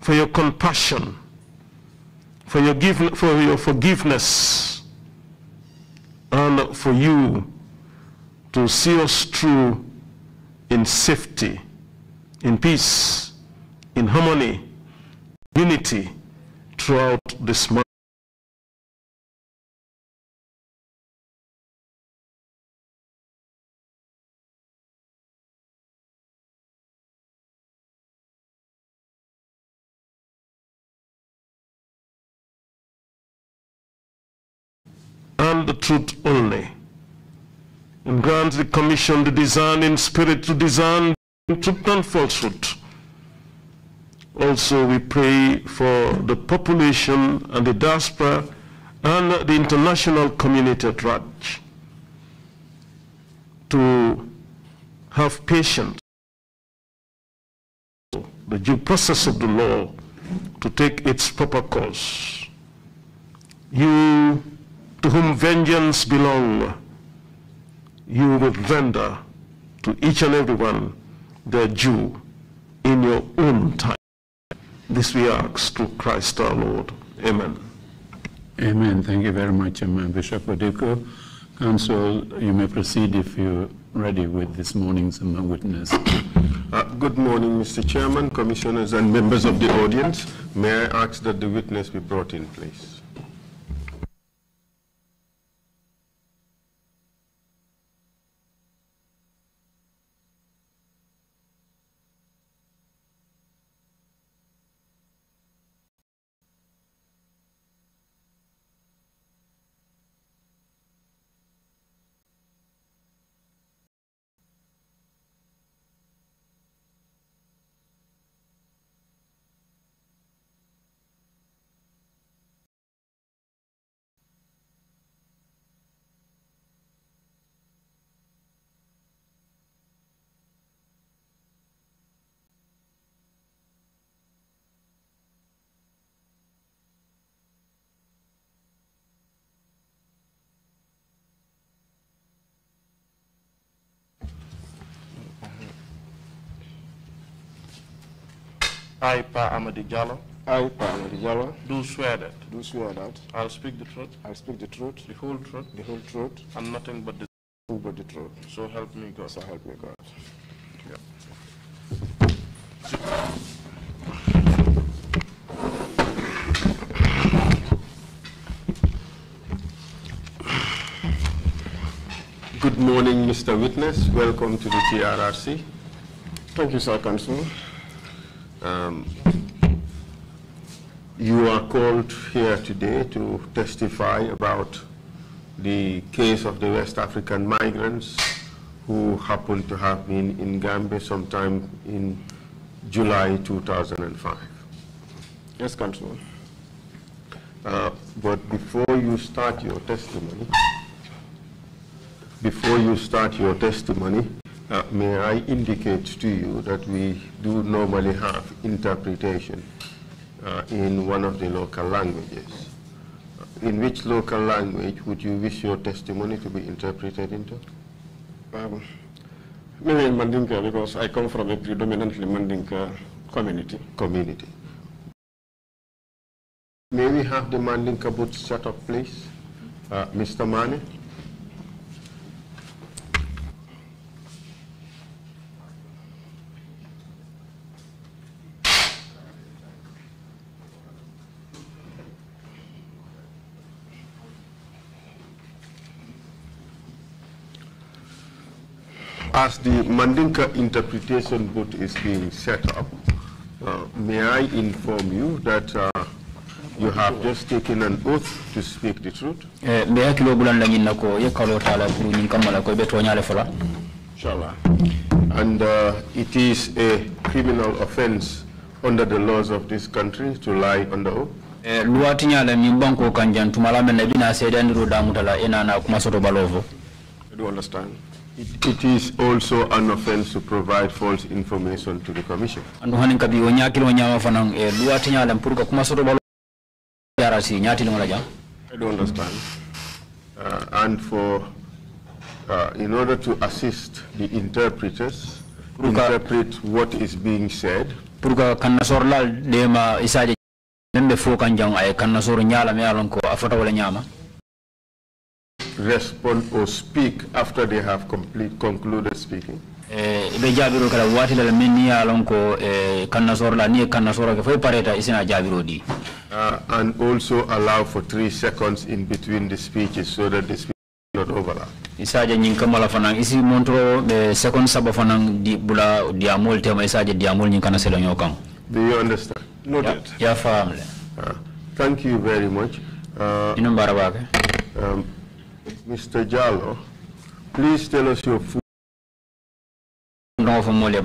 for your compassion, for your, give, for your forgiveness, and for you to see us through in safety, in peace, in harmony, unity throughout this month. the truth only. And grant the commission the design in spirit to discern truth and falsehood. Also we pray for the population and the diaspora and the international community at large to have patience the due process of the law to take its proper course. You to whom vengeance belong, you will render to each and every one their due in your own time. This we ask through Christ our Lord. Amen. Amen. Thank you very much, Amen. Bishop Odeko. Council, you may proceed if you're ready with this morning's witness. Uh, good morning, Mr. Chairman, Commissioners, and members of the audience. May I ask that the witness be brought in, please? I, Pa Amadi Jallo. I, Pa Amadi Jallo. Do swear that. Do swear that. I'll speak the truth. I'll speak the truth. The whole truth. The whole truth. And nothing but the, nothing but the truth. So help me God. So help me God. Good morning, Mr. Witness. Welcome to the TRRC. Thank you, sir, Counsel. Um, you are called here today to testify about the case of the West African migrants who happened to have been in Gambia sometime in July 2005. Yes, Councilman. Uh, but before you start your testimony, before you start your testimony, uh, may I indicate to you that we do normally have interpretation uh, in one of the local languages. In which local language would you wish your testimony to be interpreted into? Um, maybe in Mandinka because I come from a predominantly Mandinka community. Community. May we have the Mandinka booth set up, please? Uh, Mr. Mane? as the Mandinka interpretation board is being set up, uh, may I inform you that uh, you have just taken an oath to speak the truth? Eh, Be akilo nako ye kalo tala kuru nyinkama lako ibe And uh, it is a criminal offense under the laws of this country to lie under oath. Eh, Luati nyala mimbanko kanjan tumalame nebina sedandiro damutala enana kumasoto balovo. Do you understand? it is also an offense to provide false information to the commission. Eh, I don't understand. Uh, and for uh, in order to assist the interpreters to interpret what is being said. Purga kanna dema isaje dembe fo kanjang ay kanna sor nyala me alon ko nyama respond or speak after they have complete, concluded speaking? Eh, jaabiro kala eh, la min ko kanna ni kanna soro ke pareta isina jaabiro di uh, and also allow for 3 seconds in between the speeches so that the speech not overlap isaje nyin kamala fanan isi montro be second sabo fanan di bula diamol tema isaje diamol nyin kana selo do you understand noted ya, ya uh, thank you very much uh, ino barabake um, Mr. Jallo, please tell us your full name.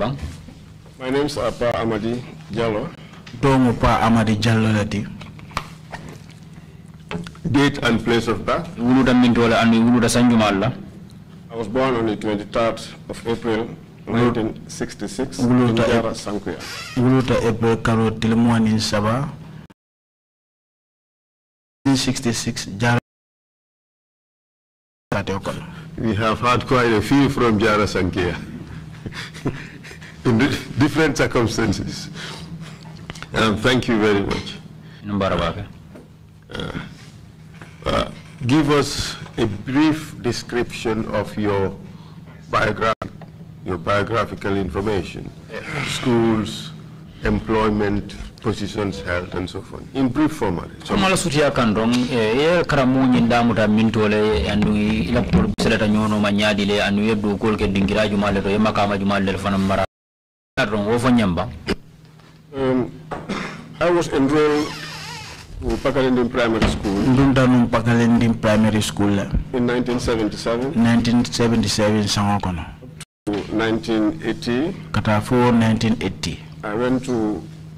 My name is Apa Amadi Jallo. Domo Pa Amadi Jallo lati. Date and place of birth. I was born on the 23rd of April 1966 in Jara, Sankuya. Wuluda April karo tilmwani saba. 1966 Jara. We have had quite a few from Jara Sankia in different circumstances. Um, thank you very much. Uh, uh, give us a brief description of your your biographical information, schools, employment, positions held and so forth in brief format so mala sutiya ya, kan don e karamu nyin damu ta min tole andu ila pol selata nyono ma nyaadi le andu yebdo ya, gol ke dingira juma le to e ya, makama juma le fana mara don wo fo nyamba um i was enrolled pakalendim Primary School. Ndunda num Pakalendin Primary School. In 1977. 1977 sango kono. 1980. Katafo 1980. I went to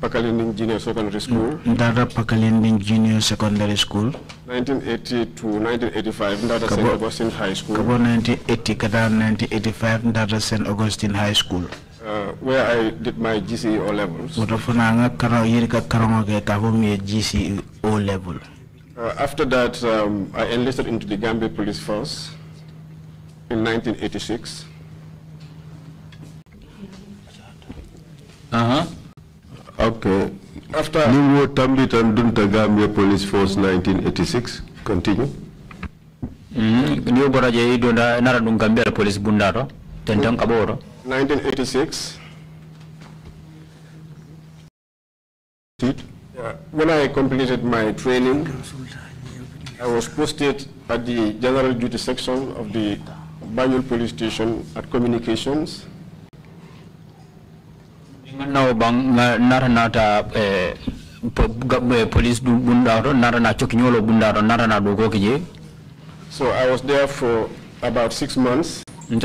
Pakalending Junior Secondary School. Ndara Pakalending Junior Secondary School. 1980 to 1985 Ndara St. Augustine High School. Kabo 1980 kada 1985 Ndara St. Augustine High School. Uh, where I did my GCE O levels. Mutafuna anga karo yirika karongoke kabo GCE O level. Uh, after that, um, I enlisted into the Gambia Police Force in 1986. Uh-huh. Okay. After Ningo Tambit and Dunta Gambia Police Force 1986. Continue. Mm-hmm. Niyo bora jay dunda nara dun Gambia Police Bundaro. Tentang kaboro. 1986. When I completed my training, I was posted at the General Duty Section of the Banjul Police Station at Communications no bang narana ta eh, eh, police du do so i was there for about 6 months and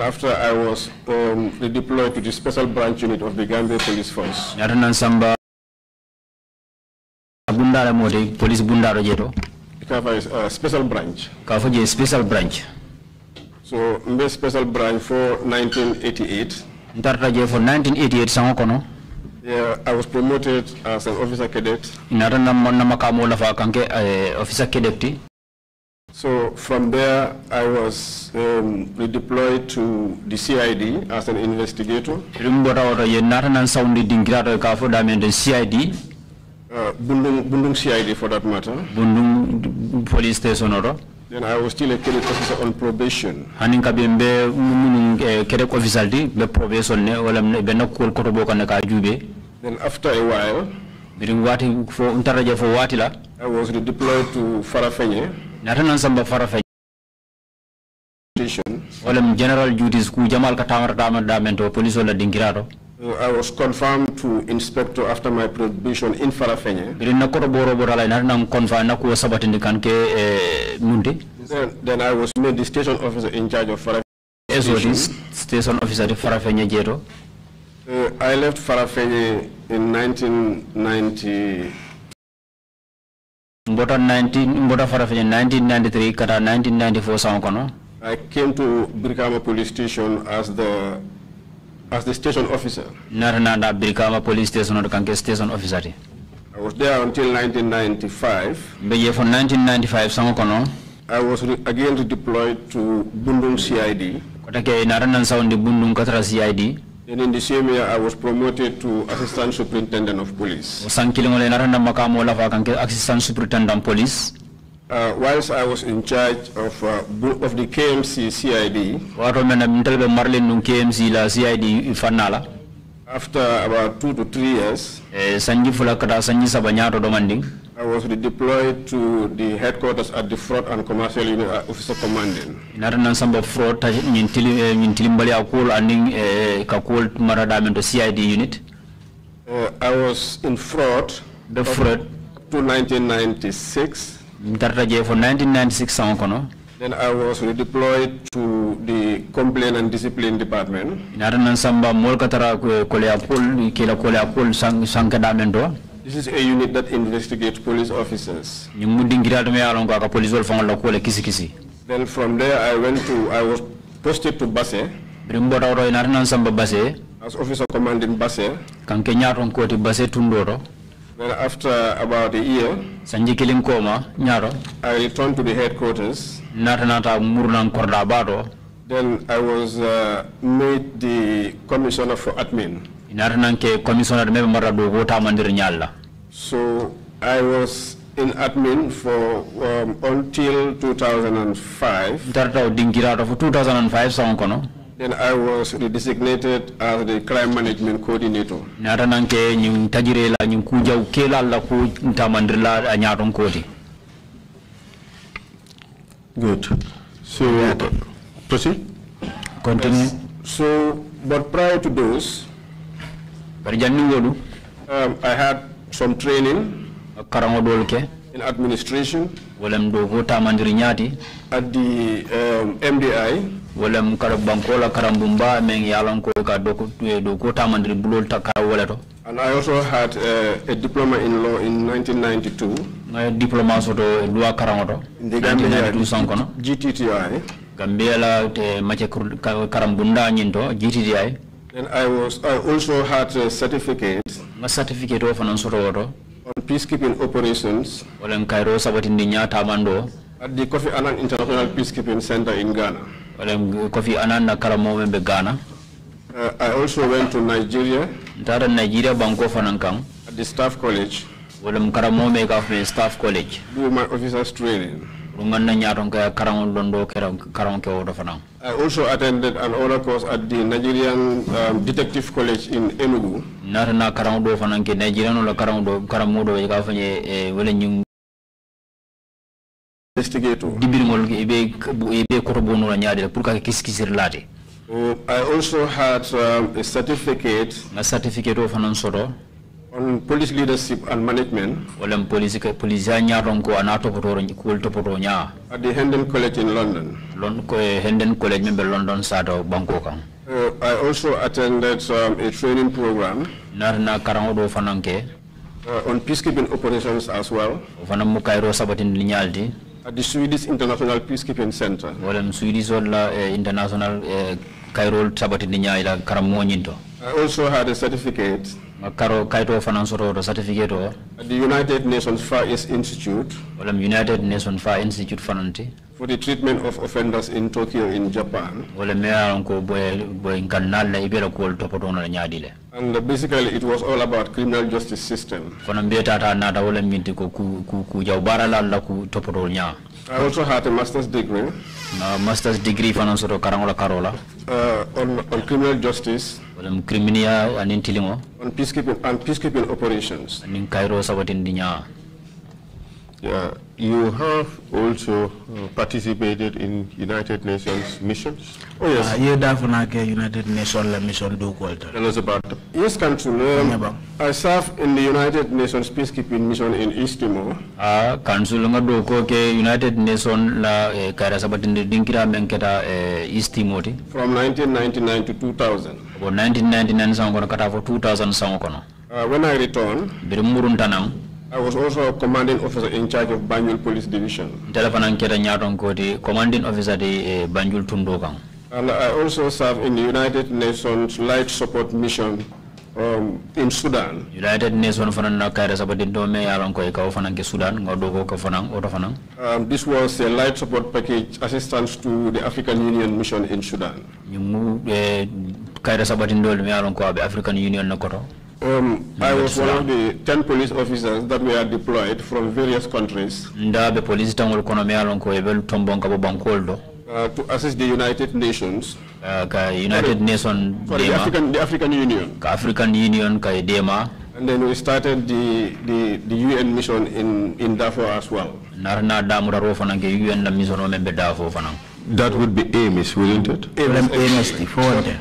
after I was um, redeployed to the special branch unit of the Gambia Police Force. Police Bundaro Jeto. Kafa is a uh, special branch. Kafa is special branch. So, special branch for 1988 that for 1988 yeah, I was promoted as an officer cadet. lafa eh, officer cadet So from there, I was um, redeployed to the CID as an investigator. Rimbora ye CID. Uh, Bundung Bundung CID for that matter. Bundung police station Then I was still a credit officer on probation. Hanin kabe mbe munu credit officer di be probation ne wala be nakol koto boko ne Then after a while, during wati for untaraja for wati la. I was redeployed to Farafenye. Natanan samba Farafenye. Wala general duties ku jamal ka tamar tamar damento police wala dingirado. I was confirmed to inspector after my probation in Farafenye. Birina kanke eh, Then I was made the station officer in charge of Farafenye. SOD station officer of Farafenye Jero. Uh, I left Farafenye in 1990. 19 1993 1994 I came to Brikama police station as the as the station officer. Narananda Birikama police station or Kanke station officer. I was there until 1995. But from 1995 sangokono. I was again redeployed to Bundung CID. Kotake Naranan Soundi Bundung Katra CID. And in the same year, I was promoted to Assistant Superintendent of Police. Sankilingole Naranda Makamo Lava Kanke Assistant Superintendent of Police. Uh, whilst I was in charge of, uh, of the KMC CID. KMC After about two to three years. Eh, sanji fula sanji sabanyato domanding. I was redeployed to the headquarters at the Fraud and Commercial Unit uh, Officer Commanding. Inara nansamba fraud nyintilimbali eh, akul aning CID eh, unit. Uh, I was in fraud. The fraud. To 1996. Then I was redeployed to the Complaint and Discipline Department. This is a unit that investigates police officers. Then from there I went to, I was posted to Basse. As officer commanding Basse. ko koti Basse Tundoro. Then after about a year, sanjikiling koma nyaro. I returned to the headquarters. Natanata nata kordabado. Then I was uh, made the commissioner for admin. Inata nanke commissioner mebe maradu wota mandir nyalla. So I was in admin for um, until 2005. Ntarata dingira 2005 sa onkono. And I was designated as the crime management coordinator. Narananke nyung tajire la nyung kuja ukela la ku ntamandrila anyaron kodi. Good. So okay. proceed. Continue. Yes. So, but prior to those, um, I had some training in administration. Wolem do vota mandiri nyati. At the uh, MDI. Wolem karabankola karambumba meng yalanko ka doko eh, doko ta mandiri bulol takara waleto. And I also had uh, a diploma in law in 1992. My diploma soto lua karamoto. In the Gambia GTTI. Gambia la te mache karambunda nyinto GTTI. And I was I also had a certificate. My certificate of an soto woto on peacekeeping operations olen kayro sabatindi tamando. at the Kofi Annan International Peacekeeping Center in Ghana. olen Kofi Annan na karamoɓe ɓe Ghana Uh, I also went to Nigeria. Ntara Nigeria banko fanankang. At the staff college. Walam karamo me kafe staff college. Do my officers training. Rungan na nyaron kaya karamo londo karamo kaya odo fanang. I also attended an oral course at the Nigerian um, Detective College in Enugu. fananke Nigerian karamudo nyung investigator. la kiskisir oh, I also had um, a certificate. A certificate of an answer on police leadership and management walam police police nya rom ko ana to potoro ko to nya at the Hendon College in London lon ko Hendon College membe London sado banko uh, I also attended um, a training program nar na karango do fananke uh, on peacekeeping operations as well fanam mu kairo sabatin linyaldi at the Swedish International Peacekeeping Center walam Swedish wala uh, eh, international uh, eh, kairo sabatin linyala karam mo nyinto I also had a certificate uh, karo kayto fanan soto certificate o the united nations far east institute walam um, united nations far institute fananti for the treatment of offenders in tokyo in japan wala um, ko um, boy boy la ko to poto na and uh, basically it was all about criminal justice system na da wala minti ko ku ku jaw barala la ku to poto nya I also had a master's degree. Uh, master's degree financial soto karangola karola. Uh, on, on criminal justice walam crimenia anin tilimo on peacekeeping and peacekeeping operations anin kairo sabatin dinya yeah, you have also uh, participated in United Nations missions. Oh yes. Uh, yeah, United Nations mission do Tell us about that. Yes, Council. Um, I serve in the United Nations peacekeeping mission in East Timor. Ah, Council nga do ko ke United Nations la eh, kara sabatin de dinkira menketa eh, East Timor From 1999 to 2000. From 1999 sa kono kata for 2000 sa sango kono. Uh, when I return, bir murun tanang. I was also a commanding officer in charge of Banjul Police Division. Dalapanketa nyaron kodi commanding officer de eh, Banjul Tundogang. And I also served in the United Nations Light Support Mission um, in Sudan. United Nations fana na kaira sabati ndome yaron ko ikaw fana ke Sudan ngodoko ko fana oto fana. Um, this was a light support package assistance to the African Union mission in Sudan. Nyumu eh, kaira sabati ndole yaron ko African Union na koto. Um, I was one of the 10 police officers that were deployed from various countries. police Uh, to assist the United Nations. Uh, ka United Nation dema. The African, the African Union. Ka African Union ka dema. And then we started the, the, the UN mission in, in Darfur as well. UN mission Darfur that would be AMIS, wouldn't it? AMIS,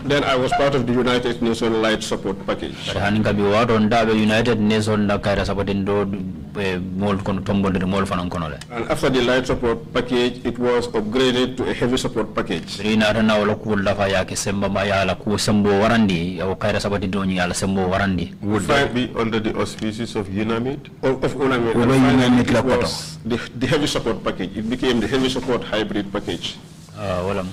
Then I was part of the United Nations Light Support Package. United Nations eh, And after the light support package it was upgraded to a heavy support package. Would that be under the auspices of UNAMID? Of, of UNAMID. UNAMID it was the, the heavy support package. It became the heavy support hybrid package. Ah, walam.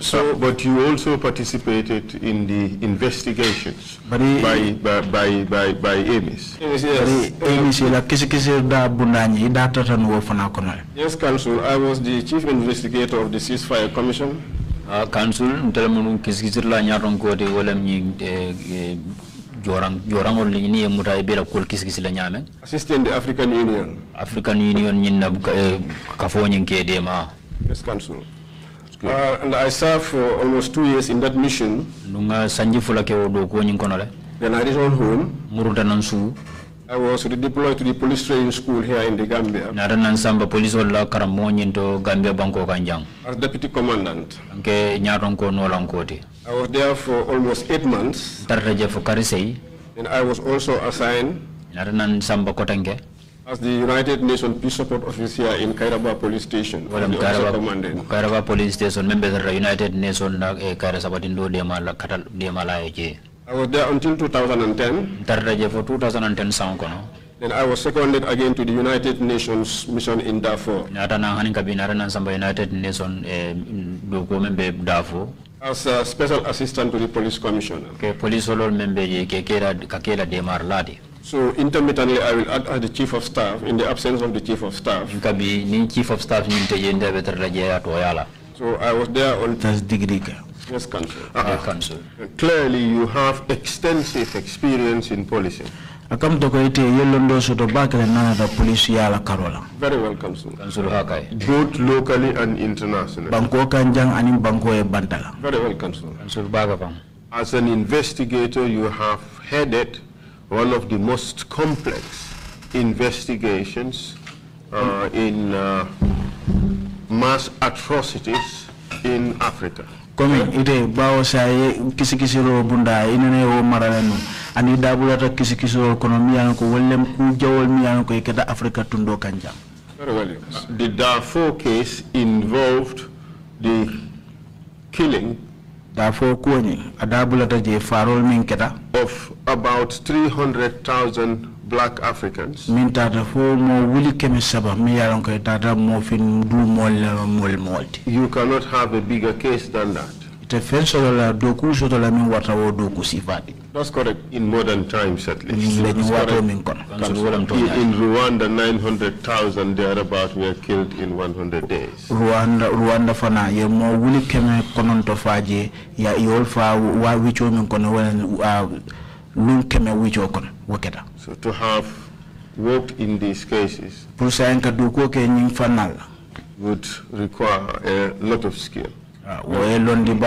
So, but you also participated in the investigations bari, by, by, by, by, by AMIS. Yes, yes. AMIS, la kisi kisi da bunani, da tatan wofana kono. Yes, Council, I was the chief investigator of the ceasefire commission. Uh, ah, council, ntele munu kisi nyarongo la nyaron kodi walam jorang jorang kis kis african union african union eh, ke yes council uh, and i served for almost 2 years in that mission nunga sanji fula ke ko nyin kono le then i returned home muruta I was redeployed to the police training school here in the Gambia. Nara Samba police wala karamo to Gambia banko kanjang. As deputy commandant. Nke I was there for almost eight months. Tarraje fukarisei. And I was also assigned. Naranan samba kotange. As the United Nations Peace Support officer in Kairaba Police Station. Walam Kairaba, Kairaba Police Station member of the United Nations na e eh, Kaira katal diamala eje. I was there until 2010. Tarraje for 2010 sound kono. Then I was seconded again to the United Nations mission in Darfur. hani hanin kabinaranan samba United Nations e eh, Darfur. As a special assistant to the police commissioner. Ke police olol membe je kakela demar ladi. So intermittently, I will act as the chief of staff in the absence of the chief of staff. be, ni chief of staff ni mteje nda betra jaya toyala. So I was there on. first degree. Yes, council. Uh, council. Clearly, you have extensive experience in policing akam to yelondo koyte yellondo soto bakele nanata police yala karola very welcome sir council hakay both locally and internationally banko kanjang anin banko e bantala very well council council baga fam as an investigator you have headed one of the most complex investigations uh, in uh, mass atrocities in Africa komi ite bawo saye kisi kisi ro bunda inene wo marale no ani dabulata kisi kisi ro kono mi yan ko wollem ku jawol mi yan ko ikata africa tundo kanja very well the darfur case involved the killing darfur kuoni adabulata je farol min keta of about 300000 black Africans. Min tata fo mo wuli kemi saba mi yaron ko tata mo fin du mol mol mol. You cannot have a bigger case than that. Ite fen so la doku so la min wata wo doku sifati. That's correct in modern times at least. Min wato min kon. In Rwanda 900,000 thereabout were killed in 100 days. Rwanda Rwanda fana ye mo wuli kemi konon to faje ya yol fa wa wicho min kon wala uh, lun kemi wicho kon waketa. So to have worked in these cases would require a lot of skill. Very welcome,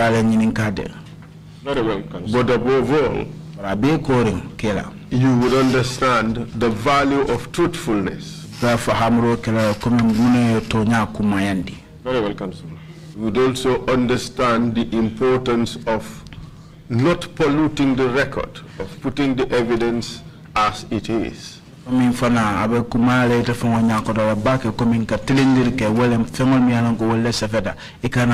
but above all, you would understand the value of truthfulness. Very welcome. You would also understand the importance of not polluting the record, of putting the evidence as it is. min fana abe nyako bake safeda la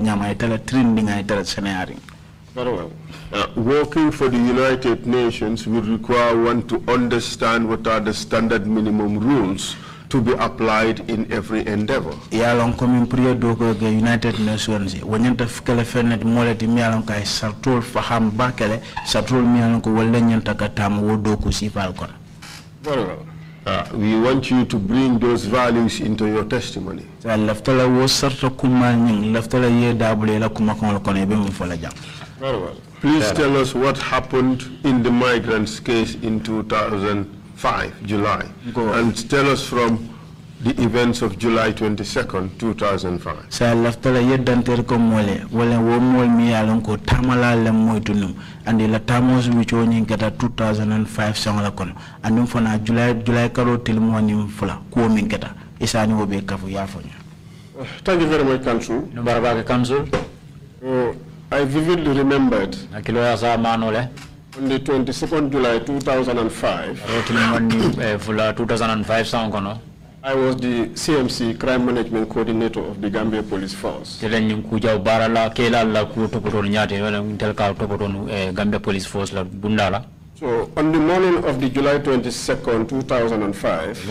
nyama trending very well uh, working for the united nations will require one to understand what are the standard minimum rules to be applied in every endeavor. komin priya dogo United Nations wanyanta fenet mole kai faham bakele ko nyanta katam wodo Very well. Uh, we want you to bring those values into your testimony. Very well. Please tell us what happened in the migrants case in 2000. 5, July, and tell us from the events of July 22nd, 2005. Sa laftala yeddanter ko mole wala wo mol mi yalon ko tamala and the andi la tamos mi choni ngata 2005 sangla kono andum fana July July karo tilmoni fula ko min ngata isani wo be kafu Thank you very much council. Barabaka council. Oh, I vividly remembered. Akilo manole on the 22nd July 2005, eh, I was the CMC Crime Management Coordinator of the Gambia Police Force. So on the morning of the July 22nd, 2005, eh,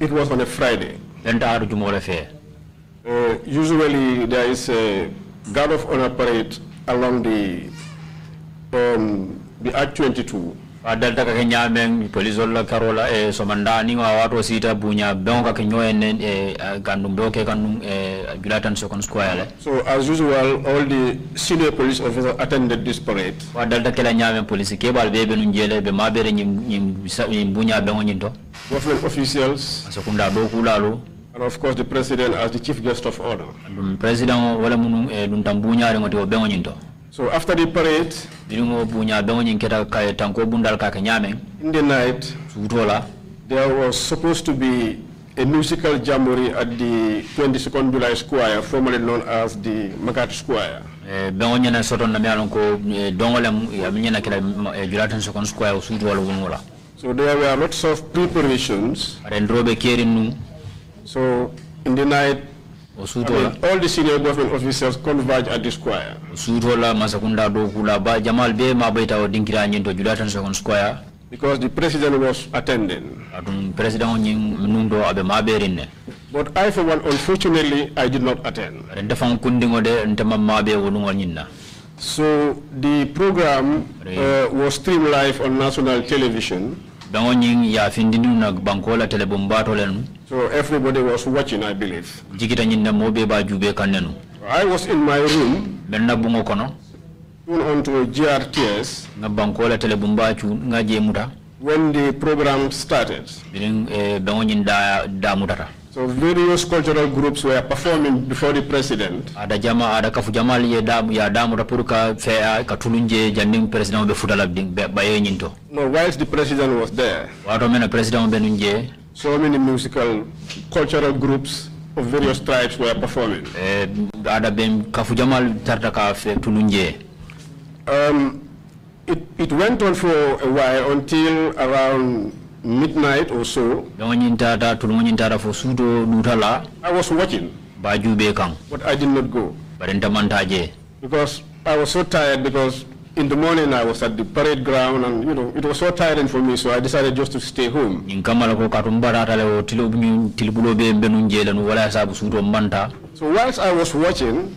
it was on a Friday. Uh, usually there is a Guard of Honor parade along the um, the Act 22. adalta kake ñaamen police olla karola e eh, somanda ni ma wato sita buña ben kake ñoyenen e gandum do ke e eh, julatan second square le eh. so as usual all the senior police officers attended this parade adalta kala ñaamen police ke bal be benu jele be mabere ñim ñim buña ben ñin government officials so kunda do kulalo and of course, the president as the chief guest of honor. Mm, president munu eh, So after the parade, kaya In the night, There was supposed to be a musical jamboree at the 22nd July Square, formerly known as the Market Square. Eh, eh, so there were lots of preparations. So in the night, I mean, all the senior government officers converge at the square. Osutola masakunda dokula ba jamal nyendo second square. Because the president was attending. But I for one, unfortunately, I did not attend. So the program uh, was streamed live on national television na so everybody was watching i believe i was in my room meŋ kono tune on to grts nga bankoo la tele muta when the program started biriŋ beŋo ñiŋ mutata so various cultural groups were performing before the president. Ada jama ada kafu jamal ye dam ya dam rapuruka fe katulunje janim president be futala ding be baye nyinto. No, whilst the president was there. Wato mena president be nunje. So many musical cultural groups of various tribes were performing. Eh ada bem kafu jamal tarta fe tulunje. Um it, it went on for a while until around midnight or so, I was watching. But I did not go. Because I was so tired because in the morning I was at the parade ground and you know it was so tiring for me so I decided just to stay home. So whilst I was watching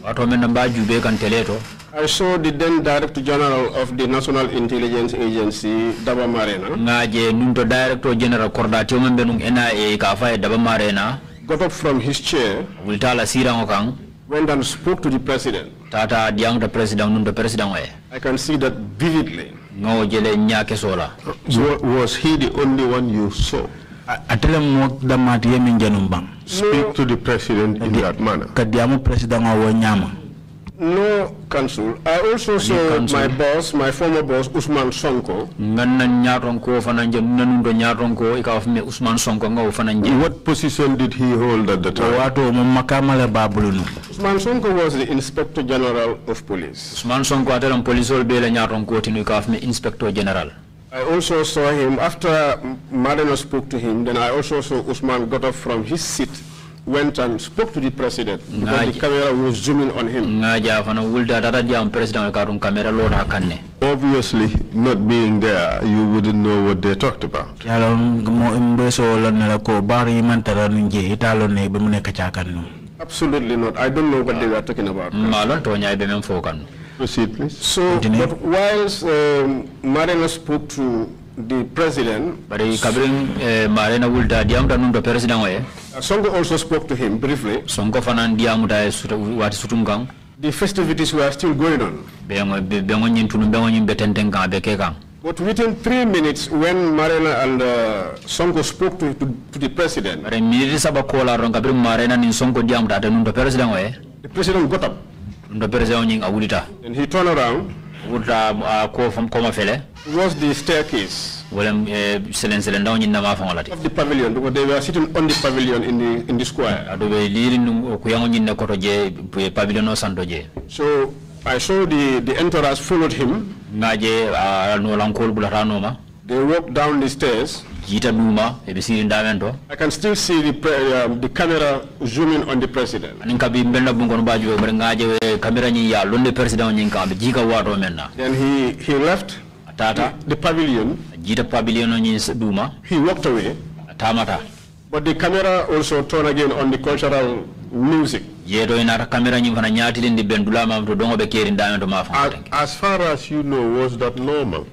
I saw the then Director General of the National Intelligence Agency, Daba Marena. Ngaje nunto Director General Kordati Omembenung NIA kafa Daba Marena. Got up from his chair. Wultala sirang okang. Went and spoke to the President. Tata diang the President nunto President we. I can see that vividly. Ngo nyake sola. Was he the only one you saw? atelem mo damati yemin bang. Speak to the President in that manner. Kadiamu President wa nyama. No, Council. I also saw council. my boss, my former boss, Usman Sonko. Usman Sonko What position did he hold at the time? Usman Sonko was the Inspector General of Police. Usman Sonko was police ol bele nyaronko tinu Inspector General. I also saw him after Marino spoke to him. Then I also saw Usman got up from his seat went and spoke to the president because the camera was zooming on him. Obviously, not being there, you wouldn't know what they talked about. Absolutely not. I don't know what they were talking about. Mm, Proceed, please. So, but whilst um, Marina spoke to the president, But bari kabrin eh, marena wulta diamuta the president oye. Uh, Sonko also spoke to him briefly. Sonko fanan diamuta wati sutungang. The festivities were still going on. Bengo bengo nyintunu bengo nyimbe But within three minutes, when Marina and uh, Sonko spoke to, to, to the president, the president got up. The president, And he turned around. Uh, was the staircase walam selen selen of the pavilion because they were sitting on the pavilion in the in the square ado liri num ko pavilion o so i saw the the entourage followed him ngaje ah, no they walked down the stairs jita numa ebe eh, siri ndamen i can still see the um, the camera zooming on the president mbenda bungo no eh, ngaje eh, camera ya president jika wato menna then he he left Atata. The, the pavilion. Jita pavilion on Duma. He walked away. Atamata. But the camera also turned again on the cultural music. As, as far as you know, was that normal?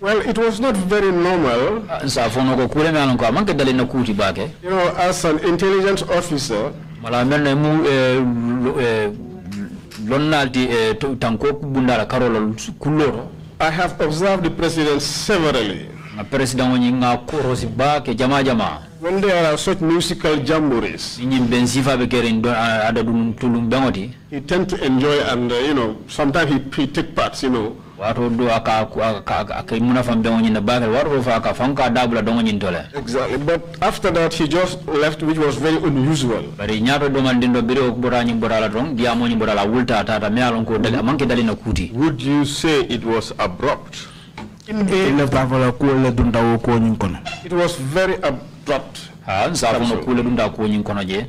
Well, it was not very normal. Ah, you know, as an intelligence officer, Eh, tanko i have observed the president severally president woni nga ke jama jama when there are such musical jamborees ñim ben tulum he tend to enjoy and uh, you know sometimes he, he take parts you know wato do aka aka aka fa aka fanka dongo nyintole exactly but after that he just left which was very unusual bari nyato do man dindo bire ok la dong dia mo la wulta tata me alon dali manke dali na kuti would you say it was abrupt ile tavala ko le dunda wo ko it was very abrupt ha sa le dunda je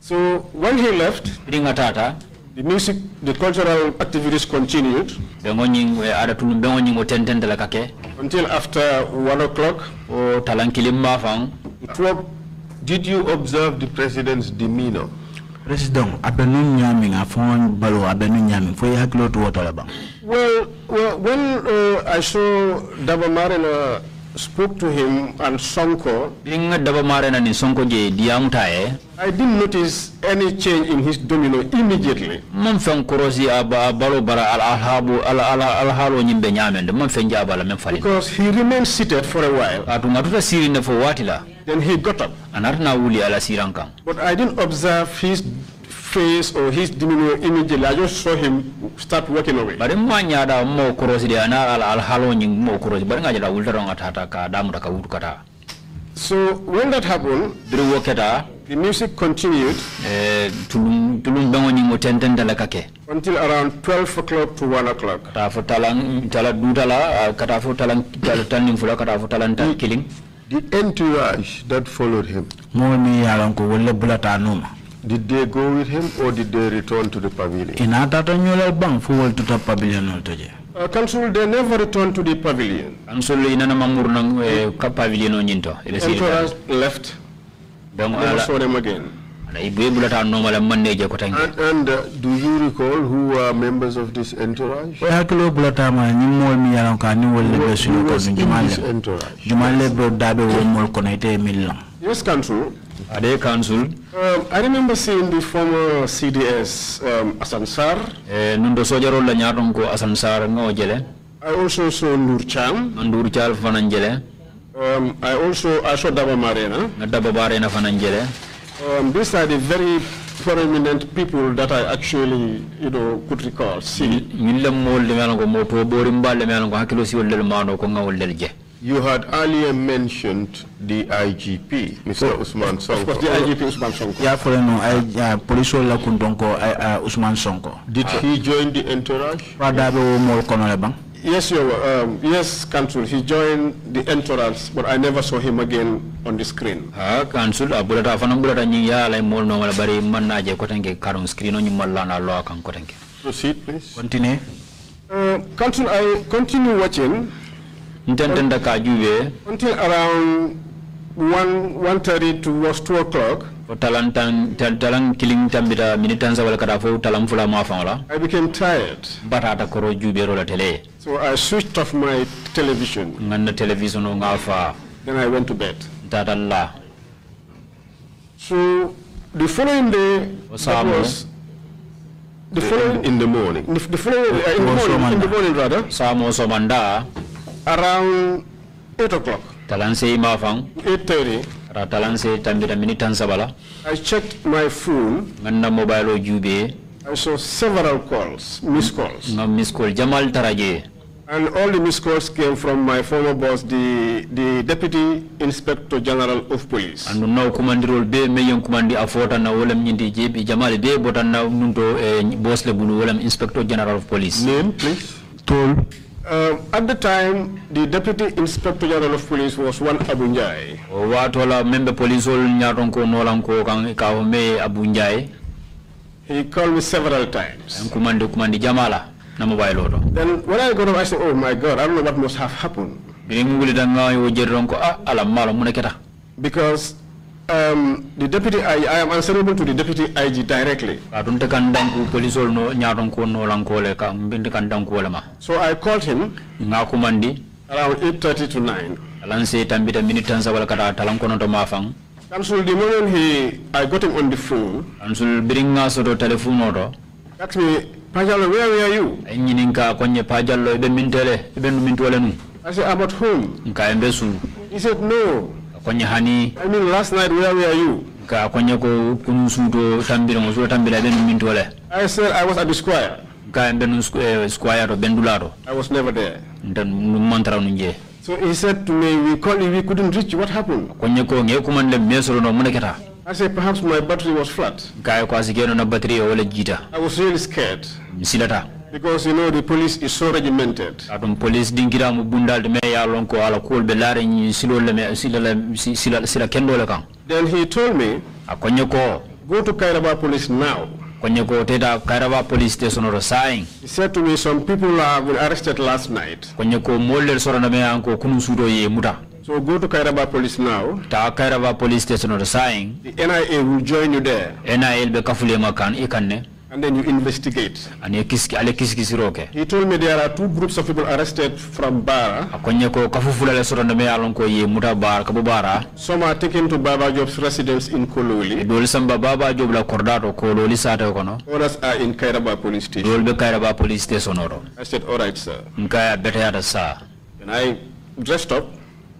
so when he left ringa tata the music, the cultural activities continued. Eh, Until after one o'clock. Or What did you observe the president's demeanor? President, abenu nyaming afon balo abenu nyaming for yaklo to water Well, well, when uh, I saw Dabo Marina spoke to him and Sonko. I didn't notice any change in his domino immediately. Because he remained seated for a while. Then he got up. But I didn't observe his face or his demeanor immediately. I just saw him start walking away. But mwanya da mo kurosi dia na al al halo nying mo kurosi. But ngaja da ultara ngatata ka damu da kawutu So when that happened, Drew Walker, the music continued eh, tulum, tulum until around 12 o'clock to 1 o'clock. Eh, the entourage that followed him. Did they go with him or did they return to the pavilion? Inatata nyola bang fuwal to the pavilion ultaje. Uh, council, they never returned to the pavilion. Council, inana mamur nang uh, pavilion onyinto. Entourage left. Dong ala. saw them again. And, and uh, do you recall who were members of this entourage? Who was in this entourage? Yes, Council. Are they council? Um, I remember seeing the former CDS um, Asansar. Eh, nundo sojaro la nyaron ko Asansar nga ojele. I also saw Nurcham. Nurchal fananjele. Um, I also I saw Daba Marena. Daba Marena fananjele. Um, these are the very prominent people that I actually, you know, could recall. See. Ngilam mo le mano ko mo po borimba le mano ko hakilo si wol le mano ko nga wol le je. You had earlier mentioned the IGP, Mr. Oh, Usman Sonko. Of course, the IGP Usman Sonko. Yeah, for no, I police la kundongo Usman Sonko. Did he join the entourage? Radabo mol konolebang. Yes, you were, um, yes, Council. He joined the entourage, but I never saw him again on the screen. Ah, Council, abulata afana bulata nyiya la mol no malabari manna je kotenge karun screen onyi malla na loa kan kotenge. Proceed, please. Continue. Uh, Council, I continue watching. Until around 1, 1.30 towards 2 o'clock, I became tired. So I switched off my television. television Then I went to bed. So the following day, that was the following in the morning. The, following uh, in the morning, in the morning rather around 8 o'clock. Talanse imafang. 8.30. Ratalanse tambira minitan sabala. I checked my phone. Manda mobile jube. I saw several calls, missed calls. Nga missed call Jamal Taraje. And all the missed calls came from my former boss, the, the Deputy Inspector General of Police. And now kumandirol be mayon kumandi afota na wolem nyindi jebi Jamal be botan na nunto eh, boss le bulu wolem Inspector General of Police. Name please. Toll. Uh, at the time, the Deputy Inspector General of Police was one Abunjai. Watola member police ol nyaronko nolanko kang kahome Abunjai. He called me several times. Kumandi kumandi jamala na mobile loro. Then when I got up, I said, "Oh my God, I don't know what must have happened." Ah, because um, the deputy, I, I, am answerable to the deputy IG directly. So I called him around 8.30 to 9. Council, the moment he, I got him on the phone, Council, bring us the telephone order. Asked me, Pajalo, where were you? I said, I'm at home. He said, no kwenye hani I mean last night where were you ka kwenye ko kunusuto tambira musuto tambira benu mintole I said I was at the square ka benu eh, square to bendulato I was never there ndan mantara nje So he said to me, we called we couldn't reach you. What happened? I said, perhaps my battery was flat. I was really scared. Because you know the police is so regimented. police dingira mu bundal de meya lonko ala ni silo le silo le silo silo kendo le Then he told me. Go to Kairaba police now. Konye ko Kairaba police station ro saying. He said to me some people have been arrested last night. Konye ko molle na meya ko kunu ye So go to Kairaba police now. Ta Kairaba police station or sain. The NIA will join you there. NIA be kafule makan ikanne. And then you investigate. He told me there are two groups of people arrested from Bara. Some are taken to Baba Job's residence in Kololi. Others are in Kairaba police station. I said, all right, sir. And I dressed up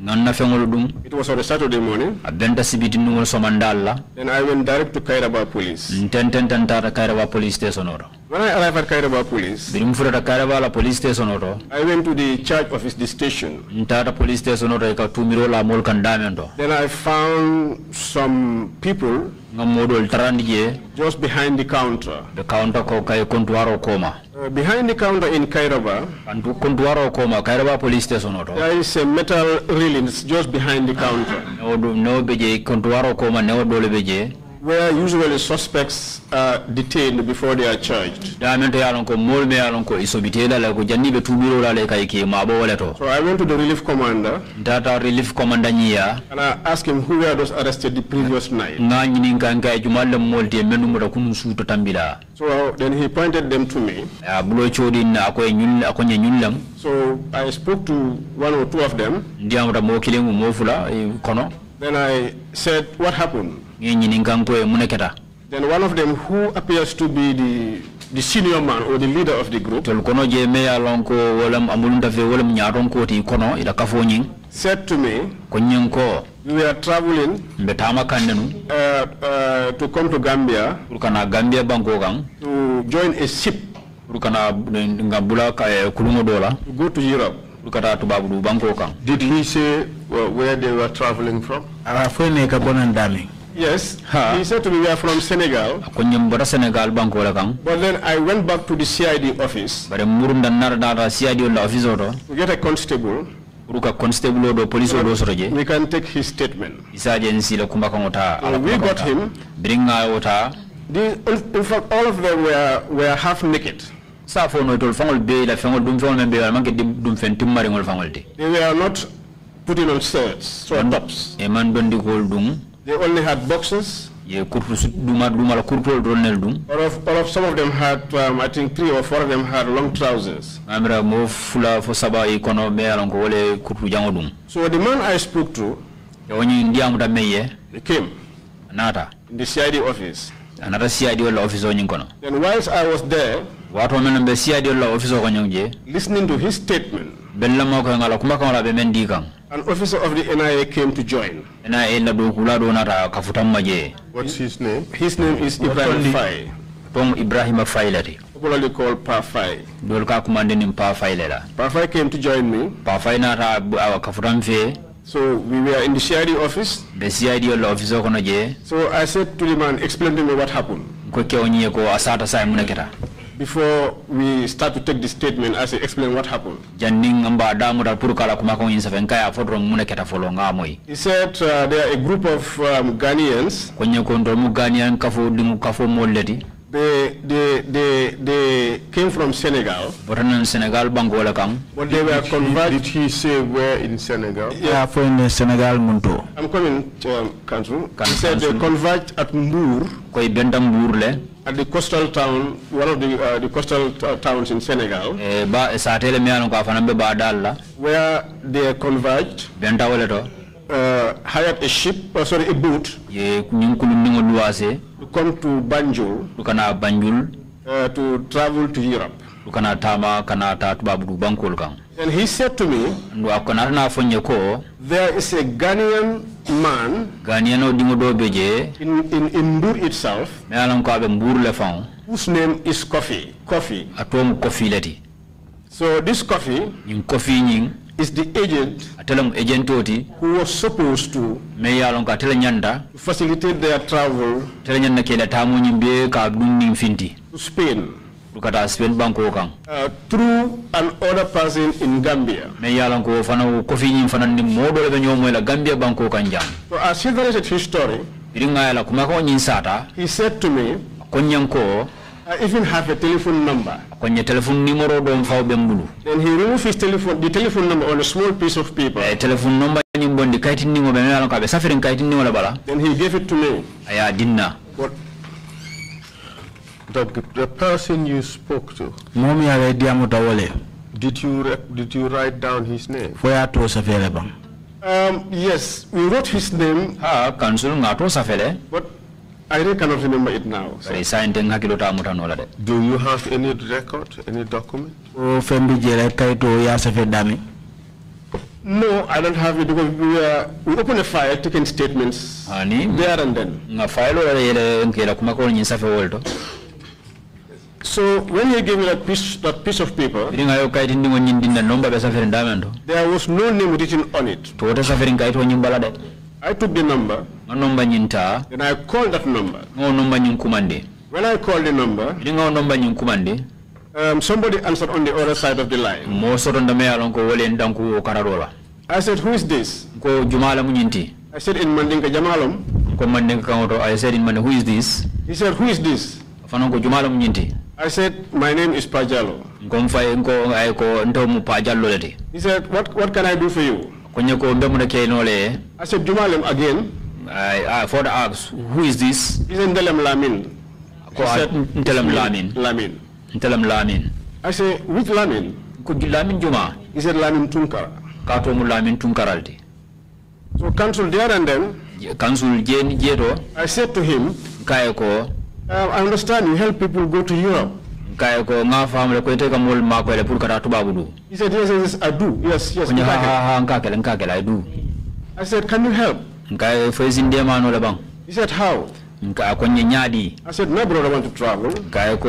non na fengolu dum it was on a saturday morning adenta sibiti nungol somandalla and i went direct to kairaba police ntenten the kairaba police station oro when i arrived at kairaba police birim furata kairaba la police station oro i went to the church office the station ntata police station oro ka tumiro la mol kan damendo then i found some people just behind the counter. The counter ko kay kontuaro koma. Uh, behind the counter in Kairaba. And kontuaro koma Kairaba police station oto. There is a metal railing just behind the counter. No no beje kontuaro koma no dole beje where usually suspects are detained before they are charged. So I went to the relief commander. Data relief commander niya. And I asked him who were those arrested the previous night. So then he pointed them to me. So I spoke to one or two of them. Then I said what happened. Then one of them who appears to be the the senior man or the leader of the group said to me we are traveling uh, uh, to come to Gambia to join a ship eh, to go to Europe did he say well, uh, where they were traveling from? Yes. Ha. He said to me, we are from Senegal. Senegal But then I went back to the CID office. CID office To get a constable. uruka constable odo police odo soroje we can take his statement isaje nsi lo kumba so uh, we got him bringa wota in fact all of them were were half naked sa no tol fangol be fangol dum fangol membe manke dum fen they were not putting on shirts or tops e man dondi they only had boxes. Or of, or of some of them had, um, I think three or four of them had long trousers. So the man I spoke to, they came in the CID office. Another CID office. And whilst I was there, listening to his statement, an officer of the NIA came to join. What's his name? His name is Ibrahim Fai. Pong Ibrahim Fai Popularly called Pa Fai. Dolka commanding in Pa Lela. Pa came to join me. Pa Fai Nara Kafutam Fe. So we were in the CID office. The CID officer kono So I said to the man, explain to me what happened. Kwa kia onyeko asata saa muna kita before we start to take the statement as I explain what happened. He said uh, there are a group of um, Ghanaians. They, they, they, they came from Senegal. But they were converted. Did he say where in Senegal? Yeah, from Senegal Mundo. I'm coming, to, um, He said they converted at Mbour at the coastal town, one of the, uh, the coastal uh, towns in Senegal, eh, where they converged, uh, hired a ship, uh, sorry, a boat, to come to Banjul, Banjul. Uh, to travel to Europe kana tama kana ta babu bankol kan and he said to me ndo na fonye there is a Ghanaian man Ghanaian o beje in in in Mbur itself me alam ko abe Mbur le whose name is Kofi Kofi atom Kofi leti so this Kofi in Kofi nying is the agent atelam agent oti who was supposed to me yalon ka tele nyanda to facilitate their travel tele nyanda ke da tamu nyimbe ka dunning finti to Spain dukata spend banko kan uh, through an other person in gambia me yalan ko fana ko fi nyim fana ni modo le nyomo la gambia banko kan jam so as he narrated his story iringa yala kuma ko nyin sata he said to me ko nyanko I even have a telephone number. Ko nyi telephone numero do be mbulu. Then he removed his telephone, the telephone number on a small piece of paper. Eh, telephone number ni mbondi kaiti ni ngobe me ko be Safirin kaiti ni wala bala. Then he gave it to me. Aya dinna. The, person you spoke to. Momi alaidia mutawole. Did you did you write down his name? Foya to safele available. Um, yes, we wrote his name. Ha, kansul ngato safele. But I really cannot remember it now. So. Do you have any record, any document? No, I don't have it because we, uh, we open a file, taking statements Ani? there and then. So when he gave me that piece, that piece of paper, there was no name written on it. I took the number, and I called that number. When I called the number, um, somebody answered on the other side of the line. I said, who is this? I said in Mandinka Jamalum. I said in Mandinka, who is this? He said, who is this? I said, my name is Pajalo. He said, what, what can I do for you? I said, Jumalem again. I, I ah, further asked, who is this? He said, Ndelem Lamin. He said, ah, Ndelem Lamin. Lamin. Ndelem Lamin. I said, which Lamin? Lamin Juma. He said, Lamin Tunkara. Katomu Lamin Tunkaraldi. So council there and then, council I said to him, uh, I understand you help people go to Europe. He said yes yes I do. Yes yes. Kunya ha ha I do. I said can you help? He said how? I said no brother I want to travel. But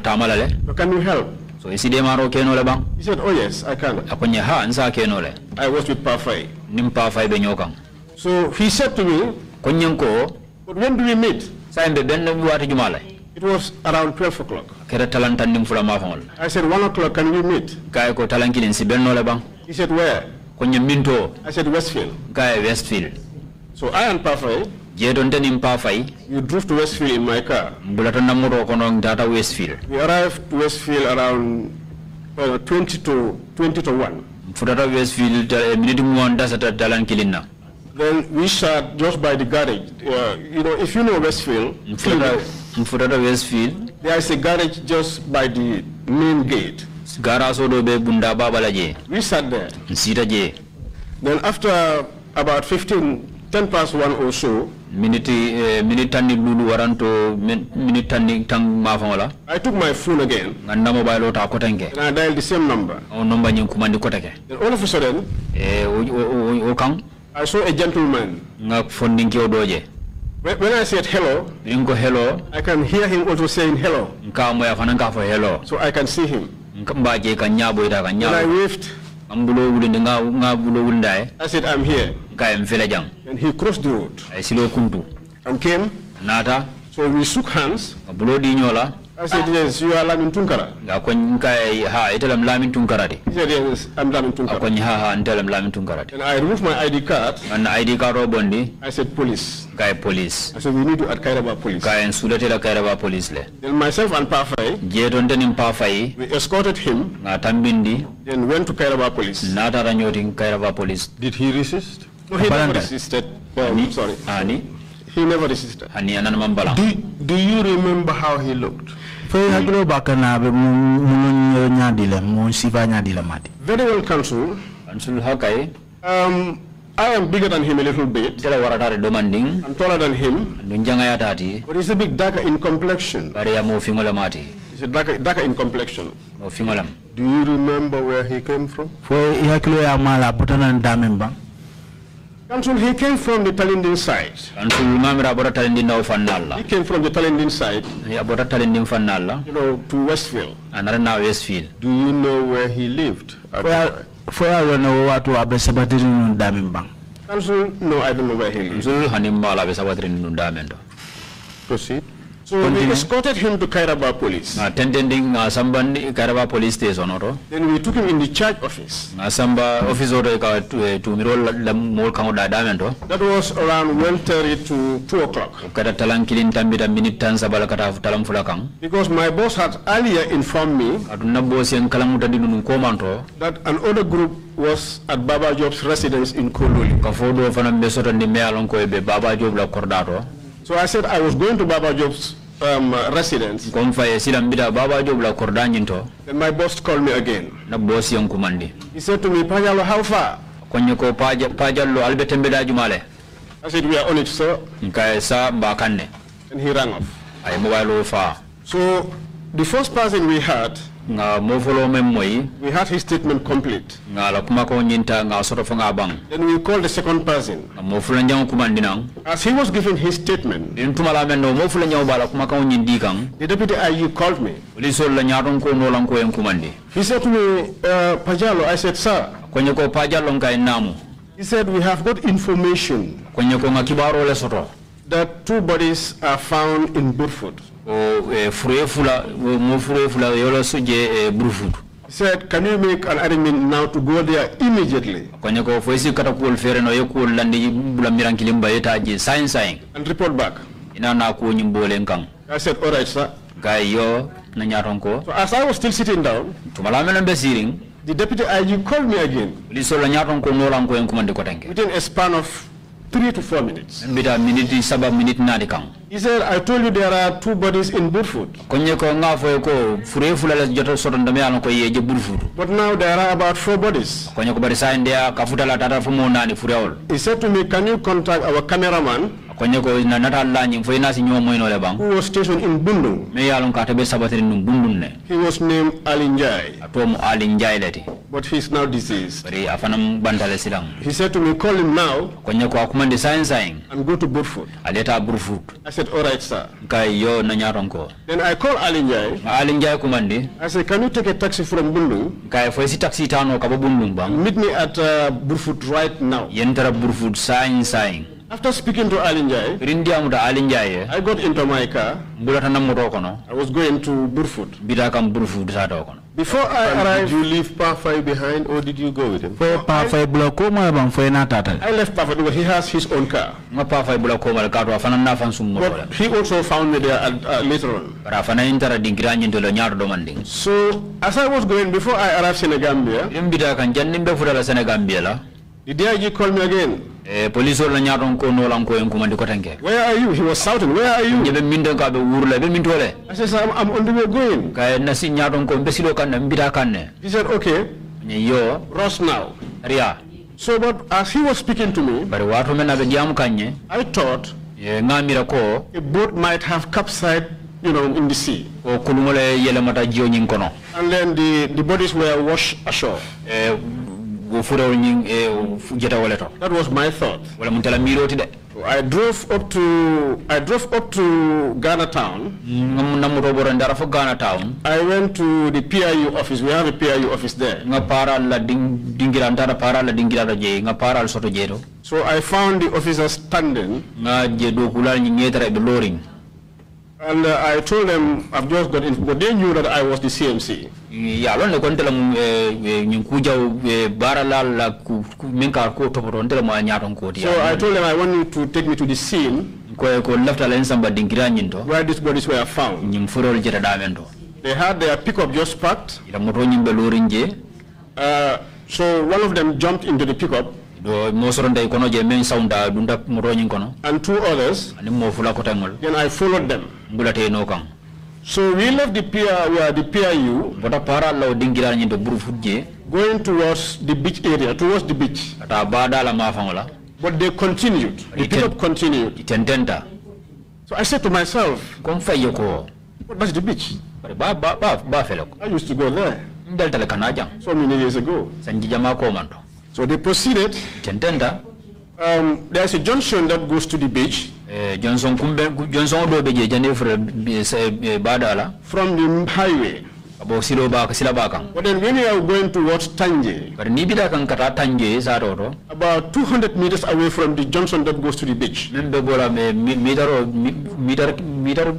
can you help? So He said oh yes I can. I was with Parfait. So he said to me, but when do we meet? It was around 12 o'clock. I said, 1 o'clock, can we meet? He said, where? I said, Westfield. Westfield. So I and Pafay, you drove to Westfield in my car. Westfield. We arrived to Westfield around uh, 20 to 20 to 1. Westfield, eh, minute 1, that's at Dalan Kilinna. Then we start just by the garage. Uh, you know, if you know Westfield, in front of Westfield, there is a garage just by the main gate. We sat there. Then after about 15, 10 past one or so. minute eh, I took my phone again. And I dialed the same number. O oh, number nyi Then all of a sudden. Eh, I saw a gentleman. When I said hello, hello, I can hear him also saying hello. hello. So I can see him. When I waved, I said, I'm here. And he crossed the road and came. Nata. So we shook hands. I said, yes, you are Lamin Tunkara. Akon kai ha italam Lamin Tunkara di. He said, yes, I'm Lamin Tunkara. Akon ha ha italam Lamin Tunkara di. And I removed my ID card. And ID card robondi. Oh, I said, police. Kai police. I said, we need to at Kairaba police. Kai en sudate la Kairaba police le. Then myself and Pafai. Je don den in Pafai. We escorted him. Na tambindi. Then went to Kairaba police. Na taranyoting Kairaba police. Did he resist? No, he never resisted. Well, um, Ani? sorry. Ani? He never resisted. Ani ananamambala. Do, do you remember how he looked? Very well, Council. Council Hakai. Um, I am bigger than him a little bit. I'm taller than him. But he's a bit darker in complexion. He's a darker, darker in complexion. Do you remember where he came from? Council, he came from the Talindin side. Council, mamira abora Talindin na ufanalla. He came from the Talindin side. Ya abora Talindin fanalla. You know, to Westfield. Another now Westfield. Do you know where he lived? Well, for I don't know what to abesabatiri nundamimbang. Council, no, I don't know where he lived. Zulu hanimbala abesabatiri nundamendo. Proceed. So Continue. we escorted him to Kairaba police. Attending ah, Asamba ah, Kairaba police station oro. Then we took him in the church office. Asamba ah, office oro to tu eh, miro lam mol kango da That was around 1:30 to 2 o'clock. Kata talang kilin da minute tan sabala kata talang fulakang. Because my boss had earlier informed me. Aduna boss yang kalang mutadi nunun komanto. That another group was at Baba Job's residence in Kololi. Kafodo fana besoto ndi me alonko ebe Baba Job la kordato. So I said I was going to Baba Job's um, residence. Then my boss called me again. He said to me, Pajalo, how far? I said, we are on it, sir. And he rang off. So the first person we had we had his statement complete then we called the second person as he was giving his statement the deputy IU called me he said to me uh, pajalo i said sir he said we have got information that two bodies are found in Burford Eh, eh, said can you make an arrangement now to go there immediately landi sign sign and report back ina na i said all right sir so as i was still sitting down the deputy IG called me again. Within a span of three to four minutes. Bida minute saba minute nadi kang. He said, I told you there are two bodies in Burfoot. Konye ko nga fo ko fure fula la joto soto ndame ano ko yeje Burford. But now there are about four bodies. Konye ko barisa india kafuta la tata nani fure ol. He said to me, can you contact our cameraman? konyeko na natalla nyi foyna si nyomo ino le bang who was stationed in Bundung me yalon ka tabe sabatiri num Bundung ne he was named Alinjai atomo Alinjai leti but he is now deceased But bari afanam bantale silang he said to me call him now konyeko akumande science sign and go to Burford aleta Burford I said all right sir kay yo na nyaronko then I call Alinjai Alinjai kumande I said can you take a taxi from Bundung kay foy si taxi tano ka Bundung bang meet me at uh, Burford right now yentara Burford science sign after speaking to Alinjai, I got into my car. Bulatana I was going to Burfoot. Bidakam Burfoot satokono. Before I arrived, did you leave Parfai behind, or did you go with him? Fue Parfai bulakoma bang fue na tata. I left Parfai because he has his own car. Ma Parfai bulakoma le kato afana na fan sumo. But he also found me there uh, uh, later on. Rafana intara dingiran yendo lo nyar domanding. So as I was going before I arrived in the Gambia, imbidakan janin befura la Senegambia la. The DIG called me again. Eh, police or Lanyaron Kono Lanko and Kumandi Kotanke. Where are you? He was shouting, Where are you? Even Mindaka, the Urla, Bimintole. I said I'm, I'm on the way going. Nasin Yaron Kombesilokan and Birakane. He said, Okay. Yo. Ross now. Ria. So, but as he was speaking to me, but what woman as a jam kanye, I thought a boat might have capsized, you know, in the sea. And then the, the bodies were washed ashore. Eh, that was my thought. I drove up to I drove up to Ghana Town. I went to the PIU office. We have a PIU office there. So I found the officer standing. And uh, I told them I've just got in, but they knew that I was the CMC. la minka So I told them I want you to take me to the scene. Where these bodies were found. They had their pickup just packed. Uh, so one of them jumped into the pickup. And two others. Then I followed them so we left the pier are the pier you bota para law dingira ni buru going towards the beach area towards the beach ata bada la mafangola but they continued the Iten, pickup continued itendenta so i said to myself kon fayo ko but that's the beach ba ba ba ba felako i used to go there delta le kanaja so many years ago sanji jama ko mando so they proceeded itendenta um, there's a junction that goes to the beach Eh, Johnson kumbe Johnson do eh, eh, badala from the highway abo silo ba sila ba kan but then when you are going towards Tanje but ni bida kan kata Tanje sa do do about 200 meters away from the Johnson that goes to the beach be bola me meter meter meter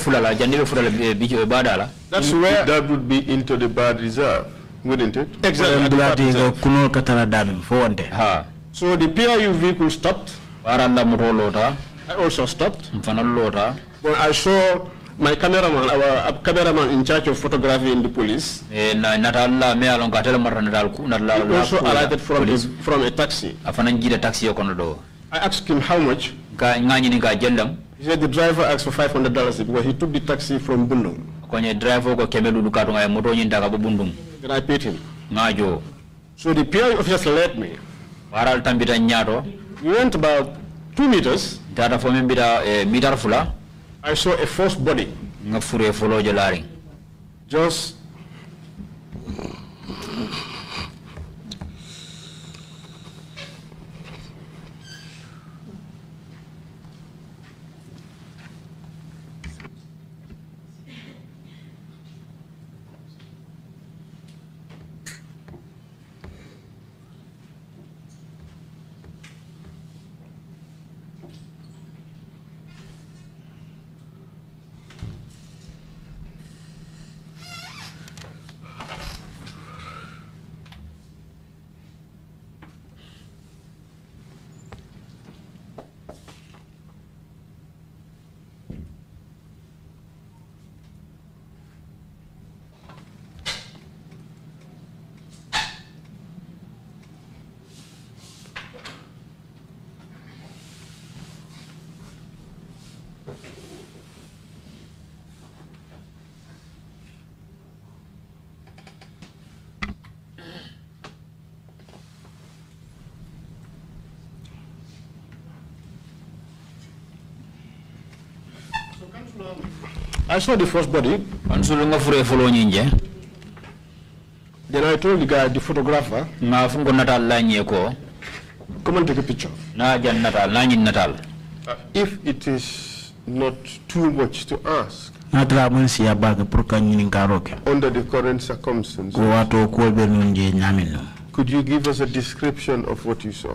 fulala fulala badala that's where that would be into the bad reserve wouldn't it exactly fo wonte ha so the PIUV could stopped Baranda I also stopped. Mfanalota. When I saw my cameraman, our cameraman in charge of photography in the police. He also alighted from, his, from a taxi. I asked him how much. He said the driver asked for $500 because he took the taxi from Bundung. kwenye driver ko kemelu dukato ngai moto nyinda ka bubundum then i paid him ngajo so the peer officer led me baral tambita nyato we went about two meters. Tata fo min a eh, meter fula. I saw a first body. Nga fure folo je laring. Just I saw the first body. Then I told the guy, the photographer, come and take a picture. Uh, if it is not too much to ask, under the current circumstances, could you give us a description of what you saw?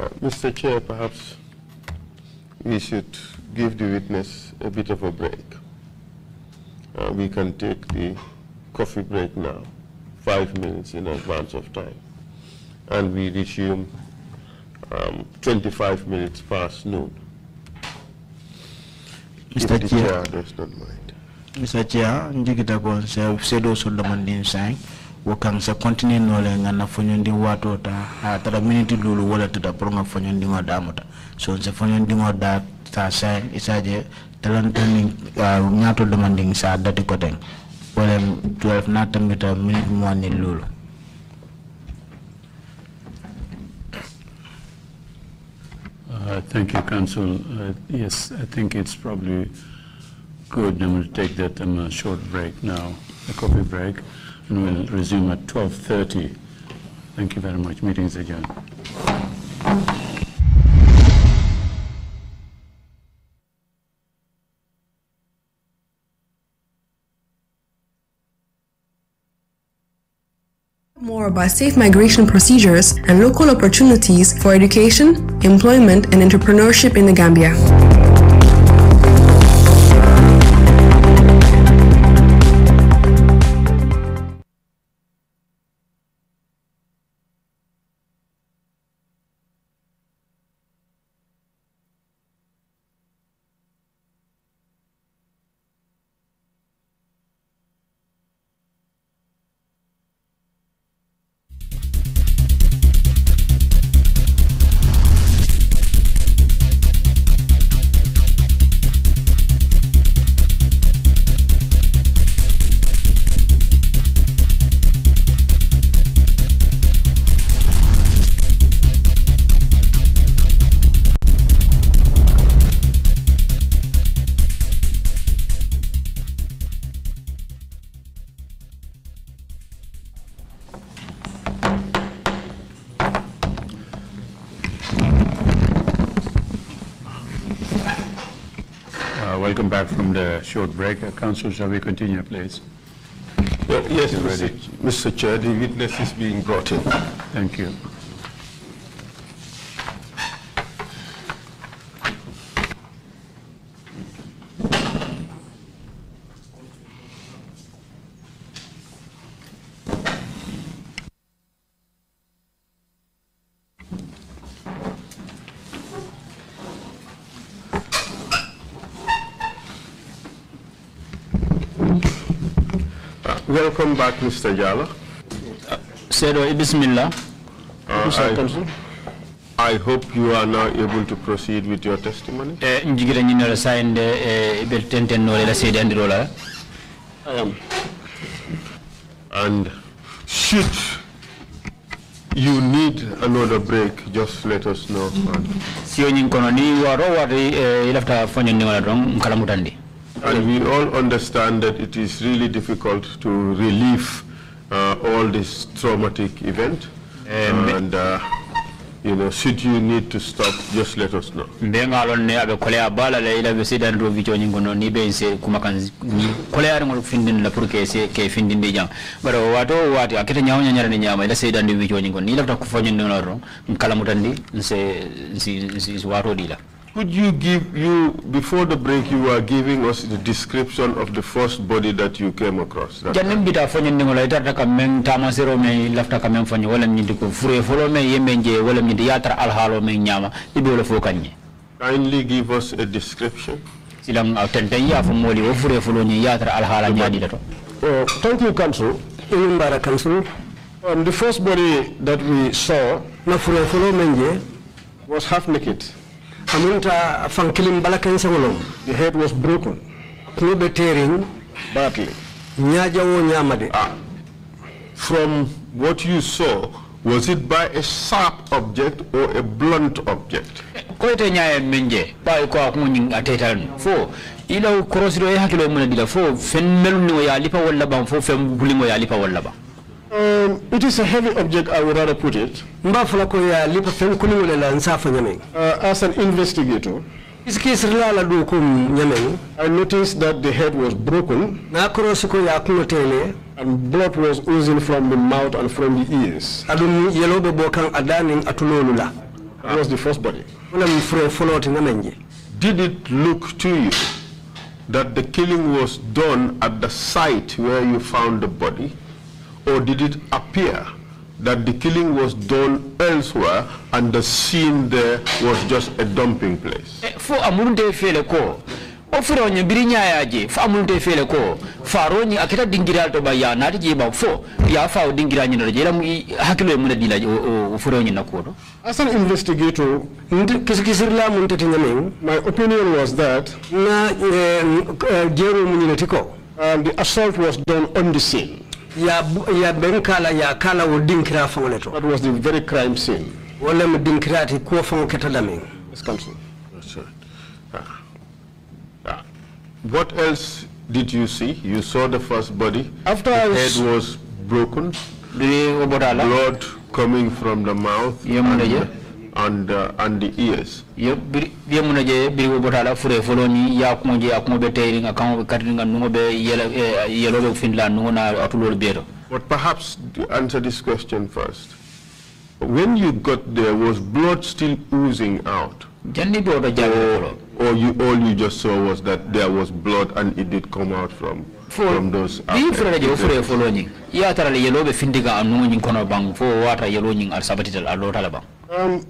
Uh, Mr. Chair, perhaps we should give the witness a bit of a break. Uh, we can take the coffee break now, five minutes in advance of time. And we resume um, 25 minutes past noon. Mr. chair, chair does not mind. Mr. Chair, Njigita Konsep, Sedo Solomon Dinsang ta miniti tuta ta so nse dati 12 miniti uh, thank you, Council. Uh, yes, I think it's probably good. I'm going to take that um, a short break now, a coffee break and we'll resume at 12.30. Thank you very much. Meeting is adjourned. more about safe migration procedures and local opportunities for education, employment, and entrepreneurship in the Gambia. short break. Uh, Council, shall we continue, please? Well, yes, Mr. Mr. Chair, the witness is being brought in. Thank you. Mr. jala Sero bismillah uh, I hope you are now able to proceed with your testimony. Eh, eh, I am. And should you need another break, just let us know. And we all understand that it is really difficult to relieve uh, all this traumatic event. Um, and, uh, you know, should you need to stop, just let us know. Could you give you, before the break, you were giving us the description of the first body that you came across? Janim bita fanyi ningola me lafta fanyi wala mnyindi folo me wala mnyindi yatra alhalo me nyama fokanye. Kindly give us a description. Silang ya fumoli folo yatra alhala nyadi dato. Uh, thank you, Council. Council. Um, the first body that we saw, na fure folo was half naked fankilim sangolom. The head was broken. Kuno betering. Badly. nyamade. Ah. From what you saw, was it by a sharp object or a blunt object? Kote nyaye menje. Ba kwa kuning atetan. Four. Ila ukorosiro hakilo mwenye dila. Fen ya lipa wala Fen ya lipa wala um, it is a heavy object, I would rather put it. Uh, as an investigator, I noticed that the head was broken and blood was oozing from the mouth and from the ears. That was the first body. Did it look to you that the killing was done at the site where you found the body? or did it appear that the killing was done elsewhere and the scene there was just a dumping place? Eh, For amulunde fele ko. Ofuro nye birinya yaje. Fo amulunde fele ko. Faro nye akita dingira to baya na rije Ya fa dingira nye rije la hakilo mu dila nakoro. As an investigator, kisikisirla mun my opinion was that na eh, eh, jero munitiko, the assault was done on the scene ya benkala ya kala wo dinkira that was the very crime scene yes ah. Ah. what else did you see you saw the first body after the head was broken the blood coming from the mouth yeah, and uh, and the ears. Yep, biya muna je birigo botala fure foloni ya kumo je akumo be tairing akumo be katiringa nungo be eh, yelo yelo But perhaps answer this question first. When you got there, was blood still oozing out? Jandi or you all you just saw was that there was blood and it did come out from from those uh, be um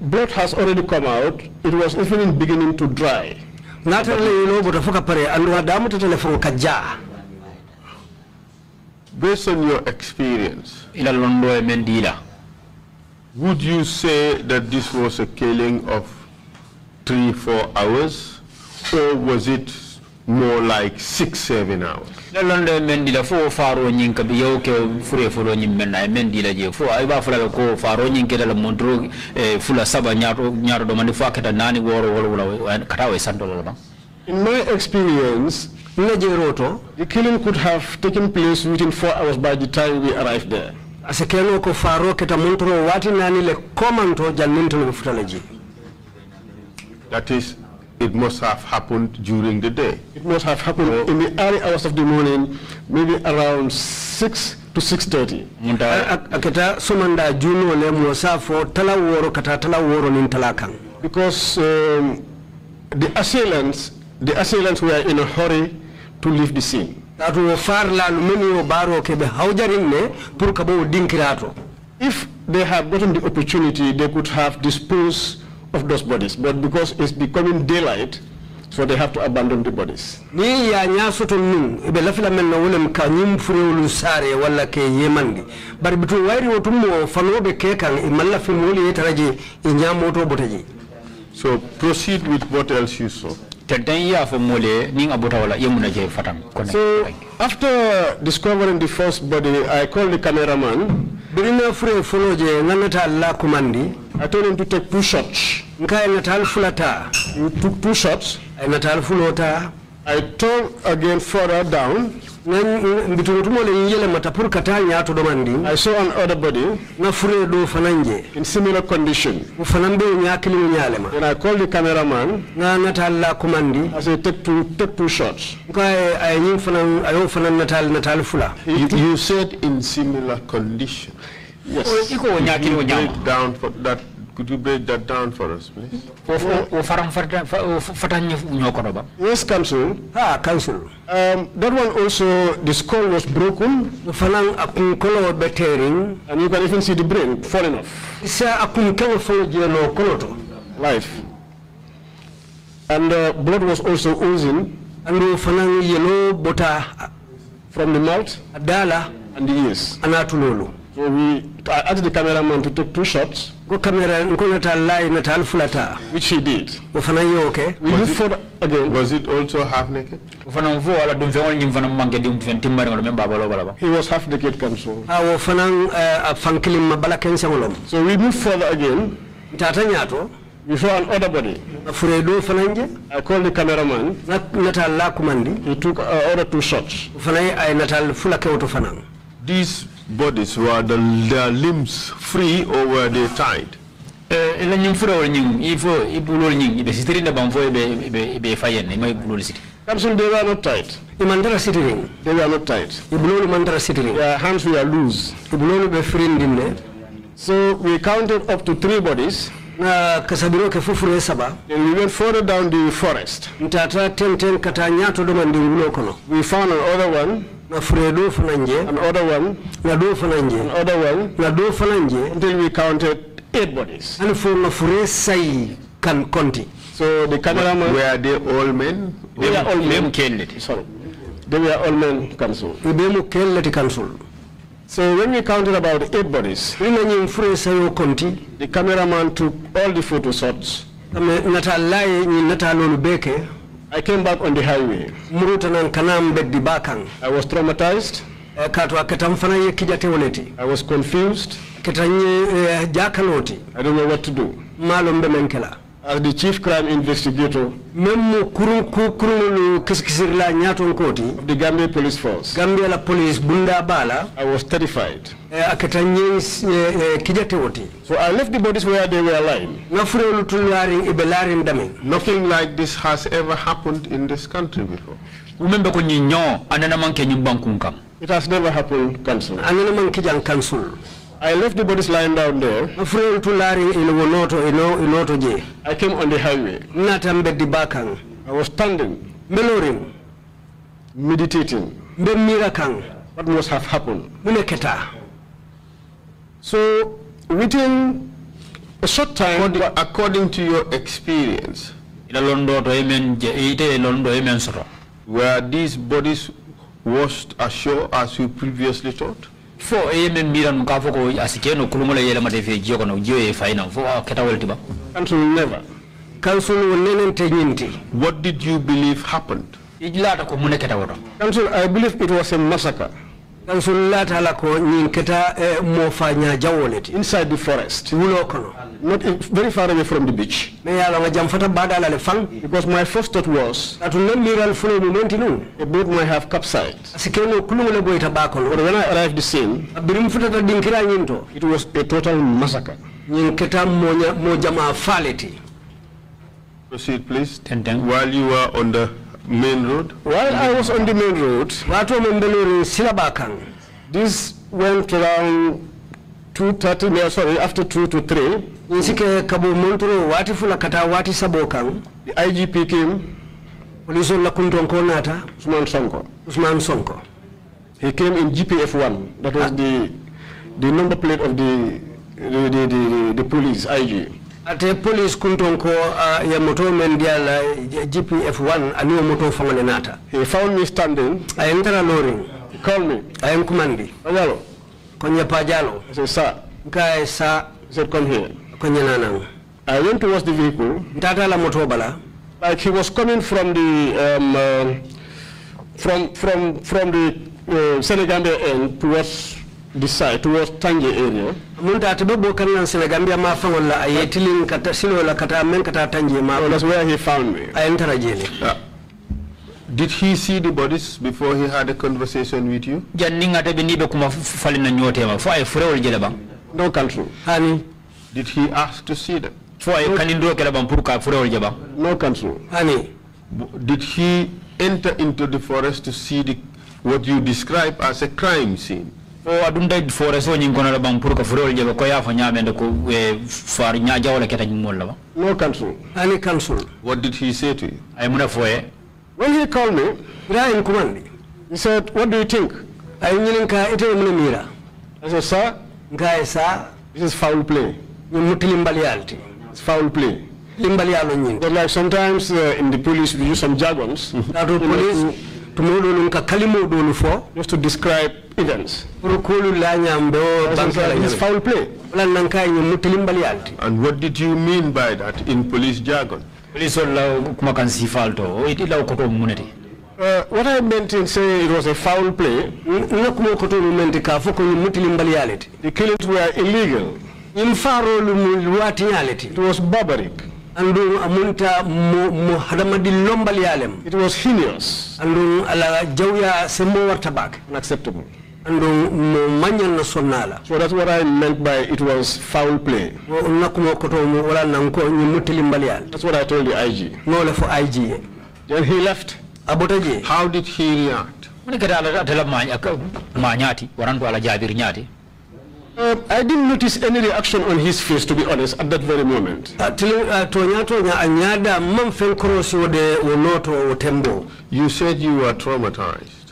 blood has already come out. It was even beginning to dry. Naturally, you know, but pare andu adamu telefon kaja. Based on your experience, ila londo e Would you say that this was a killing of three, four hours, or was it more like six, seven hours. mendila fo faro nyinka fure nyimena mendila je fo aiba fula ko faro eh, fula saba nyaro nyaro nani woro woro wala katawe la In my experience, Najeroto, the killing could have taken place within four hours by the time we arrived there. Asekeno ko faro keta montro wati nani le komanto janinto le futalaji. That is it must have happened during the day. It must have happened so in the early hours of the morning, maybe around 6 to 6.30. Akata somanda juno le muasa fo tala woro kata tala woro nin talakan. Because um, the assailants, the assailants were in a hurry to leave the scene. Tatu wo far la lumeni wo baro kebe haujarin ne pur kabo dinkirato. If they had gotten the opportunity, they could have disposed of those bodies, but because it's becoming daylight, so they have to abandon the bodies. Ni ya nyaso to nu ibe lafila men na ka nyum furewulu sare wala ke yemandi bari bitu wairi wotummo fanobe ke kan fi moli So proceed with what else you saw. So after discovering the first body, I called the cameraman. I told him to take two shots. You took two shots. I I told again further down. I saw another body in similar condition. Then I called the cameraman as I take two, take two shots. You, you said in similar condition. Yes. Oh, you break down for that could you break that down for us, please? Yes, Council. Ah, Council. Um, that one also, the skull was broken. And you can even see the brain falling off. Life. And uh, blood was also oozing. And yellow butter from the mouth. Adala. And the ears. Anatulolu we asked the cameraman to take two shots. Which he did. We looked again. Was it also half naked? He was half naked, Kamso. Ah, eh, so we moved further again. We saw another body. Furedo Fananje. I called the cameraman. Natal Lakumandi. He took uh, other two shots. Fanai I eh, Natal Fulake Otofanang. These bodies were the, their limbs free or were they tied? Eh, Absolutely, they were not tied. The sitting. They were not tied. The blue mandara sitting. Their hands were loose. The blue be free So we counted up to three bodies. na kasabiro ke fufure saba and we went further down the forest mtata ten ten kata nyato do mandi wulo kono we found another one na fredo fananje. Another one. Na do fananje. Another one. Na do fananje. Until we counted eight bodies. And for na fure sai can konti. So the cameraman. Were they all men? They were all men. Kennedy. Sorry. They were all men council. Demu Kennedy council. So when we counted about eight bodies, the cameraman took all the photo shots. Natalai ni natalolu beke. I came back on the highway. I was traumatized. I was confused. I don't know what to do as the chief crime investigator memu kurun kurun kisikisirla nyaton koti of the Gambia police force Gambia police bunda bala I was terrified eh, akatanye eh, eh, kijate woti so I left the bodies where they were lying nafure ulutulari ibelari ndame nothing like this has ever happened in this country before umembe kunyi nyo anana manke nyumbankunka it has never happened council anana manke jang council I left the bodies lying down there. I came on the highway. Natambe dibakang. I was standing. Meloring. Meditating. Bemirakang. What must have happened? So within a short time, according, according to your experience, were these bodies washed ashore as you previously thought? fo e men miran ka yele fe jiyo e fayna fo keta welti ba never council wonen tenyinti what did you believe happened ijlata ko muneketa wodo i believe it was a massacre Eh, inside the forest not very far away from the beach because my first thought was that non miral boat might have capsized sikeno kulungu le boyta bakol but when i arrived the scene to it was a total massacre proceed please while you are on the main road? While I was on the main road, this went around 2.30, sorry, after 2 to 3. Nsike kabu munturo wati fula kata wati sabokan. The IGP came. Polizo la kuntonko nata. Usman Sonko. Usman Sonko. He came in GPF1. That was ah. the the number plate of the the, the, the, the police, IG ate police kunton ko uh, ya moto men diala GPF1 aniwo moto fangane nata he found me standing i entera lorry he called me i am kumandi pajalo konya pajalo i said sir nkae sa he come here konya nanang i went towards the vehicle ntata la moto bala like he was coming from the um, uh, from from from the uh, Senegambia end towards the site towards Tangi area. Munta atubu bokani na Senegambia mafango la ayetili kata silo la kata men kata Tangi ma. Oh, that's where he found me. Ayentara jele. Yeah. Did he see the bodies before he had a conversation with you? Janinga tabi nibe kuma fali na nyote ma. Fwa efure wali jele ba. No control. Hani. Did he ask to see them? Fwa no. kanindo kela ba mpuru ka efure wali No control. Hani. Did he enter into the forest to see the, what you describe as a crime scene? o adum day fore so la bang pour ko furol ko ya fa nyamende ko far nya jawle keta nyum la no council Any council what did he say to you i muna foye when he called me Brian Kumandi he said what do you think ay nyinin ka ite muna mira i said sir ngai sa this is foul play ni mutilimbali alti it's foul play limbali alo like sometimes uh, in the police we use some jargons that police know, just to describe events. is foul play. And what did you mean by that in police jargon? Police Uh, what I meant in saying it was a foul play, the killings were illegal. It was barbaric andung amunta mo lombal yalem it was heinous andung ala jawya sembo warta unacceptable andung manyan na so that's what i meant by it was foul play wo koto wala nanko ni mbal yal that's what i told the ig no le for ig then he left abotaje how did he react mun manyati ala jabir nyati uh, I didn't notice any reaction on his face, to be honest, at that very moment. Uh, uh, you said you were traumatized.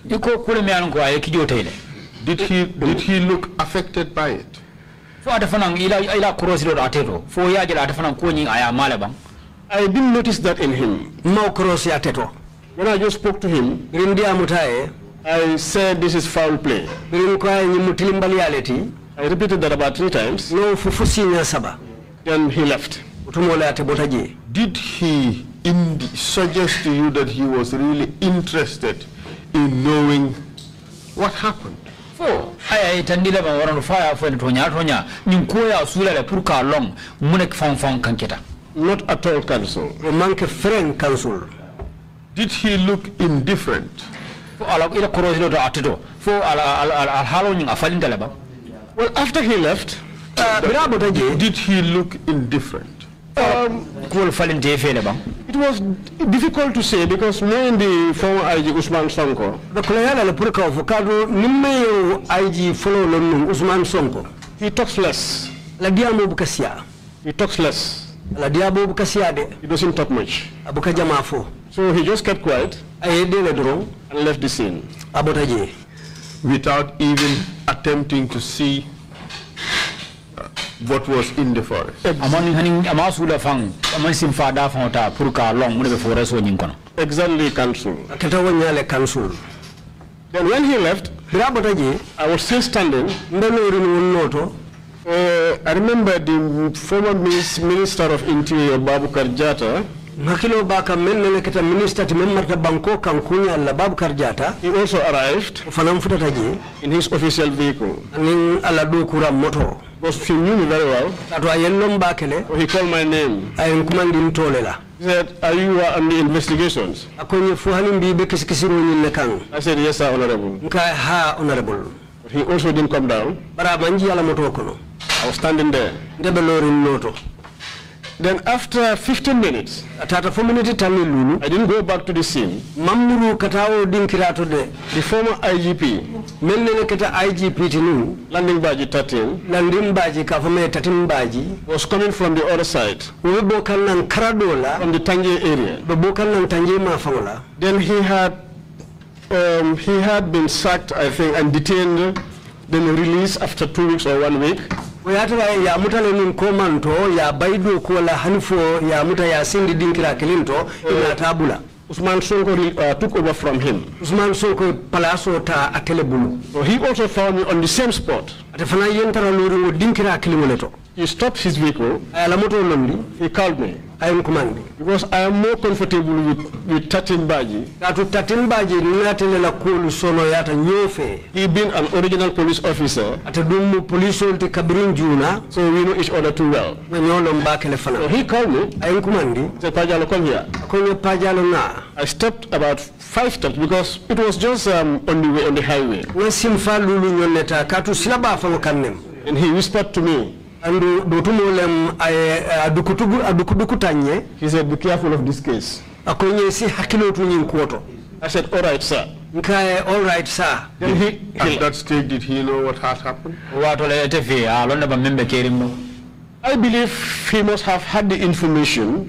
Did he, did he look affected by it? I didn't notice that in him. When I just spoke to him, I said this is foul play. I repeated that about three times. No, fufusinya saba. Then he left. Did he suggest to you that he was really interested in knowing what happened? fo aya itandile ba warano faya fo ni tonya tonya ni koya sula le pour ka long munek fon fon kanketa not at all council o manke friend council did he look indifferent fo ala ila korosilo to atido fo ala ala ala halo ni afalinda le ba well, after he left, uh, did he look indifferent? Um, it was difficult to say because me and the former IG Usman Sonko. The Kulayana Lepurka of Kadu, Nimme IG follow Usman Sonko. He talks less. La Diamo Bukasia. He talks less. La Diabo Bukasiade. He doesn't talk much. Abukajamafo. So he just kept quiet. I did it wrong. And left the scene. Abotaje without even attempting to see uh, what was in the forest. Exactly, council. Then when he left, I was still standing. Uh, I remember the former minister of interior, Babu Karjata, Makilo Baka Meneketa Minister to Memata Banko Kankunya Labab Karjata. He also arrived Fanamfutaji in his official vehicle. Ning kura Moto. Because he knew me very well. That So he called my name. I am commanding Tolela. He said, are you on uh, the investigations? I said, yes, sir, Honorable. ha, Honorable. He also didn't come down. I was standing there. Then after 15 minutes, atata 4 minutes tani lulu, I didn't go back to the scene. Mamuru katao dinkirato de. The former IGP, melnene kata IGP tinu, landing baji 13, landing baji kafume 13 baji, was coming from the other side. Uwebokan nang karadola, from the Tangi area. Babokan ng Tangier mafangola. Then he had, um, he had been sacked, I think, and detained, then released after two weeks or one week. o yatara ya mutane min koman to ya baido ko la hanfo ya muta ya sindi dinkira kilin to ina eh, tabula Usman Sonko uh, took over from him. Usman Sonko palaso ta atelebulu. So he also found me on the same spot. Atefana yentara lori wo dinkira kilimoleto. He stopped his vehicle. I am lonely. He called me. I am commanding. Because I am more comfortable with, with Tatin Baji. Katu Tatin Baji natele la kulu sono yata nyofe. He been an original police officer. Atadumu police ulti kabirin juna. So we know each other too well. Nanyono mbake lefana. So he called me. I am commanding. He said, Pajalo, come here. Akonye Pajalo na. I stopped about five times because it was just um, on the way, on the highway. Nesimfa lulu nyoneta. Katu silaba afango kanem. And he whispered to me andu dotumolem eh, adukutugu adukudukutanye he said be careful of this case akonye si hakilotu nyinkuoto i said all right sir Okay, all right sir then he, at that stage did he know what has happened What will alonda bamembe kerimno i believe he must have had the information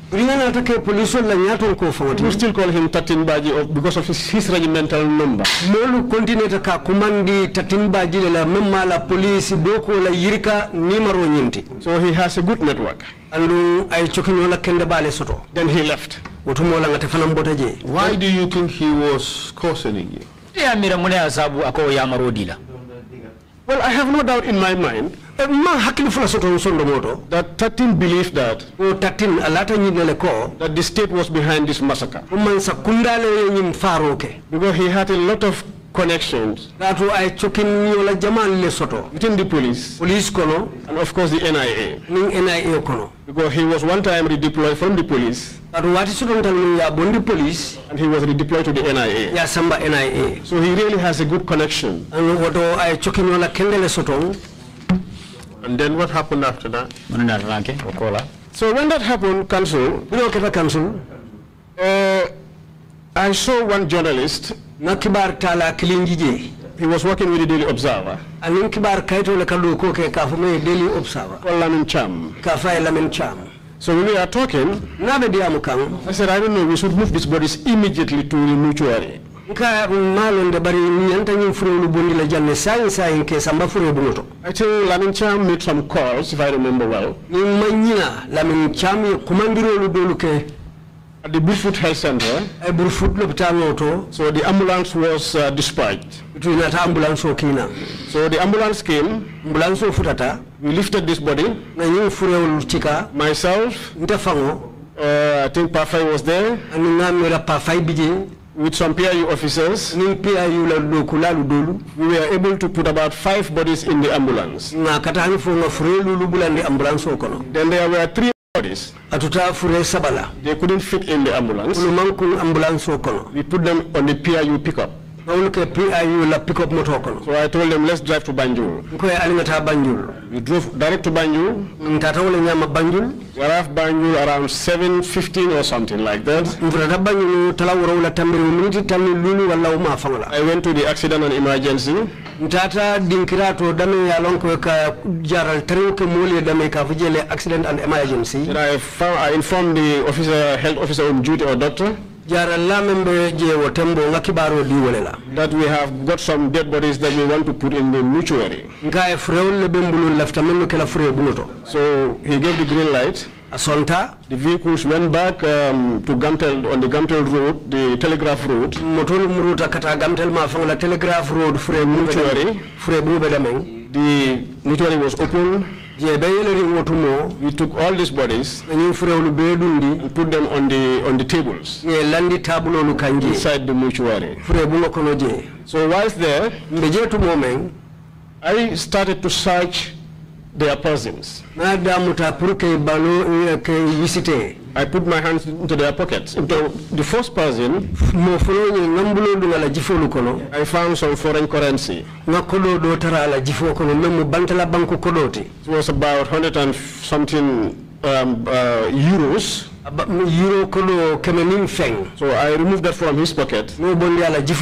We still call him Tatinbaji because of his, his regimental number. Molu continue ka kumandi Tatinbaji la Mema, la police doko la yirika nimaro nyinti. So he has a good network. Andu ay chokinyo la kende bale soto. Then he left. Utumola ngate fanambota je. Why do you think he was cautioning you? Ya mira mune asabu ako ya marodila. Well, I have no doubt in my mind Eh, ma hakkil fula soto sondo moto that 13 believed that o 13 alata nyinele ko that the state was behind this massacre oh, man sakundale nyim faroke because he had a lot of connections that were I chokin yola jaman le soto within the police police kono and of course the NIA ning NIA kono because he was one time redeployed from the police that what is on ya bondi police and he was redeployed to the NIA ya samba NIA so he really has a good connection and what I chokin yola kendele soto and then what happened after that? So when that happened, council, you know, Keta council, uh, I saw one journalist. Nakibar Tala Kilingije. He was working with the Daily Observer. And Nakibar Kaito Lakaluko Kafume Daily Observer. Called Lamin Cham. Kafai Lamin Cham. So when we are talking, I said, I don't know, we should move these bodies immediately to the mortuary bari bondi la ke samba i think lamin cham made some calls if i remember well ni mañina lamin cham kumandirolu dolu ke at the Burfoot Health Center. A Burfoot Lopitamoto. So the ambulance was uh, dispatched. Between that ambulance kina So the ambulance came. Ambulance futata. We lifted this body. Na yung furewul chika. Myself. Ntafango. Uh, I think Pafai was there. Anunga mira Pafai biji with some PIU officers, we were able to put about five bodies in the ambulance. Then there were three bodies. They couldn't fit in the ambulance. We put them on the PIU pickup. So I told them, let's drive to Banjul. We drove direct to Banjul. We arrived Banjul around 7.15 or something like that. I went to the accident and emergency. Tata dinkirato dame ya lonko ka jaral trenke mole dame ka fujele accident and emergency. I, I informed the officer, health officer on duty or doctor. That we have got some dead bodies that we want to put in the mortuary. So he gave the green light. Asonta. The vehicles went back um, to Gantel on the Gantel Road, the Telegraph Road. Motol muruta kata Gantel ma fangla Telegraph Road free mortuary. Free The mortuary was open. Yeah, we took all these bodies and put them on the on the tables Yeah, table inside the mortuary. So whilst there, I started to search their persons. I put my hands into their pockets. Into the first person, I found some foreign currency. It was about 100 and something um, uh, euros. So I removed that from his pocket and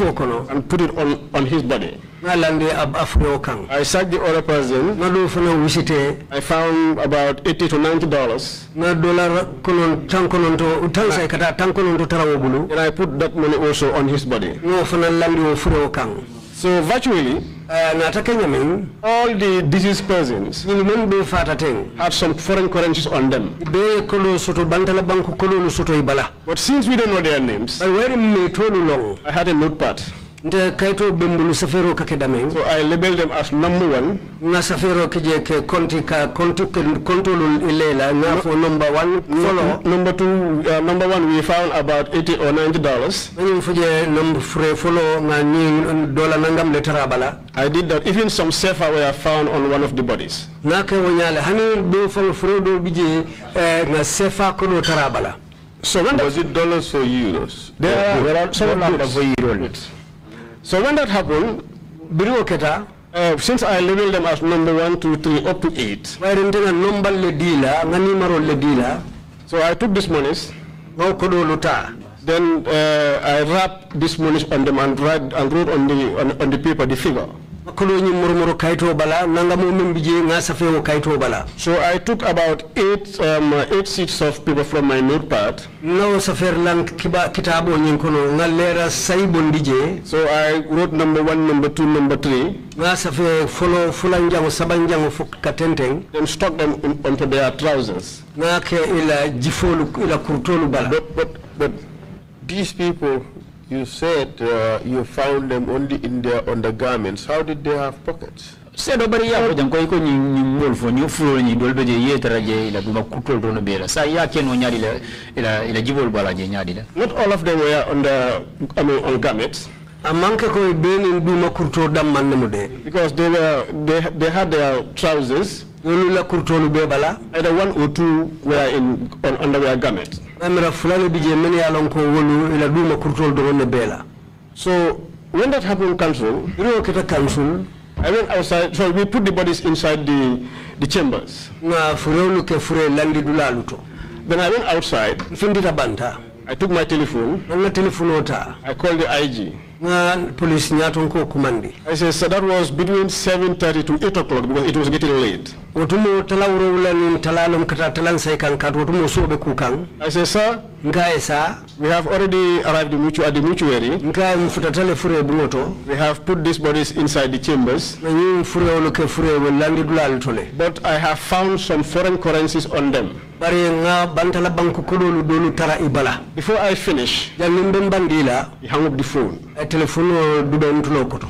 put it on, on his body. I sacked the other person. I found about 80 to 90 dollars. And I put that money also on his body. So virtually, eh, all the diseased persons have some foreign currencies on them. But since we don't know their names, I had a notepad nte kayto bembulu safero kake dameng so i label them as number one na safero keje ke konti ka konti ke kontolu ilela nga fo number one follow number two uh, number one we found about 80 or 90 dollars ngi fuje number free follow nga ni dola nangam le tarabala i did that even some safer were found on one of the bodies na ke wonyale hani do fo free do bije eh, nga safer ko do so when was it dollars or euros there, were some number of euros so when that happened, Birigo Keta, uh, since I labeled them as number one, two, three, up to eight, I didn't a number le dealer, nanimaro le So I took this monies, no kodo luta. Then uh, I wrapped this monies on them and, write, and wrote on the, on, on the paper the figure kuloñi murmuru kayto bala nangamu min bije nga safewo kayto bala so i took about eight um, eight sheets of paper from my notepad no safer lan kiba kitabo ñen kono nga lera say bondije so i wrote number 1 number 2 number 3 nga follow, folo fulan jango saban jango fuk katenteng then stuck them in, onto their trousers nga ke ila jifolu ila kurtolu bala but, but, but these people you said uh, you found them only in their undergarments. How did they have pockets? sedo bari ya ko jang ko ko ni ni mol fo ni furo ni dolbe je yetara je ila duma kutol do no bela sa ya ken o nyaadi la ila ila jibol bala je nyaadi la not all of them were on the I mean, on garments amanke ko benin duma kurto dam man no de because they were they, they had their trousers yolu la kurto lu be bala either one or two were in on underwear garments amira fulani bije men ya lon ko wolu ila duma kurtol do ne bela so when that happened council you know keta council I went outside, so we put the bodies inside the, the chambers. Then I went outside. I took my telephone. telephone I called the IG police, I said, so that was between 7.30 to 8 o'clock because it was getting late. I said, sir, Nkaesa. We have already arrived at the mortuary. We have put these bodies inside the chambers. But I have found some foreign currencies on them. Before I finish, he hung up the phone.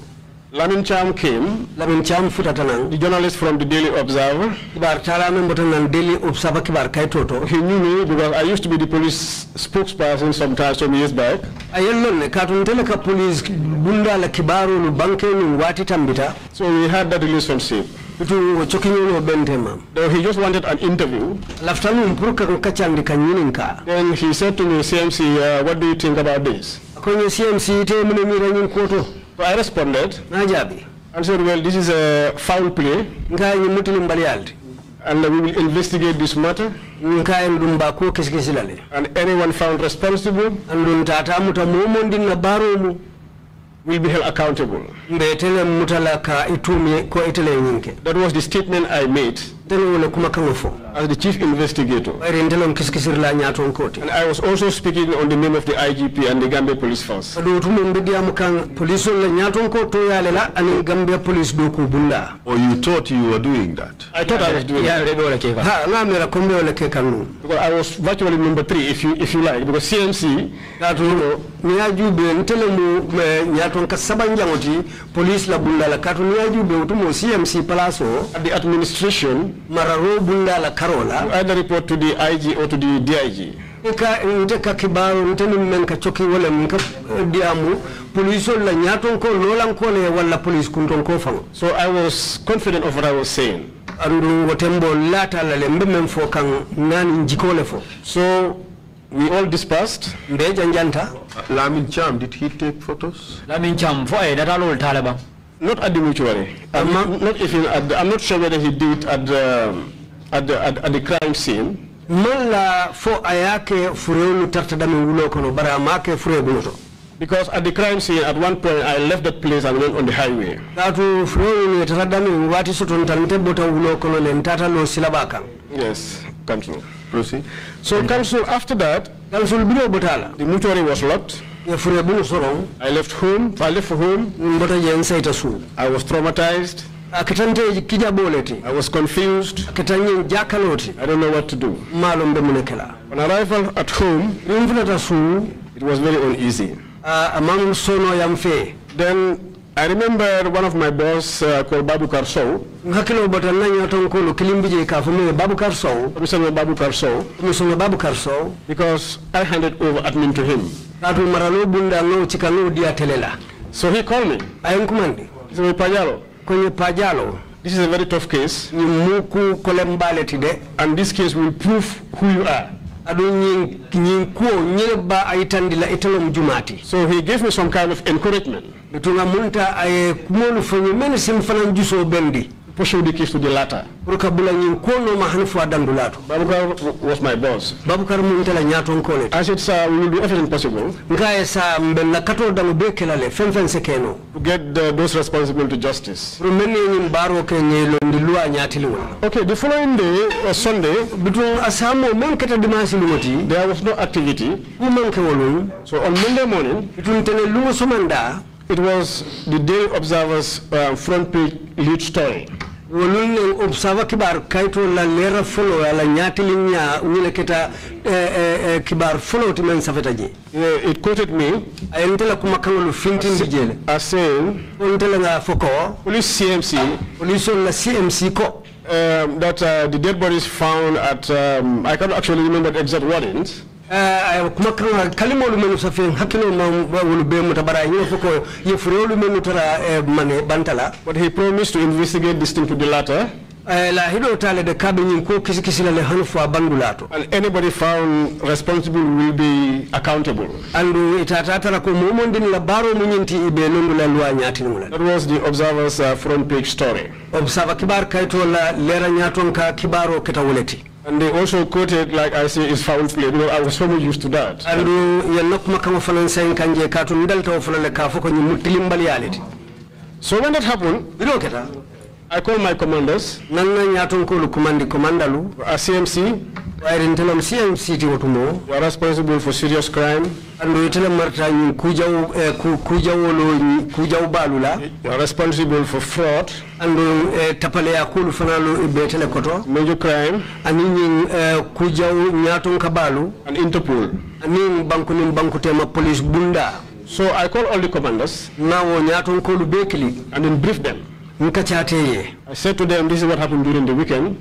Lamin Cham came. Lamin Cham Futatanang. The journalist from the Daily Observer. Kibar Chalam Mbotanang Daily Observer Kibar Kaitoto. He knew me because I used to be the police spokesperson sometimes some years back. Ayelone katunteleka police bunda la kibaru lu banke wati tambita. So we had that relationship. Itu chokinyo bentema. Though he just wanted an interview. Laftanu Then he said to me, CMC, uh, what do you think about this? Kwenye CMC ite mune miranyin kuoto. So I responded. Najabi. And said, well, this is a foul play. And we will investigate this matter. And anyone found responsible. Andun tata muta na Will be held accountable. That was the statement I made. As the chief investigator. And I was also speaking on the name of the IGP and the Gambia Police Force. Or oh, you thought you were doing that? I thought I was doing yeah. that. Because I was virtually number three, if you if you like, because CMC. you police la CMC At the administration mararo bundala karola either report to the IG or to the DIG ka nte kibaro nte min men ka coki diamu police la nyaton ko lolan ko le wala police kunton ko fango so i was confident of what i was saying andu wotembo lata la le mbe men nani jikole fo so we all dispersed. Mbeja njanta. Lamin Cham, did he take photos? Lamin Cham, fo e eh, datalol talaba. Not at the mortuary. I'm not, not even at the, I'm not sure whether he did at the, at the, at, at the crime scene. Malla fo ayake furewlu tartadami wulo kono bara amake fure buloto. Because at the crime scene, at one point, I left that place and went on the highway. That Tatu furewlu tartadami wati soton talmite bota wulo kono lentata lo silabaka. Yes, council. Proceed. So council, after that, council bilo botala. The mortuary was locked. I left home, I left for home. Mm. I was traumatized. Ah, I was confused. Ah, I don't know what to do. When arrival at home, it was very uneasy. Ah, then I remember one of my boss uh, called Babu Karsow. Hakilo bata nanyo tonkolo kilimbije kafume Babu Karsow. Mr. Babu Karsow. Mr. Babu Karso, Because I handed over admin to him. Atu maralo bunda no chikalo dia telela. So he called me. Ayunkumandi. So Pajalo. Kwenye Pajalo. This is a very tough case. Ni muku kolembale tide. And this case will prove who you are. So he gave me some kind of encouragement pursued the case to the latter. Rukabula nyinkono mahanifu adandulatu. Babukar was my boss. Babukar mintela nyato nkole. I said, sir, we will do everything possible. Ngaye sa mbela kato dangube kelale, fenfen sekeno. To get the, those responsible to justice. Rumeni nyimbaro kenye londilua nyatilua. Okay, the following day, uh, Sunday, between asamo menketa dimasi lumoti. There was no activity. Umanke wolu. So on Monday morning, between tene lungo sumanda, it was the day observer's uh, front page lead story observa kibar kaito la lera wile keta eh, eh, eh, kibar timen safeta it quoted me kuma fintin nga foko police cmc police la cmc ko um, that uh, the dead bodies found at um, I can't actually remember the exact wordings Eh, eh, kuma kan kalimolu menu safin hakkilo ma wolu be muta bara ñu foko yefurolu menu tara eh, mane bantala but he promised to investigate this thing to the latter la hido tale de kabe ñin ko kisi kisi la le hanu fa bandulato and anybody found responsible will be accountable andu itata tara ko momondin la baro mu ñinti ibe nondu la loi ñaati mu that was the observer's uh, front page story observer kibar kayto la lera ñaton ka kibaro keta and they also quoted, like I say, it's foul play know, I was so much used to that. And you look makamo fanan saying kanje katun delta le ko ni So when that happened, you look at that. I call my commanders. Nanga nyatonkulu kumandi commandalu. Uh, CMC. Wari CMC ti watumo. You are responsible for serious crime. Ando itela marta kujau eh, kujau balula. You are responsible for fraud. Ando eh, tapale akulu fanalo ibetele koto. Major crime. Ani eh, kujau kabalu. And Interpol. Ani bankunim bankutema police bunda. So I call all the commanders. Nawo kulu baki? And then brief them. I said to them, this is what happened during the weekend.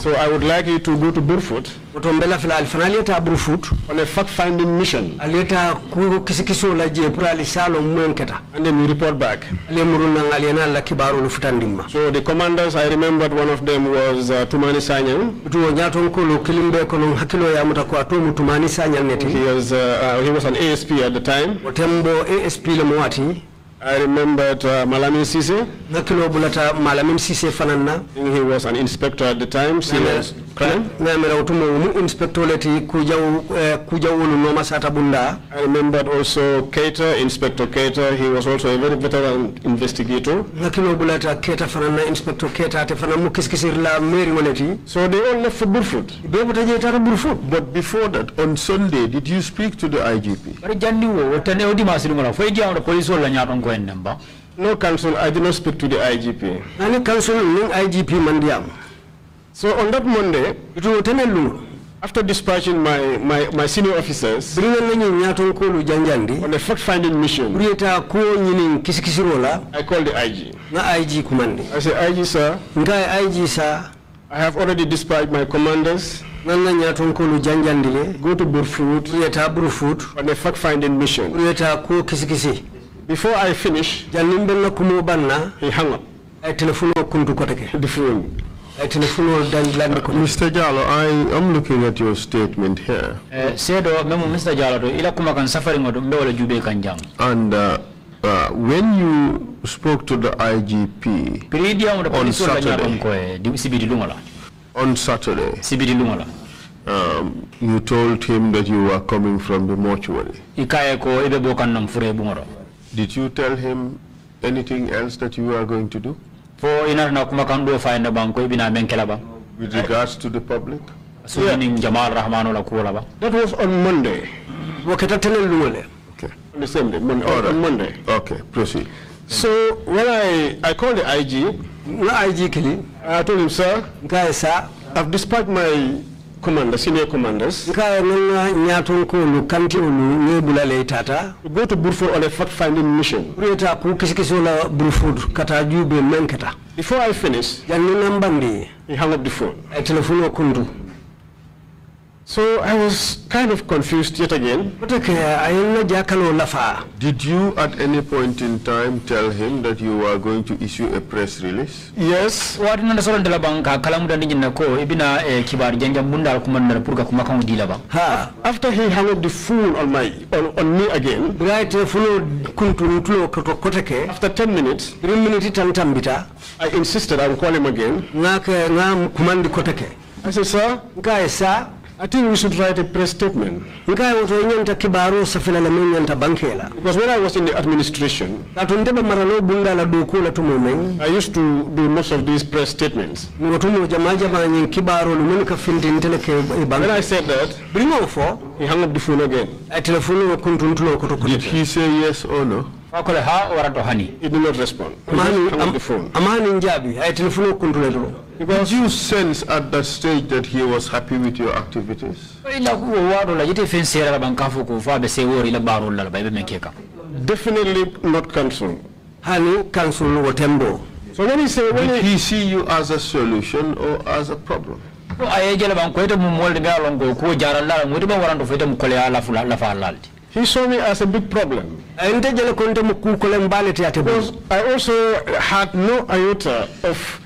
So I would like you to go to Burfoot woto mbela fila alifana aliyeta abru fut on a fact finding mission aliyeta kuro kisikiso la je pour ali salo mwenketa and then we report back ale murun nan la kibaru lu so the commanders i remembered one of them was uh, tumani sanyang to nyaton ko kilimbe kono hakilo ya muta ko tumani sanyang neti he was uh, uh, he was an asp at the time wotembo asp le mwati I remembered uh, Malamin Sise. Nakilo bulata Malamin Sise fanana. He was an inspector at the time. Serious crime utumo inspector leti eh, noma sata bunda i remembered also Cater inspector Cater he was also a very veteran investigator Cater inspector Cater ate mukiskisir la waleti so they all left for Burfoot be buta je tara Burfoot but before that on sunday did you speak to the igp bari jandi wo wotane odi masiru mara foi jawdo police wala nyaton ko en namba no council i did not speak to the igp ani council ning igp mandiam so on that Monday, after dispatching my, my, my senior officers on a fact-finding mission, I called the IG. IG kumandi. I said, IG sir, IG, sir, I have already dispatched my commanders nanga ñatonkolu janjandile goto go to burfut on a fact-finding mission yeta ko kisikisi before I finish jannim benna kumo banna he hung up ay telefono kuntu koteke different uh, Mr. Jallo, I am looking at your statement here. Uh, and uh, uh, when you spoke to the IGP on Saturday, on Saturday um, you told him that you were coming from the mortuary. Did you tell him anything else that you are going to do? ina na kuma ba with regards to the public so yeah. ni jamal la ba that was on monday wo keta telel okay the same day monday, right. on monday okay proceed so when i i called the ig the ig Kelly, i told him sir guys, sir i've dispatched my commander, senior commanders. Nka nanga nyaton ko lu kanti onu nebula le tata. Go to Burford on a fact-finding mission. Reta ku kisikisi la Burford kata jube menkata. Before I finish, yanni nambandi. He hung up the phone. E telefono kundu. So I was kind of confused yet again. Did you at any point in time tell him that you were going to issue a press release? Yes. Eh, after he hung up the phone on my on, on me again. Right eh, after ten minutes, I insisted I would call him again. I said, sir, guys, sir. I think we should write a press statement. Because when I was in the administration, I used to do most of these press statements. When I said that, oh. he hung up the phone again. Did he say yes or no? He did not respond. He hung up the phone. Because Did you sense at that stage that he was happy with your activities? Definitely not council. Hani council So when he say when Did he see you as a solution or as a problem? He saw me as a big problem. Because I also had no iota of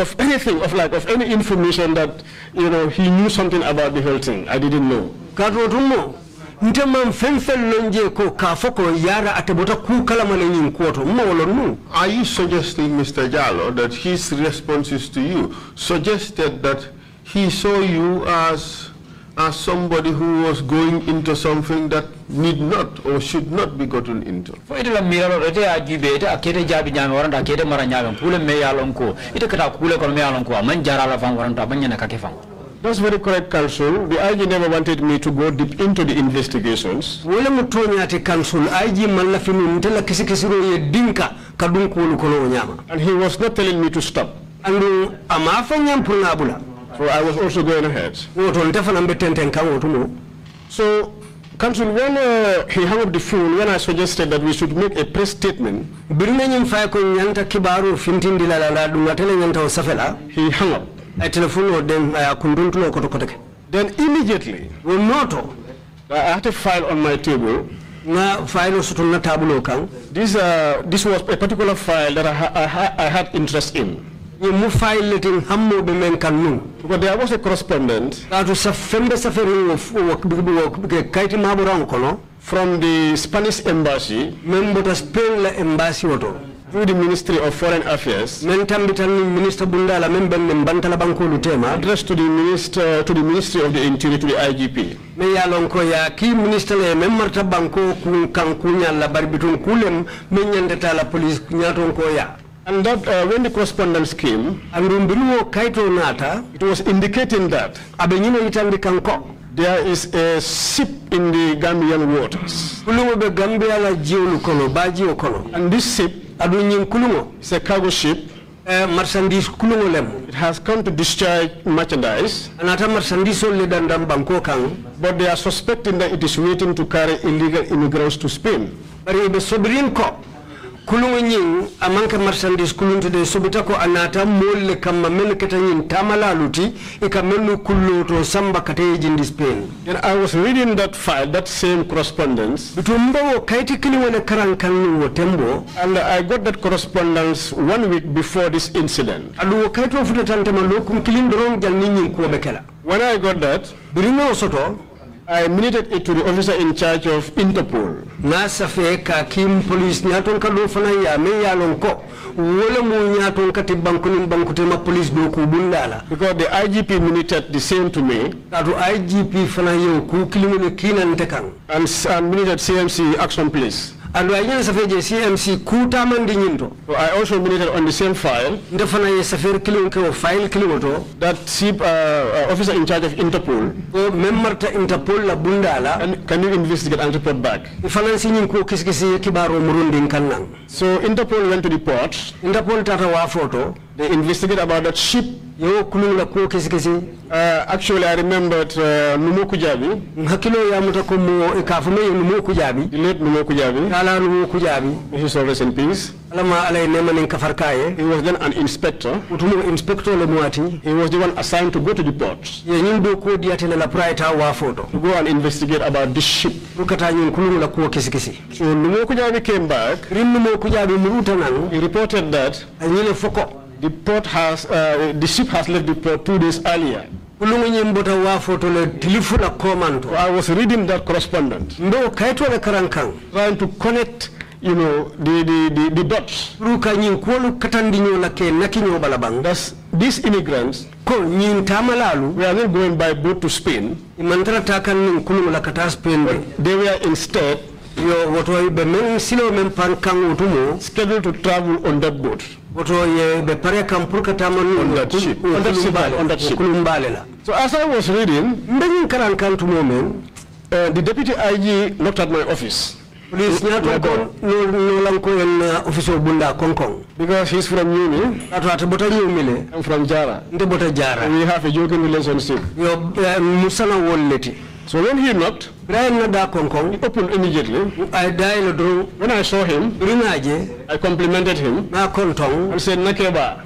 of anything, of like, of any information that, you know, he knew something about the whole thing. I didn't know. Kadrotumo, ntemam femfen lonje ko kafoko yara atebota ku kalama na yin kuoto, mma Are you suggesting, Mr. Jallo, that his responses to you suggested that he saw you as as somebody who was going into something that need not or should not be gotten into. me me jara That's very correct, Council. The IG never wanted me to go deep into the investigations. told mutonya ate Council, IG malafinu mtela kisi kisiro ye dinka into the nyama. And he was not telling me to stop. I was also going ahead. So, Council, when uh, he hung up the phone, when I suggested that we should make a press statement, he hung up. Uh, then immediately, I had a file on my table na file this uh, this was a particular file that I, ha I, ha I had interest in mu fayletin hammoɓe men kan nun because there was a correspondent kaatu sa fembe safere kayti maɓoran kono from the spanish embassy men mbota spain la embassy oto through the Ministry of Foreign Affairs, Minister Bundala addressed to the Minister to the Ministry of the Interior to the IGP. Me ya lonko ya ki minister le mem marta banko kun kan kunya la barbitun kulem me nyandata la police kunyaton ko ya. And that uh, when the correspondence came, it was indicating that there is a ship in the Gambian waters. And this ship is a cargo ship. Eh, it has come to discharge merchandise. But they are suspecting that it is waiting to carry illegal immigrants to Spain. But it is sovereign cop kulungu ñiŋ a maŋ ke marchandise kuluntu de sobita ko a naata kamma mennu keta ñiŋ taamalaalu ti i samba kata in jindi spain and i was reading that file that same correspondence bitum mbawo kayti kiliŋo ne tembo and i got that correspondence one week before this incident aduŋ wo kayitoo futatantema loo kuŋ kiliŋ doroŋ jal niŋ when i got that biriŋo soto I minuted it to the officer in charge of Interpol. Nasa feka kim police nyaton kalu fana ya me ya lonko. Wole mu nyaton kati banku nim banku tema police do bundala. Because the IGP minuted the same to me. Kadu IGP fana yo ku kilimu ne kinan tekan. And, and minuted CMC action police. And wajina safeje CMC kutama ndi nyinto. I also minute on the same file. Ndefana ye safari kilingo file kilingo That chief uh, uh, officer in charge of Interpol. Ko member ta Interpol la bundala. And can you investigate and report back? Ifana si nyinko kisikisi kibaro murundin nkanlang. So Interpol went to the port. Interpol tata wa photo. They investigate about that ship. Yo uh, Actually, I remembered uh, Numo Kujabi. mo The late Numo Kala He is always in peace. alay He was then an inspector. inspector le muati. He was the one assigned to go to the port. Ye nyindo wa To go and investigate about this ship. So Numo came back. He reported that. Anyile foko. The port has, uh, the ship has left the port two days earlier. I was reading that correspondent. Trying to connect you know, the, the, the, the dots. lake That's these immigrants ko nyin we are not going by boat to Spain. They were instead yo watu scheduled to travel on that boat. So as I was reading, uh, the deputy IG knocked at my office. Please, uh, because he's from Yumi. I'm from Jara. We have a joking relationship. Uh, so when he knocked, he opened immediately. I When I saw him, I complimented him and said, Nakeba,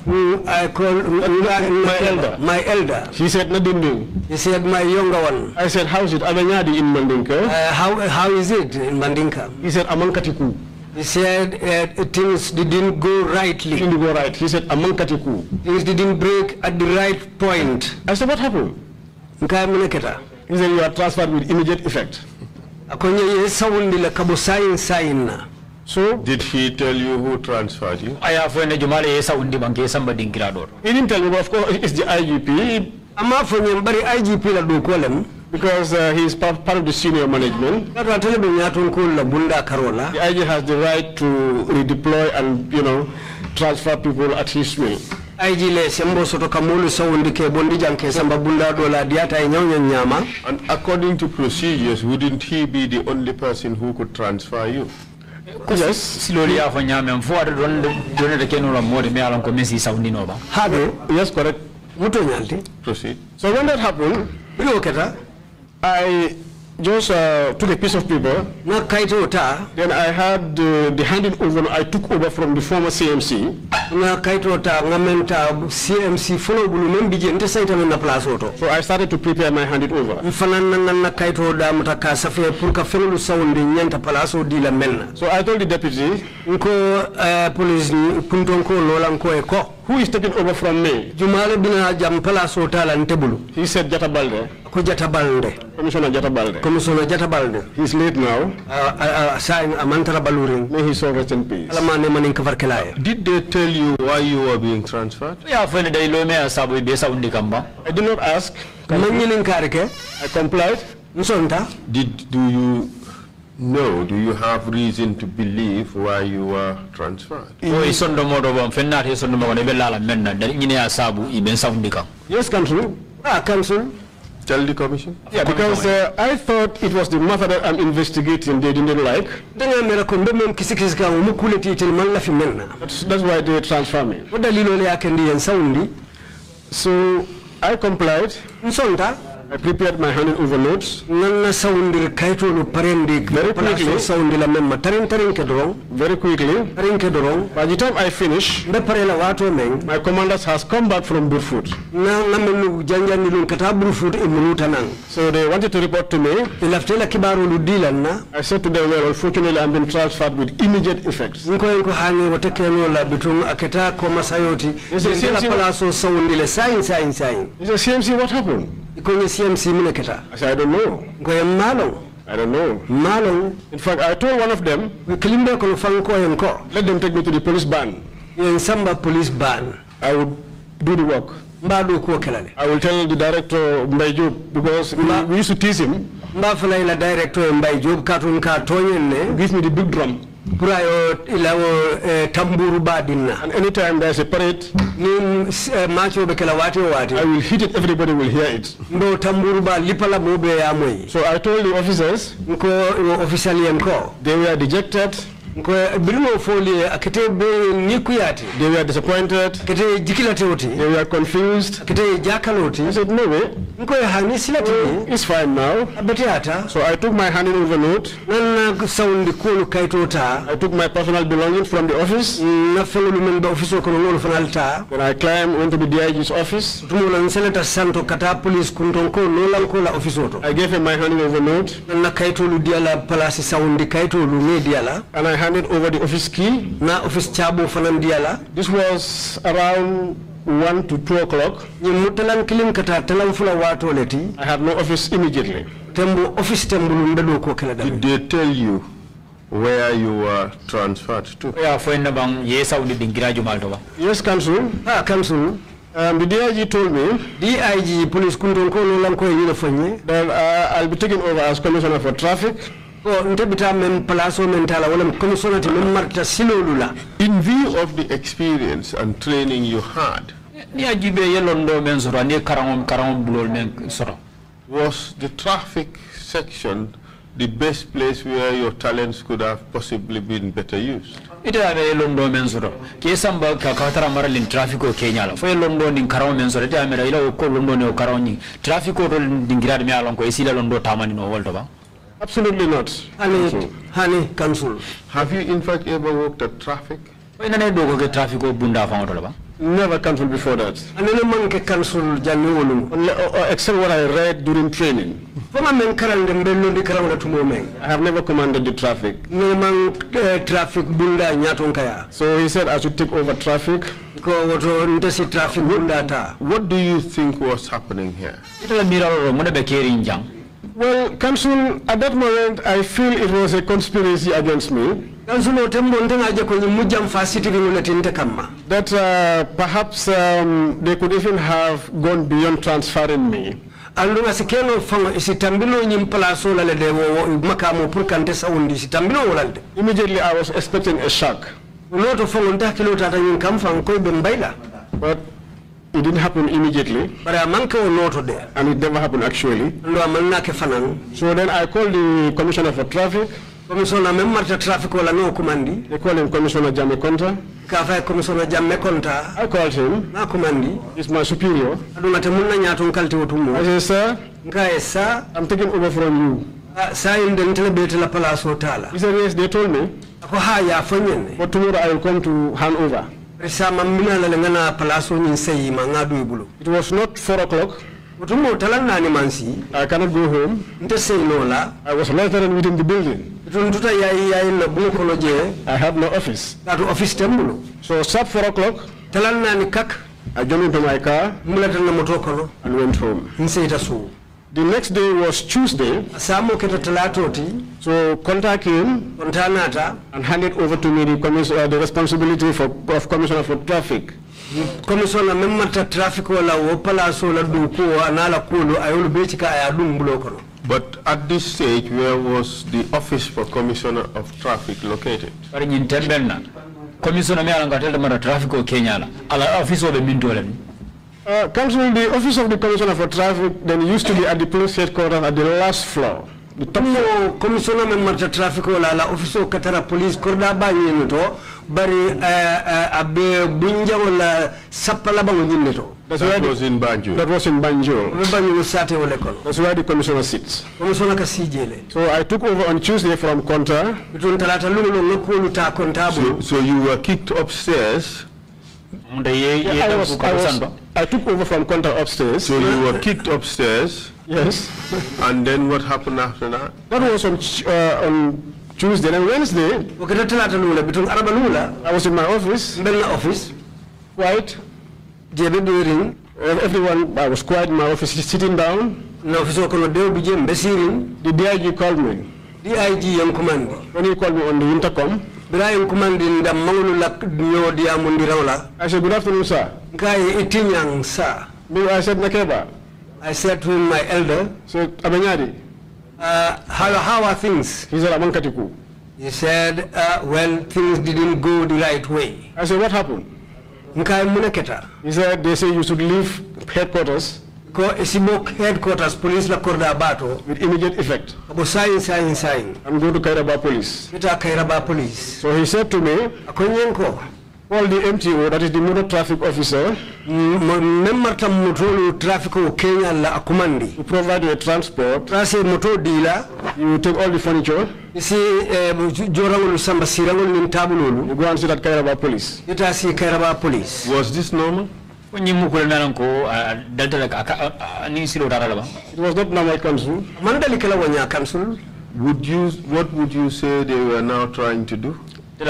I called my elder. My elder. He said, Nadinding. He said, my younger one. I said, how is it? Abanyadi in Mandinka. Uh, how, how is it in Mandinka? He said, Amankatiku. He said uh, things didn't go rightly. Didn't go right. He said, Amankatiku. Things didn't break at the right point. I said, what happened? He said, you are transferred with immediate effect. So, did he tell you who transferred you? I have when Jumale Esa undi banke somebody in Kirador. He didn't tell you, but of course, it's the IGP. I'm not from him, but IGP la do call him. Because uh, he is part, part of the senior management. I tell you, The IG has the right to redeploy and, you know, transfer people at his will sembo soto kamulu bondi janke samba bunda diata nyama and according to procedures wouldn't he be the only person who could transfer you yes siloli ya fanya men fo ada don don da kenu mesi sawundi no ba habe yes correct muto nyalti proceed so when that happened bilo keta i just uh, took a piece of paper. Then I had the, the handing over, I took over from the former CMC. CMC uh, So I started to prepare my handing over. So I told the deputy. Uh, who is taking over from me? Jumale bina jampala sotala ntebulu. He said Jatabalde. Ku Jatabalde. Commissioner Jatabalde. Commissioner Jatabalde. He's late now. Sain amantara balurin. May he soul rest in peace. Alamane manin kavarkelaya. Did they tell you why you were being transferred? Ya fele day lo me asabu besa undi kamba. I did not ask. Manyi ninkarike. I complied. Nsonta. Did do you no, do you have reason to believe why you were transferred? Yes, Council. Ah, Council. Tell the Commission. Yeah, because uh, I thought it was the matter that I'm investigating they didn't like. That's, that's why they transferred me. So I complied. I prepared my hand over notes. Nana soundir kaito no parendik. Very quickly. Soundila memma tarin tarin kedrong. Very quickly. Tarin kedrong. By the time I finish, the parela wato meng. My commanders has come back from Burfoot. Na na menu janja nilun kata Burfoot imunuta nang. So they wanted to report to me. Ilaftela kibaru ludilan na. I said to them, well, unfortunately, I'm being transferred with immediate effects. Nko yiko hali watekeno la bitung aketa koma sayoti. Yes, CMC. Palaso soundile sain sain sain. Yes, CMC. What happened? kwenye CMC mneketa? I said, I don't know. Ngoye malo. I don't know. Malo. In fact, I told one of them. we climbed Kilimbe kono fanko yenko. Let them take me to the police ban. Samba police ban. I would do the work. Mbadu kuwa kelale. I will tell the director Mbaiju because we, used to tease him. Mbafula ila director Mbaiju katunka tonye ne. Give me the big drum. Brayo ilawo eh, anytime there's a parade, nim eh, macho bekela wati I will hit it. Everybody will hear it. Ndo tamburu ba lipala mobe ya So I told the officers. Nko officially nko. They were dejected. They were disappointed. They were confused. I said, no way. Well, it's fine now. So I took my in over note. I took my personal belongings from the office. When I climbed, went to the DIG's office. I gave him my handing over note. And I handed over the office key. Na office chabu fanandiala. This was around 1 to 2 o'clock. Nyimutalan kilim kata talan fula watu leti. I had no office immediately. Tembo office tembu lumbedu ko Did they tell you where you were transferred to? Ya fwenda bang yesa udi dingira jumalto ba. Yes, council. Ah, council. Um, the DIG told me. DIG police kunton ko nolan ko yele fanye. Then uh, I'll be taken over as commissioner for traffic. Oh, In view of the experience and training you had, was the traffic section the best place where your talents could have possibly been better used? ita be londo men soro ke samba ka katara maralin traffico kenya la fo londo nin karaw men soro ita mera ila ko londo ne o karaw ni traffico to dingira de mi alon ko londo tamani no woldo ba Absolutely not. Honey, honey, council. Have you in fact ever worked at traffic? traffic Never council before that. Uh, uh, except what I read during training. I have never commanded the traffic. Uh, traffic So he said I should take over traffic. what do you think was happening here? Well, Council, at that moment, I feel it was a conspiracy against me. That uh, perhaps um, they could even have gone beyond transferring me. andunga sikeno fango isitambilo nyim place la le dewo makamo pour kante saundi sitambilo wolande immediately i was expecting a shock noto fango ntakilo tata nyim kam fango koy ben bayla but it didn't happen immediately. But I manke note there. And it never happened actually. So then I called the commissioner for traffic. Commissioner memmarta traffic wala no kumandi. They called him Commissioner Jamme Konta. Kafai Commissioner Jamme Konta. I called him. Na kumandi. He's my superior. Aduna temunna nyato nkalti wotumu. I Yes, sir. Yes, sir. I'm taking over from you. Uh, sir, in the intelebete la palace hotala. He said, yes, they told me. Ako haya afanyene. But tomorrow I will come to hand over. It was not 4 o'clock. I cannot go home. I was later and within the building. I have no office. So sub 4 o'clock, I jumped into my car and went home. The next day was Tuesday. So contact him and hand it over to me the, uh, the responsibility for, of Commissioner for Traffic. Commissioner of traffic wala wopala so la anala ayolu betika But at this stage, where was the office for Commissioner of Traffic located? Commissioner of alanga tele mara traffic o Kenya ala office of the mindolem. Uh, Council, the office of the Commissioner for Traffic then used to be at the police headquarters at the last floor. The top floor. Commissioner and marcha traffic wala la office of Katara Police korda ba yino to bari eh, eh, abe bunja wala sapala ba ngin neto. That's why that was in Banjul. That was in Banjul. Banjul sate wala That's where the commissioner sits. Commissioner ka sijele. So I took over on Tuesday from Conta. Bitun talata lulu lokulu ta So you were kicked upstairs. I, was, I, was, I took over from Conta upstairs. So you were kicked upstairs? Yes. and then what happened after that? That was on, uh, on Tuesday and Wednesday. I was in my office. In the office. Quiet. Everyone, I was quiet in my office, sitting down. The DIG called me. DIG, young command. When he called me on the intercom. Brian Kumandin da mangulu lak nyo dia mundirawla. I said, good afternoon, sir. Kai itinyang, sir. I said, Nakeba. I said to him, my elder. So, Abanyadi. Uh, how, how are things? He said, Amankatiku. He said, uh, well, things didn't go the right way. I said, what happened? Nkai munaketa. He said, they say you should leave headquarters headquarters police la korda bato with immediate effect abo sign sign sign i'm going to kairaba police kita kairaba police so he said to me akonyenko call the MTO, that is the motor traffic officer, member tam motor traffic o Kenya la akumandi. To provide the transport. a motor dealer. You take all the furniture. You see, jorangulu samba sirangulu nintabululu. You go and see that Kairaba police. It is Kairaba police. Was this normal? Uh, uh, uh, it was not normal council man dali kala council would you what would you say they were now trying to do they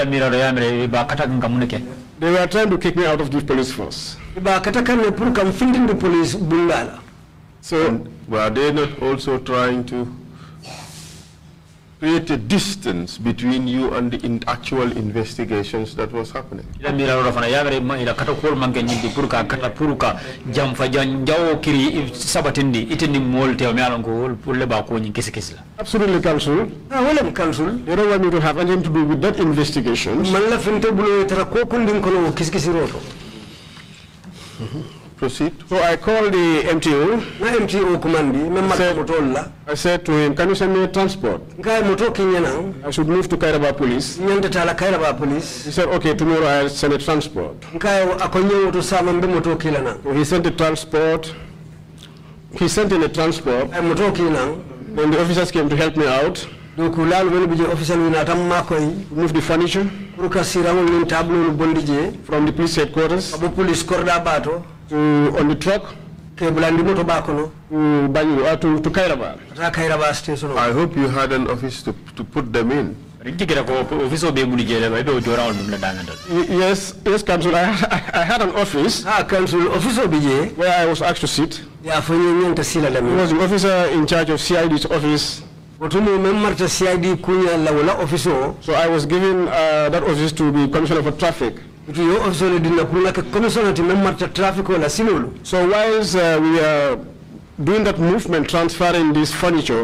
were trying to kick me out of the police force ba kata kan ne pour kam findin the police bundala so and were they not also trying to create a distance between you and the in actual investigations that was happening. Mira fana yagare ma ila kata kol manke nyindi purka kata purka jam fajan jawo kiri sabatindi itindi mol te mi alango pulle ba ko nyi kesi kesi la. Absolutely council. Ah wala council. You don't want me to have anything to do with that investigation. Man la finte bulo tara ko kundin kono kesi roto. Mm-hmm. Proceed. So I called the MTO. MTO command. I said to him, can you send me a transport? I should move to Kairaba police. He said, okay, tomorrow I'll send a transport. So he sent a transport. He sent in a transport. I'm Then the officers came to help me out. donc laal woni bi je officiel wi natam makko yi move the furniture pour ka siraŋol min tableolu bondi je from the police headquarters abo police korɗa ɓaato Mm, on the truck mm, uh, to to, to I hope you had an office to, to put them in. Yes, yes, Council. I, I, had an office. Ah, Council, office OBJ. Where I was asked to sit. Yeah, for you to see that. was the officer in charge of CID's office. So I was given uh, that office to be Commissioner for Traffic. It yo also like a commission ati member traffic wala sinulu. So whilst uh, we are doing that movement, transferring this furniture.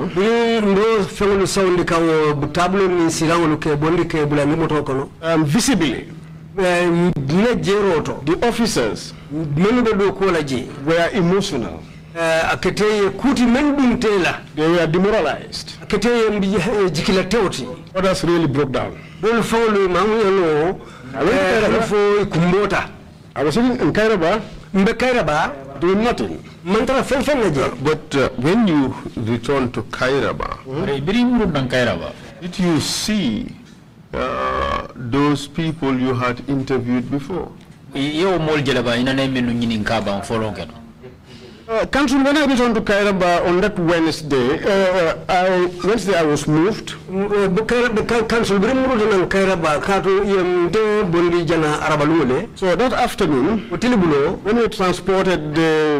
Ndo fengulu saundi kawo tablo ni silango luke bondi ke bula ni motoko no. Um, visibly. Eh, the officers were emotional. Eh, they were demoralized. Eh, Others really broke down fo kumbota I was sitting in Kairaba. Kairaba. Doing nothing. Mantra fen But uh, when you return to Kairaba, mm did you see uh, those people you had interviewed before? Uh, council, when I returned to Kairaba on that Wednesday, uh, uh, I, Wednesday I was moved. Mm, uh, council, so that afternoon, when we transported the,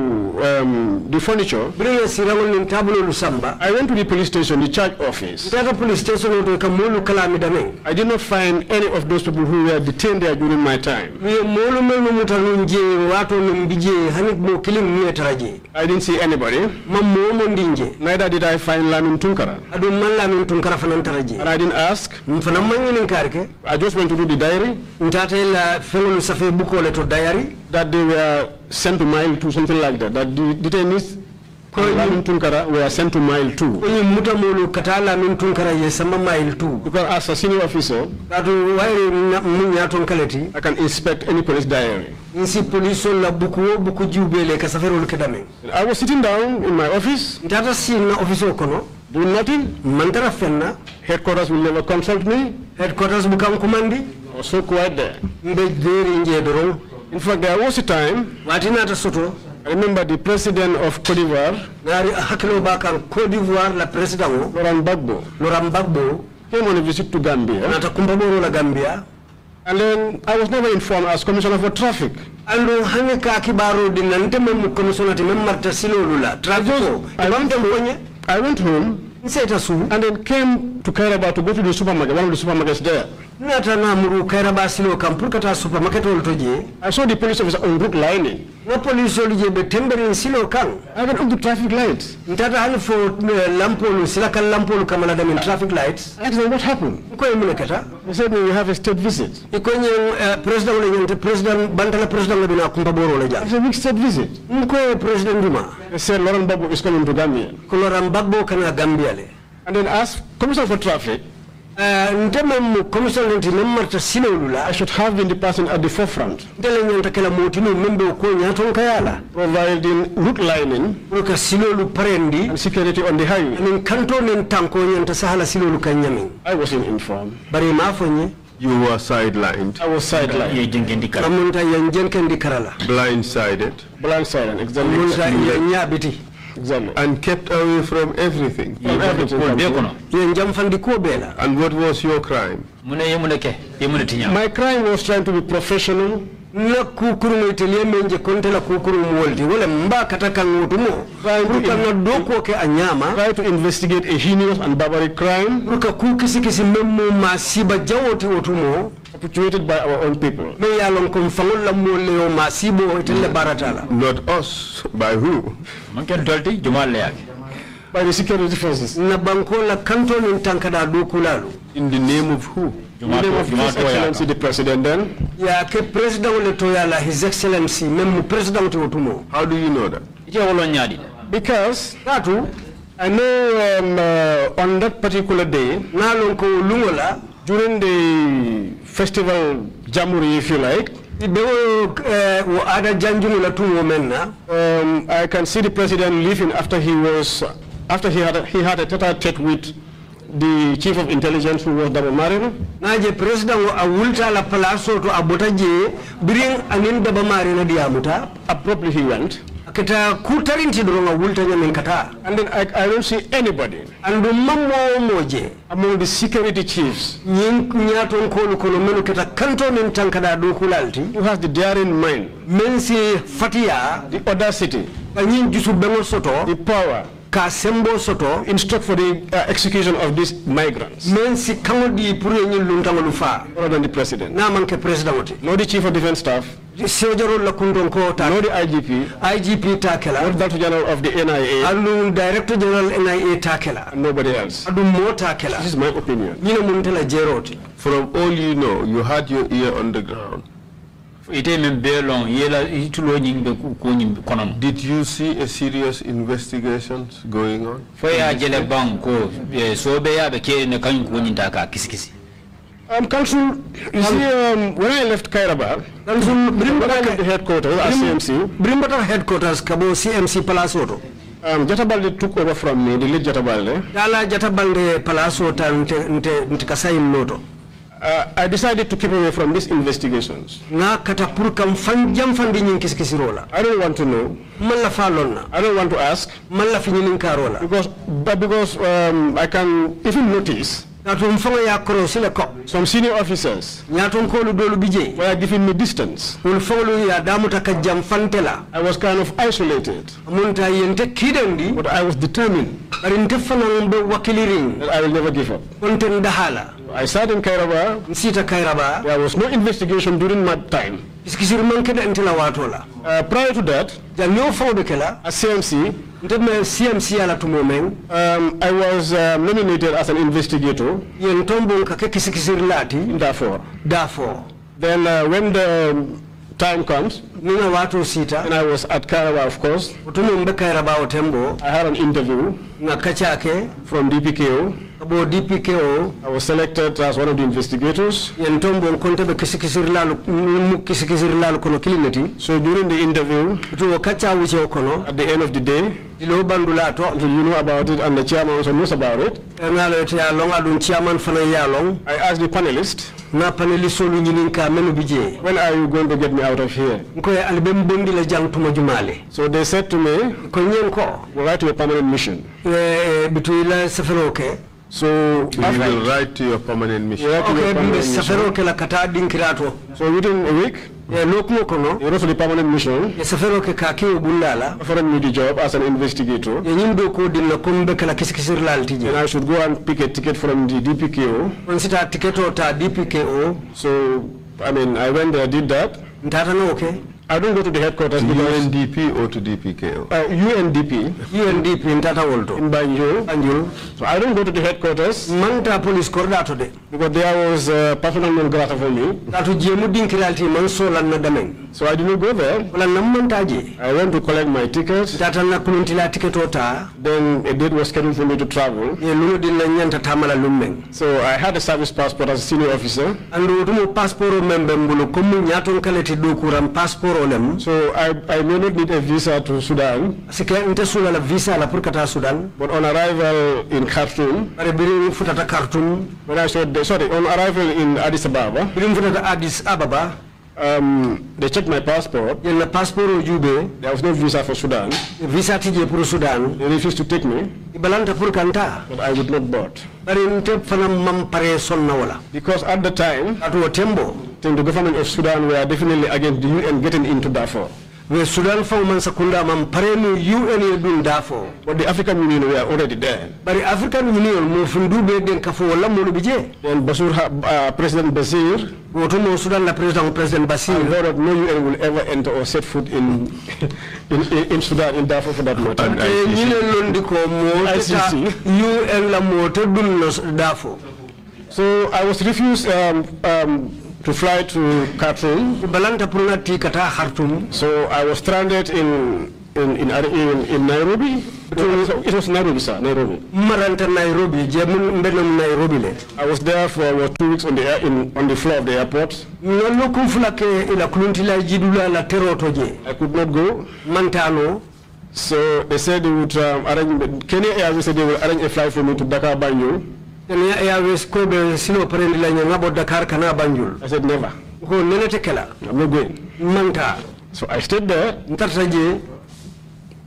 um, the furniture, I went to the police station, the church office. I did not find any of those people who were detained there during my time. I didn't see anybody. Mamomo Ndinje. Neither did I find Lamin Tunkara. Adum man Lamin Tunkara fanantaraji. And I didn't ask. Mfana mangini nkarike. I just went to do the diary. Ntate la fengu lusafe buko leto diary. That they were sent to mail to something like that. That the detainees tunkara we are sent to mile 2 ni muta mulu katala nun tunkara ye sama mile 2 because as a senior officer that while mun ya tunkaleti i can inspect any police diary nsi police la buku buku jubele ka saferol kadame i was sitting down in my office ndata sin na office kono do nothing mantara fenna headquarters will never consult me headquarters bukam kumandi so quiet there mbe deri nje in fact there was a time watinata soto Remember the president of Cote d'Ivoire. Ngari hakilo Cote d'Ivoire la president Laurent Gbagbo. Laurent Gbagbo came on a visit to Gambia. Natakumbaboro la Gambia. And then I was never informed as commissioner for traffic. And hangi kaki baro dinante memu commissioner ti memu marta silolula. Traffic. I went home. I went home. And then came to Kairaba to go to the supermarket, one of the supermarkets there natana muru kaira basilo kampur kata supermarket wol toje i saw the police officer on brook line na police wol je be tembere silo kan even on the traffic lights ntata hal fo eh, lampolu sila kan lampolu kamala dem traffic lights ask them what happened ko yimle kata they said you have a state visit ikonye eh, president wol yente president bantala president labina kumba boro wol ja it's a big state visit ko president duma they said loran babbo is coming to gambia ko loran babbo kana gambia le and then ask commissioner for traffic uh, I should have been the person at the forefront. Providing root lining and security on the highway. I wasn't informed. You were sidelined. I was sidelined. Blindsided. Blindsided, exactly. And kept away from everything. From everything. And what was your crime? My crime was trying to be professional. na kukuru maitelie menje konte la kukuru mwoldi wole mba kataka ngutumo ruka na doko ke anyama try to investigate a heinous and barbaric crime ruka kukisi kisi memu masiba jawote otumo perpetuated by our own people. Not us, by who? By the security forces. In the name of who? In the name of His Excellency the President then? Yeah, President His Excellency, President How do you know that? Because that I know um, uh, on that particular day, during the festival jamuri, if you like, eh, um, I can see the president leaving after he was after he had a, he had a tete tete with the chief of intelligence who was Dabo Marino. Naje president wa awulta la palazzo to abotaje bring anin Dabo Marino diamuta. Abruptly he went kita kutarinti duronga wultanya min kata and then I, I don't see anybody and mammo moje among the security chiefs nyin nyaton kolu kolu menu kata kanto min tankada do kulalti who has the daring mind men si fatia the audacity nyin jusu bengol soto the power kasembo soto instruct for the uh, execution of these migrants men si di pour ñin lu fa than the president na manke president wote no the chief of defense staff sejaro la kundon ko ta no the igp igp takela not director general of the nia alu director general nia takela nobody else adu mo takela this is my opinion ñina mun tala jerote from all you know you had your ear on the ground ite min yela be ko ñiŋ kono did you see a serious investigation going on fo ya jele baŋ ko so be ye be ke ne kañu ko ka kisikisi Um, Council, you see, um, when I left Kairaba, Council, Brimbata came to headquarters at CMC. Brimbata headquarters, Kabo CMC Palace Auto. Um, Jatabalde took over from me, the lead Jatabalde. Dala Jatabalde Palace Auto, Kasai Noto. Uh, I decided to keep away from these investigations. I don't want to know. I don't want to ask. Because, but because um, I can even notice some senior officers were giving me distance. I was kind of isolated. But I was determined that I will never give up. I sat in Kairaba. There was no investigation during my time. Uh, prior to that, a CMC CMC Um, I was uh, nominated as an investigator. Yen tombong Therefore. Therefore. Then uh, when the um, time comes, nina sita. And I was at Karawa, of course. I had an interview. Kachake From DPKO. I was selected as one of the investigators. So during the interview, at the end of the day, you know about it and the chairman also knows about it. I asked the panelist, when are you going to get me out of here? So they said to me, we'll to a permanent mission. Eh, eh, so we will write to your permanent mission. okay, permanent mission. So within a week, yeah, look no kono. You're also the permanent mission. Yeah, safero ke kaki me the job as an investigator. Yeah, And I should go and pick a ticket from the DPKO. Consider ticket DPKO. So I mean, I went there, did that. Ntatano okay. I don't go to the headquarters. To UNDP or to DPKO? Uh, UNDP. UNDP in Tatawolto. In Banjul. Banjul. So I don't go to the headquarters. Manta police cordato today Because there was uh, personal non grata for me. Tatu jemu dinkiralti manso lan nadameng. So I didn't go there. I went to collect my ticket. Tata na kununtila ticket ota. Then a date was scheduled for me to travel. Ye lungo din So I had a service passport as a senior officer. Andu utumu passporo membembulu kumu nyaton kaleti dokuram passporo olem so I, I may not need a visa to Sudan sikia nte suna la visa la pour kata Sudan but on arrival in Khartoum bare biri futata Khartoum when I said sorry on arrival in Addis Ababa biri futata Addis Ababa um, they checked my passport. Jël na passeport ojube. There was no visa for Sudan. Visa tije pour Sudan. They refused to take me. Ibalanta pour kanta. But I would not board. But ntep fana mampare sonna wala. Because at the time, at time, the government of Sudan were definitely against the UN getting into Darfur where Sudan fangman sakundama sakunda UN yedun dafo. But the African Union were already there. But the African Union mufundu beden kafu wala mulu bije. Then Basur, uh, President Basir. no Sudan la President President Basir. I heard no UN will ever enter or set foot in in, in, in Sudan in Darfur for that matter. I see. I see. UN la mo tedun Darfur. So I was refused um, um, to fly to Khartoum. So I was stranded in in in in, in Nairobi. it was Nairobi, sir. Nairobi. Maranta Nairobi. Nairobi. I was there for uh, two weeks on the air, in on the floor of the airport. I could not go. Mantano. So they said they would um, arrange. Kenya Airways said they would arrange a flight for me to Dakar Banjul. Kenya Airways ko be sino pare ni lanya ngabo Dakar kana Banjul. I said never. Ko nenete kala. I'm not going. Manta. So I stayed there. Ntartaje.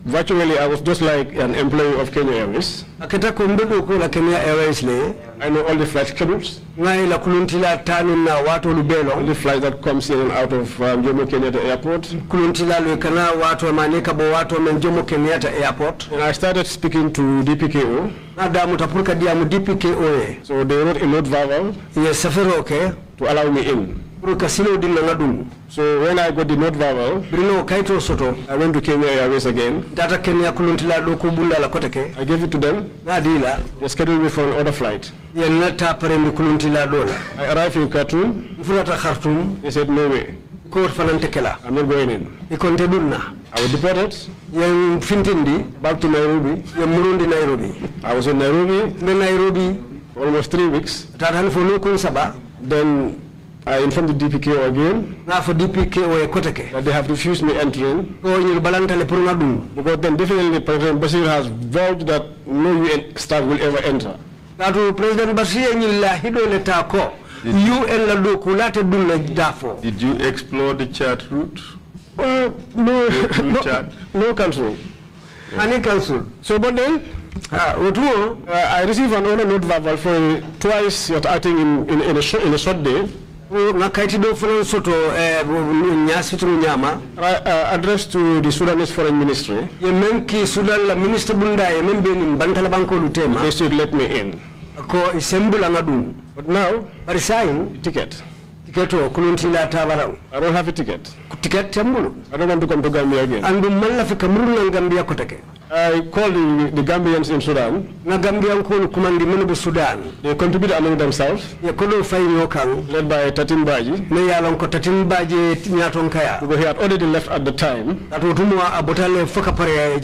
Virtually, I was just like an employee of Kenya Airways. Akita kumbuku la Kenya Airways le. I know all the flight schedules. Ngai la kuluntila tani na watu lubelo. All the flights that comes in and out of um, Jomo Kenyatta Airport. Kuluntila lwekana watu amanika bo watu wa Jomo Kenyatta Airport. And I started speaking to DPKO. Na damu tapulika diamu DPKO. So they wrote a note verbal. Yes, safiro okay. To allow me in. Kasilo did not do. So when I got the note verbal, Bruno Kaito Soto, I went to Kenya Airways again. Data Kenya Kuluntila Lokubunda Lakoteke. I gave it to them. Nadila. They scheduled me for an order flight. Yenata Parembi Kuluntila Dola. I arrived in Khartoum. Mfurata Khartoum. They said, no way. Court Fanantekela. I'm not going in. Ikonte Dunna. I was deported. Yen Fintindi. Back to Nairobi. Yen Murundi Nairobi. I was in Nairobi. Then Nairobi. Almost three weeks. Tatan Fulu Kunsaba. Then I informed the DPKO again. Now for DPKO That they have refused me entering. Because then definitely President Basir has vowed that no UN staff will ever enter. Now, to President Basir you la hido le tako. UN la do kulate le dafo. Did you explore the chat route? Uh, no, no, chat? no council. Yeah. Any council. So but then. Uh, uh, I received an honor note verbal for twice I think in, in, in, a, in a short day ngakaiti dofuna soto eh, nyasitu nyama eh, address to the Sudanese Foreign Ministry yemen ki Sudan la minister bunda yemen beni bantala banko lutema they should let me in ko isembula ngadu but now sign ticket ticket o kulunti la tabarau I don't have a ticket. Ticket tambulu. I don't want to come to Gambia again. And malla fi kamrul Gambia kotake. I called the, the Gambians in Sudan. Na Gambian ko kumandi menu Sudan. They contribute among themselves. Ya kodo fay nyokan. Led by Tatim Baji. Ne yalon ko Tatim Baji nyaton Because he had already left at the time. Atutumwa abotale faka pare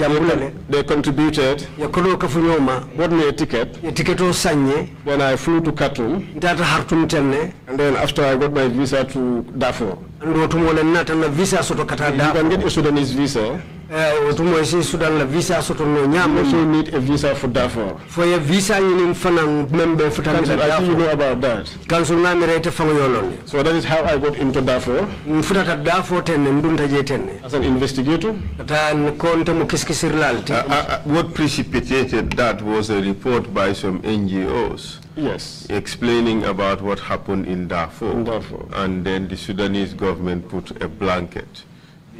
They contributed. Ya kodo kafunyoma. Got me a ticket. Ya tiketo sanye. Then I flew to Khartoum. Ndata Khartoum tenne. And then after I got my visa to Darfur ando tumola nata na visa soto katada you can get a Sudanese visa Eh, uh, tumo si Sudan la visa soto no nyam you also need a visa for Darfur for a visa yini mfana membe futami da Darfur you know about that council na mere te fango yolon so that is how I got into Darfur mfuta ta Darfur ten ndunta je ten as an investigator ta konta mu kiskisir lalti uh, uh, uh, what precipitated that was a report by some NGOs Yes. Explaining about what happened in Darfur. In Darfur. And then the Sudanese government put a blanket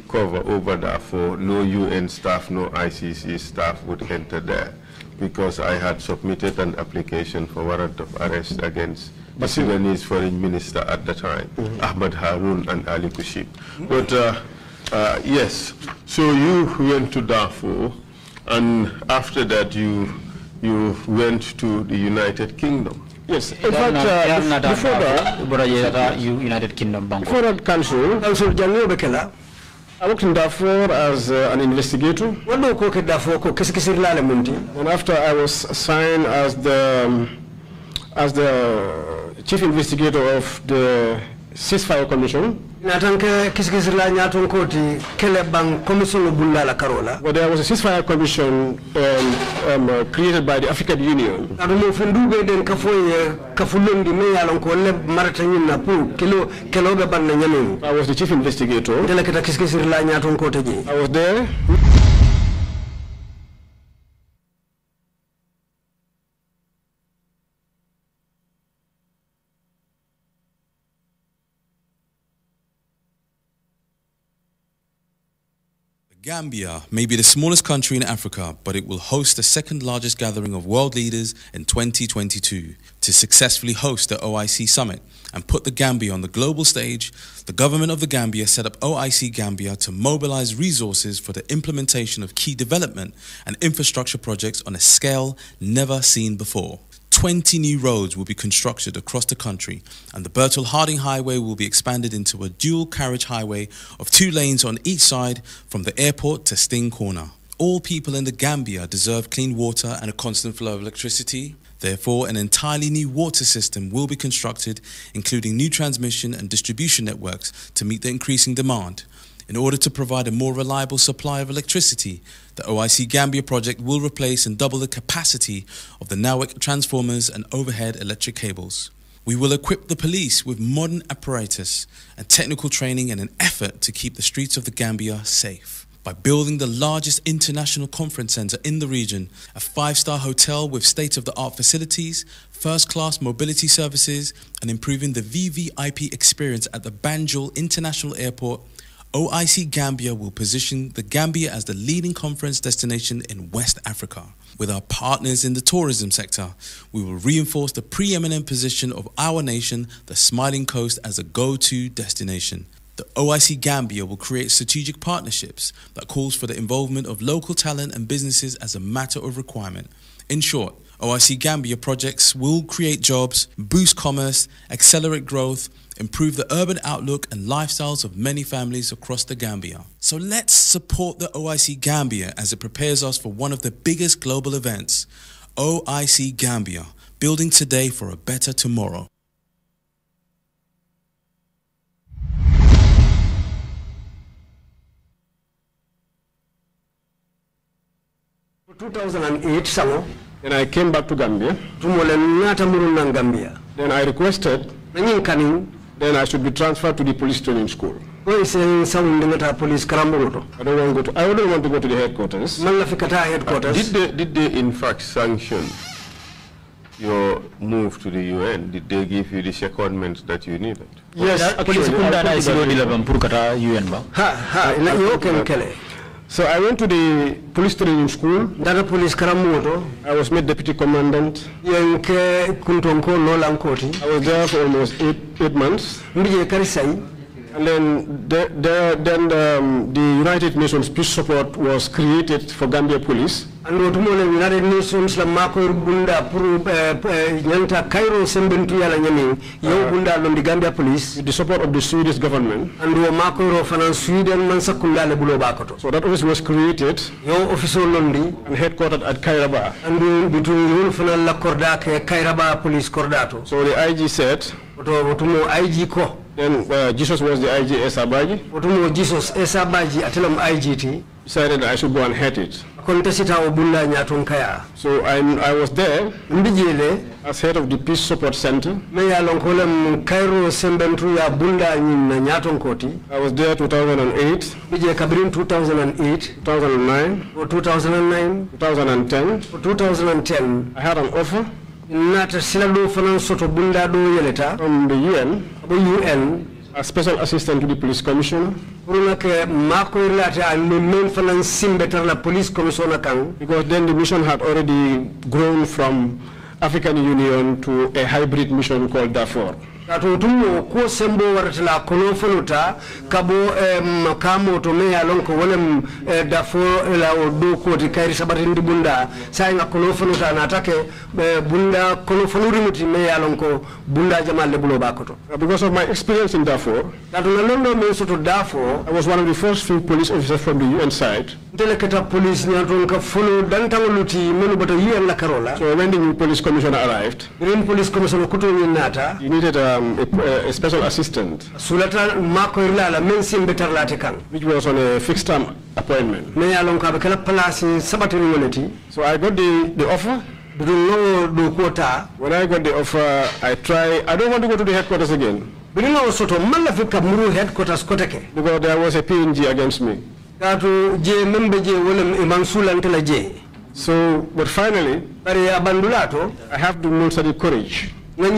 cover over Darfur. No UN staff, no ICC staff would enter there because I had submitted an application for warrant of arrest against the Sudanese foreign minister at the time, mm -hmm. Ahmad Haroun and Ali Kushib. But uh, uh, yes, so you went to Darfur, and after that you you went to the United Kingdom. Yes, in fact, uh, before that, United Kingdom Bank. Before that council, Council Janio Bekela. I worked in Darfur as uh, an investigator. What do you call Darfur, And after I was assigned as the um, as the chief investigator of the ceasefire commission. Natanke kisikisila nyaton koti kele bang commission lo bulla la karola. But there was a ceasefire commission um, um, uh, created by the African Union. Ado mo fendube den kafoye kafulondi me yalon ko le marata nyin na pu kelo kelo be ban na nyamin. I was the chief investigator. Dela kita kisikisila nyaton koti ji. I was there. Gambia may be the smallest country in Africa, but it will host the second largest gathering of world leaders in 2022. To successfully host the OIC summit and put the Gambia on the global stage, the government of the Gambia set up OIC Gambia to mobilize resources for the implementation of key development and infrastructure projects on a scale never seen before. 20 new roads will be constructed across the country, and the Bertel Harding Highway will be expanded into a dual carriage highway of two lanes on each side from the airport to Sting Corner. All people in the Gambia deserve clean water and a constant flow of electricity. Therefore, an entirely new water system will be constructed, including new transmission and distribution networks to meet the increasing demand. In order to provide a more reliable supply of electricity, the OIC Gambia project will replace and double the capacity of the NAWIC transformers and overhead electric cables. We will equip the police with modern apparatus and technical training in an effort to keep the streets of the Gambia safe. By building the largest international conference center in the region, a five star hotel with state of the art facilities, first class mobility services, and improving the VVIP experience at the Banjul International Airport OIC Gambia will position the Gambia as the leading conference destination in West Africa. With our partners in the tourism sector, we will reinforce the preeminent position of our nation, the Smiling Coast, as a go-to destination. The OIC Gambia will create strategic partnerships that calls for the involvement of local talent and businesses as a matter of requirement. In short, OIC Gambia projects will create jobs, boost commerce, accelerate growth, improve the urban outlook and lifestyles of many families across the Gambia. So let's support the OIC Gambia as it prepares us for one of the biggest global events, OIC Gambia, building today for a better tomorrow. For 2008 Salon, then I came back to Gambia. Then I requested then I should be transferred to the police training school. Police police Karamboto. I don't want to go to. I do not want to go to the headquarters. headquarters. Uh, did they did they in fact sanction your move to the UN? Did they give you the secondment that you needed? Yes, actually, I put that UN ba. Ha ha. okay kele kele. So I went to the police training school. Dada police karamoto. I was made deputy commandant. Yenke kuntonko I was there for almost eight, eight months. Mbije karisai. And then, the, the, then the, um, the, United Nations peace support was created for Gambia police. And what more the United Nations la mako bunda pro uh, uh, nyanta Cairo sembentu ya nyami yo uh-huh. bunda lo the Gambia police. With the support of the Swedish government. And wo mako ro finance Sweden man sakunda le bulo bakoto. So that office was created. Yo officer londi. And headquartered at Kairaba. And between yo finance la korda ke Kairaba police kordato. So the IG said. to otumo IG ko. Then uh, Jesus was the IG Esabaji. Otumo Jesus Esabaji atelam IGT. Decided I should go and hate it. Kontesita obulla nyatonkaya. So I I was there. Mbijele. As head of the Peace Support Center. Me ya lonkolem Cairo sembentu ya bunda nyina nyatunkoti. I was there 2008. Mbije kabrin 2008. 2009. 2009. 2010. 2010. I had an offer nata sinado fanan soto bunda do yeleta from the UN the UN a special assistant to the police commissioner runak mako relate a men fanan simbetar la police commissioner kan because then the mission had already grown from African Union to a hybrid mission called Darfur tatutuwo ko sembo waratala kono folota kabo um, kamo to me alon ko wolem uh, dafo la o do koti kayri sabatindi bunda sayga kono folota natake uh, bunda kono folurimuti me alon ko bunda jamal le bulo bakoto uh, because of my experience in Darfur tatuna londo men soto Darfur I was one of the first few police officers from the UN side police ka menu bata la karola so when the new police commissioner arrived green police commissioner kutoñi naata he needed um, a, a, special assistant sulata makoyr lala men simbe tarlate kan which was on a fixed term appointment me yalon ka be kala place sabatiri wonati so i got the the offer when I got the offer, I try. I don't want to go to the headquarters again. Because there was a PNG against me je membe je wolem e je. So, but finally, bare abandulato, I have the necessary courage. when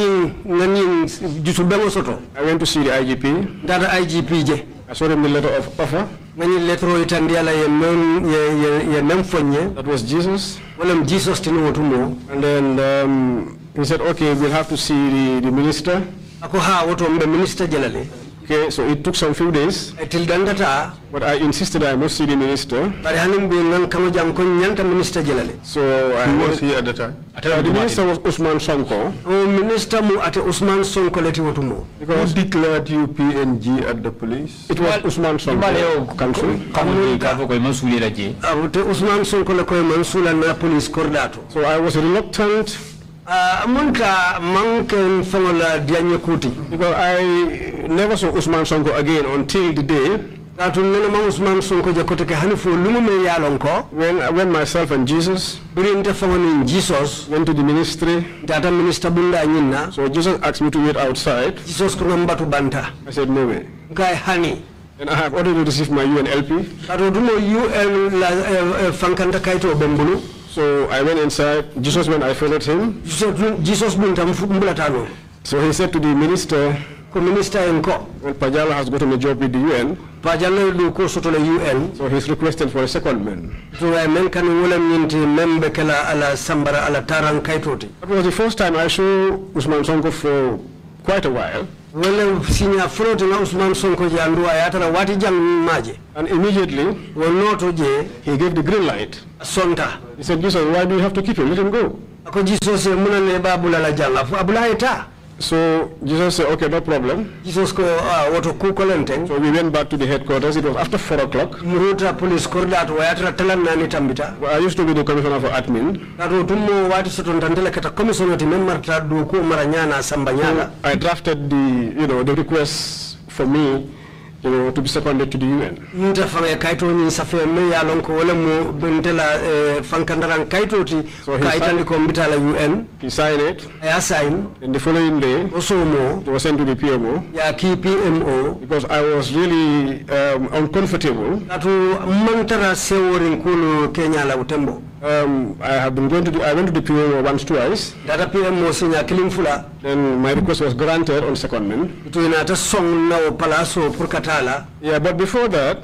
ngani jusubengo soto. I went to see the IGP. That IGP je. I saw him the letter of offer. Ngani letter o itandiala ye mem ye ye mem fonye. That was Jesus. Wolem Jesus tinu know, And then um, he said, okay, we'll have to see the, the minister. Ako ha woto the minister generally. Okay, so it took some few days. Eh, till dandata. But I insisted I must see the minister. But hanim bi nan kamo minister So I was here at the time. Uh, the minister was Usman Sonko. Oh, minister mu at Usman Sonko leti wotumo. Because Who declared you PNG at the police? It was Usman Sonko. Council. Kamu ka fo ko mansule la je. Abute ah, Usman Sonko le ko mansula police So I was reluctant uh, amunta manken fangola diagne kuti because i never saw usman sonko again until the day that when nana usman sonko jakote ke hanifo lumu me yalon ko when I went myself and jesus bring the phone in jesus went to the ministry that minister bunda nyina so jesus asked me to wait outside jesus ko ngambatu banta i said no way kai honey, and I have already received my UNLP. I don't know you. UN eh, eh, Frankanta Kaito Bembulu. So I went inside. Jesus went, I followed him. Jesus So he said to the minister, minister in court. Pajala has gotten a job with the UN. Pajala do course to the UN. So he's requested for a second man. So I eh, men can only meet yinti member kala ala sambara ala tarang kaitoti. That was the first time I saw Usman Sonko for quite a while wala sinya frote na Usman Sonko jandua ya tara wati jam maje and immediately wonoto je he gave the green light sonta he said Jesus why do you have to keep him let him go ako jiso se munane babula la jalla abula ita. So Jesus said, okay, no problem. Jesus ko ah, woto ku So we went back to the headquarters. It was after 4 o'clock. Muruta police korda to wayatra talan I used to be the commissioner for admin. Nado do I drafted the, you know, the request for me you know, to be seconded to the UN. Nta fanga ya kaito ni safe me ya lon wale mu mo bentela eh, fankandaran kaito ti kaita ni kombita la UN. He signed it. I signed. And the following day, also mo, it was sent to the PMO. Ya ki PMO. Because I was really um, uncomfortable. Natu mantara sewo rinkulu Kenya la utembo. Um, I have been going to, the, I went to the PMO once, twice. in a killing kilimfula. Then my request was granted on secondment. a song na palaso purkatala. Yeah, but before that,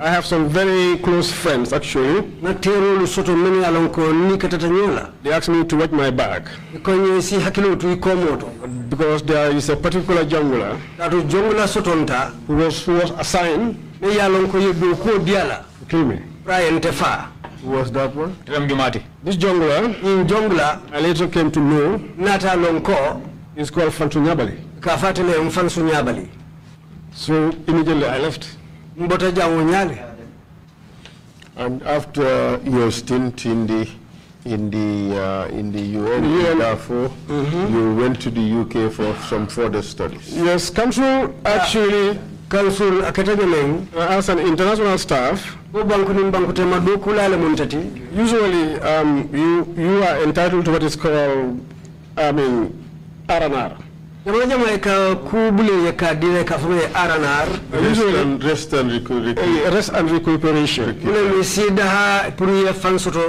I have some very close friends actually. Na tero soto many along ni katatanyola. They asked me to wet my bag. Ikonye si hakilo tu ikomoto. Because there is a particular jungler. Tatu jungler sotonta. Who was, who was assigned. Ne yalonko yebu ko diala. Kill me. Brian Tefa was that one? This jungler, in eh? mm, jungler, I ah. later came to know, Nata Lonko, is called Fansunyabali. Kafatele Mfansunyabali. So immediately I left. Mbota Jawunyali. And after your stint in the in the uh, in the UN, UN. mm -hmm. you went to the UK for some further studies. Yes, council actually. Yeah council aketaje leng uh, as an international staff bo banku nim banku tema do kulale mun tati usually um, you you are entitled to what is called i mean R&R jama jama ka kubule ya ka dire ka fume R&R rest and recuperation eh, rest and recuperation mune mi sida ha pour ye fansoto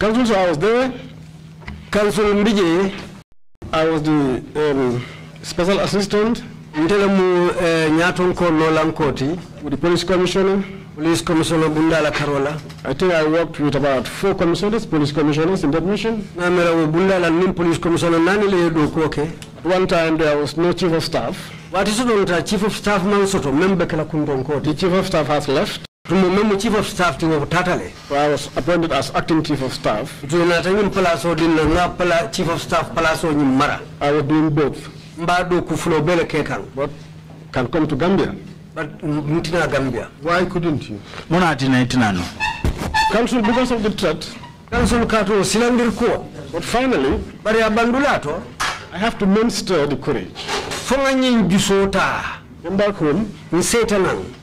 Councilor, I was there. Councilor Mbije, I was the um, special assistant. Ntelemu Nyaton Kono Lankoti with the police commissioner. Police Commissioner Bundala Karola. I think I worked with about four commissioners, police commissioners in that mission. police commissioner One time there was no chief of staff. What is it on the chief of staff man soto member The chief of staff has left. I was appointed as acting chief of staff. Chief of staff I was doing both. But can come to Gambia. But Gambia. Why couldn't you? Council, because of the threat. Council Kato Silandir Ko. But finally, Maria Bandulato. I have to muster the courage. Fonganyin Jusota. Come back home. Nsetanang.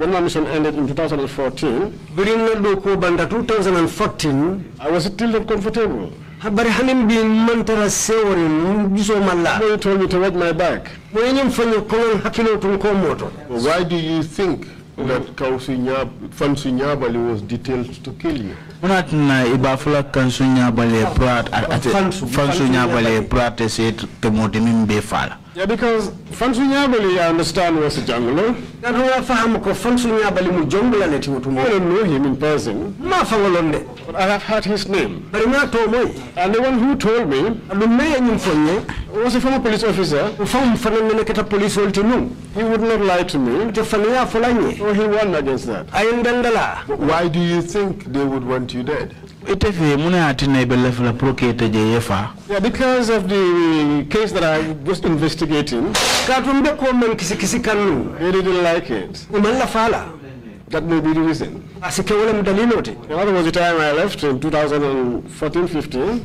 When my mission ended in 2014, during the 2014, I was still not comfortable. habari hanim bi mantara sewori giso malla when you told me to wet my back when you fanyo kolon hakilo tun ko moto why do you think that Kausi Nyab, Fansi Nyabali was detailed to kill you. Not na ibafula Kansu Nyabali prat at Fansu Nyabali prat said kemodimim befala because fansu nyabali I understand was a jungler. and ndoya fahamu ko fansu nyabali mu jungla neti wutumu. I don't know him in person. I have heard his name. but he never told me. And the one who told me, I alu meye nyum fonye, was a former police officer. Ufamu mfana nene keta police oltinu. He would not lie to me. Tefania fulanye. So he won against that. Ayendandala. Why do you think they would want you dead? Eh, yeah, because of the case that I was investigating, they didn't like it. That may be the reason. Well, that was the time I left in 2014 15. And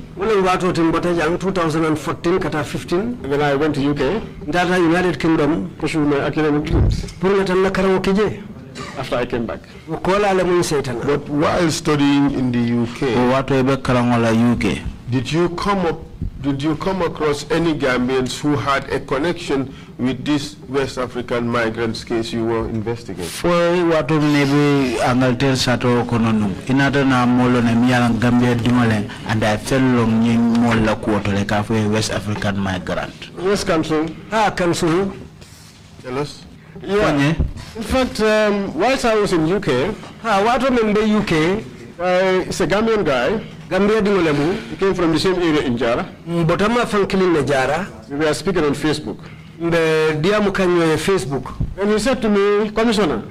then I went to UK. That United Kingdom. Pursue my academic dreams after I came back. But while studying in the UK, did you come up did you come across any Gambians who had a connection with this West African migrants case you were investigating? Foi watu nebi angalter sato kononu. Inata na molo ne miyala Gambia dimale and I fell long ni mola kuoto le kafe West African migrant. Yes, Council. Ah, Council. Tell us. Yeah. Eh? In fact, um, whilst I was in UK, what I'm in the UK, it's a Gambian guy. Gambia Dingolemu. He came from the same area in Jara. But Mbotama Franklin Jara. We were speaking on Facebook. Mbe diamu on Facebook. And he said to me, Commissioner.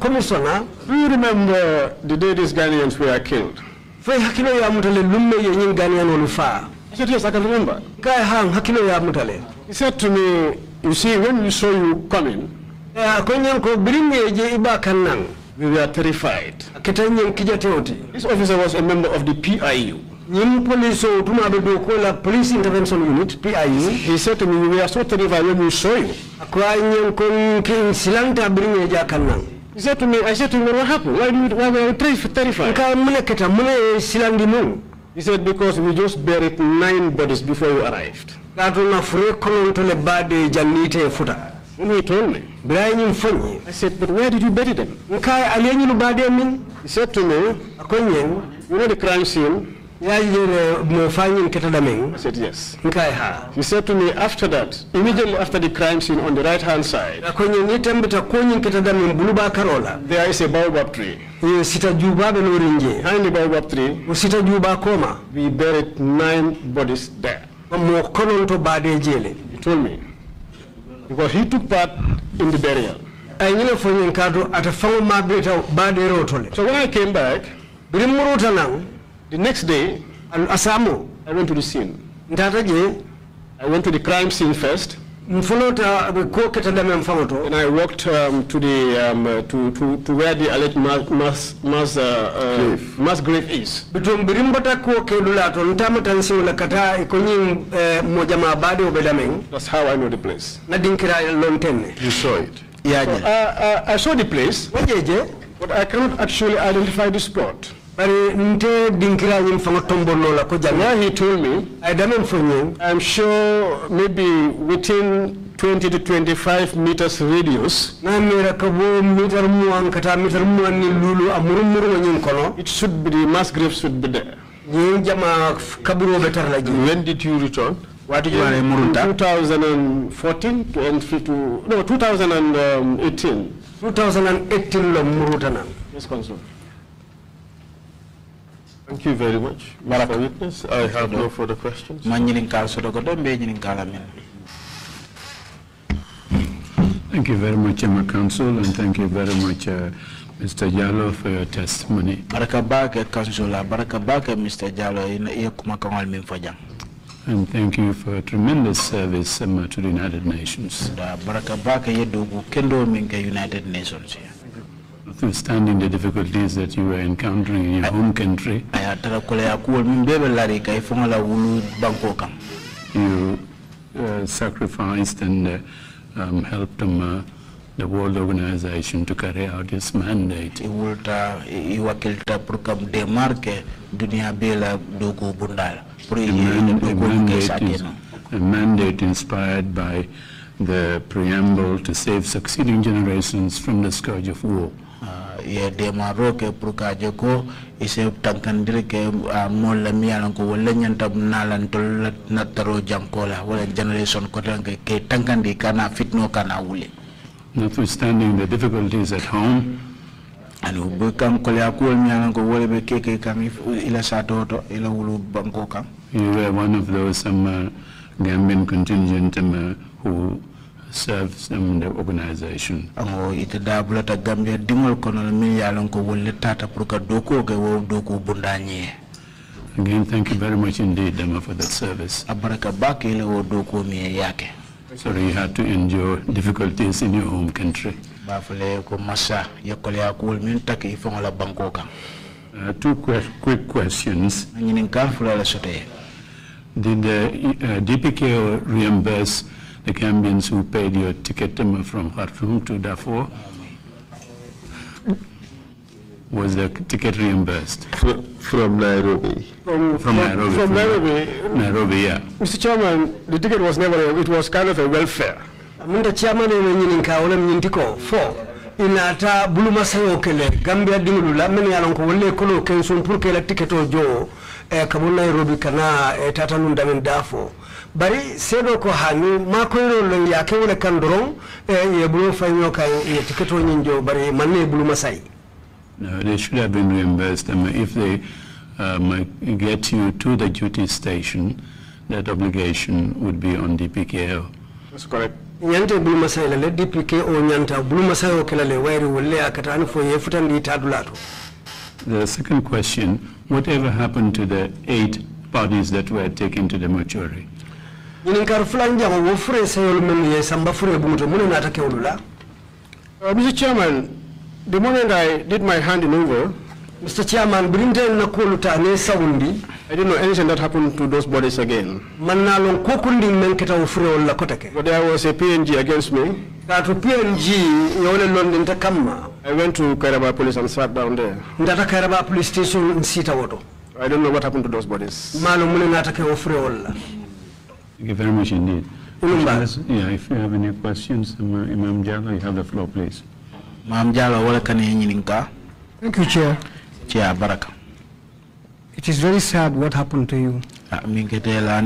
Commissioner. Do you remember the day these Ghanaians were killed? He said, yes, I can remember. He said to me, you see, when we saw you coming, Eh, we were terrified. This officer was a member of the PIU. Police Intervention Unit, PIU. He said to me, we are so terrified when we saw you. He said to me, I said to him, what happened? Why, do you, why were you terrified? He said, because we just buried nine bodies before you arrived. And he told me. I said, but where did you bury them? He said to me, you know the crime scene? I said, yes. He said to me, after that, immediately after the crime scene on the right-hand side, there is a baobab tree. Behind the baobab tree, we buried nine bodies there. He told me. Because he took part in the burial. I knew Anyine fonyin kadu atafangu mabita bad tole. So when I came back, The next day, and Asamo, I went to the scene. Ntataje, I went to the crime scene first. Uh, and I walked um, to the um, uh, to, to, to where the alleged mass mass mass, uh, grave. mass grave is. Bitum birimbata ko kelula to ntama tansi la kata ikonyi eh, moja mabade obedameng. That's how I know the place. Na dinkira lontene. You saw it. Yeah. So, uh, uh, I saw the place. But I cannot actually identify the spot. Now he told me, I'm sure maybe within 20 to 25 meters radius, it should be, the mass grave should be there. When did you return? What year? 2014 and no, 2018. Um, 2018 lo Yes, Consul. Thank you very much Barak. witness. I have no further questions. Thank you very much, Emma Council, and thank you very much, uh, Mr. Jallo, for your testimony. Mr. And thank you for a tremendous service, to the United Nations. Kendo Minka, United Nations notwithstanding the difficulties that you were encountering in your home country, you uh, sacrificed and uh, um, helped them, um, uh, the World Organization to carry out its mandate. The man, a, mandate is, a mandate inspired by the preamble to save succeeding generations from the scourge of war ye ke ise ke mi ko wala nyanta nalan tol jankola wala generation ko tan ke tankandi kana fitno kana wule notwithstanding the difficulties at home kam ko ya ko mi ko wala be kam ila ila wulu banko kam you were one of those some um, uh, Gambian contingent um, uh, who the organization. bulata Gambia ko wolle tata doko wo doko Again, thank you very much indeed, Dama, for that service. mi yake. Sorry you had to endure difficulties in your home country. Bafule akul ifongola two quick questions. Did the uh, DPK reimburse the Gambians who paid your ticket um, from Khartoum to Darfur? Was the ticket reimbursed? From, from Nairobi. From, from, Nairobi. From, from Nairobi. Nairobi, yeah. Mr. Chairman, the ticket was never, it was kind of a welfare. Mr. Chairman, nkaona mnyindiko four inata buluma sayo kele Gambia dingulula mene yalonko wale kolo kensu purke la tiketo jo eh, kabula Nairobi kana eh, tata nundamen dafo bari seeɗo ko haami ma koyrol lon ya kewle kan doron e ye bulo fayno kan ye tiketo ñin jo bari manne ye buluma sayi No, they should have been reimbursed. I mean, if they um, get you to the duty station, that obligation would be on DPKO. That's correct. ñante buluma sayi la DPKO nyanta buluma sayi o kela le wayri wolle a kata ani fo ye futandi taadula to The second question, whatever happened to the eight bodies that were taken to the mortuary? Ninkar Flanjango will free Sayol Melia Sambafure Buto Munata Keolula. Uh, Mr. Chairman, the moment I did my in over, Mr. Chairman, Brinden Nakuluta Ne Sawundi, I didn't know anything that happened to those bodies again. Manalon Kokundi Menketa Ufreo Lakotake. But there was a PNG against me. That PNG, Yole London Takama. I went to Kairaba police and sat down there. Ndata Kairaba police station in Sitawoto. I don't know what happened to those bodies. Malo Mulinatake Ufreo Thank you very much indeed. Yeah, if you have any questions, uh, Imam Jallo, you have the floor, please. Imam Jallo, welcome Thank you, Chair. Chair Baraka. It is very sad what happened to you. We ah,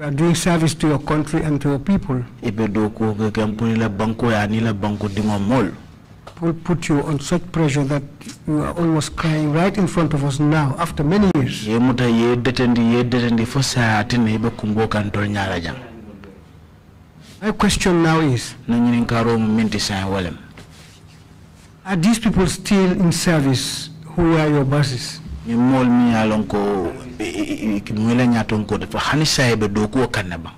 are doing service to your country and to your people will put you on such pressure that you are almost crying right in front of us now after many years. My question now is. Nanyini karo minti sa walem. Are these people still in service who are your bosses? Yemol mi alonko mwela nyatonko defa hanisa ibe dokuwa kanabang.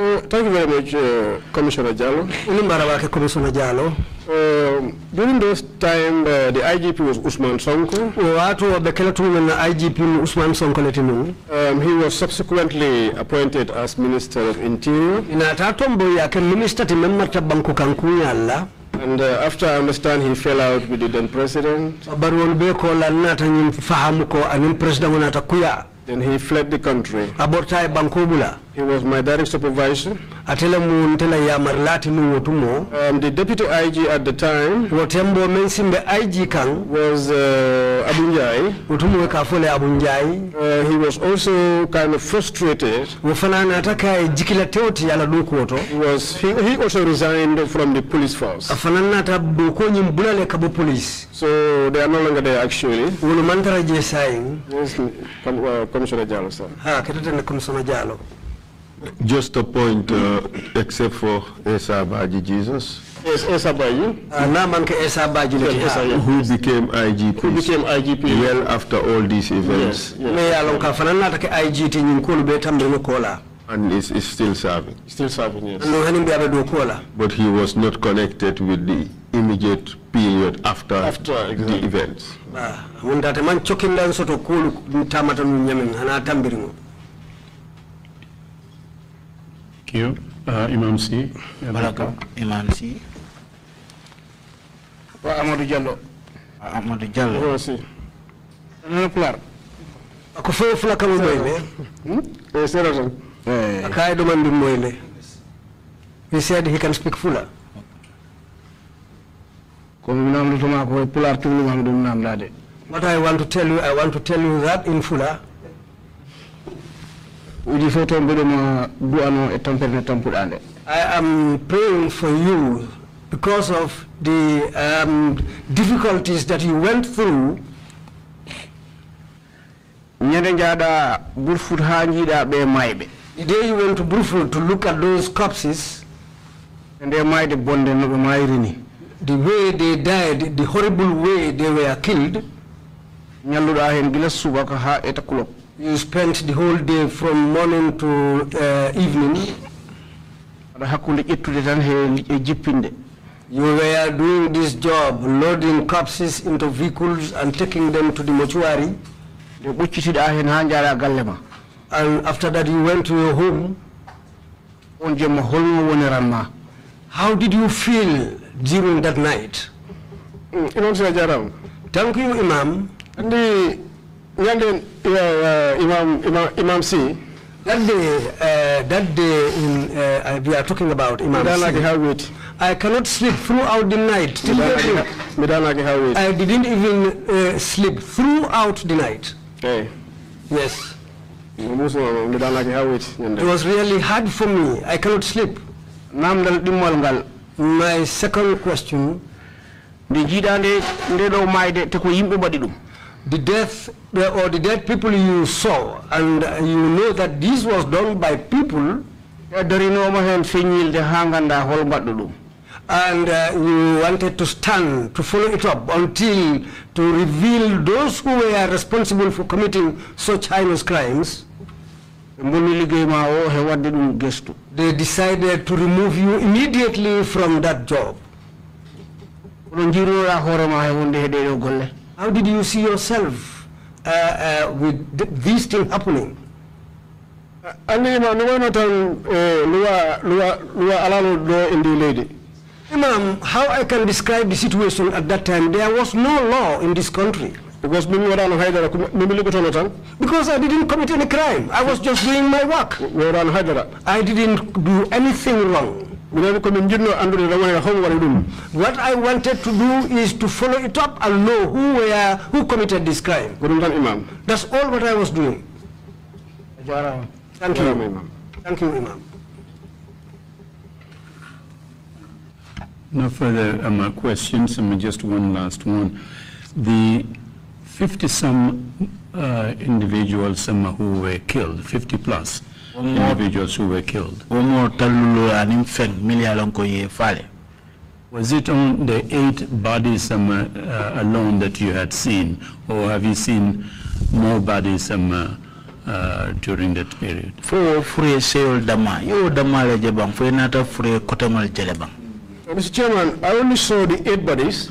Eh, thank you very much, uh, Commissioner Jallo. Unimarawake, Commissioner Jallo. Eh, during those time, uh, the IGP was Usman Sonko. Watu oh, wabekeletumi na IGP Usman Sonko letinu. Um, he was subsequently appointed as Minister of Interior. In Inatatombo yake minister timemmata banku kankunyalla. And uh, after I understand he fell out with the then president. Baruon beko lanata nyimfahamu ko anim president unatakuya. Then he fled the country. Abortai bankobula. He was my direct supervisor. Atela mu ntela ya marlati nu wotumo. Um, the deputy IG at the time. Wotembo mensimbe IG kang. Was uh, Abunjai. Wotumo kafole Abunjai. Uh, he was also kind of frustrated. Wafanana ataka jikila teoti yala dukoto. Was he, he also resigned from the police force. Afanana atabuko nyimbulale kabu police. So they are no longer there actually. Wulumantara jesai. Yes, uh, Commissioner Jalo sir. Ha, kitete ni Commissioner Jalo. Just a point, uh, except for Esa Baji Jesus. Yes, Esa Baji. Uh, who became IGP. Who became IGP. Well after all these events. Yes, yes. And is, is still serving. Still serving, yes. But he was not connected with the immediate period after, after exactly. the events. Ah. Thank you. Uh, Imam C. Welcome, Imam C. Amadou Diallo. Amadou Diallo. Yo si. Nana pular. Ako fe fula kamu Hmm? Sero tan. Eh. Akai do man dum He said he can speak fula. Komi nam lutuma ko pular tulu mam nam dade. What I want to tell you, I want to tell you that in fula i am praying for you because of the um, difficulties that you went through the day you went to burfut to look at those corpses and mayde bonde no the way they died the horrible way they were killed you spent the whole day from morning to uh, evening. you were doing this job loading corpses into vehicles and taking them to the mortuary and after that you went to your home on jemma holmo woniran how did you feel during that night enon hmm, sina jarama thank you imam ñande uh, imam imam imam si that day uh, that day in uh, we are talking about imam C. I i cannot sleep throughout the night till i didn't even uh, sleep throughout the night hey. yes it was really hard for me i cannot sleep my second question the death or the dead people you saw and you know that this was done by people darinoma hen feñilde and ganda hol mbaɗɗo and uh, you wanted to stand to follow it up until to reveal those who were responsible for committing such heinous crimes they decided to remove you immediately from that job how did you see yourself uh, uh, with these things happening? Imam, how I can describe the situation at that time, there was no law in this country. Because because I didn't commit any crime. I was just doing my work. I didn't do anything wrong. What I wanted to do is to follow it up and know who were who committed this crime. That's all what I was doing. Thank you, Imam. Thank you, Imam. No further um, uh, questions, just one last one. The 50-some uh, individuals um, who were killed, 50 plus, one more individuals who were killed. One more Talulu and infant Milialonko Yefale. Was it on the eight bodies um, uh, alone that you had seen, or have you seen more bodies um, uh, uh, during that period? Four free sale dama. You dama lejebang. Four nata free kotamal jelebang. Uh, Mr. Chairman, I only saw the eight bodies.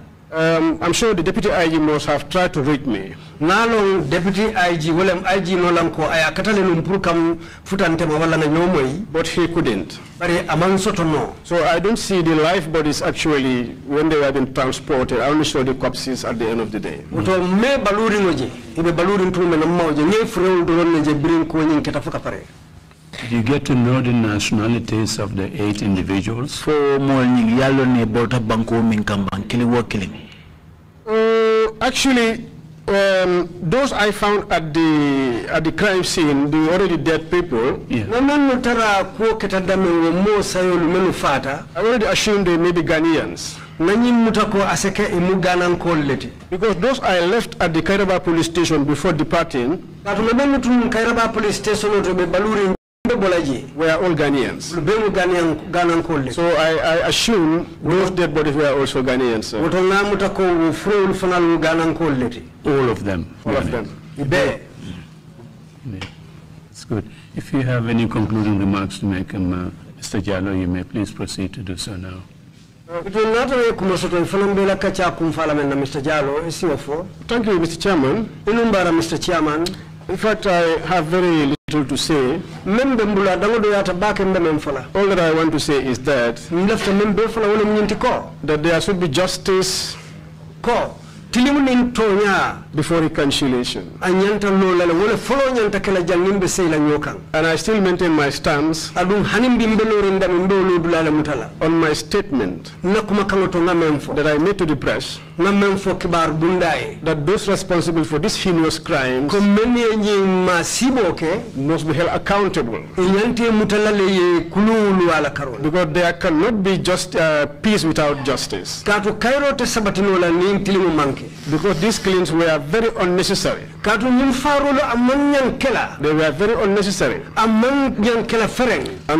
Um, I'm sure the deputy IG must have tried to read me. Nalong deputy IG, walam IG nolang ko ay akatale numpur kam futante mawala na nyomoi. But he couldn't. Bari amang soto no. So I don't see the life bodies actually when they have been transported. I only saw the corpses at the end of the day. Uto me baluri ngoje, ibe baluri ntume na mmoje, nye fureo ndurone je birin kwenye fuka pare. You get to know the nationalities of the eight individuals. Fo mo nying yalo banko min kambang kili wo uh, Actually, um, those I found at the at the crime scene, the already dead people. Yeah. I already assumed they may be Ghanaians. Because those I left at the Kairaba police station before departing. We are all Ghanaians. So I, I assume both dead bodies were also Ghanaians. Sir. All of them. All of them. It's good. If you have any concluding remarks to make, um, uh, Mr. Jallo, you may please proceed to do so now. Uh, eh, Thank you, Mr. Chairman. In fact, I have very to say all that I want to say is that that there should be justice call tilimu nin tonya before reconciliation anyanta lolale wala folo nyanta kala jangin be sey la nyokan and i still maintain my stance hanim mutala on my statement nakuma that i made to the press kibar bundaye that those responsible for this heinous crime must be held accountable ye because there cannot be just uh, peace without justice kato kairote sabatinola nin tilimu because these claims were very unnecessary. They were very unnecessary. And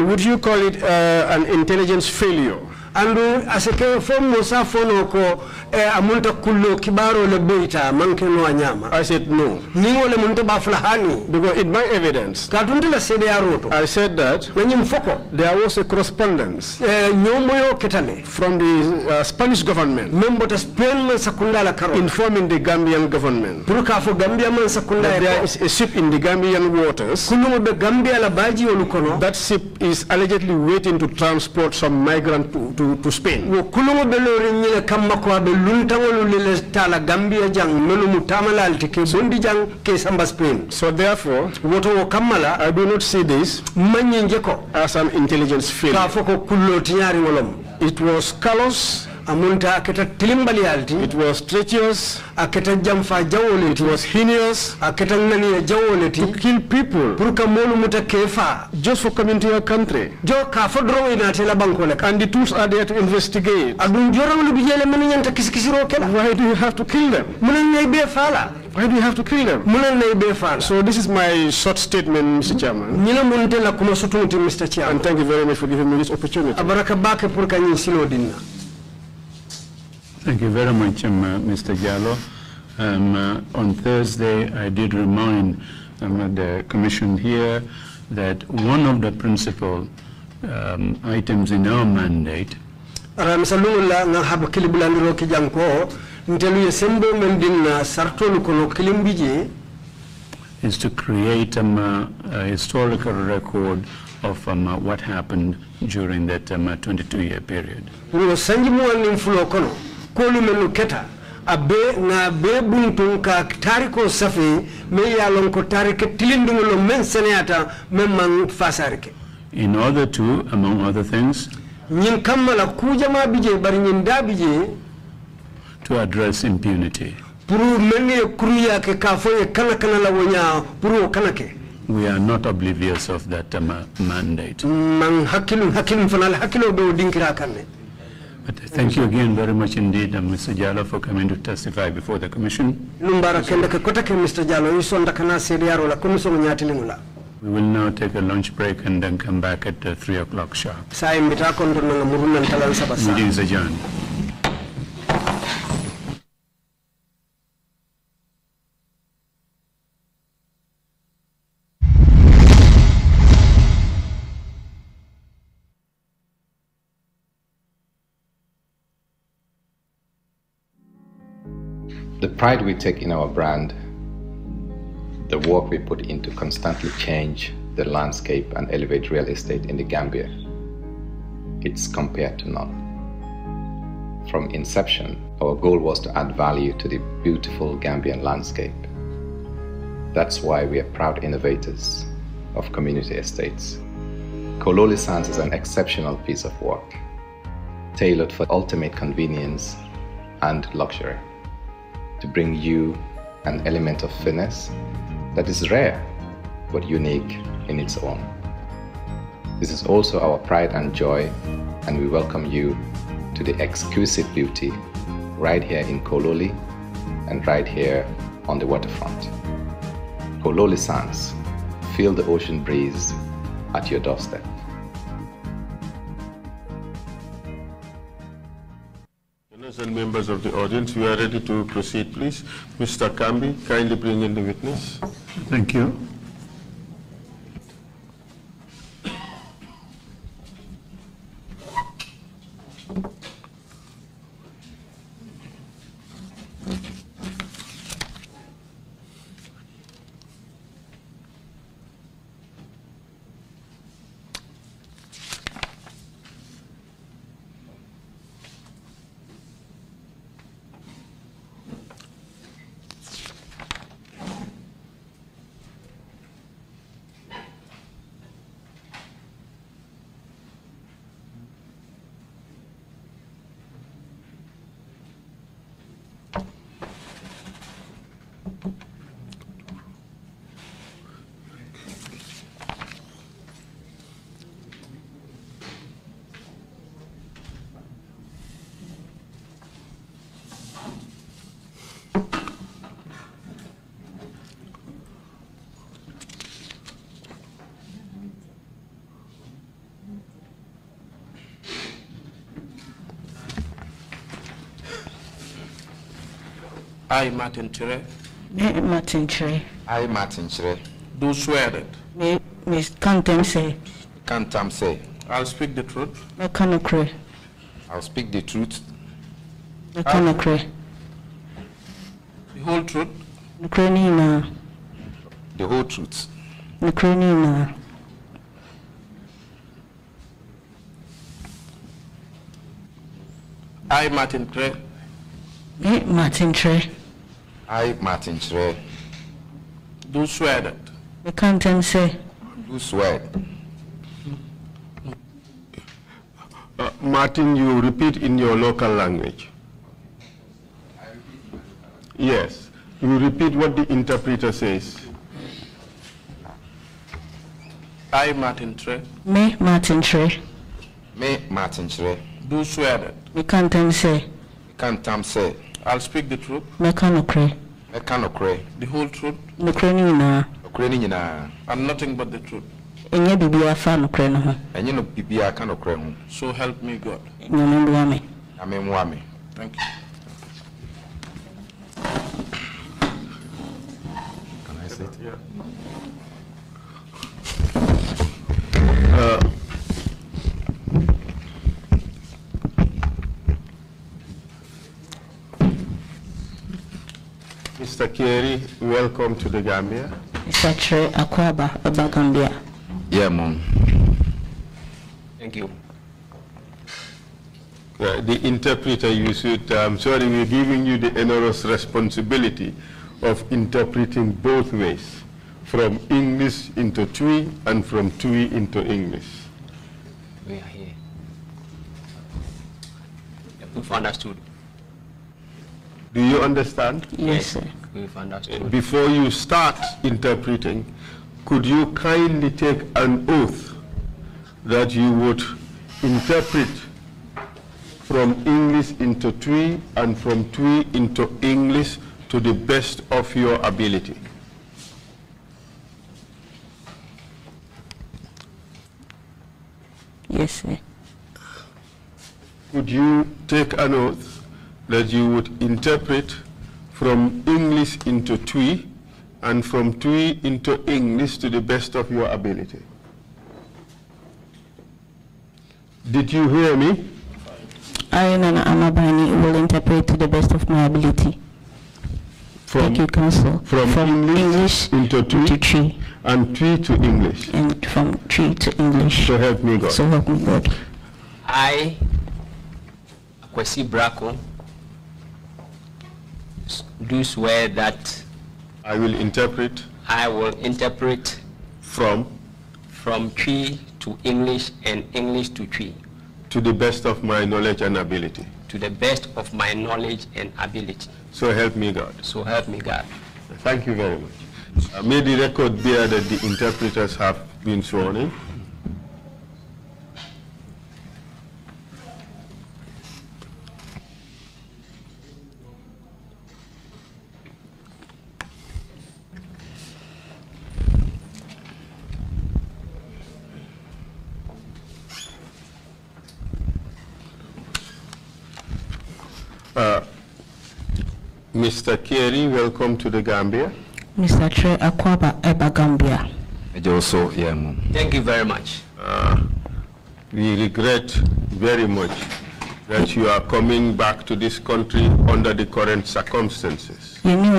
would you call it uh, an intelligence failure? andu asike fo musa fono ko e eh, amunta kullo kibaro le boyta manke no nyama i said no ni wala mun to bafla because it my evidence ka dun la sede aroto i said that when you foko there was a correspondence e eh, nyomo yo ketane from the uh, spanish government membo ta spain man sakunda la karo informing the gambian government pour fo gambia man sakunda there is a ship in the gambian waters kuno be gambia la baji wolu that ship is allegedly waiting to transport some migrant to, to to, to Spain. Wo kulungo belori nyele kamba kwa beluntangolu lele tala Gambia jang melu mutamala altike bundi jang ke samba Spain. So therefore, woto wo kamala, I do not see this ko as an intelligence failure. Kafoko kulotiyari wolom. It was callous amunta aketa tilimbalialti it was treacherous aketa jamfa jawoleti it was heinous aketa ngani jawoleti to kill people pour molu muta kefa just for coming to your country jo Kafodro, fo dro ina te banko and the tools are there to investigate adun jorang lu bijele men nyanta kisikisiro kala why do you have to kill them have to kill fala Why do you have to kill them? So this is my short statement, Mr. Chairman. And thank you very much for giving me this opportunity. Thank you very much, um, uh, Mr. Gallo. Um, uh, on Thursday, I did remind um, uh, the Commission here that one of the principal um, items in our mandate is to create um, uh, a historical record of um, uh, what happened during that um, 22 year period. kolu menu keta abe na be buntu ka tari ko safi me ya lon ko tari ke tilindungo lo men senata men man fasarke in order to among other things nyin kamala ku jama bije bar nyin da bije to address impunity pour men ye kuruya ke ka fo ye kala kala la wonya pour wo kana ke we are not oblivious of that uh, mandate man hakilu hakilu fanal hakilu do dinkira kanne Thank you again very much indeed, uh, Mr. Jallo, for coming to testify before the Commission. We will now take a lunch break and then come back at uh, 3 o'clock sharp. Meeting is adjourned. the pride we take in our brand, the work we put into constantly change the landscape and elevate real estate in the Gambia, it's compared to none. From inception, our goal was to add value to the beautiful Gambian landscape. That's why we are proud innovators of community estates. Kololi Sands is an exceptional piece of work, tailored for ultimate convenience and luxury to bring you an element of finesse that is rare but unique in its own. This is also our pride and joy, and we welcome you to the exquisite beauty right here in Kololi and right here on the waterfront. Kololi Sands, feel the ocean breeze at your doorstep. Commissioners and members of the audience, we are ready to proceed, please. Mr. Kambi, kindly bring in the witness. Thank you. I, Martin Chere. Me, Martin Tre. I, Martin Tre. Do swear that. Me, Miss Kantam say. Kantam say. I'll speak the truth. I can't I'll speak the truth. I can't The whole truth. The whole truth. The I, Martin Cray. Me, Martin Cray. I, Martin Tre, do swear that. The captain say. Do swear. Uh, Martin, you repeat in your local language. Yes, you repeat what the interpreter says. I, Martin Tre. Me, Martin Tre. Me, Martin Tre. Do swear that. We can't say. We can't say. I'll speak the truth. Meka nokre. Meka nokre. The whole truth. Nokre ni nyinaa. Nokre ni nyinaa. And nothing but the truth. Enye bibia fa nokre no ho. Enye no bibia ka nokre ho. So help me God. Nyame mboa me. Nyame mboa me. Thank you. Can I sit? Yeah. Uh, Mr. Kieri, welcome to the Gambia. Mr. Tre Akwaba, Baba Gambia. Yeah, Mom. Thank you. Uh, the interpreter you should, I'm sorry, we're giving you the enormous responsibility of interpreting both ways, from English into Tui and from Tui into English. We are here. we understood. Do you understand? Yes, sir. We've understood. Eh, before you start interpreting, could you kindly take an oath that you would interpret from English into Twi and from Twi into English to the best of your ability? Yes, sir. Could you take an oath that you would interpret from English into Twi and from Twi into English to the best of your ability. Did you hear me? I, Nana Amabani, will interpret to the best of my ability. From, Thank you, Council. From, from English, English, into Twi, to and Twi to English. And from Twi to English. So help me God. So help me God. I, Kwesi do swear that I will interpret I will interpret from from tree to English and English to tree. to the best of my knowledge and ability to the best of my knowledge and ability so help me God so help me God thank you very much uh, may the record bear that the interpreters have been sworn in Uh, Mr. Kiri, welcome to the Gambia. Mr. Tre Akwaba Eba Gambia. Thank you very much. Uh, we regret very much that you are coming back to this country under the current circumstances. ɛyɛ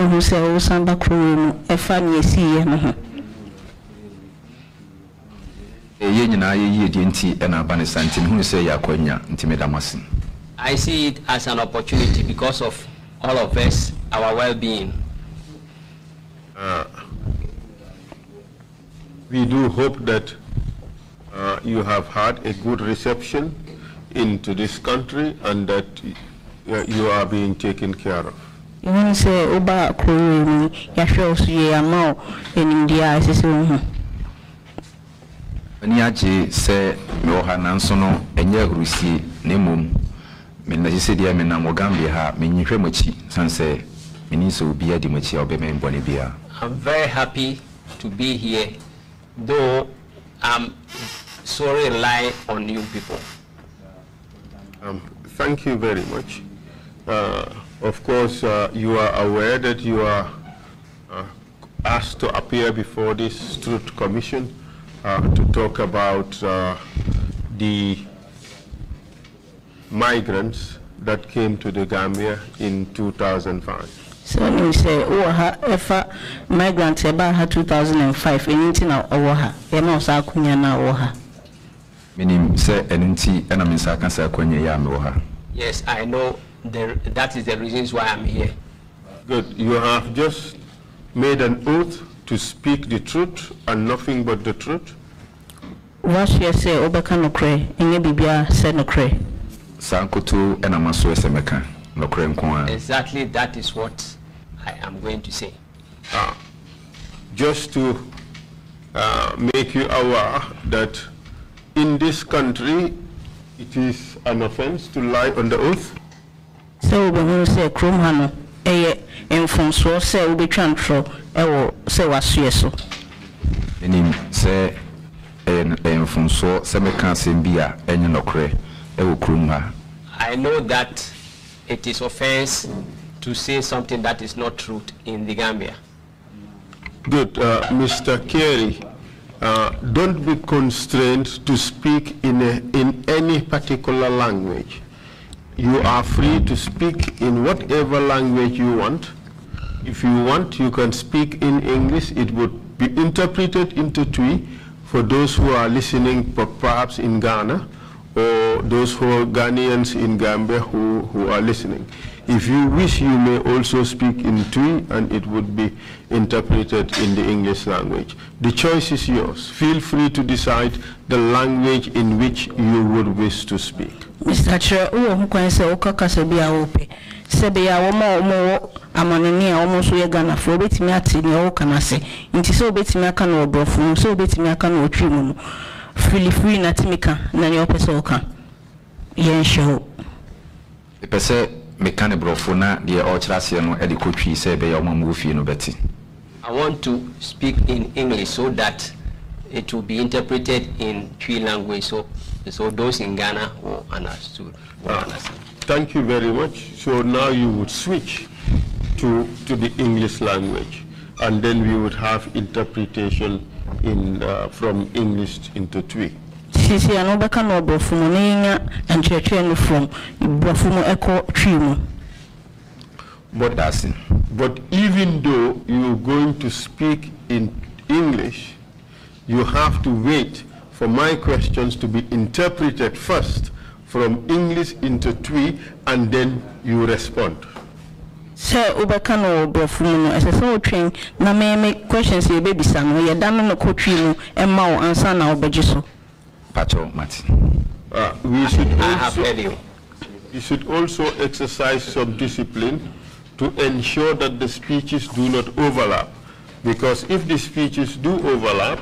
I see it as an opportunity because of all of us, our well-being. Uh, we do hope that uh, you have had a good reception into this country and that uh, you are being taken care of. Ani agye sɛ mewɔ ha nanso no ɛnyɛ ha di I'm very happy to be here, though I'm sorry lie on you people. Um, thank you very much. Uh, of course, uh, you are aware that you are uh, asked to appear before this Truth Commission uh, to talk about uh, the migrants that came to the Gambia in 2005. So you say, oh, if a migrant eba ha 2005, anything now, oh, ha. you know, so ha. could now, oh, Meaning, say, and see, and I'm in Yes, I know the, that is the reasons why I'm here. Good. You have just made an oath to speak the truth and nothing but the truth. What you say, Obaka Nukre, and you be said Nukre exactly that is what i am going to say uh, just to uh, make you aware that in this country it is an offense to lie on the oath so meka I know that it is offense to say something that is not true in the Gambia. Good, uh, Mr. Kerry. Uh, don't be constrained to speak in, a, in any particular language. You are free to speak in whatever language you want. If you want, you can speak in English. It would be interpreted into Twi for those who are listening perhaps in Ghana or those who are Ghanaians in Gambia who, who are listening. If you wish, you may also speak in Twi, and it would be interpreted in the English language. The choice is yours. Feel free to decide the language in which you would wish to speak. Mr. Chair, uwo ukaka sebi ya upe. Sebi ya umo ya umo suye gana Obeti ya uka nase. Inti se obeti obrofu. Se obeti na na na de no I want to speak in English so that it will be interpreted in three language so, so those in Ghana will ah, understand. Ah, thank you very much. So now you would switch to, to the English language and then we would have interpretation in, uh, from English into Twi. sisi ano bɛka na ɔbrɔfo mu na yɛnya nkyerɛkyerɛ from brɔfo mu twi mu but that's it. but even though you're going to speak in english you have to wait for my questions to be interpreted first from english into twi and then you respond sɛ wobɛka no wɔ borɔfo mu no ɛsɛ sɛ na meme questions no yɛda no no kɔtwii no wo ansa na wobɛgye so ah, we should also, you. should also exercise some discipline to ensure that the speeches do not overlap because if the speeches do overlap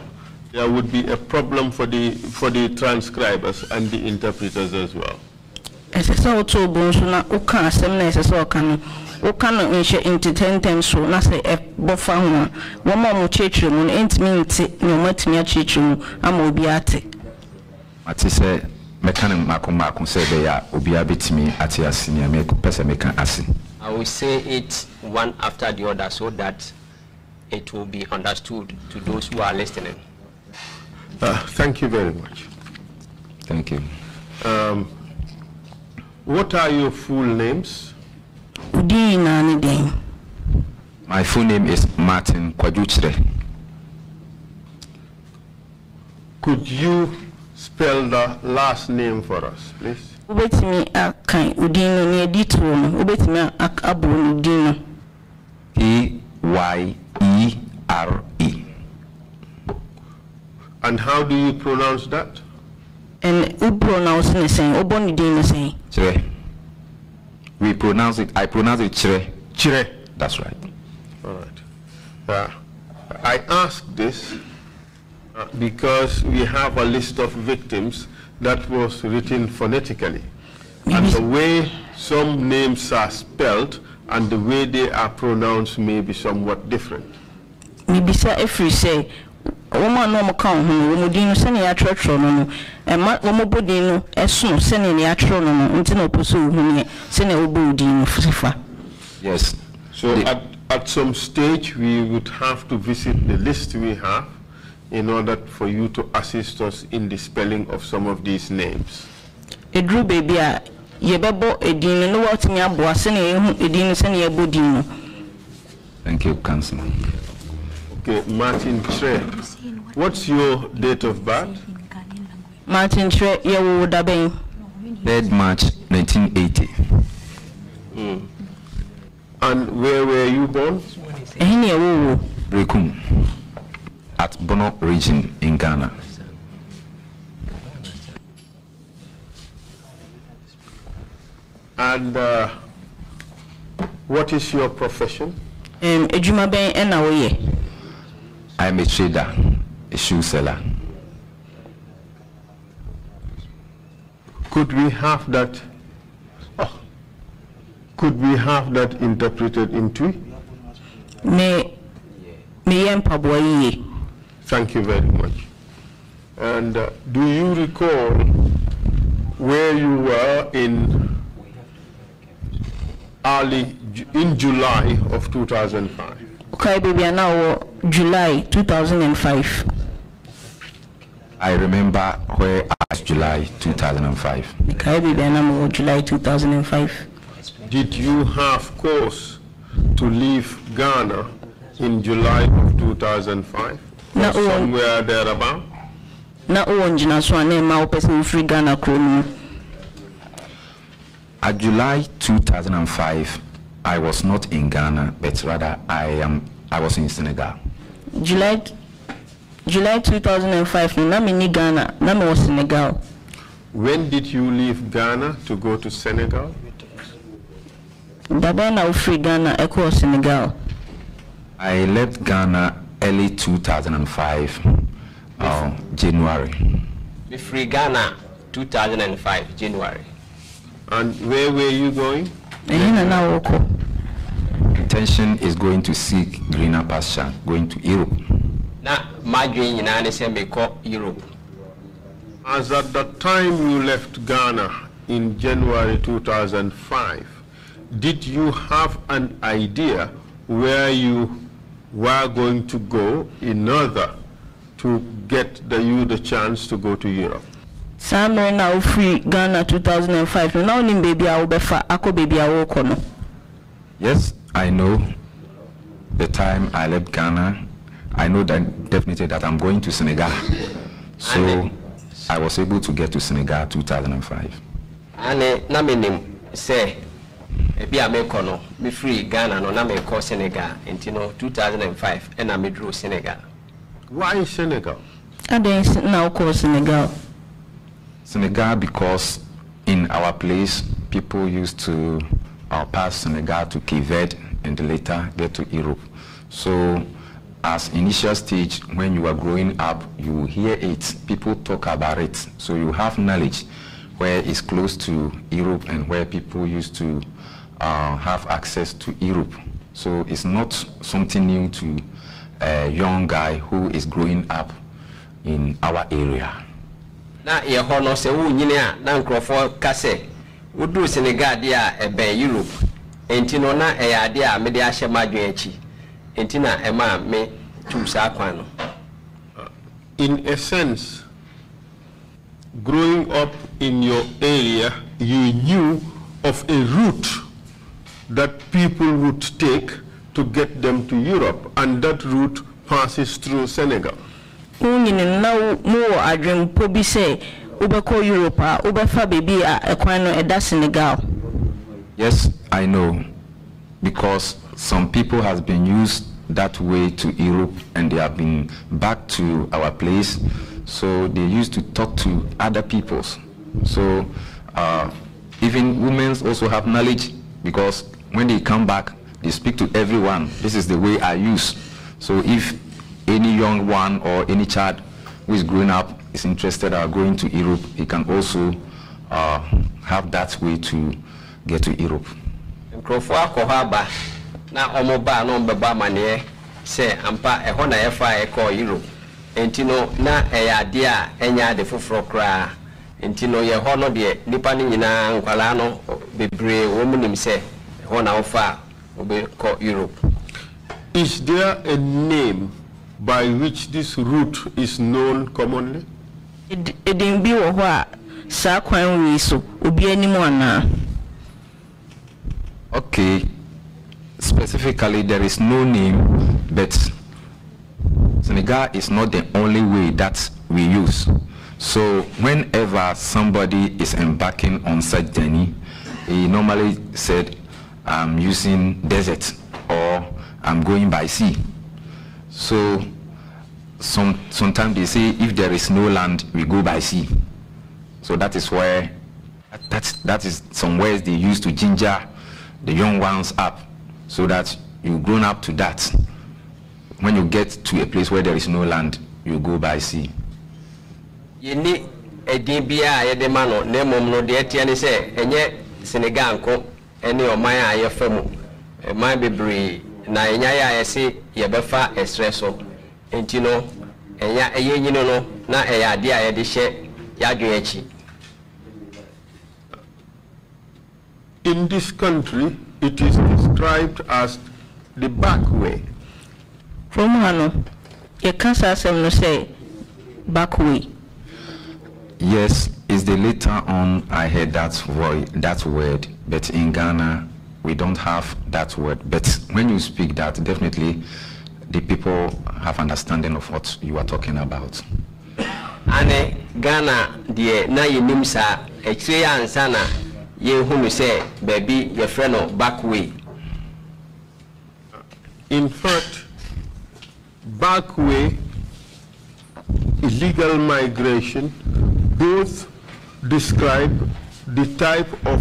there would be a problem for the for the transcribers and the interpreters as well so na ho a mu mu ama ate. ate a ate I will say it one after the other so that it will be understood to those who are listening. Uh, thank you very much. Thank you. Um, what are your full names? My full name is Martin Kwajuchre. Could you spell the last name for us, please? Ubetimi akai udino ni editro no. Ubetimi akabu udino. P Y E R E. And how do you pronounce that? And u pronounce the same. Ubonidino same. Sure. We pronounce it, I pronounce it chire. Chire. That's right. All right. Uh, I ask this uh, because we have a list of victims that was written phonetically. And the way some names are spelled and the way they are pronounced may be somewhat different no no yes so the, at, at some stage we would have to visit the list we have in order for you to assist us in the spelling of some of these names. a no thank you councillor. Okay, Martin Tre. What's your date of birth? Martin Tre been. 3rd March 1980. Mm. And where were you born? at Bono region in Ghana. And uh, what is your profession? Um, I'm a trader, a shoe seller. Could we have that? Oh, could we have that interpreted into? Me, me Thank you very much. And uh, do you recall where you were in early in July of 2005? Okay, baby, now. July 2005. I remember where I was July 2005. July 2005. Did you have cause to leave Ghana in July of 2005? Na or somewhere thereabout? Na uonjina swane ma Ghana At July 2005, I was not in Ghana, but rather I am I was in Senegal. July July 2005 na me ni Ghana Nami was Senegal. When did you leave Ghana to go to Senegal? Ghana Senegal. I left Ghana early 2005 uh, um, January. We free Ghana 2005 January. And where were you going? in na intention is going to seek greener pasture, going to Europe. Now, madwin nyinaa ne sɛ mekɔ Europe. As at the time you left Ghana in January 2005, did you have an idea where you were going to go in order to get the, you the chance to go to Europe? saa mmerɛ na ghana 2005 no baby. I baabi a wobɛfa akɔ baby. I wokɔ yes I know the time I left Ghana. I know that definitely that I'm going to Senegal. So I was able to get to Senegal 2005. Ane na menim say ebi a no mi free Ghana no na mekɔ Senegal nti no 2005 ɛna meduro Senegal. Why Senegal? know. Now wokɔ Senegal? Senegal because in our place people used to I'll pass Senegal to Kivet and later get to Europe. So as initial stage, when you are growing up, you hear it, people talk about it. So you have knowledge where it's close to Europe and where people used to uh, have access to Europe. So it's not something new to a young guy who is growing up in our area. na yɛ hɔ say sɛ wonyini a na nkurɔfoɔ senegal a europe me in a sense growing up in your area you knew of a route that people would take to get them to Europe, and that route passes through Senegal europe a senegal yes i know because some people has been used that way to europe and they have been back to our place so they used to talk to other peoples so uh, even women also have knowledge because when they come back they speak to everyone this is the way i use so if any young one or any child who is growing up is interested are going to Europe, he can also uh, have that way to get to Europe. nkurɔfoɔ akɔ hɔ na wɔn na wɔn bɛbɔ amaneɛ ampa ɛhɔ na efa ɛkɔ europe nti na ɛyɛ adeɛ a ɛnyɛ ade foforɔ koraa nti no yɛ hɔ no deɛ nipa no nyinaa nkwaraa bebree wɔn mu nim sɛ ɛhɔ na wɔfa a wɔbɛkɔ europe. is there a name by which this route is known commonly bi a kwan so obi anim okay specifically there is no name but senegal is not the only way that we use so whenever somebody is embarking on such journey he normally said i'm using desert or i'm going by sea so some sometimes they say if there is no land, we go by sea. So that is where that's that is some ways they use to ginger the young ones up so that you grown up to that. When you get to a place where there is no land, you go by sea. a senegal a a no no na a in this country it is described as the back way From ha no yɛka saa no say back way yes is the later on i heard that word that word but in ghana we don't have that word but when you speak that definitely the people have understanding of what you are talking about. ane ghana deɛ na yɛnim saa akyire ansa na se baby your yɛfrɛ no backway in fact backway illegal migration both describe the type of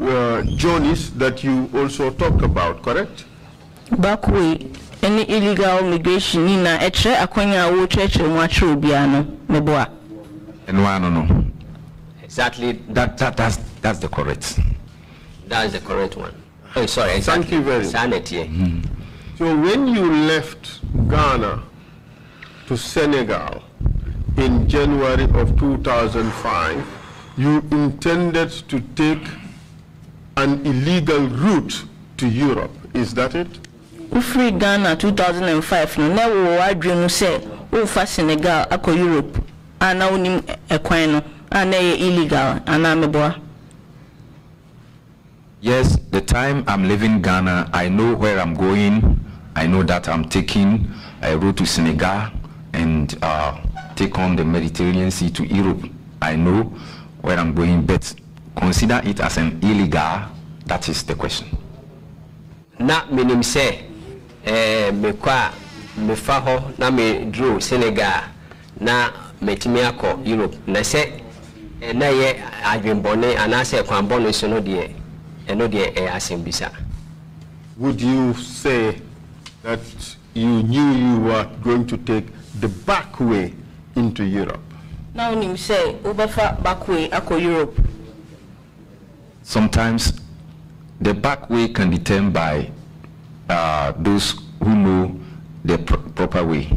uh, journeys that you also talked about correct backway any illegal migration nyinaa ɛkyerɛ akwan a wɔrekyerɛkyerɛ mu akyerɛ obiara no meboa ɛnoa no no exactly that, that that's, that's the correct that's the correct one oh, sorry exactly. thank you very much mm. so when you left ghana to senegal in january of 2005 you intended to take an illegal route to europe is that it wofiri ghana 2005 no na wo w'adwene mu sɛ wofa senegal ako europe ana na wonim ɛkwan no a na illegal ana meboa yes the time i'm leaving ghana i know where i'm going i know that i'm taking a road to senegal and uh, take on the mediterranean sea to europe i know where i'm going but consider it as an illegal that is the question na menim sɛ Eh, na senegal na europe na eh, na so no eh, bisa would you say that you knew you were going to take the back way into europe back way europe sometimes the back way can be turned by uh, those who know the pr proper way.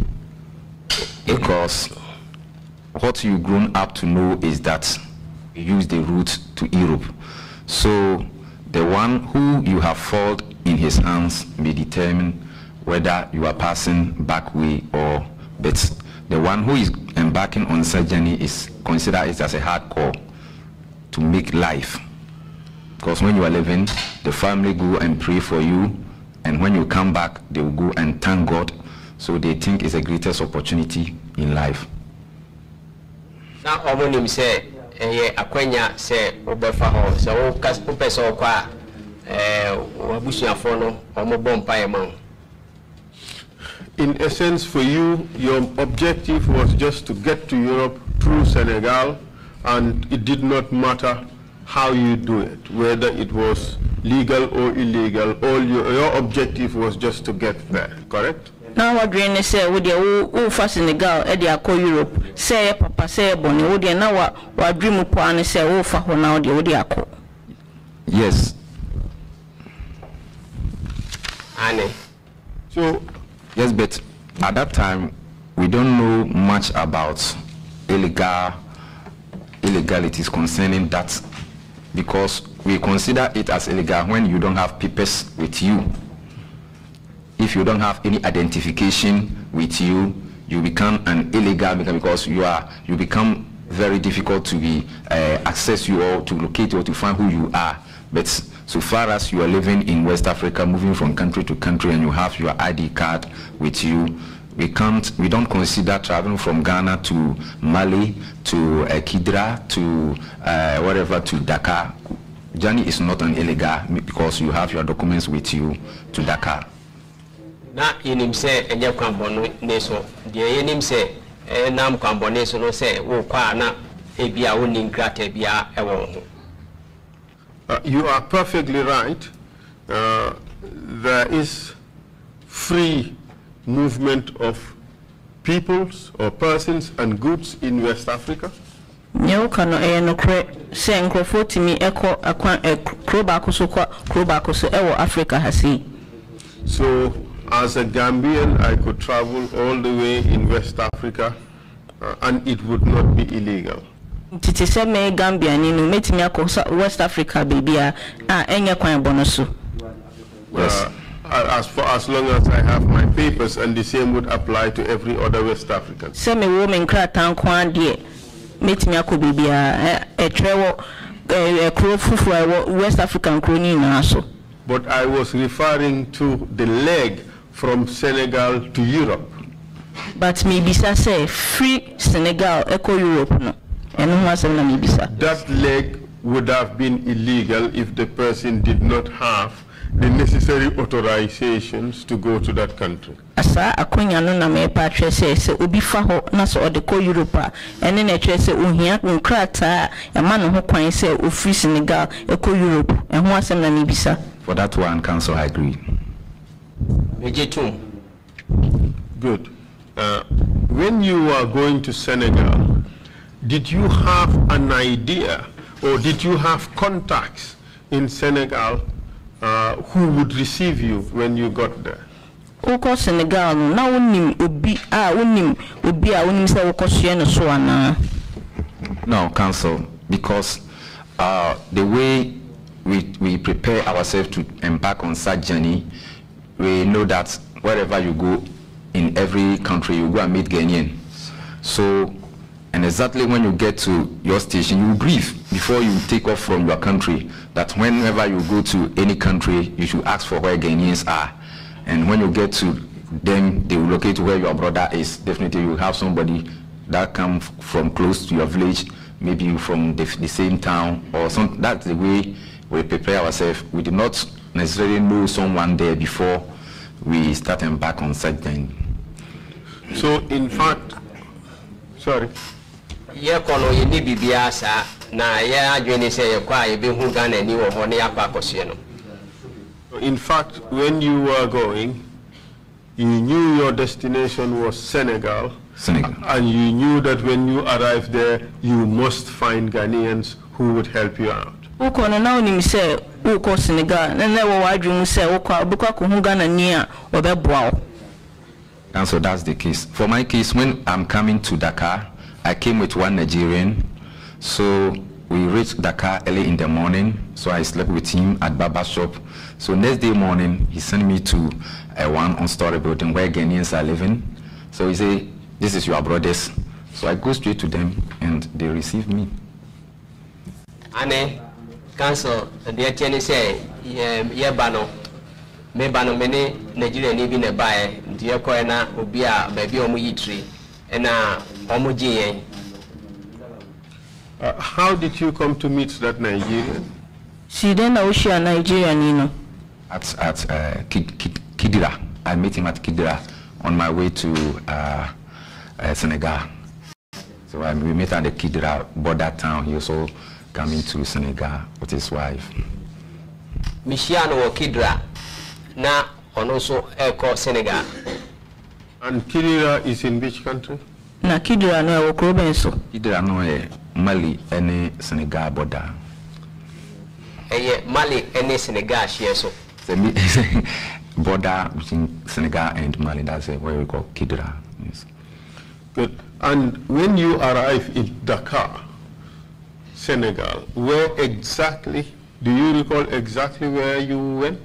Because what you've grown up to know is that you use the route to Europe. So the one who you have fought in his hands may determine whether you are passing back way or but the one who is embarking on such journey is considered it as a hard call to make life. Because when you are living, the family go and pray for you, and when you come back, they will go and thank God. So they think it's the greatest opportunity in life. Now, ọmọ nim say, ẹyẹ akwanya ọbẹfa họ sẹ ọka ọpẹ sẹ ọkọ a ẹ wabusuafo In essence, for you, your objective was just to get to Europe through Senegal, and it did not matter how you do it, whether it was legal or illegal, all your, your objective was just to get there, correct? Now what na wadwene ne sɛ wodeɛ wofa senegal de akɔ europe sɛ yɛ papa sɛ yɛ bɔne wodeɛ na wadwe mu pɔa ne sɛ wofa hɔ na wodeɛ wode akɔ yes Annie. so yes but at that time we don't know much about illegal illegalities concerning that because we consider it as illegal when you don't have papers with you. If you don't have any identification with you, you become an illegal because you are you become very difficult to be uh, access you or to locate or to find who you are. But so far as you are living in West Africa, moving from country to country, and you have your ID card with you, we can't, we don't consider traveling from Ghana to Mali, to uh, Kidra, to uh, to Dakar. Journey is not an illegal because you have your documents with you to Dakar. you are perfectly right. Uh, there is free movement of peoples or persons and goods in West Africa? So, as a Gambian, I could travel all the way in West Africa uh, and it would not be illegal. yes as for as long as I have my papers, and the same would apply to every other West African. Sɛ mi eh, eh, eh, wo mi nkrataa nko ara deɛ, metumi akɔ a ɛtwerɛ wɔ ɛkuro foforɔ West African nkuro ne But I was referring to the leg from Senegal to Europe. But mebisa say free Senegal ɛkɔ Europe no, ɛno ho asɛm na mebisa. That leg would have been illegal if the person did not have the necessary authorizations to go to that country. Asa no na me pa twa se se obi fa ho na so ko Europe ene na twa se ohia nkrata ma no ho kwan se ofri Senegal e ko Europe e ho asem na For that one council I agree. Vegetu. Good. Uh, when you were going to Senegal, did you have an idea or did you have contacts in Senegal uh, who would receive you when you got there? Oko senegal no na unim obi a unim obi a wonim sɛ wokɔsoɛ no so no council because uh, the way we, we prepare ourselves to embark on such journey we know that wherever you go in every country you go and meet ghanaian so and exactly when you get to your station, you brief before you take off from your country that whenever you go to any country, you should ask for where Ghanaians are. And when you get to them, they will locate where your brother is. Definitely you have somebody that comes from close to your village, maybe from the, the same town or some. That's the way we prepare ourselves. We did not necessarily know someone there before we start embark on such thing. So in fact, sorry yɛkɔ no yɛdi biribiara saa na yɛ adwene sɛ yɛkɔ a yɛbɛhu ghana ani wɔ hɔ ne yɛakɔ akɔsoɛ no in fact when you were going you knew your destination was senegal Senegal. And you knew that when you arrived there, you must find Ghanaians who would help you out. wokɔ no na wonim sɛ wokɔ senegal na na ɛwɔ w'adwe mu kwa wokɔ a wobɛkɔ akɔhu ghanani a wɔbɛboa wo and so that's the case for my case when i'm coming to dakar I came with one Nigerian. So we reached Dakar early in the morning. So I slept with him at Baba shop. So next day morning, he sent me to a one on-story building where Ghanaians are living. So he said, this is your brothers. So I go straight to them and they receive me. Ane, council, the attorney say, um, yeah, bano, me bano, many Nigerian ni bi ne bae, ndiye baby omu yitri. Uh, how did you come to meet that Nigerian? then I na a Nigerian you know. At at uh, Kid, Kid, Kidira, I met him at Kidira on my way to uh, uh, Senegal. So um, we met at the Kidira border town. He also coming to Senegal with his wife. Michiano Kidira, na onoso eko Senegal. And Kidira is in which country? Na Kidira no ɛwɔ kuro bɛn Kidira no e Mali ene Senegal border. Ɛyɛ Mali ene Senegal ahyeɛ so. border between Senegal and Mali that's where we call Kidira. Yes. Good. And when you arrive in Dakar, Senegal, where exactly do you recall exactly where you went?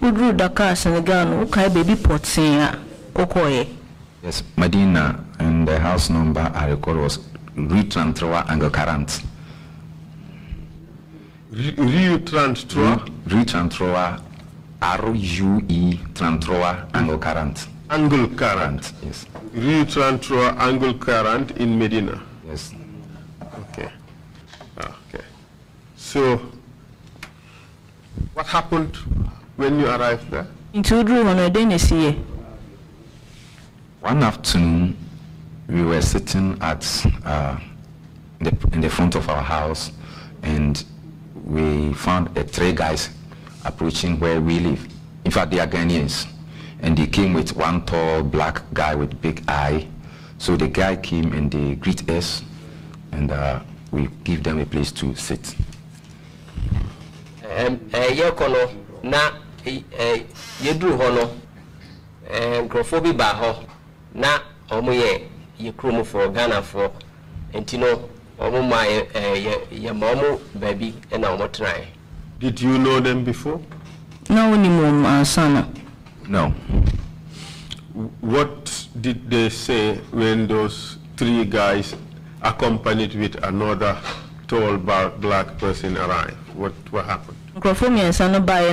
We Dakar, Senegal, okay, baby port Okoye. Yes, Medina and the house number I recall was Rue 33 angle 40. Rue Rue 33, angle Angle Yes. Rue 33 angle in Medina? Yes. Okay. Ah, okay. So, what happened when you arrived there? In Tudru, on a one afternoon, we were sitting at uh, the, in the front of our house, and we found three guys approaching where we live. In fact, they are Ghanaians, and they came with one tall black guy with big eye. So the guy came and they greet us, and uh, we give them a place to sit. Eh, eh, na wɔn yɛ yɛ kurom foɔ ghana foɔ nti no ma eh, did you know them before. na wɔn ni asana. no what did they say when those three guys accompanied with another tall black person arrived? What, what happened? nkurɔfoɔ mmiɛnsa no baeɛ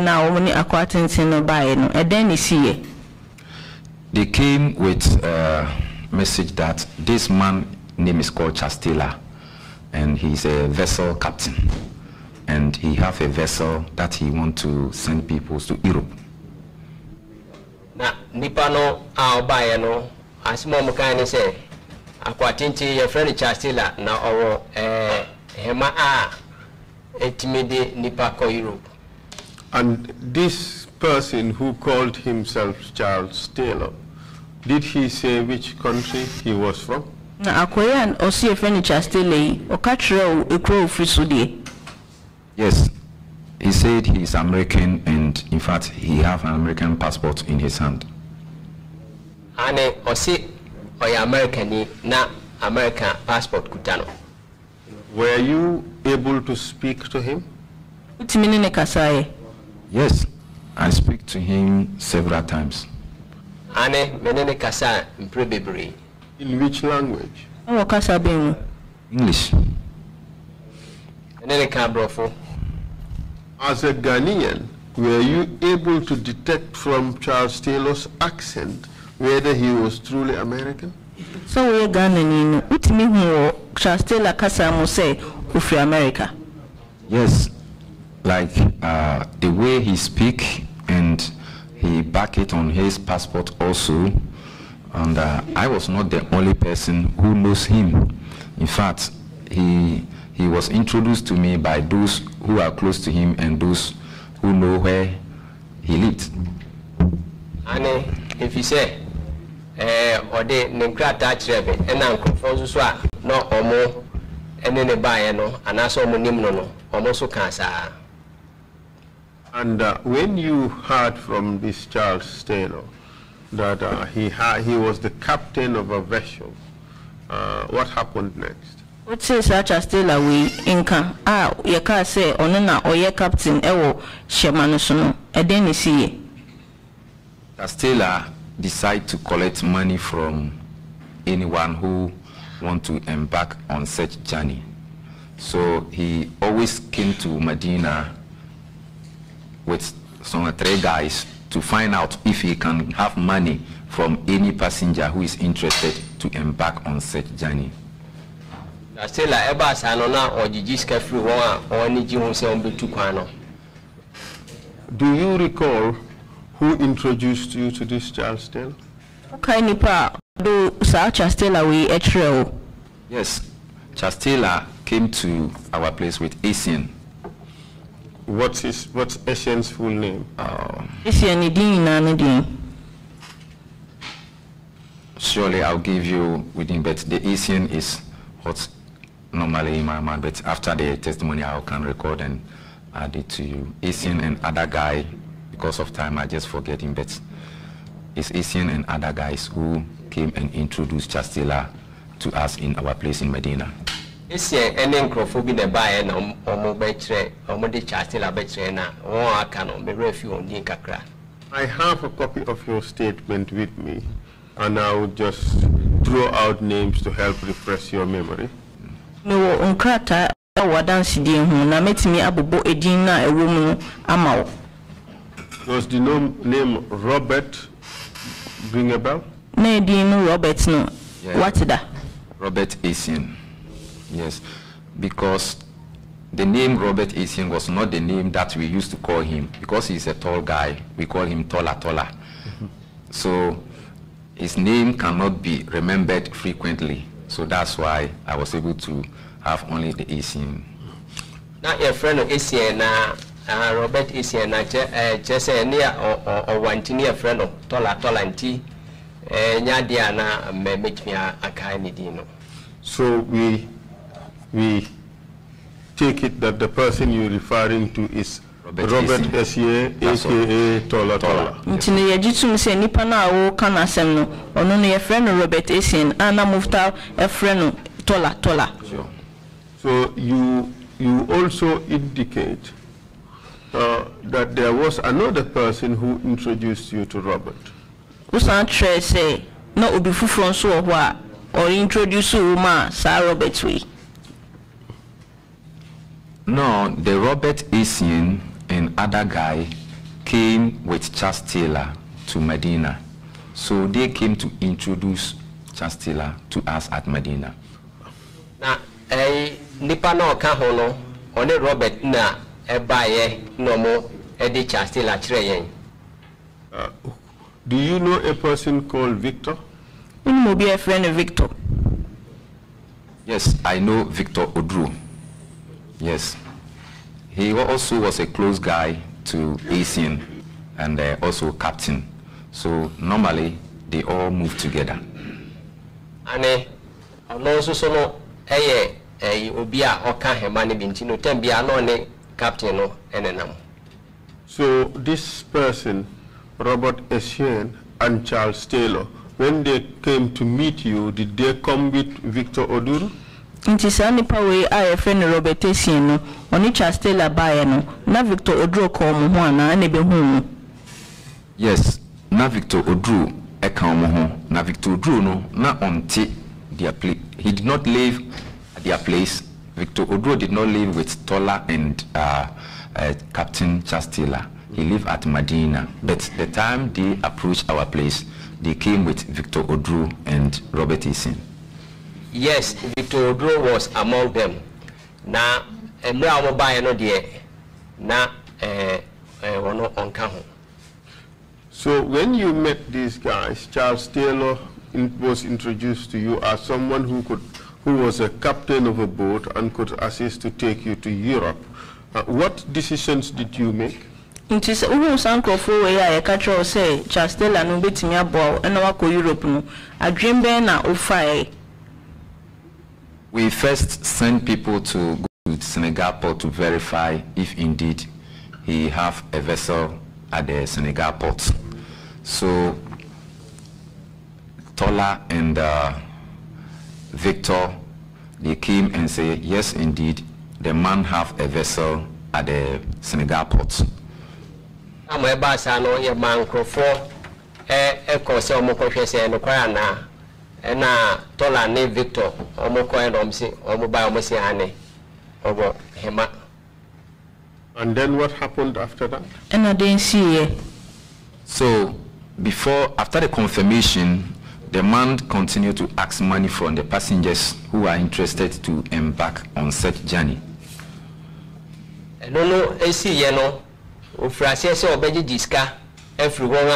no they came with a message that this man name is called Chastela and he's a vessel captain and he have a vessel that he want to send people to Europe. Na Nipano, no a no asimo mo se akwatinti your friend Chastela na owo eh hema a etimede nipa ko Europe. And this person who called himself Charles Taylor, did he say which country he was from? na akwai an ɔsi Charles Taylor o Yes, he said he is American and in fact he have an American passport in his hand. Ane na American passport Were you able to speak to him? ne kasa Yes. I speak to him several times. In which language? English. As a Ghanaian, were you able to detect from Charles Taylor's accent whether he was truly American? So we are Ghanaian. What mean Charles Taylor kasa say of America? Yes, like uh, the way he speak and he backed it on his passport also. And uh, I was not the only person who knows him. In fact, he, he was introduced to me by those who are close to him and those who know where he lived. Ane, if you say, ɔde eh, ne nkrataa kyerɛ bi ɛna nkurɔfoɔ nso so a na ɔmo ɛne ne baeɛ no anaasɛ ɔmo nim no no ɔmo nso kaa and uh, when you heard from this Charles Steno that uh, he, he was the captain of a vessel, uh, what happened next? What says Charles wei We a ah sɛ ɔno na ɔyɛ captain ɛwɔ hyɛma no so no ɛdɛn ne siiɛ decide to collect money from anyone who want to embark on such journey. So he always came to Medina with some three guys to find out if he can have money from any passenger who is interested to embark on such journey. na sela ɛba asa no na ɔgyegye sika firi wɔn a wɔn gye ho sɛ wɔn bɛtu kwan no. do you recall who introduced you to this charles tale. ɔka nipa a ɔdo saa charles taylor wei ɛkyerɛ o. yes charles taylor came to our place with asian. What's his what's Eshen's full name? Uh, surely I'll give you within, but the Eshen is what's normally in my mind, but after the testimony I can record and add it to you. Eshen and other guy, because of time I just forget him, but it's Eshen and other guys who came and introduced Chastila to us in our place in Medina bi na de la na aka no kakra. I have a copy of your statement with me and I will just draw out names to help refresh your memory. Mewɔ nkrataa ɛwɔ adansidie ho na mɛtumi abobɔ edin na ɛwɔ mu ama Does the name Robert Bring a bell? Na edin Robert no, What is that? Robert Asian. Yes, because the name Robert Asin was not the name that we used to call him. Because he's a tall guy, we call him Tola Tola. Mm -hmm. So his name cannot be remembered frequently. So that's why I was able to have only the Asin. Now your friend Asin, uh, Robert Asian, just uh, near or one near friend of Tola Tola eh, and T. make me a kind So we we take it that the person you're referring to is Robert, Robert a.k.a. Tola Tola. Nti ne yɛgye sɛ nipa no a wɔka n'asɛm no ɔno no yɛfrɛ no Robert Esie a na mufta ɛfrɛ Tola Tola. So you you also indicate uh, that there was another person who introduced you to Robert. Wosan kyerɛ sɛ na obi foforɔ nso wɔ hɔ a ma saa Robert wei. No, the Robert Isian and other guy came with Charles Taylor to Medina. So they came to introduce Charles Taylor to us at Medina. Now, eh, nipa na ọka ho ọne Robert na ẹbaayẹ na ọmọ ẹdi Charles Taylor kyerẹ yẹn. Do you know a person called Victor? Unu mo be a friend of Victor. Yes, I know Victor Oduro. Yes. He also was a close guy to Asian and uh, also captain. So normally they all move together. Ane, ano so no obi a no ano ne captain no So this person, Robert Asian and Charles Taylor, when they came to meet you, did they come with Victor Oduru? nti saa nnipa wei a yɛfrɛ no robert esin no ɔne charles taylor baeɛ no na victor oduro kɔɔ mo ho anaa na ɛbɛhu mu yes na victor oduro ɛka wɔn ho na victor oduro no na ɔnte their place he did not live at their place victor oduro did not live with tola and uh, uh, captain charles taylor he lived at madina but the time they approached our place they came with victor oduro and robert esin yes victor oduro was among them Now, na eh, mmerɛ a wɔbaeɛ no deɛ na wɔno eh, eh, on ho so when you met these guys charles taylor was introduced to you as someone who could who was a captain of a boat and could assist to take you to europe uh, what decisions did you make nti sɛ wohu saa nkurɔfoɔ wei a yɛka kyerɛ wo sɛ charles taylor no wobɛtumi aboa wo ɛna woakɔ europe no I adwen bɛn na wofaeɛ we first send people to go to Senegal port to verify if indeed he have a vessel at the Senegal port. So Tola and uh, Victor, they came and say, yes, indeed, the man have a vessel at the Senegal port. I'm a your man, a course, I'm a ɛna tɔla ne victor ɔmo kɔɛ na ɔmo si ɔmo ba hema. and then what happened after that. ɛna den see. yɛ. so before after the confirmation the man continued to ask money from the passengers who are interested to embark on such journey. ɛno no esi yɛ no ofurasi ɛsɛ ɔbɛgye gye sika ɛfiri wɔn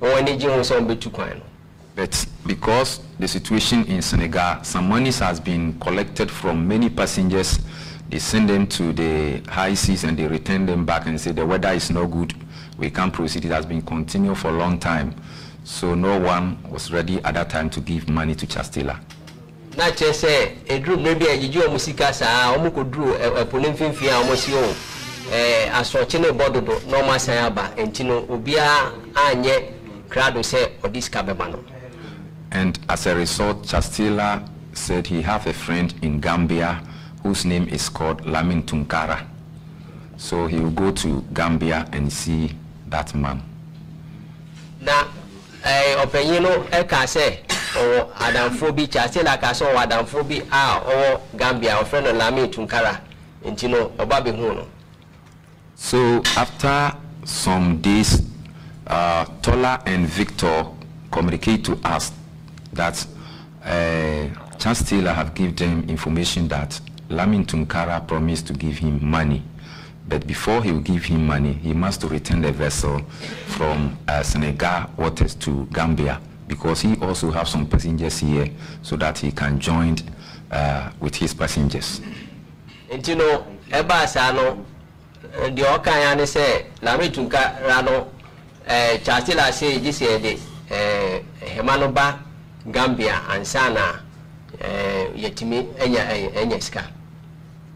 a wɔn ani gye ho sɛ ɔbɛtu kwan no. But because the situation in Senegal, some monies has been collected from many passengers. They send them to the high seas and they return them back and say the weather is not good. We can't proceed. It has been continued for a long time. So no one was ready at that time to give money to Chastela. na kyerɛ sɛ ɛduru mmerɛ bi a gyegye wɔn sika saa wɔn kɔduru ɛpo ne mfimfini and as a result, Chastila said he have a friend in Gambia whose name is called Lamin Tunkara. So he will go to Gambia and see that man. Now, ọ̀pẹ̀yìn ló ẹ̀ka sẹ̀ ọ̀wọ̀ àdàmfó bíi Chastila ka sọ ọ̀wọ̀ àdàmfó bíi a or Gambia ọ̀fẹ́ nọ Lamin Tunkara and you know, bẹ̀ hùn nọ. So after some days, uh, Tola and Victor communicate to us that uh, Taylor have given them information that Lamin Tunkara promised to give him money. But before he will give him money, he must return the vessel from uh, Senegal waters to Gambia because he also have some passengers here so that he can join uh, with his passengers. And you know, asaa no the ɔka say ne tunkara no eh, chancellor sɛ gye sɛ ɛde hema Gambia and Sana eh,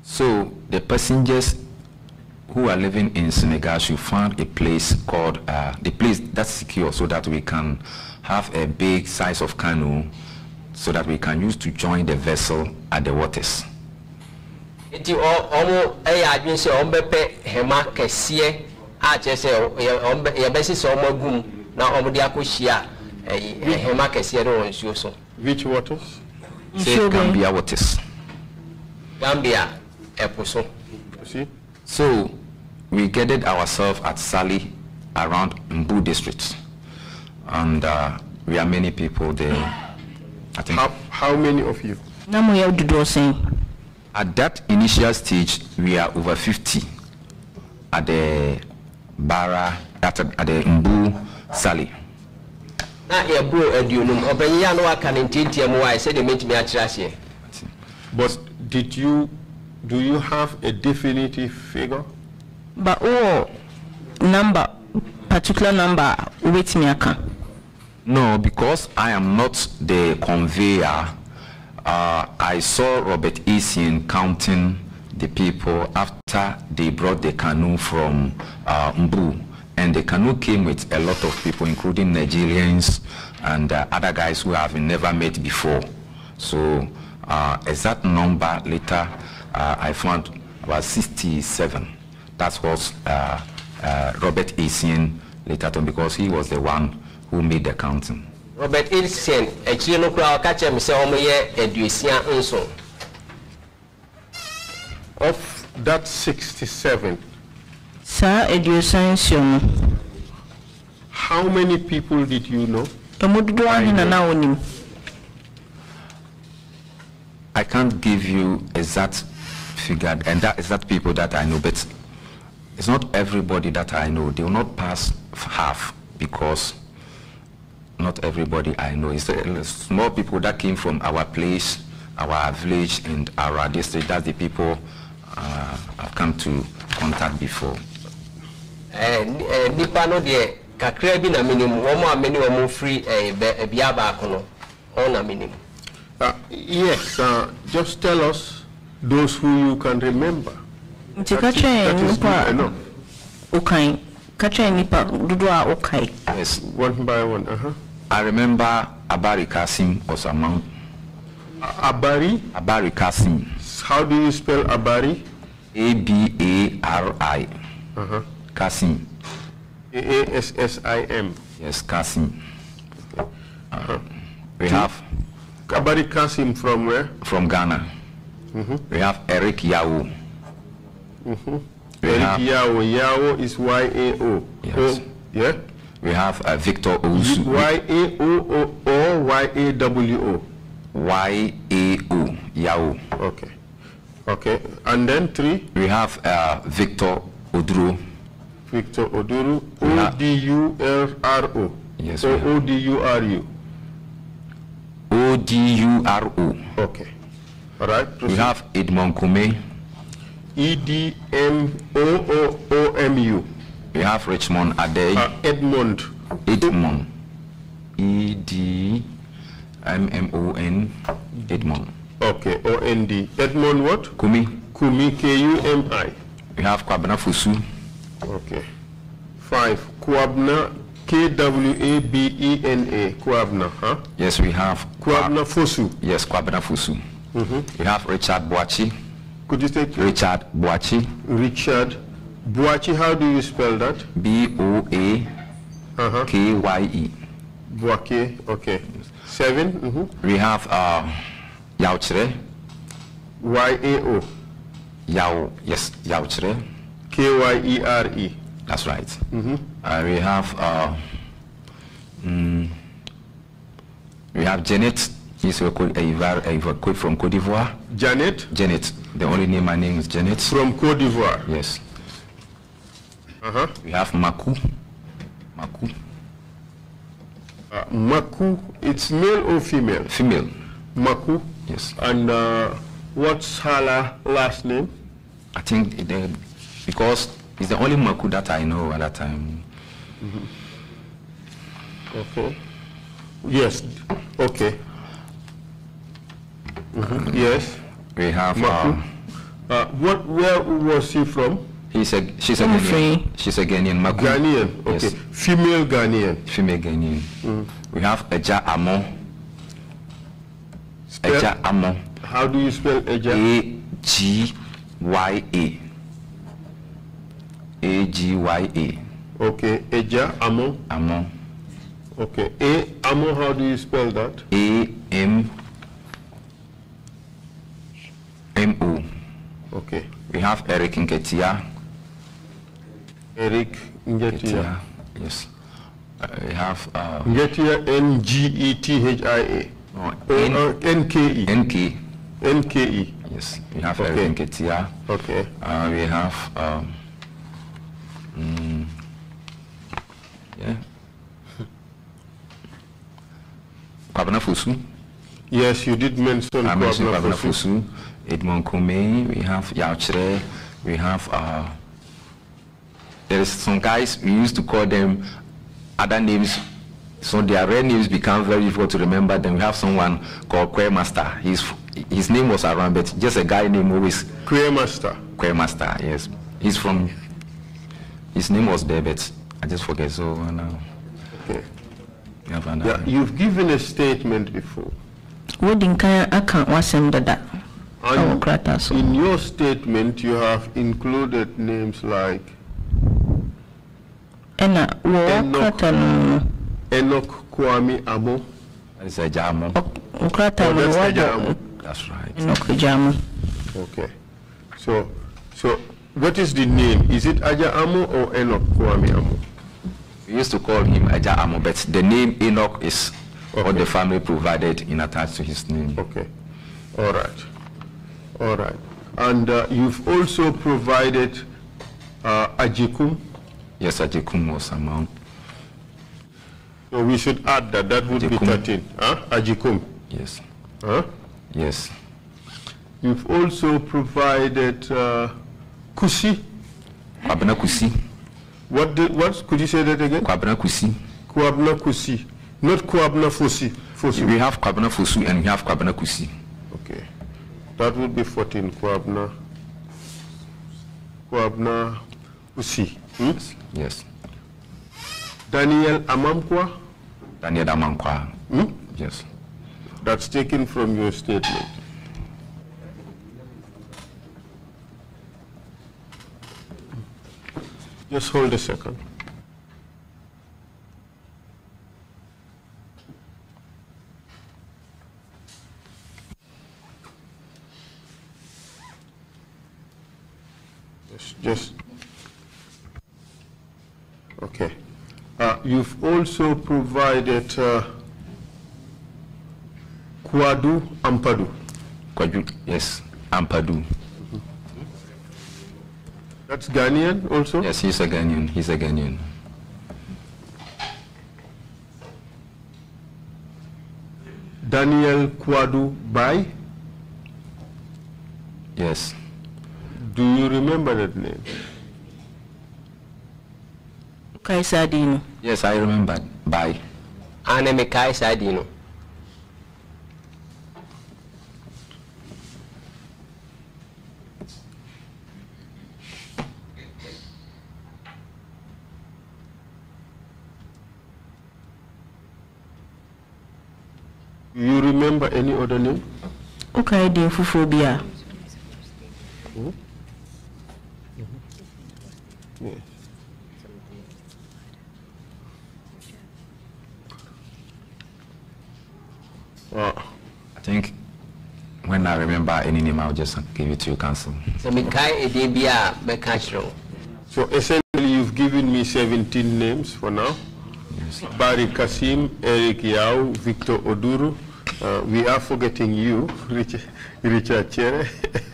So the passengers who are living in Senegal should find a place called uh, the place that's secure so that we can have a big size of canoe so that we can use to join the vessel at the waters which eh, eh, waters say gambia waters gambia ɛpo so so we gathered ourselves at sali around mbu district and uh, we are many people there i think how, how many of you Namu at that initial stage we are over 50 at the bara at, at the mbu sali na yɛboro aduonum ɔpanyin yɛ ano aka ne ntiantia mu wae sɛdeɛ mɛtumi akyerɛ aseɛ but did you do you have a definitive figure But wowɔ number particular number wobɛtumi aka no because i am not the conveyor uh, i saw robert esin counting the people after they brought the canoe from uh, mbu and the canoe came with a lot of people, including Nigerians and uh, other guys who have never met before. So uh, exact number later, uh, I found about 67. That was uh, uh Robert Asian later on because he was the one who made the counting. Robert Asian, actually, no crowd catch him, say, Omoye, and so. Of that 67, Sir How many people did you know? I can't give you exact figure, and that exact people that I know, but it's not everybody that I know. They will not pass half because not everybody I know. It's small people that came from our place, our village, and our district. That's the people uh, I've come to contact before nnipa eh, eh, no de kakra bi na menim wɔn a mene wɔn firi eh, bea baako no wɔn na menim ah, yes uh, just tell us those who you can remember Okay. ka a wokae yes one by one uh -huh. i remember abari kasim osaman abari abari kasim how do you spell abari a b a r i uh -huh. Kasim. A-A-S-S-I-M. Yes, Kasim. Uh, we Two. have... Kabari Kasim from where? From Ghana. Mm -hmm. We have Eric Yao. Mm -hmm. Eric Yao. Yao is Y-A-O. Yes. O, yeah? We have uh, Victor Ousu. Y-A-O-O or Yao. Okay. Okay. And then three? We have uh, Victor Odro. Victor Oduru, O D U L R O. Yes. Or O D U R U. O D U R O. Okay. All right. Proceed. We have Edmond Kume. E D M O O O M U. We have Richmond Adey. Uh, Edmond. Edmond. E D M M O N. Edmond. Okay. O N D. Edmond what? Kumi. Kumi. K U M I. We have Kwabena Fusu. Okay. Five, Kwabna, K-W-A-B-E-N-A, Kwabna, huh? Yes, we have. Kwabna Fosu. Yes, Kwabna Fosu. Mm -hmm. We have Richard Boachi. Could you take? Richard Boachi. Richard Boachi, how do you spell that? B-O-A-K-Y-E. Uh-huh. Boachi, okay. Seven. Mm -hmm. We have uh, um, Yauchre. Y-A-O. Yao, yes, Yauchre. K-Y-E-R-E. -E. That's right. Mm -hmm. uh, we have uh, mm, we have Janet. She's evacuated from Cote d'Ivoire. Janet. Janet. The only name I name is Janet. From Cote d'Ivoire. Yes. Uh -huh. We have Maku. Maku. Uh, Maku. It's male or female? Female. Maku. Yes. And uh, what's her last name? I think the because it's the only Maku that I know at that time. Mm -hmm. Okay. Yes. Okay. Mm -hmm. Yes. We have. Maku. Um, uh, what? Where was he from? He's a. She's a Ghanaian. She's a Ghanaian. Maku. Ghanaian. Okay. Yes. Female Ghanaian. Female Ghanaian. Mm. We have Eja Amon. Eja Amon. How do you spell Eja? A G Y A. A G Y A. Okay, Eja Amo. Amo. Okay, A Amo. How do you spell that? A M M O. Okay. We have Eric Ngetia. Eric Ngetia. Yes. Uh, we have uh, Ngetia N G E T H I A. Oh, N K E. N K. N K E. Yes. We have okay. Eric Ngetia. Okay. Uh, we have. Um, Mm. Yeah. Yeah. Fusu. Yes, you did mention I mentioned Pabanafusu. Edmond we have Yachre. we have uh, there is some guys we used to call them other names so their real names become very difficult to remember then we have someone called Master. his his name was around but just a guy named always Queer Master. yes he's from his name was David. I just forget. So uh, now, okay. Uh, yeah, you've given a statement before. And in your statement, you have included names like Enoch, Enoch Kwame Amo. That is a Jamo. that's, that's right. Enoch Jamo. Okay. So, so what is the name? Is it Aja Amo or Enoch Kwame Amo? We used to call him Aja Amo, but the name Enoch is okay. what the family provided in attached to his name. Okay. All right. All right. And uh, you've also provided uh, Ajikum? Yes, Ajikum was among. So we should add that. That would Ajikum. be 13. Huh? Ajikum? Yes. Huh? Yes. You've also provided... Uh, Kusi. Kwabena Kusi. What did, what could you say that again? Kwabna Kusi. Kwabna Kusi. Not Kwabna Fusi. Fusi. We have Kwabna Fosu and we have Kwabna Kusi. Okay. That would be 14 Kwabna. Kwabna Kusi. Hmm? Yes. Daniel Amamkwa? Daniel Amamkwa. Hmm? Yes. That's taken from your statement. Just hold a second. Just, just okay. Uh, you've also provided uh, Kwadu Ampadu. Kwadu, yes, Ampadu. That's Ghanaian also? Yes, he's a Ghanaian. He's a Ghanaian. Daniel Kwadu Bai? Yes. Do you remember that name? Kaisadino. Yes, I remember. Bai. Aneme Kaisadino. you remember any other name? Okay, the Fufobia. Mm -hmm. Ah. I think when I remember any name, I'll just give it to you, Council. So, so essentially, you've given me 17 names for now. Yes. Barry Kasim, Eric Yao, Victor Oduru, uh, we are forgetting you, Richard Chere,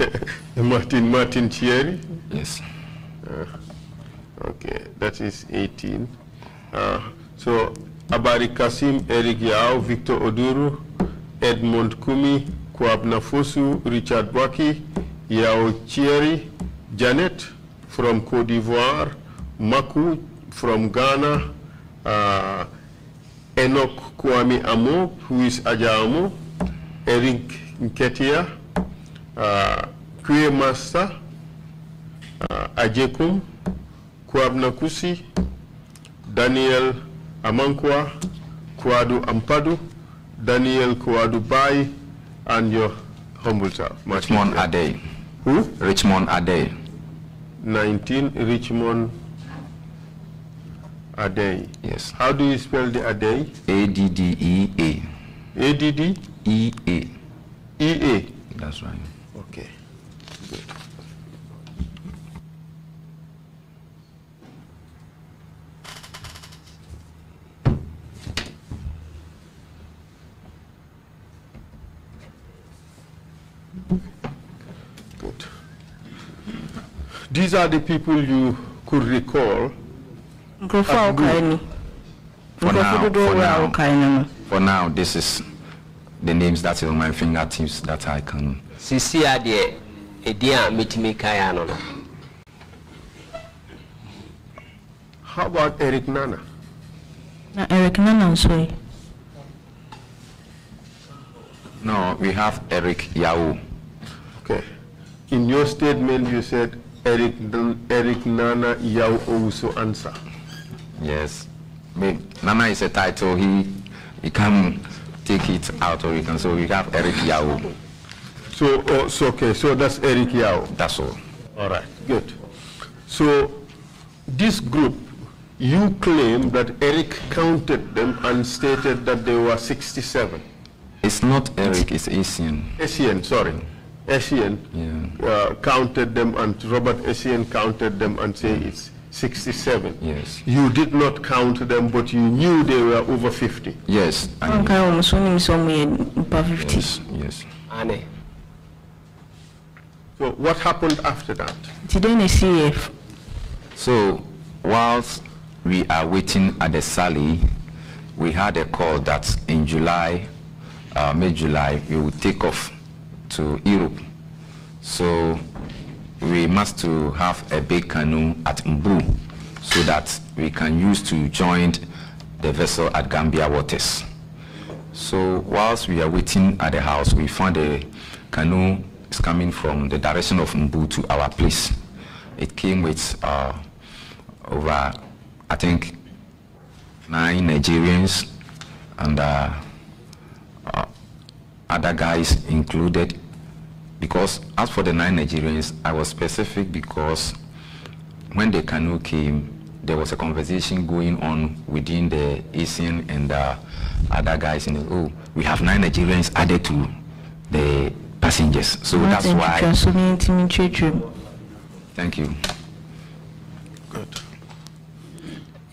Martin Martin Chere. Yes. Uh, okay, that is 18. Uh, so Abari Kasim, Eric Yao, Victor Oduru, Edmond Kumi, Kwab Fosu, Richard Bwaki, Yao Chieri, Janet from Cote d'Ivoire, Maku from Ghana, uh, Enoch Kwame Amo, who is Aja Eric Nketia, uh, Master, uh, Ajekum, Kwabnakusi, Daniel Amankwa, Kwadu Ampadu, Daniel Kwadu Bai, and your humble self. Richmond Ade. Who? Richmond Ade. 19 Richmond Adey. Yes. How do you spell the Adey? A D D E A. A D D E A. E A. That's right. Okay. Good. Good. These are the people you could recall for now this is the names that are on my fingertips that i can sisi ano how about eric nana na eric nana no we have eric yahoo okay in your statement you said eric eric nana yahoo also answer Yes. But Nana is a title. He, he can take it out or it, can. So we have Eric Yao. So, oh, so okay. So that's Eric Yao. That's all. All right. Good. So this group, you claim that Eric counted them and stated that they were 67. It's not Eric, it's Asian. Asian, sorry. Asian yeah. uh, counted them and Robert Asian counted them and say mm. it's 67. Yes. You did not count them, but you knew they were over 50. Yes. yes. Yes. Anne. So what happened after that? So whilst we are waiting at the Sally, we had a call that in July, uh, mid-July, we would take off to Europe. So we must to have a big canoe at Mbu so that we can use to join the vessel at Gambia waters. So whilst we are waiting at the house, we found a canoe is coming from the direction of Mbu to our place. It came with uh, over, I think, nine Nigerians and uh, uh, other guys included because as for the nine Nigerians, I was specific because when the canoe came, there was a conversation going on within the ASEAN and the other guys in the, oh, we have nine Nigerians added to the passengers. So Not that's why. Thank you. Good.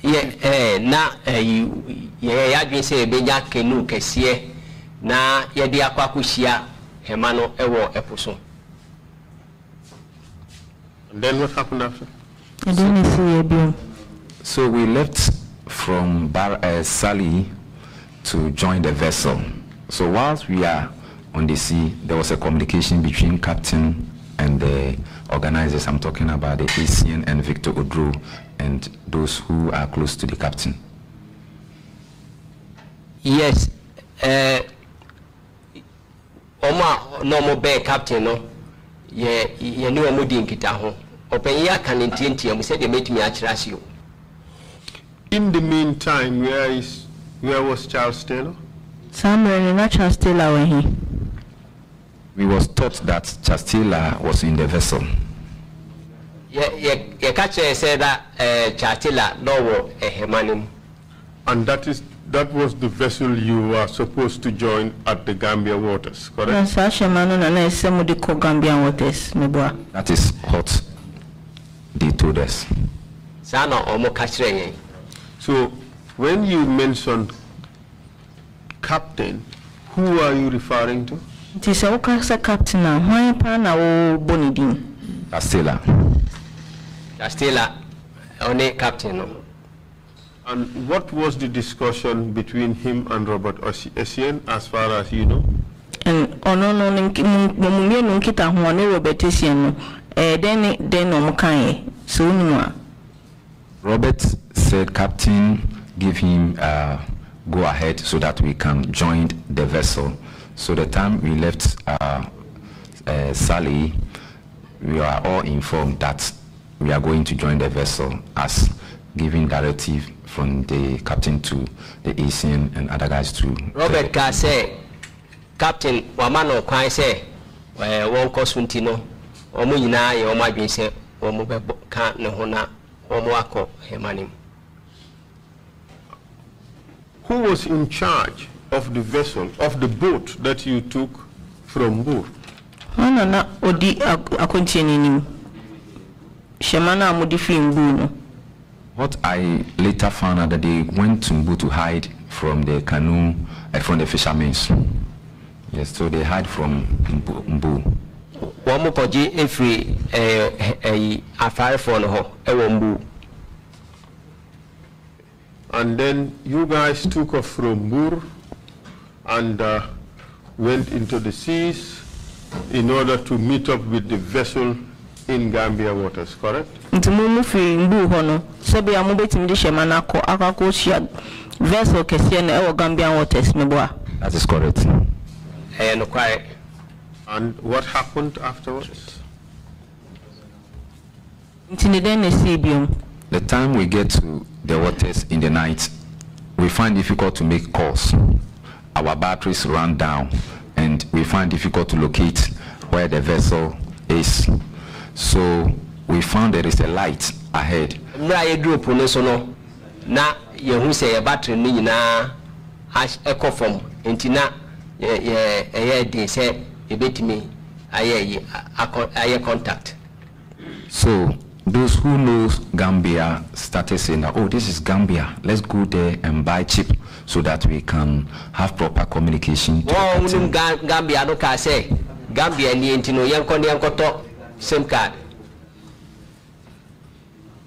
Yeah, eh, na eh, yeah, yeah, yeah, yeah, canoe yeah, yeah, yeah, yeah, yeah, yeah, Hema ewo epo so. And then what happened after? And then you see Ebio. So we left from Bar uh, Sali to join the vessel. So whilst we are on the sea, there was a communication between captain and the organizers. I'm talking about the ACN and Victor Odro and those who are close to the captain. Yes, uh, captain no di nkita ho mu in the meantime where is where was charles taylor. Somewhere mmerɛ no charles taylor wɔ he. we was taught that charles taylor was in the vessel. Yeah, yeah, yeah. kyerɛ said that ɛɛ charles taylor na and that is that was the vessel you were supposed to join at the Gambia waters, correct? That is what they told us. So, when you mentioned captain, who are you referring to? captain Castilla. Castilla, only captain. And what was the discussion between him and Robert Essien, as far as you know? And oh, no, no mumie no kita huane Robert Essien no. Eh, then then no mukanye. So unwa. Robert said, Captain, give him uh, go ahead so that we can join the vessel. So the time we left uh, uh, Sally, we are all informed that we are going to join the vessel as giving directive from the captain to the ACN and other guys to Robert ka sɛ captain Wamano no kwan sɛ ɛɛ wɔn kɔ so nti no wɔn nyinaa yɛ wɔn adwene sɛ wɔn bɛ ka ne ho na Who was in charge of the vessel of the boat that you took from Bur? Hɔn na odi akɔnkyɛnni ni mu hyɛma na a wɔde what I later found out that they went to Mbu to hide from the canoe, uh, from the fishermen. Yes, so they hide from Mbu. wɔn mo kɔgye efiri ɛɛ ɛyi a fire hɔ ɛwɔ mbu. and then you guys took off from Bur and uh, went into the seas in order to meet up with the vessel in Gambia waters, correct? Nti mumu fi mbu hono. Sebi ya mube vessel kesiene ewo waters That is correct. no And what happened afterwards? Nti The time we get to the waters in the night, we find difficult to make calls. Our batteries run down and we find difficult to locate where the vessel is. So we found there is a light ahead. Mmerɛ a yɛduru po no so no na yɛhu sɛ yɛ battery no nyinaa ɛkɔ fam nti na say den sɛ yɛbɛtumi ayɛ ayɛ contact. So those who know Gambia started saying that, oh, this is Gambia. Let's go there and buy chip so that we can have proper communication. Wọ́n Gambia ló kà Gambia ni ntino yẹn kọ́ ni yẹn same card.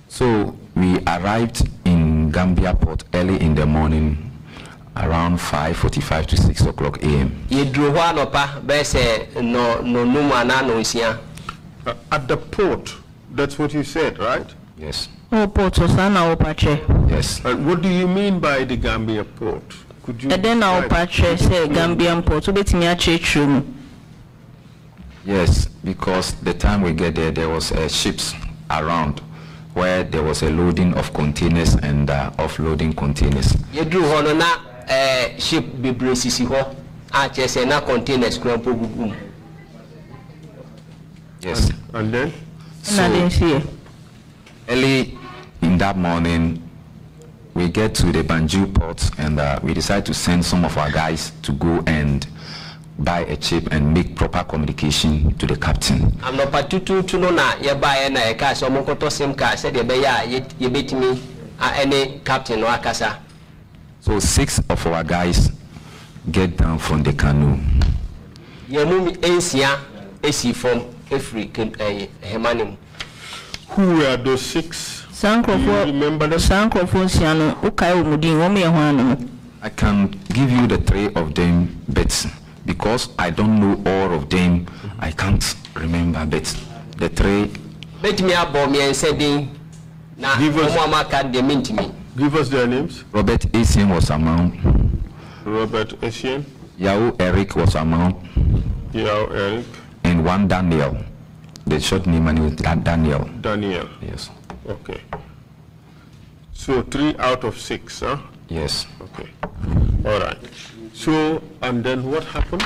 So we arrived in Gambia port early in the morning, around 5:45 to 6 o'clock a.m. Uh, at the port, that's what you said, right? Yes. Oh, port Yes. Uh, what do you mean by the Gambia port? Could you? then our port say Gambian port. So, Yes, because the time we get there, there was uh, ships around where there was a loading of containers and uh, offloading containers. Yedru hono uh, ship bebre sisi na containers kran po Yes. And, and then she. early in that morning we get to the Banjul port and uh, we decide to send some of our guys to go and buy a chip and make proper communication to the captain. I'm not Ano patutu tuno na yeba e na eka so I'm mo koto sim card said yebe ya yebetimi a any captain no akasa. So six of our guys get down from the canoe. Yemu ensia esi from every hemanim. Who are those six? Sankrofo Sankrofo nsia no ukai I can give you the three of them but because I don't know all of them, I can't remember, but the three. Betumi me up on me and said Give us their names. Robert Essien was among. Robert Essien. Yao Eric was among. Yao Eric. And one Daniel. The short name and was Daniel. Daniel. Yes. Okay. So three out of six, huh? Yes. Okay. All right. So, and then what happened?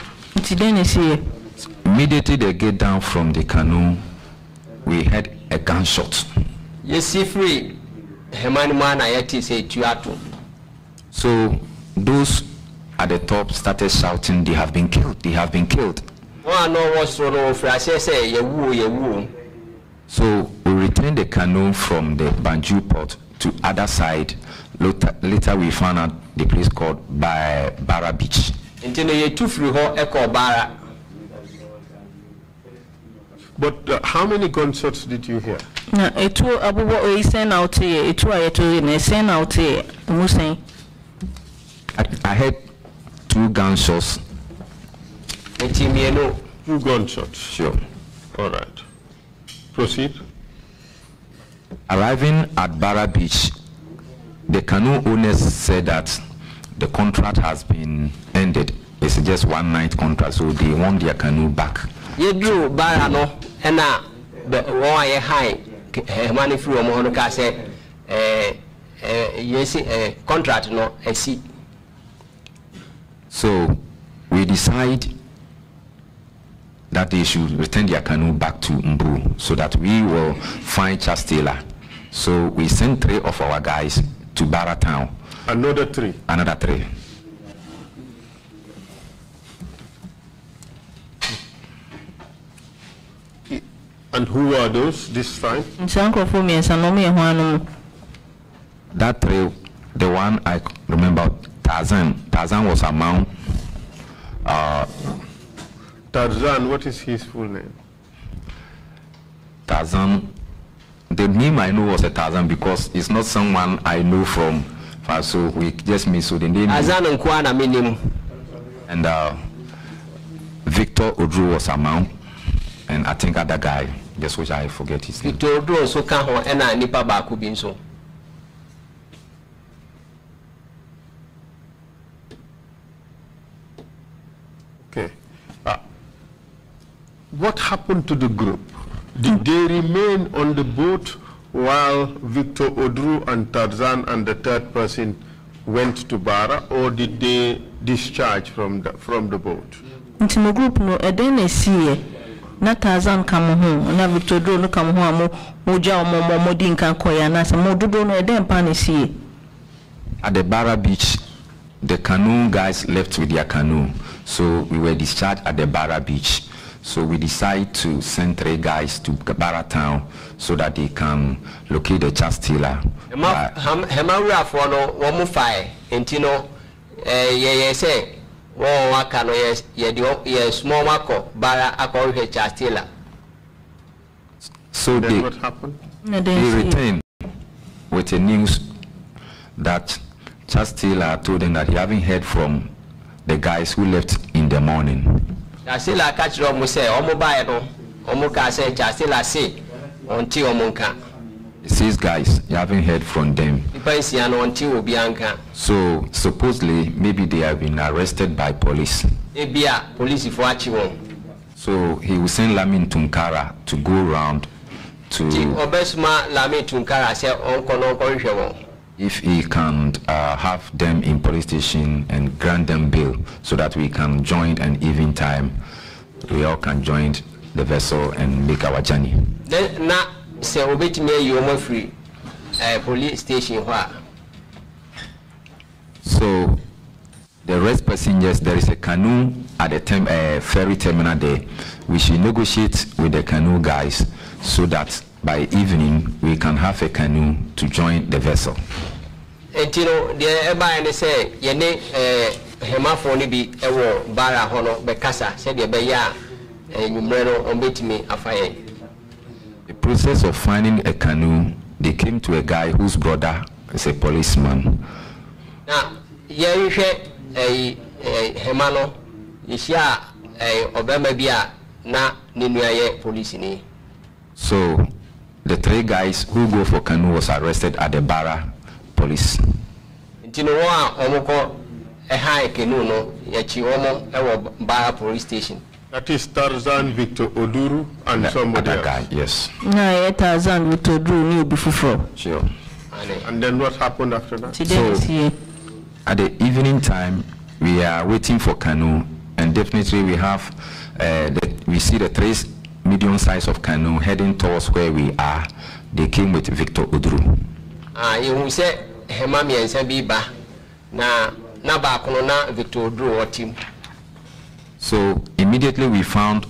Immediately they get down from the canoe, we heard a gunshot. Yes, free. So those at the top started shouting, they have been killed, they have been killed. So we returned the canoe from the Banju port to other side Later, we found out the place called by Barra Beach. But uh, how many gunshots did you hear? Eh, a I heard two gunshots. You Two gunshots. Sure. All right. Proceed. Arriving at Barra Beach, the canoe owners said that the contract has been ended. It's just one night contract, so they want their canoe back. You drew Barano, and now the high eh, money through a said, eh, eh, Yes, contract no, I see. So we decide that they should return their canoe back to Mbu so that we will find Chastela. So we sent three of our guys to Town. Another three. Another three. And who are those this time? That three, the one I remember, Tarzan. Tarzan was among. Uh, Tarzan, what is his full name? Tarzan the name I know was a thousand because it's not someone I know from far, so we just miss So the name. Tarzan Nkwana minim. And uh, Victor Odru was among, and I think other guy, just which I forget his name. Victor Odru also can and ena nipa baako bi nso. Okay. Uh, what happened to the group? Did They remain on the boat while Victor Odru and Tarzan and the third person went to Bara, or did they discharge from the, from the boat? nti mo group no ɛdɛn na ɛsiiɛ na tarzan ka mo na victor duro no ka mo ho a mo mo gya ɔmo ɔmo ɔmo di mo dodoɔ no ɛdɛn pa na ɛsiiɛ. at the bara beach the canoe guys left with their canoe so we were discharged at the bara beach. So we decide to send three guys to Kabara town so that they can locate the child stealer. Hemawurafoɔ no wɔn mu fae nti no eh, yɛyɛ sɛ wɔn wɔn aka no yɛde yɛsoma wɔn akɔ bara akɔhwehwɛ child stealer. So they, they returned with the news that child stealer told them that he haven't heard from the guys who left in the morning kyasela ka kyerɛ ɔmo sɛ ɔmo baeɛ no ɔmo kaa sɛ kyasela se ɔnte ɔmo nka says guys you haven't heard from them so supposedly maybe they have been arrested by police so he will send lamin tunkara to go around to if he can uh, have them in police station and grant them bail so that we can join an even time we all can join the vessel and make our journey then na sɛ obetumi ayi wɔn afiri ɛɛ police station so the rest passengers there is a canoe at the term, uh, ferry terminal there we should negotiate with the canoe guys so that by evening we can have a canoe to join the vessel. Eh, bi bara no eh, no the process of finding a canoe they came to a guy whose brother is a policeman na eh, hema no bi a na so the three guys who go for canoe was arrested at the Barra police. no police station. That is Tarzan Victor Oduru and the, somebody else. Guy, yes. No, yeah, Tarzan Victor Oduru knew before. Sure. And then what happened after that? Today so, at the evening time, we are waiting for canoe, and definitely we have uh, the, we see the trace medium size of canoe heading towards where we are. They came with Victor Odru. Ah, you say Hema and bi ba na na ba no na Victor Odru wɔ team. So immediately we found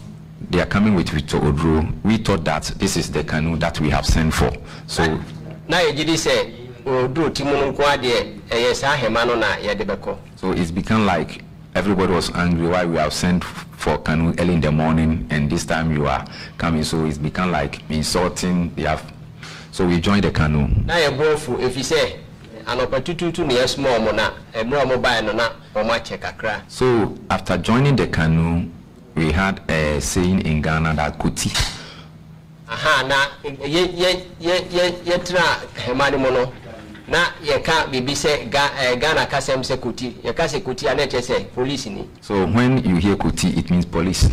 they are coming with Victor Odru. We thought that this is the canoe that we have sent for. So. Na yegyidi sɛ Odru team no nko adeɛ ɛyɛ saa Hema no So it's become like everybody was angry why we have sent for canoe early in the morning and this time you are coming. So it's become like insulting. They have so we joined the canoe Now you're both if you say an opportunity to near eh, small mona a more mobile nona or much So after joining the canoe we had a saying in Ghana that Kuti. Aha, na ye ye ye ye ye tra hemani eh, mono na yɛka biribi sɛ eh, ghana kasɛm sɛ koti yɛka sɛ koti ana ɛkyɛ sɛ police ni so when you hear "kuti," it means police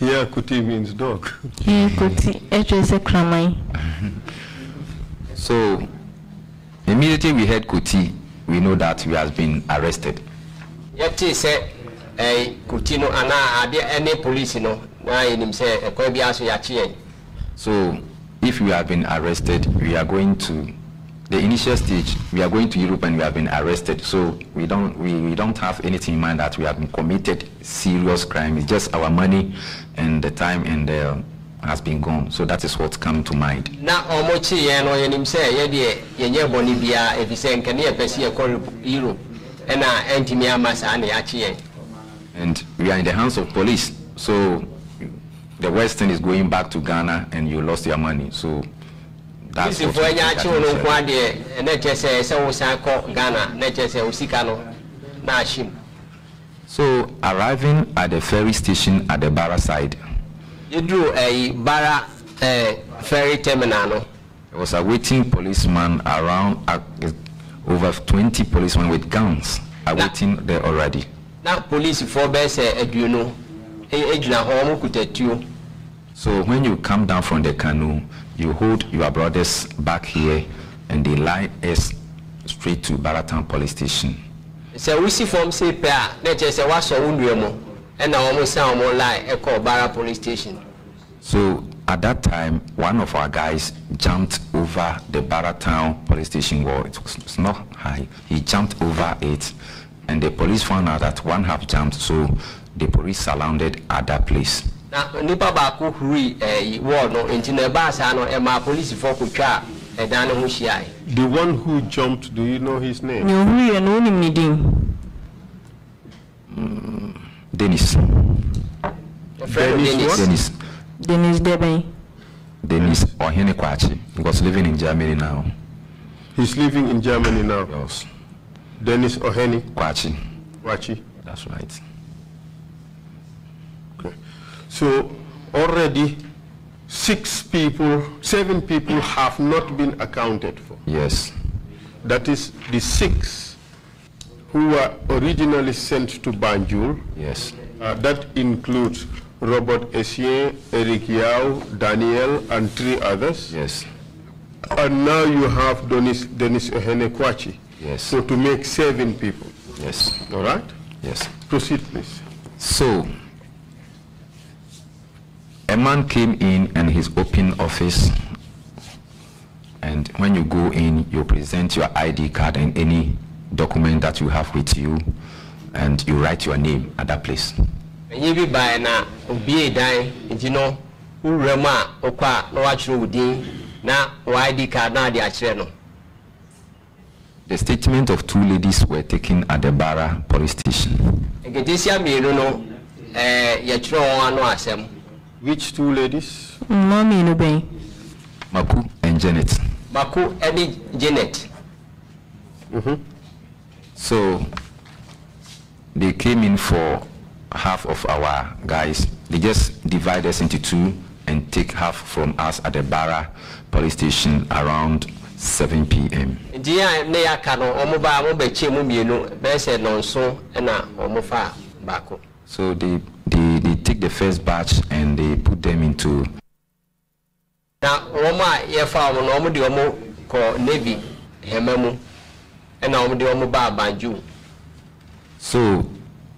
here yeah, kuti means dog here kuti ɛkyerɛ sɛ kraman so immediately we heard kuti we know that we has been arrested yɛtee sɛ ɛɛ eh, kuti no ana abia any police no na yɛnim sɛ ɛkwan bi aso yɛakye so if we have been arrested, we are going to the initial stage, we are going to Europe and we have been arrested. So we don't we, we don't have anything in mind that we have been committed serious crime. It's just our money and the time and the uh, has been gone. So that is what's come to mind. Europe and And we are in the hands of police. So the Western is going back to Ghana and you lost your money. So that's what we So arriving at the ferry station at the Barra side. You drew a Barra eh, ferry terminal. There was a waiting policeman around uh, over 20 policemen with guns awaiting there already. Now police for best uh, eh, you know. So when you come down from the canoe, you hold your brothers back here and they lie us straight to Baratan police station. Sɛ wusi fam se pɛ a, na kyerɛ sɛ wasɔ wo nnua mu, ɛna wɔn san wɔn lie Bara police station. So at that time, one of our guys jumped over the Baratown police station wall. It was not high. He jumped over it, and the police found out that one had jumped. So the police surrounded at that place. na nipa baako huri ɛyi eh, wɔɔ no nti na ɛbaa saa no the one who jumped do you know his name. na ohuri yɛ mm, dennis. dennis what dennis. dennis deben. dennis ohenikwachi because living in germany now. he's living in germany now. yes. dennis oheni. kwachi. kwachi. that's right. So already six people, seven people have not been accounted for. Yes. That is the six who were originally sent to Banjul. Yes. Uh, that includes Robert Essien, Eric Yao, Daniel, and three others. Yes. And now you have Dennis, Dennis Ohenekwachi. Yes. So to make seven people. Yes. All right? Yes. Proceed, please. So, a man came in and he's open office and when you go in you present your id card and any document that you have with you and you write your name at that place card The statement of two ladies were taken at the Barra police station. Which two ladies? Mommy and Obey. Maku and Janet. Maku and Janet. Mm-hmm. So they came in for half of our guys. They just divide us into two and take half from us at the Barra police station around 7 p.m. So they they, they take the first batch and they put them into. Now, so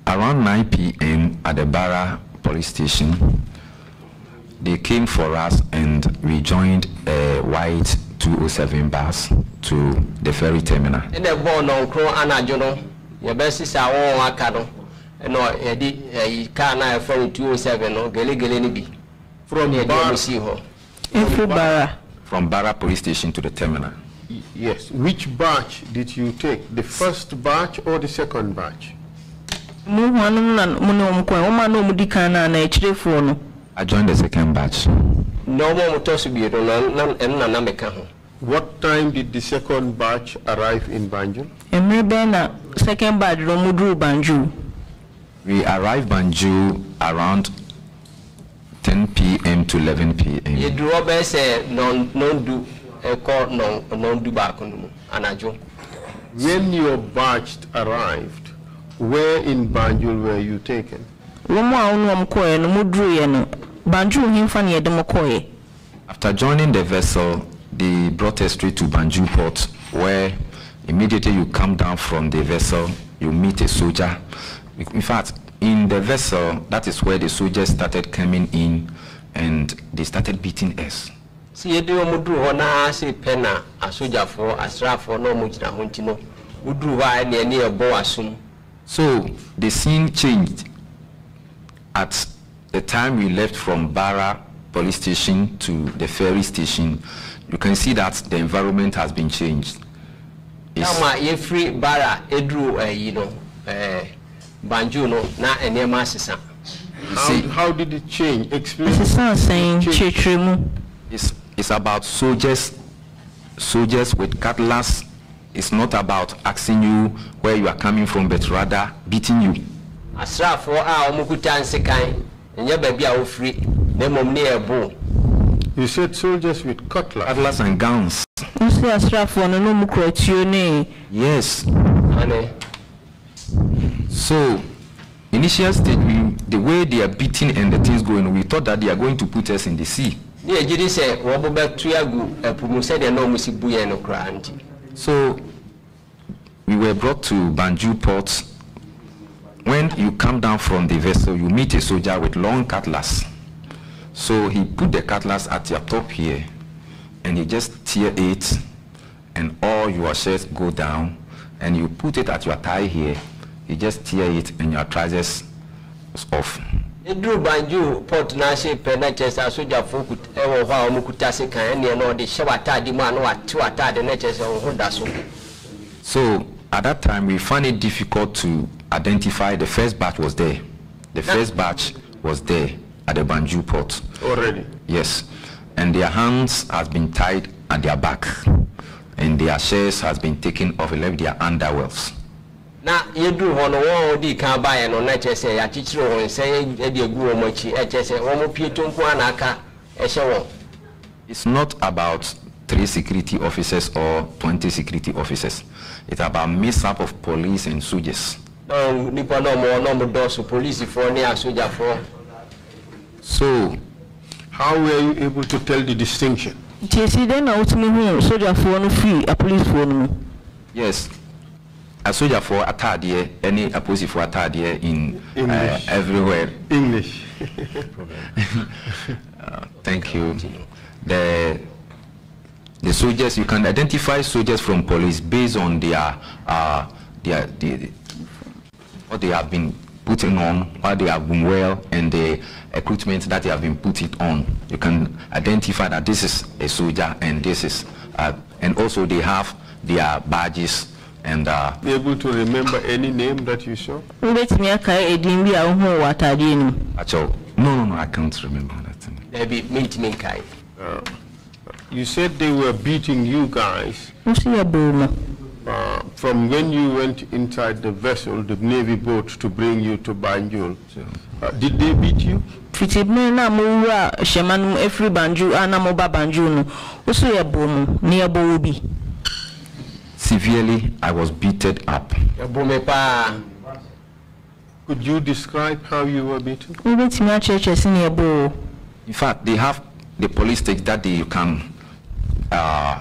around 9 p.m. at the Barra police station they came for us and we joined a white 207 bus to the ferry terminal. ɛna ɛbɔn nɔnkoro na yɛde eh, ɛyi kaa na yɛfrɛ eh, two oh seven no gelegele bi from yɛde ɔmo bara. from bara police station to the terminal. yes which batch did you take the first batch or the second batch. na di na na no. i joined the second batch. na na ho. What time did the second batch arrive in Banjul? Emre na second batch arrived in Banjul. We arrived Banjul around 10 p.m. to 11 p.m. yɛduru hɔ bɛyɛ a nɔndu ɛkɔ nɔndu baako no mu anadwo. when your batch arrived where in banjul were you taken. after joining the vessel they brought us straight to banjul port where immediately you come down from the vessel you meet a soldier. In fact, in the vessel, that is where the soldiers started coming in and they started beating us. a so the scene changed at the time we left from bara police station to the ferry station you can see that the environment has been changed. It's... Now, my, free bara, edru, uh, you know, uh, banjuno na nneɛma asesa. How, how did it change? Explain. Sisan sɛn titiri It's, it's about soldiers soldiers with cutlass. It's not about asking you where you are coming from but rather beating you. nsekan na You said soldiers with cutlass. Cutlass and guns. no no Yes. So, initial stage, we, the way they are beating and the things going, we thought that they are going to put us in the sea. Eh, so, we were brought to Banju port. When you come down from the vessel, you meet a soldier with long cutlass. So he put the cutlass at your top here, and he just tear it, and all your shirts go down, and you put it at your thigh here, you just tear it and your trousers is off. eduru banju port n'ase pɛ na kyerɛ sɛ asogyafoɔ wɔ hɔ a wɔkuta se kan ɛneɛ na ɔde hyɛ w'ataade mu a na wate w'ataade na kyerɛ ho da so. so at that time we found it difficult to identify the first batch was there the first batch was there at the banju port. already. yes and their hands has been tied at their back and their shares has been taken off and left their underwears na kan no na egu it's not about three security officers or twenty security officers it's about mix up of police and soldiers. náà nípa náà mo náà mo dọ́sùn polisifoɔ ní so how were you able to tell the distinction. ntiesi then I was ti mi hu sojafoɔ free a police no yes. A a soldier for asogyafoɔ for a third year in uh, everywhere. English. uh, thank you. The the soldiers you can identify soldiers from police based on their uh, their, the what they have been putting on, what they have been well, and the equipment that they have been putting on. You can identify that this is a soldier and this is, uh, and also they have their badges and uh, be able to remember any name that you saw? Actually, no, no, no, I can't remember that. Maybe mint uh, You said they were beating you guys. Uh, from when you went inside the vessel, the navy boat, to bring you to Banjul, uh, did they beat you? fiti mmiri na mo wura hyɛma no mu banjul a na mo ba banjul no o so yɛ Severely, I was beaten up. Could you describe how you were beaten? In fact, they have the police sticks that they can, uh,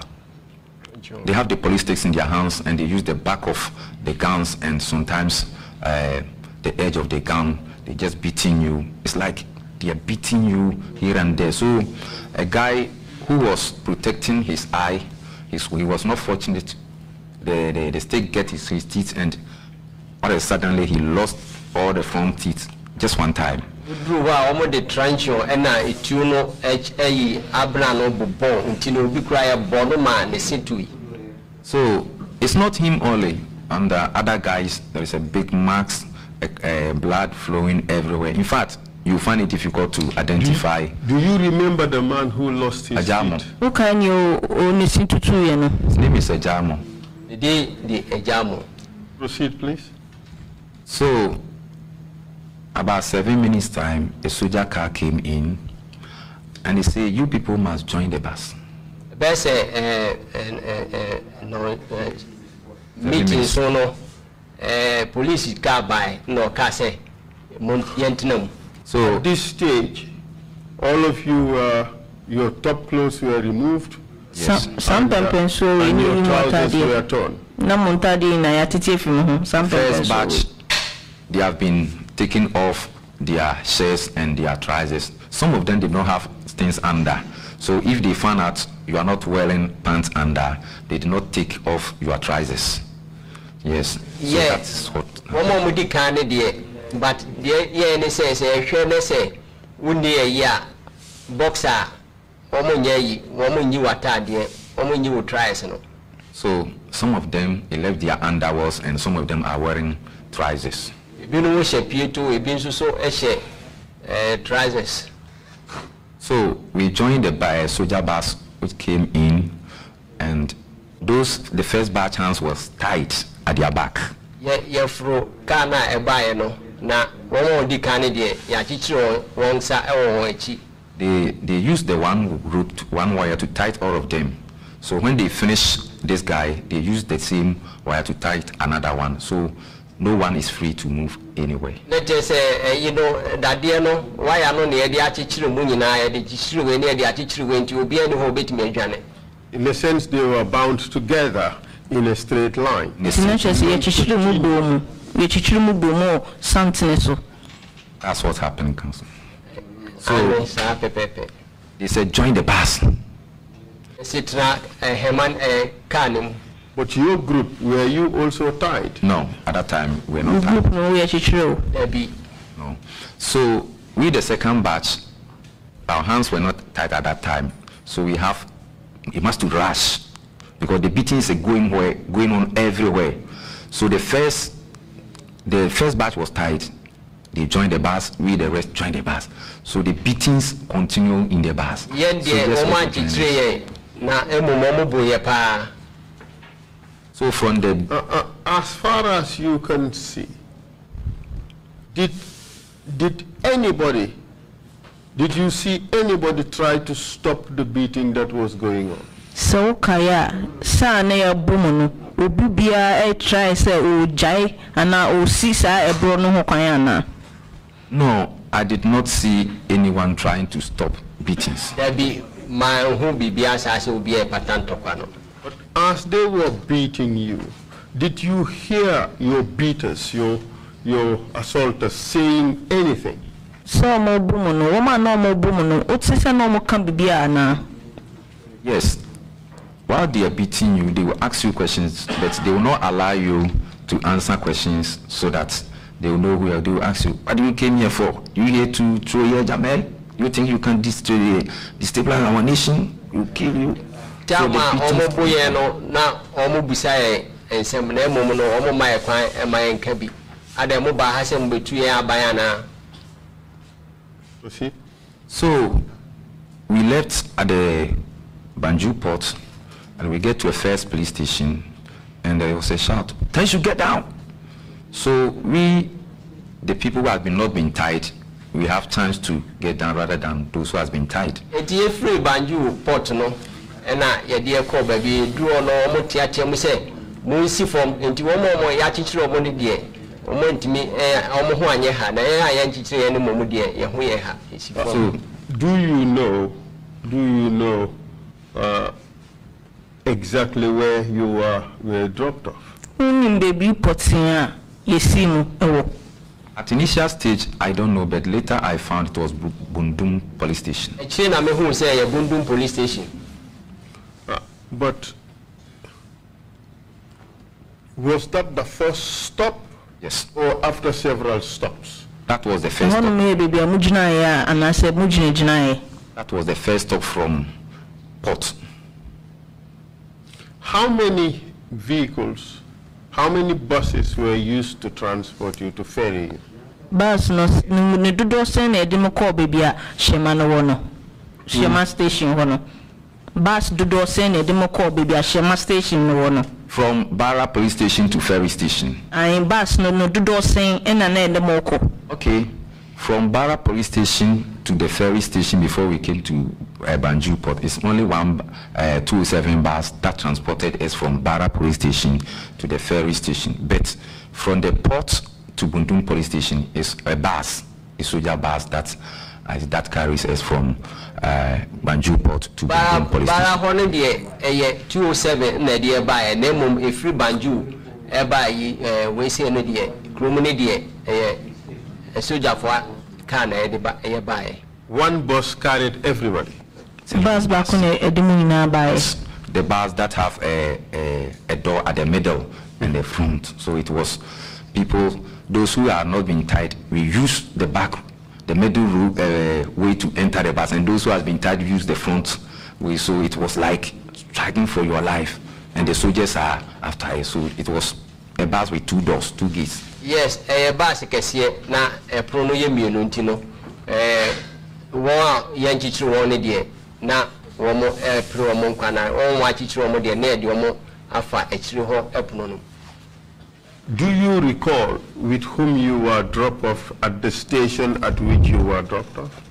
they have the police stakes in their hands and they use the back of the guns and sometimes uh, the edge of the gun. They just beating you. It's like they are beating you here and there. So a guy who was protecting his eye, his, he was not fortunate the, the, the snake get his, his teeth and all of a sudden he lost all the front teeth just one time. to so it's not him only on the other guys there is a big marks blood flowing everywhere in fact you find it difficult to identify. do you, do you remember the man who lost his ajamo. teeth. can you only ye to you ne his name is ajamo. Nidi the Ejamu. Proceed, please. So, about seven minutes time, a soldier car came in, and he said, you people must join the bus. Best uh, uh, no, meeting solo, police car by, no car say, So, at this stage, all of you, uh, your top clothes were removed, some pimpin so we more montadi. Na montadi na yatete fim ho. Some First batch they have been taking off their shirts and their trousers. Some of them did not have things under. So if they find out you are not wearing pants under, they did not take off your trousers. Yes. Yeah. So that is what. One more mudi die, but die yeah ne say say say ya boxer no so some of them they left their underwears and some of them are wearing trousers ebinom hyɛ to, ebi nso so hyɛ eh, trousers so we joined the by soldier bus which came in and those the first bar hands was tight at their back yeah, kaa no a ɛbaeɛ no na wɔn a wɔdi kan no deɛ yɛakyekyere wɔn nsa wɔ wɔn akyi they, they use the one route, one wire to tie all of them. So when they finish this guy, they use the same wire to tie another one. So no one is free to move anywhere. Eh, you know no no In a sense they were bound together in a straight line. That's what happened council. So ah, they said, join the bus. Eh, eh, but your group, were you also tied? No, at that time, we were not tied. Group, no, we are no. So we, the second batch, our hands were not tied at that time. So we have, it must rush because the beatings are going, where, going on everywhere. So the first, the first batch was tied. They joined the bus, we the rest joined the bus. So the beatings continue in the bars. Yeah, so, so from the... Uh, uh, as far as you can see, did, did anybody, did you see anybody try to stop the beating that was going on? So kaya sa na ya bomu no obi bia e try say o jai ana o si saa ebro no ho kwan ana no I did not see anyone trying to stop beatings. as they were beating you, did you hear your beaters, your, your assaulters saying anything? Yes. While they are beating you, they will ask you questions, but they will not allow you to answer questions so that they will know who you are. They will ask you, what do you came here for? You here to throw your Jamel? You think you can destroy, destabilize our nation? You kill you. Tell me, ọmọ eh, no na ọmọ eh, eh, no ọmọ kwan So we left at the Banju port and we get to a first police station and there was a shout, "Tell you get down!" So we, the people who have been not been tied, we have chance to get down rather than those who has been tied. free banju port no, baby no tiati se si form die omo eh, na ya die So do you know do you know uh, exactly where you were, were dropped off? Unim baby potia. At initial stage, I don't know, but later I found it was Bundum police station. Actually, I'm home say Bundum police station. Uh, but was that the first stop? Yes. Or after several stops? That was the first stop. That was the first stop from port. How many vehicles how many buses were used to transport you to ferry you? Bus no ne dodo sen na edim call baby a Shema no wono. Shema hmm. station wono. Bus dodo sen na edim call baby a Shema station no wono. From Barra police station to ferry station. Ayin bus no no dodo sen na na edim call. Okay. From Barra police station to the ferry station before we came to uh, Banju port, it's only one uh, 207 bus that transported us from Barra police station to the ferry station. But from the port to Bundum police station is a bus, a soldier bus that uh, that carries us from uh, Banju port to Bara, Bundum police Bara station. Bara uh, 207 na deɛ baayɛ uh, uh, na mmom ɛfiri Banju ɛbaayɛ wei sɛ no deɛ kurom no deɛ ɛyɛ one bus carried everybody. bus back on the the bus that have a, a, a door at the middle and the front so it was people those who are not being tied we use the back the middle uh, way to enter the bus and those who have been tied use the front way so it was like striking for your life and the soldiers are after it so it was a bus with two doors two gates yes a na afa Do you recall with whom you were dropped off at the station at which you were dropped off?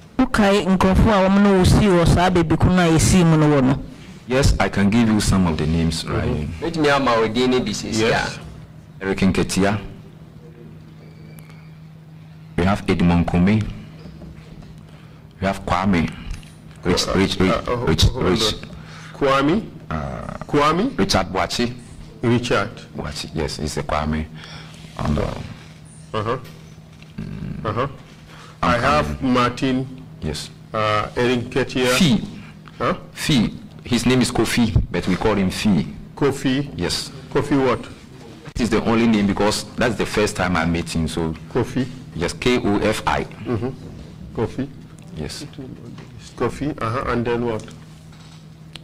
Yes, I can give you some of the names right. Wait me ama odin Yes. Eric Nketia. We have Edmond Kumi. We have Kwame. Rich, uh, Rich, uh, Rich, uh, Rich, Kwame? Uh, Kwame? Richard Boachi. Richard? Boachi, yes, he's a Kwame. And, uh, uh-huh. uh-huh. Mm, uh-huh. I have uh, Martin. Yes. Uh, Erin Ketia. Fee. Huh? Fee. His name is Kofi, but we call him Fee. Kofi? Yes. Kofi what? It is the only name because that's the first time I met him, so. Kofi? Yes, K-O-F-I. Mm -hmm. Yes. Coffee. uh -huh. and then what?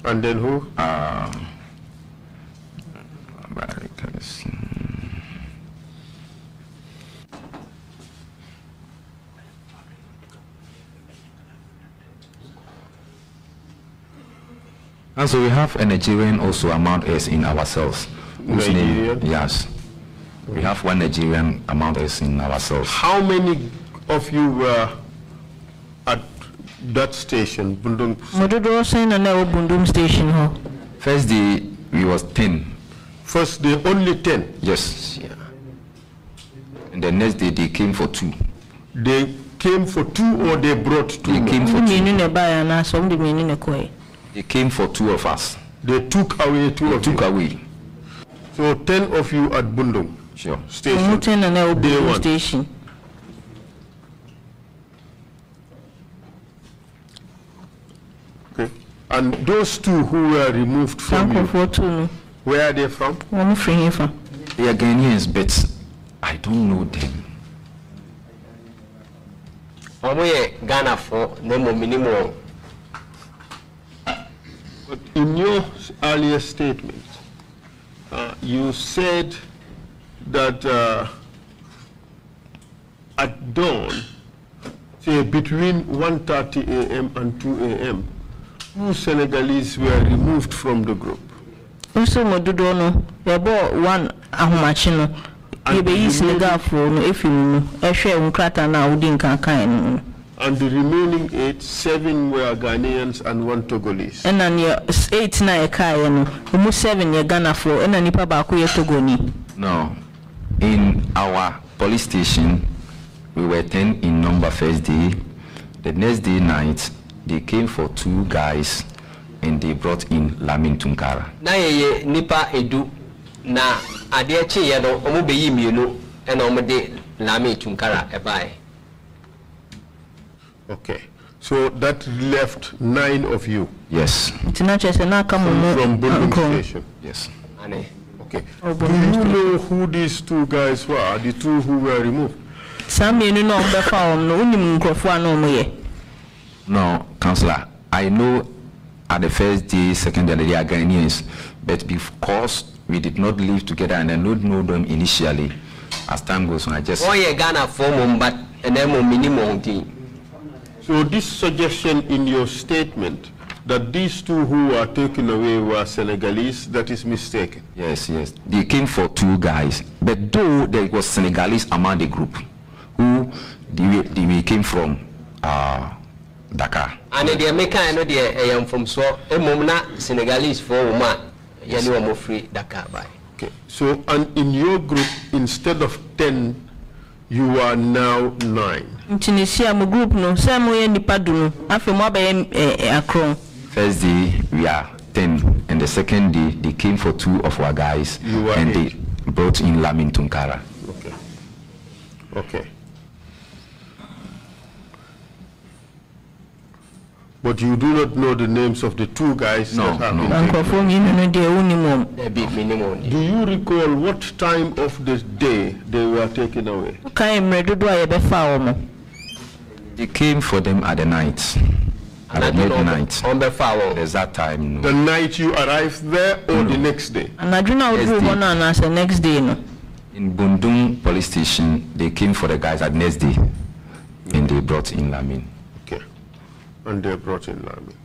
And then who? Um, Americans. And so we have a Nigerian also among us in ourselves. Nigerian? Yes. We have one Nigerian among us in ourselves. How many of you were at that station, Bundum? Bundum station. First day, we was 10. First day, only 10? Yes. Yeah. And the next day, they came for two. They came for two or they brought two? They came for two. They came for two of us. They took away two they of took you. away. So 10 of you at Bundum. Sure. Station. Hamilton and LB Station. Okay. And those two who were removed from you, where are they from? I'm from here. They are Ghanaians, but I don't know them. I'm Ghana for Nemo minimum? But in your earlier statement, uh, you said that uh, at dawn, say between 1.30 a.m. and 2 a.m., two Senegalese were removed from the group. no one no no no And the remaining eight, seven were Ghanaians and one Togolese. ɛna eight na no seven yɛ ghanafoɔ ɛna nnipa baako togoni no in our police station, we were 10 in number first day. The next day night, they came for two guys and they brought in Lamin Tunkara. Na yeye nipa edu na adiachi kyeeɛ no ɔmo bɛyi mmienu ɛna Lamin Tunkara ɛbaeɛ. Okay. So that left nine of you. Yes. It's not just an From, from Bulun Station. Yes. Ane. Okay. Oh, Do you know who these two guys were, the two who were removed? No, Councillor, I know at the first day, second day, they are Ghanaians, but because we did not live together and I don't know them initially, as time goes on, I just. Oh, yeah, Ghana form, but and then So this suggestion in your statement that these two who were taken away were Senegalese, that is mistaken. Yes, yes. They came for two guys. But though there was Senegalese among the group, who they, they came from uh, Dakar. And the American, eh, eh, I know they are from so, eh, Mumna, Senegalese for Uma, more free Dakar by. Okay, so and in your group, instead of 10, you are now nine. In Tunisia, my group no sɛ mo nipa dunu afei mo abɛyɛ akron. First day, we are 10. And the second day, they came for two of our guys. and eight. they brought in Lamin Tunkara. Okay. Okay. But you do not know the names of the two guys no, that have no. been taken. Do you recall what time of the day they were taken away? They came for them at the night about midnight. On the following, Is that time. No. The night you arrive there or no. the next day? And I do not yes, the next day. No. In Bundung police station, they came for the guys at next day. And they brought in Lamin. Okay. And they brought in Lamin.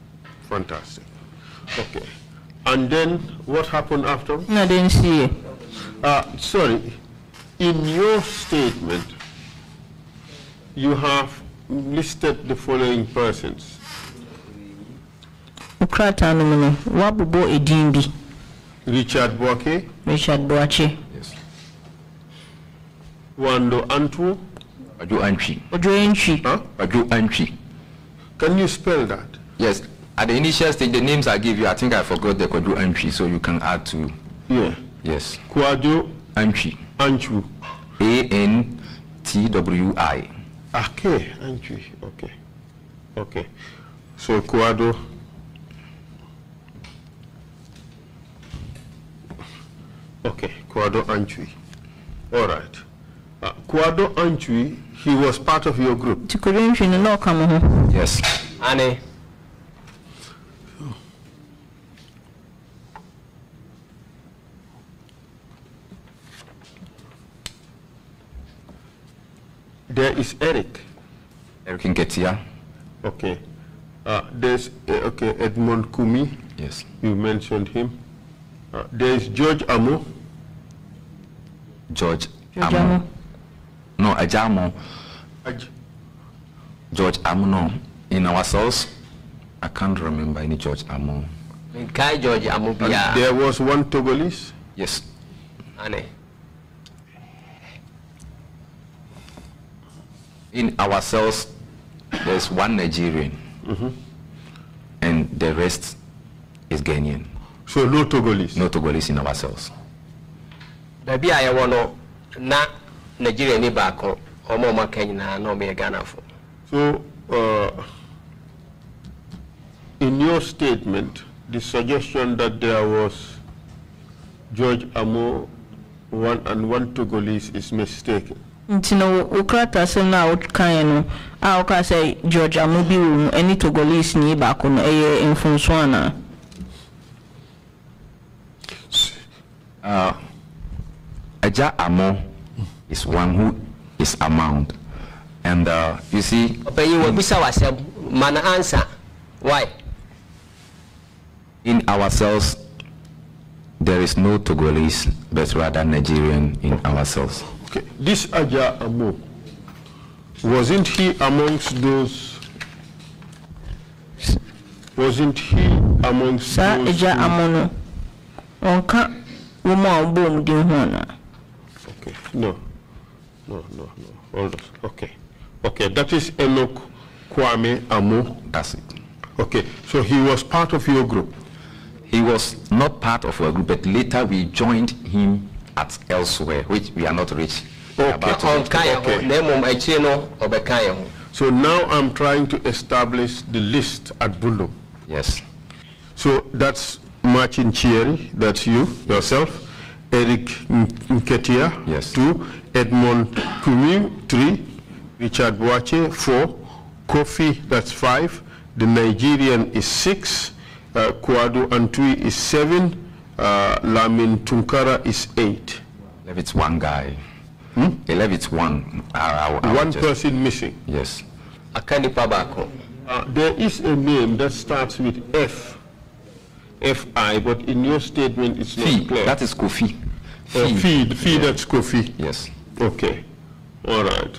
Fantastic. Okay. And then what happened after? No, I didn't see it. Uh, sorry. In your statement, you have listed the following persons krataa no mu no woabobɔ edin richard boake Yes. boakye wando antuo Baju Antwi. Baju Antwi. Huh? Baju Antwi. Can you spell that? Yes. At the initial stage, the names I give you, I think I forgot the Kwaju Antwi, so you can add to. Yeah. Yes. Kwaju Antwi. Antwi. A N T W I. Okay, Antwi. Okay. Okay. So Kwadu Okay, Kwado Anchui. All right. Uh, Kwado Anchui, he was part of your group. Yes. Annie. There is Eric. Eric Ngetia. Okay. Uh, there's, uh, okay, Edmond Kumi. Yes. You mentioned him there is George Amo. George, George Amo. No, Ajamo. Aj George Amo, no. In our source, I can't remember any George Amo. Kai George Amo. There was one Togolese? Yes. Ane. In our cells, there's one Nigerian, mm -hmm. and the rest is Ghanaian. So no Togolese. No Togolese in ourselves. cells. I want to, no na Nigeria ni bako Omo ɔmo aka na no me Ghana fo. So uh, in your statement the suggestion that there was George Amo one and one Togolese is mistaken. nti no se na no a wokaeɛ no a george amo bi wɔ mu togolese ni bako no ɛyɛ mfonso Uh, Aja Amo is one who is amount. And uh, you see... But you will be answer. Why? In ourselves, there is no Togolese, but rather Nigerian in ourselves. Okay. This Aja Amo, wasn't he amongst those... Wasn't he amongst Sir those... Aja Amono. Onka woman um boom din um hona. Okay, no, no, no, no. Hold on. Okay, okay. That is Enoch Kwame Amu. That's it. Okay, so he was part of your group. He was not part of our group, but later we joined him at elsewhere, which we are not rich. Okay. okay. So now I'm trying to establish the list at Bundo. Yes. So that's Martin Chieri, that's you, yourself, Eric Nketia, yes. two, Edmond Kumi, three, Richard Boache, four, Kofi, that's five, the Nigerian is six, uh, Kwadu Antwi is seven, uh, Lamin Tunkara is eight. If it's one guy, hmm? if it's one, uh, I, I, I one person missing. Yes. Akandi Pabako. Uh, there is a name that starts with F. FI, but in your statement it's fee. not clear. That is Kofi. Oh, fee. Feed. fee, the fee yeah. that's Kofi. Yes. Okay. All right.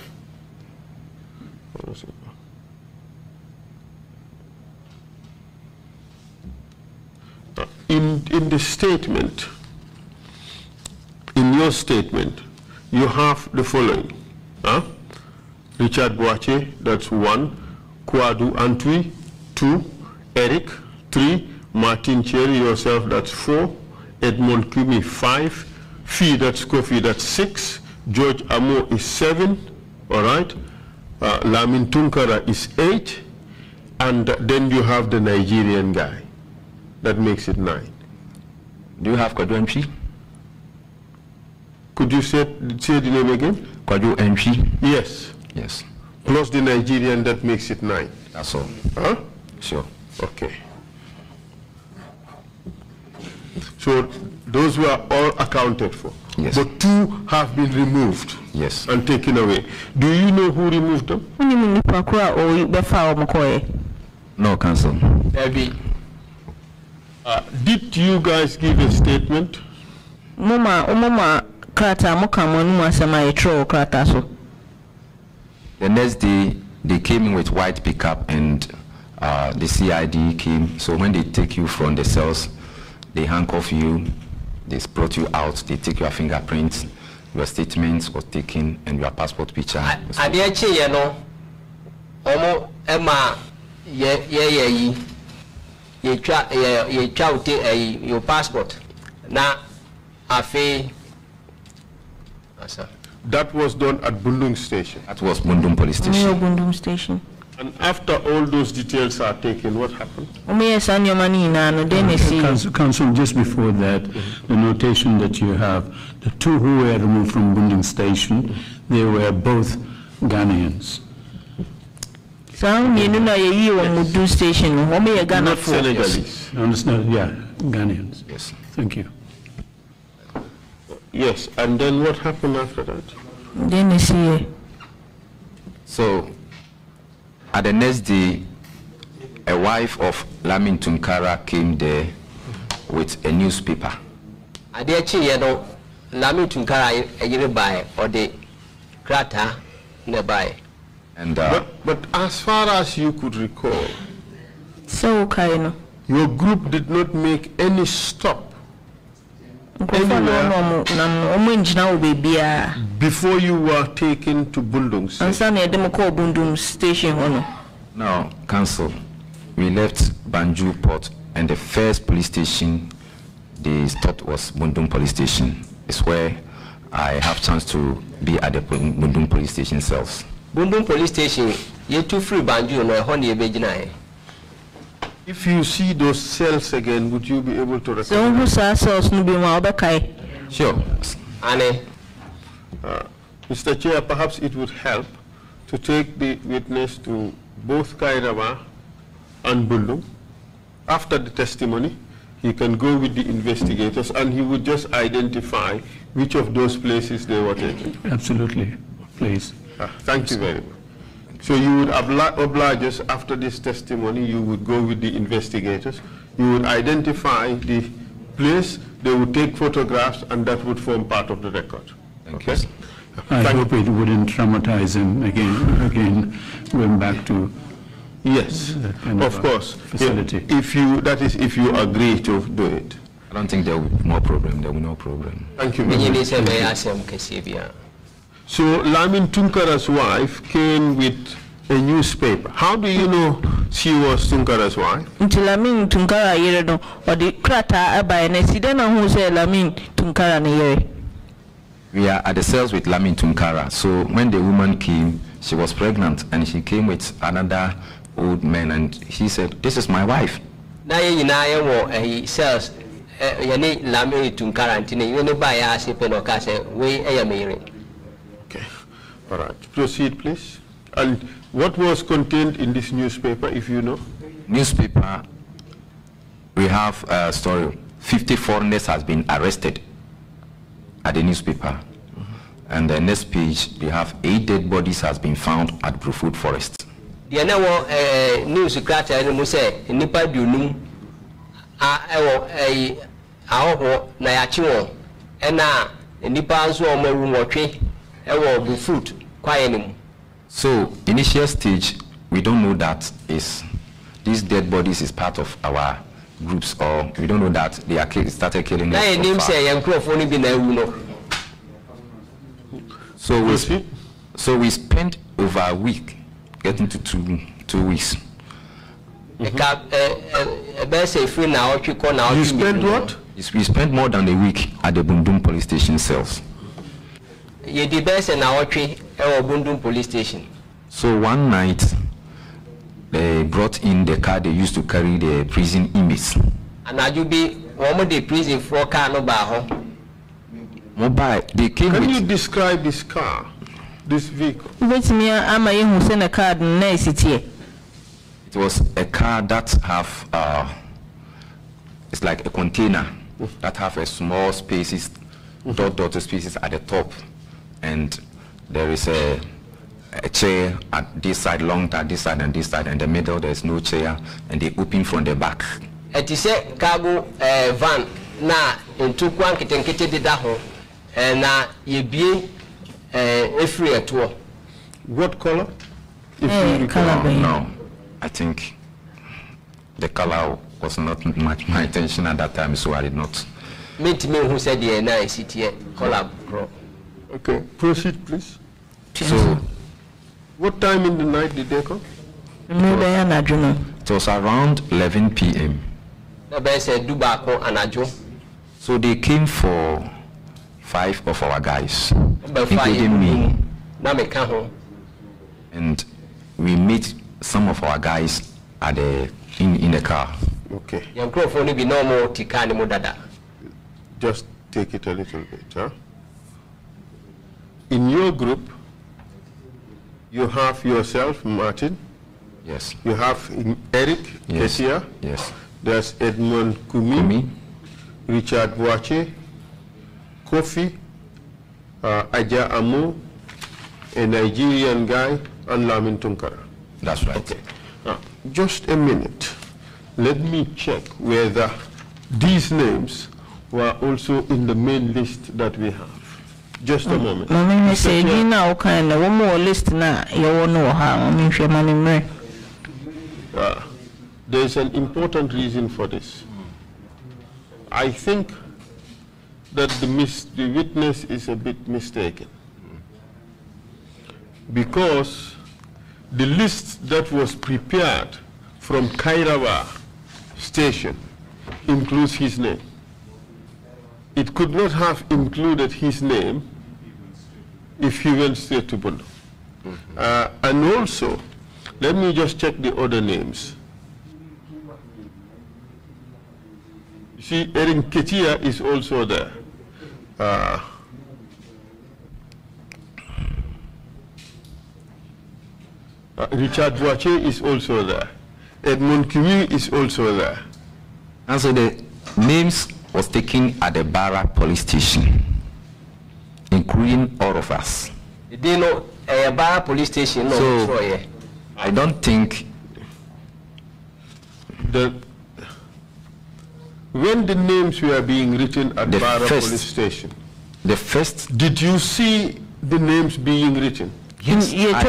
In, in the statement, in your statement, you have the following. Huh? Richard Boache, that's one. Kwadu Antwi, two. Eric, three. Martin Cherry yourself, that's four. Edmond Kimi, five. Fee, that's Kofi, that's six. George Amo is seven, all right? Uh, Lamin Tunkara is eight. And then you have the Nigerian guy. That makes it nine. Do you have Kadwemshi? Could you say, say the name again? Kadwemshi? Yes. Yes. Plus the Nigerian, that makes it nine. That's all. Huh? Sure. Okay. So those were all accounted for. Yes. But two have been removed. Yes. And taken away. Do you know who removed them? No, Council. Debbie, uh, did you guys give a statement? Mama, umama, krata, muka mwanuma sema yetro krata so. The next day, they came in with white pickup and uh, the CID came. So when they take you from the cells, they handcuff you, they brought you out, they take your fingerprints, your statements was taken, and your passport picture. Adiechi, you know, ọmọ ẹ máa yẹ yẹ yìí yẹ twa yẹ yẹ twa òde your passport na àfi. That was done at Bundung station. That was Bundung police station. Bundung station. And after all those details are taken, what happened? Uh, Council, Council, just before that, the notation that you have, the two who were removed from Bunding Station, they were both Ghanaians. you know, na yɛyi wɔ Mudu station no, wɔn yɛ Ghana fo. Not Senegalese. Understand? Yeah, Ghanaians. Yes. Thank you. Yes, and then what happened after that? Then they see. So at the next day, a wife of Lamin Tunkara came there with a newspaper. Adechi yedo Lamin Tunkara yiri by or the krata nearby. And uh, but, but as far as you could recall, so Kaino, your group did not make any stop anywhere before you were taken to Bundung Now, Council, we left Banju Port and the first police station they stopped was Bundung Police Station. It's where I have chance to be at the Bundung Police Station cells. Bundung Police Station, you two free Banju, no, honey, if you see those cells again, would you be able to recognize? Sure. Anne, uh, Mr. Chair, perhaps it would help to take the witness to both Kairava and Bulu. After the testimony, he can go with the investigators and he would just identify which of those places they were taken. Absolutely. Please. Uh, thank you very much. So you would oblige us after this testimony, you would go with the investigators, you would identify the place, they would take photographs, and that would form part of the record. Thank okay? I Thank hope it wouldn't traumatize him again, again going back to Yes, of, course. Facility. If you, that is, if you agree to do it. I don't think there will be more problem. There will be no problem. Thank you. So Lamin Tunkara's wife came with a newspaper. How do you know she was Tunkara's wife? Until Lamin Tunkara yere no odi krata abaye na sida na hu say Lamin Tunkara here. We are at the cells with Lamin Tunkara. So when the woman came, she was pregnant and she came with another old man and he said, "This is my wife." Now, ye nyina cells eh, eh, Lamin Tunkara nti ne ye no ba ya no we eh married? All right. Proceed, please. And what was contained in this newspaper, if you know? Newspaper, we have a story. 50 foreigners has been arrested at the newspaper. Mm-hmm. And the next page, we have eight dead bodies has been found at Bruford Forest. The eh, news krataa eh, no mu sɛ nnipa duonum a ɛwɔ eh, ɛyi na so, initial stage, we don't know that is these dead bodies is part of our groups or we don't know that they are kill, started killing So we, so we spent over a week getting to two, two weeks. Mm -hmm. You spent what? We spent more than a week at the Bundum police station cells yɛdi bɛyɛ sɛ naawɔtwe ɛwɔ bundum police station. so one night they brought in the car they used to carry the prison inmates. And you anadwo bi wɔn de prison for car no baa hɔ. mobile they came can you describe this car this vehicle. wobɛtumi ama yɛhu sɛ na car no na ɛsi teɛ. it was a car that have uh, it's like a container mm. that have a small spaces dot dot spaces at the top and there is a, a, chair at this side, long at this side and this side, and the middle there is no chair, and they open from the back. It is a cargo eh, van na that nketenkete deda ho eh, na yɛbie eh, free at all. what colour. if hey, eh, you recall no, no i think the colour was not much my attention at that time so i did not. Meet me who said Yeah, na it's teɛ colour bro. Okay, proceed, please. So, what time in the night did they come? It was around 11 p.m. So they came for five of our guys, including me. And we meet some of our guys at the in, in the car. Okay. Just take it a little bit, huh? in your group, you have yourself, Martin. Yes. You have Eric yes. Kesia. Yes. There's Edmond Kumi, Kumi. Richard Boache, Kofi, uh, Aja Amu, a Nigerian guy, and Lamin Tunkara. That's right. Okay. Now, just a minute. Let me check whether these names were also in the main list that we have just a moment me ah, there is an important reason for this I think that the, the witness is a bit mistaken because the list that was prepared from Kairawa station includes his name. It could not have included his name if you will suitable. Mm -hmm. uh, and also, let me just check the other names. You see, Erin Ketia is also there. Uh, uh, Richard Duache is also there. Edmund Kiwi is also there. And so the names was taken at the Barra police station including all of us. They know uh, police station. No, so I don't think the when the names were being written at the Barra first, police station. The first. Did you see the names being written? Yes, I, yes,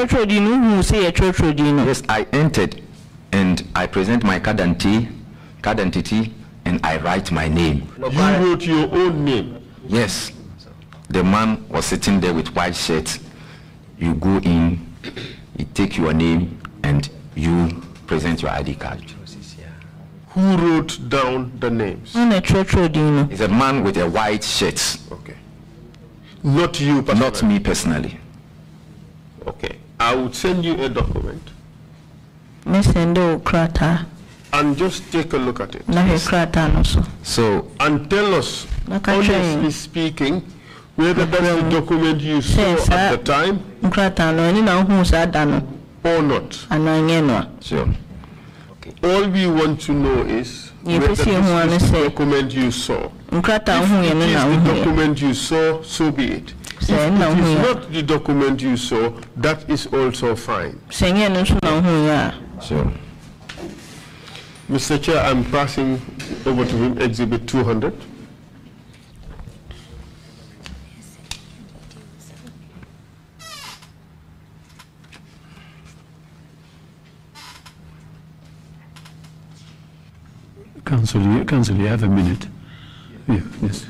I entered and I present my card entity, card entity and I write my name. You wrote your own name? Yes the man was sitting there with white shirt. You go in, you take your name, and you present your ID card. Who wrote down the names? It's a man with a white shirt. Okay. Not you personally? Not me personally. Okay. I would send you a document. And just take a look at it. So, and tell us, honestly speaking, whether that's the document you saw at the time or not. Sure. Okay. All we want to know is whether this is the document you saw. If it is the document you saw, so be it. If it is not the document you saw, that is also fine. Sure. Mr. Chair, I'm passing over to him, Exhibit 200. Councillor, Councillor, you have a minute. Yeah, yes.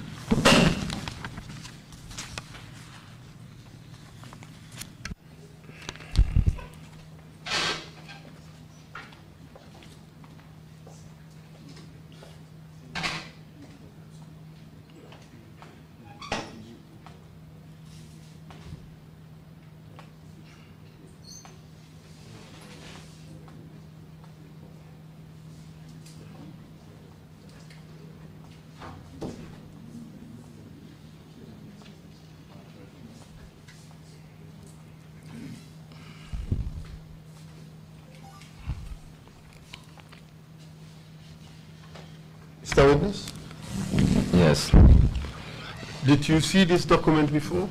Mr. Witness? Yes. Did you see this document before?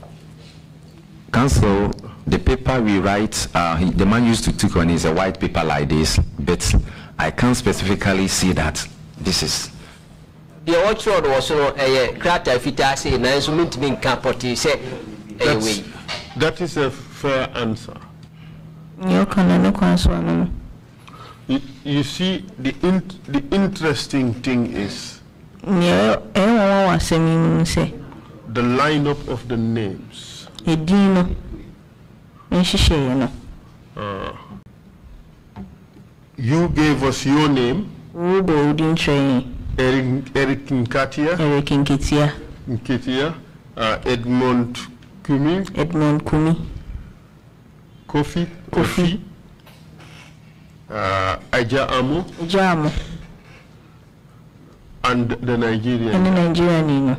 Council, the paper we write, uh, he, the man used to take on is a white paper like this, but I can't specifically see that this is. The orchard was a crater fitas in a instrument capoti say anyway. That is a fair answer. Your canon, no you see, the, in, the interesting thing is the lineup of the names. Uh, you gave us your name. Eric, Eric Nkatia. Eric Nketia. Nketia. Uh, Edmond Kumi. Edmond Kumi. Kofi. Kofi. Kofi a uh, Ajaamu. Ajaamu. And the Nigerian. And the Nigerian Inu.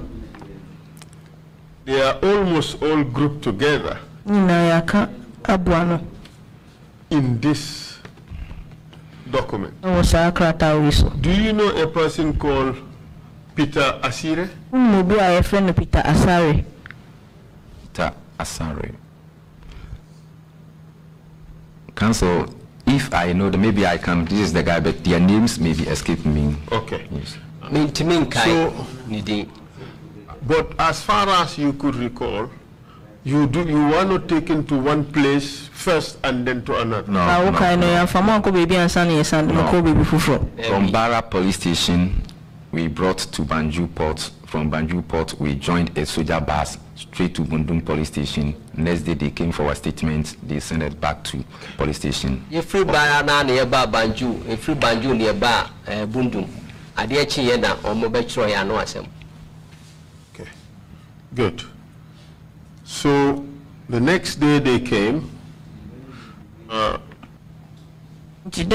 They are almost all grouped together. Ninayaka Abuano. In this document. Do you know a person called Peter Asire? Maybe I friend Peter Asare. Peter Asare. Council if I know that maybe I can, this is the guy, but their names maybe escape me. Okay. Yes. So, but as far as you could recall, you do you were not taken to one place first and then to another. No, no, no. From Barra police station, we brought to Banju port. From Banju port, we joined a soldier bus straight to Bundum police station. Next day they came for a statement, they sent it back to police station. You free by na nearby Banju, you free Banju nearby eh, Bundum. Adechi yena omobetro ya no asem. Okay. Good. So the next day they came. Uh, two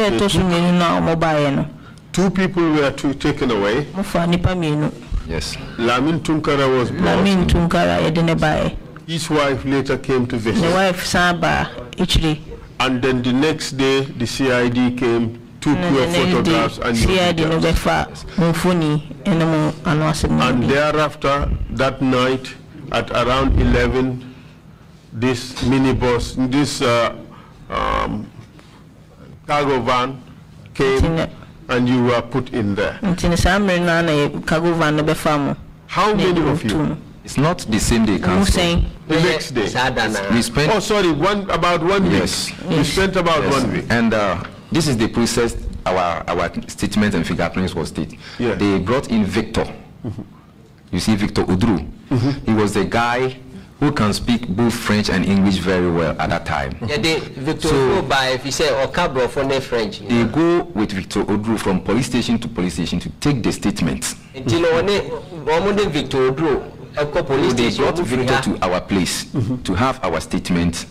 people were taken away. Yes. Lamin Tunkara was born. Lamin Tunkara Edenebae. His wife later came to visit. The wife Saba Ichri. And then the next day, the CID came, took no, your photographs and your CID I'm funny, And thereafter, that night, at around 11, this minibus, this uh, um, cargo van came and you were put in there. How many of you? It's not the same day, Council. The next day. We spent oh, sorry, one about one yes. week. Yes. We spent about yes. one week. And uh, this is the process our, our statement and fingerprints was did. They brought in Victor. Mm -hmm. You see Victor Udru. Mm -hmm. He was the guy who can speak both French and English very well at that time. Yeah, they, Victor so, by, if you say, or Cabro for the French. They know. go with Victor Odro from police station to police station to take the statements. Until Victor Odro, police they brought Victor to our place mm-hmm. to have our statement,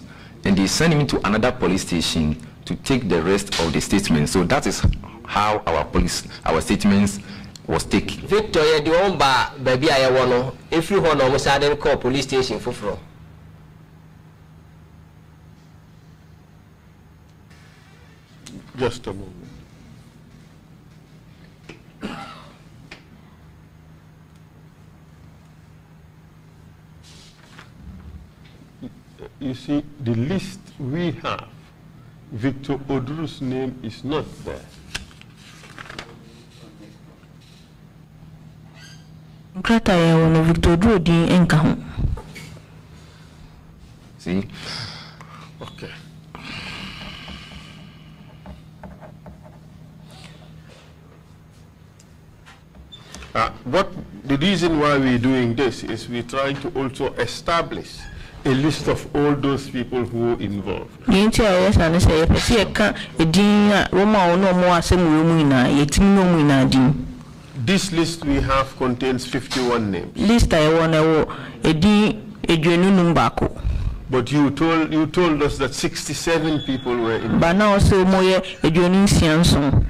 and they sent him to another police station to take the rest of the statement. So that is how our police, our statements was taken. victor yɛ de wɔn ba baabi a yɛwɔ If you want to, wɔn san de kɔ police station for foforɔ. just a moment. you see, the list we have, Victor Oduru's name is not there. victor okay Uh, what the reason why we're doing this is we're trying to also establish a list of all those people who were involved. This list we have contains 51 names. List I want to edi ejuenu numbako. But you told you told us that 67 people were in. But now also moye ejuenu sianson.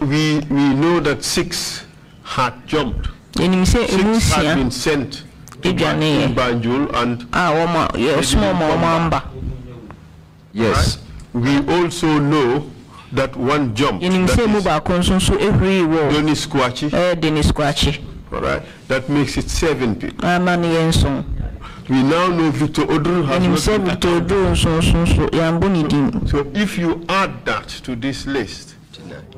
We we know that six had jumped. Six had been sent to Banjul and. Ah, wama yes, mama wama amba. Yes. We also know that one jump. That mu baako nso nso ehuri squatchy. Eh, deni squatchy. All right. That makes it seven people. Ama ah, We now know Victor Odru has not been Victor Odru nso nso So if you add that to this list.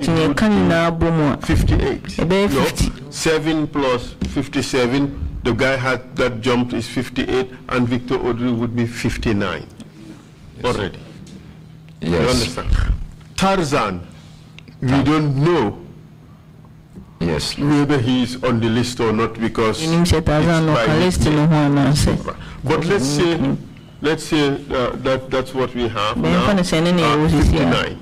Tinyɛ ka nyinaa Fifty-eight. No, seven plus fifty-seven. The guy had that jump is 58, and Victor Odru would be 59 yes. already. Yes. You understand? Tarzan, we don't know yes, whether he is on the list or not because But let's mm-hmm. say, let's say uh, that that's what we have now, uh, 59.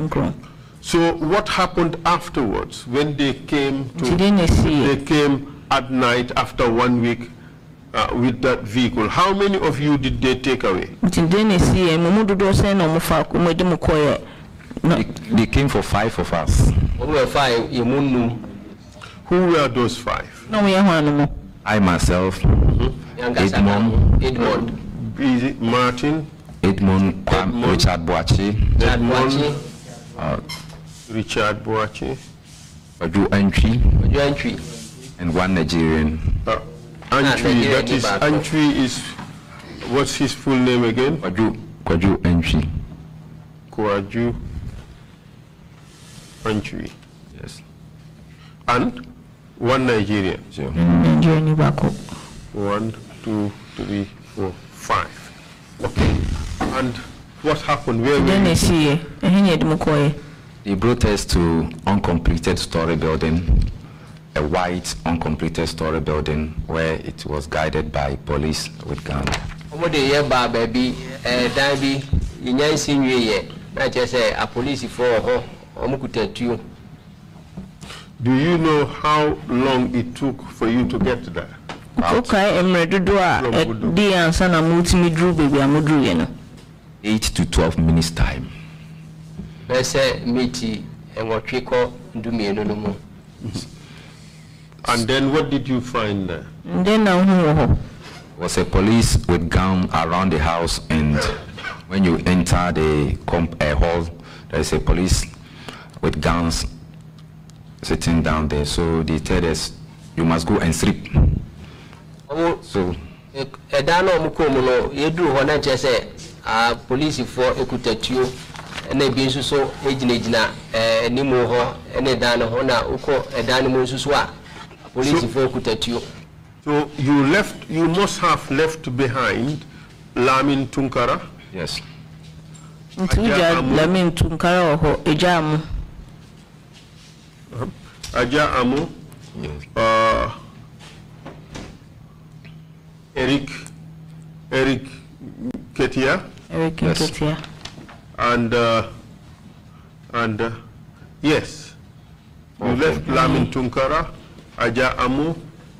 Okay? So what happened afterwards when they came to, they came at night after one week uh, with that vehicle. How many of you did they take away? They, they came for five of us. Who were those five? I myself, mm-hmm. Edmond, uh, Edmond. Edmond. Martin, Edmond, Edmond. Richard Boachi, Edmond, uh, Richard Boachi, Entry, and one Nigerian. Uh, Antwi, ah, that is, Antwi is, what's his full name again? Kwaju. Kwaju Antwi. Kwaju Antwi. Yes. And one Nigerian. Sure. Nigerian One, two, three, four, five. Okay. And what happened? Where they see. He brought us to uncompleted story building a white, uncompleted story building where it was guided by police with guns. do you know how long it took for you to get there. wọkàn mmerẹ dodoɔ a ɛdi ansa na mo tumi duru beebi a mo duru yɛ eight to twelve minutes time. no and then what did you find there? was a police with gun around the house and when you enter the comp uh, hall, there's a police with guns sitting down there. So they tell us, you must go and sleep. So, ɛdan naa ɔmo kɔn mu no yɛduru hɔ na kyerɛ sɛ aa polisifoɔ ekuta tuo ɛna ebi nso so egyinagyina ɛɛ anim hɔ ɛna ɛdan no ho na okɔ ɛdan so, so you left, you must have left behind Lamin Tunkara. Yes. Ntuja Lamin Tunkara oho ejamu. Uh-huh. Aja Amu. Yes. Uh, Eric, Eric Ketia. Eric yes. Ketia. And uh, and uh, yes, okay. you left Lamin Tunkara. Aja Amu,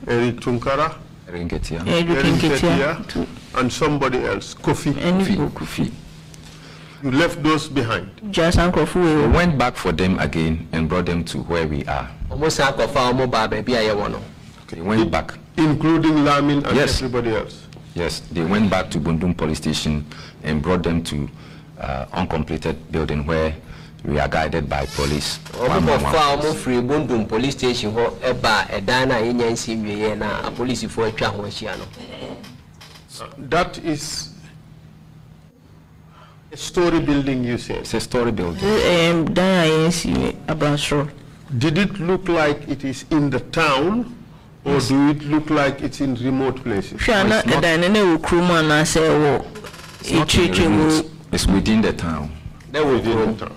Eric Tunkara, Rinketia. and somebody else, Kofi. Kofi. Kofi. You left those behind. Just Uncle Fu. We went back for them again and brought them to where we are. Almost Uncle Fu, Baba, They went back. Including Lamin and yes. everybody else. Yes, they went back to Bundum police station and brought them to uh, uncompleted building where we are guided by police. police station that is a story building you say. it's a story building. Eh, did it look like it is in the town. Or do it look like it's in remote places? it's, not, it's, not it's within the town. within the town.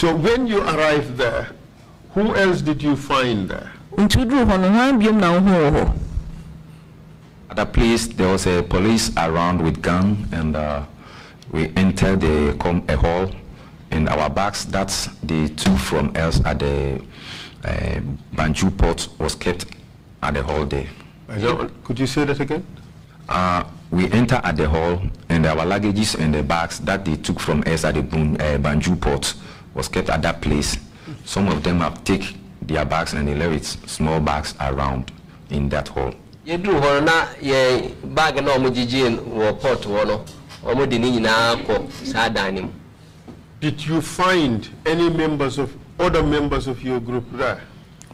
So when you arrived there, who else did you find there? At a place, there was a police around with gun, and uh, we entered the a hall. In our bags, that's the two from us at the uh, Banju port was kept at the hall there. Could you say that again? Uh, we enter at the hall, and our luggages and the bags that they took from us at the uh, Banju port was kept at that place. Some of them have taken their bags and they left small bags around in that hall. na bag did you find any members of other members of your group there.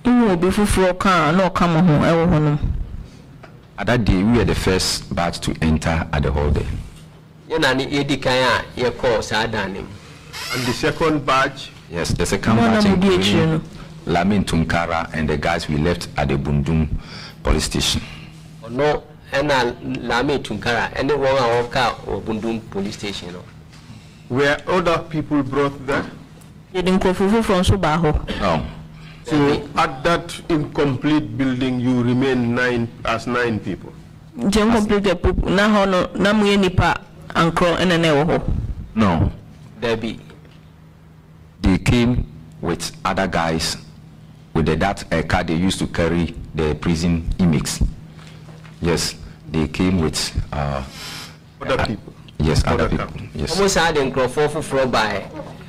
nwa obi foforɔ kaa na ɔka at that day we were the first batch to enter at the hall there. yɛn na yɛdi kan a and the second batch? Yes, the second no, batch including Lamin Tunkara and the guys we left at the Bundum police station. Oh, no, and uh, Lamin Tunkara and the one Walker or Bundum police station. No? Were other people brought there? No. So at that incomplete building, you remain nine as nine people. Incomplete people. No, there be he came with other guys with the, that uh, car they used to carry the prison inmates. Yes, they came with uh, other people. Yes, other, other people. people. Yes. Almost had Nkrofo Fufro by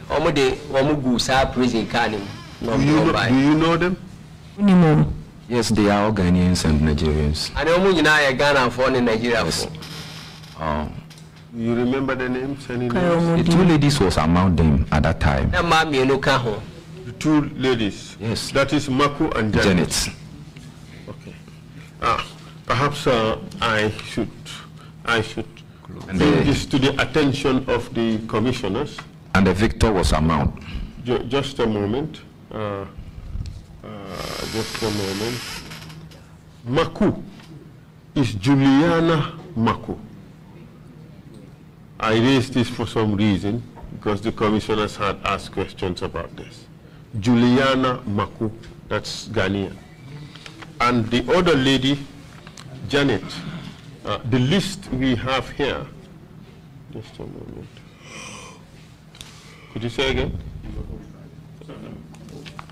Omo de Omo Gusa prison canim. Do you know, do you know them? Minimum. Yes, they are all Ghanaians and Nigerians. And Omo Yuna Ghana for Nigeria. Yes. Um, you remember the names? Any names? The two ladies was among them at that time. The two ladies. Yes. That is Maku and Janet. Janet. Okay. Ah, perhaps uh, I should, I should and uh, bring the, this to the attention of the commissioners. And the victor was among. Ju just a moment. Uh, uh, just a moment. Maku is Juliana Maku. I raised this for some reason because the commissioners had asked questions about this. Juliana Maku, that's Ghanaian. And the other lady, Janet, uh, the list we have here, just a moment. Could you say again?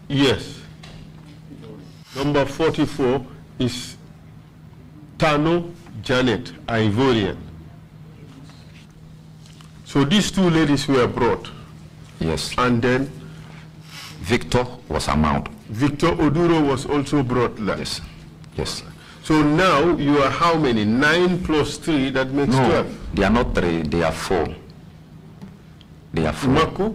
Yes. Number 44 is Tano Janet, Ivorian. So these two ladies were brought. Yes. And then? Victor was amount. Victor Oduro was also brought Yes. Yes. So now you are how many? Nine plus three, that makes no, 12. they are not three, they are four. They are four. Marco?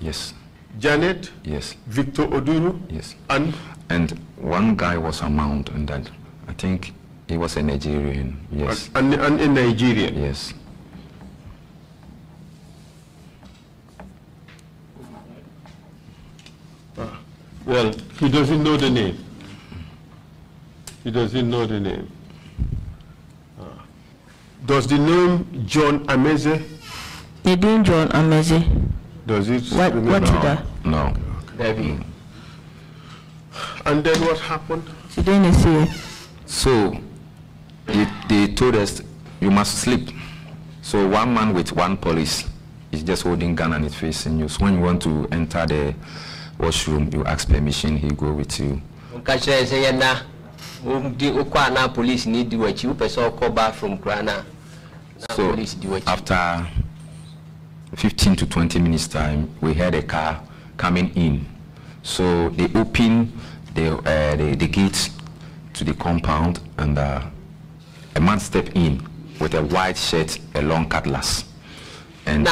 Yes. Janet? Yes. Victor Oduro? Yes. And? And one guy was amount and that. I think he was a Nigerian, yes. and, and a Nigerian? Yes. Well, he doesn't know the name. He doesn't know the name. Uh, does the name John Ameze? The name John Ameze. Does it? What, no. that? No. Debbie. Mm. And then what happened? She didn't see. So, they, told us, you must sleep. So one man with one police is just holding gun and face facing you. So when you want to enter the washroom, you ask permission, he go with you. Nkachire say na Um, the na police ni di wachi u person call back from Krana. So after 15 to 20 minutes time, we heard a car coming in. So they open the, uh, the, the gate to the compound and uh, a man stepped in with a white shirt, a long cutlass. And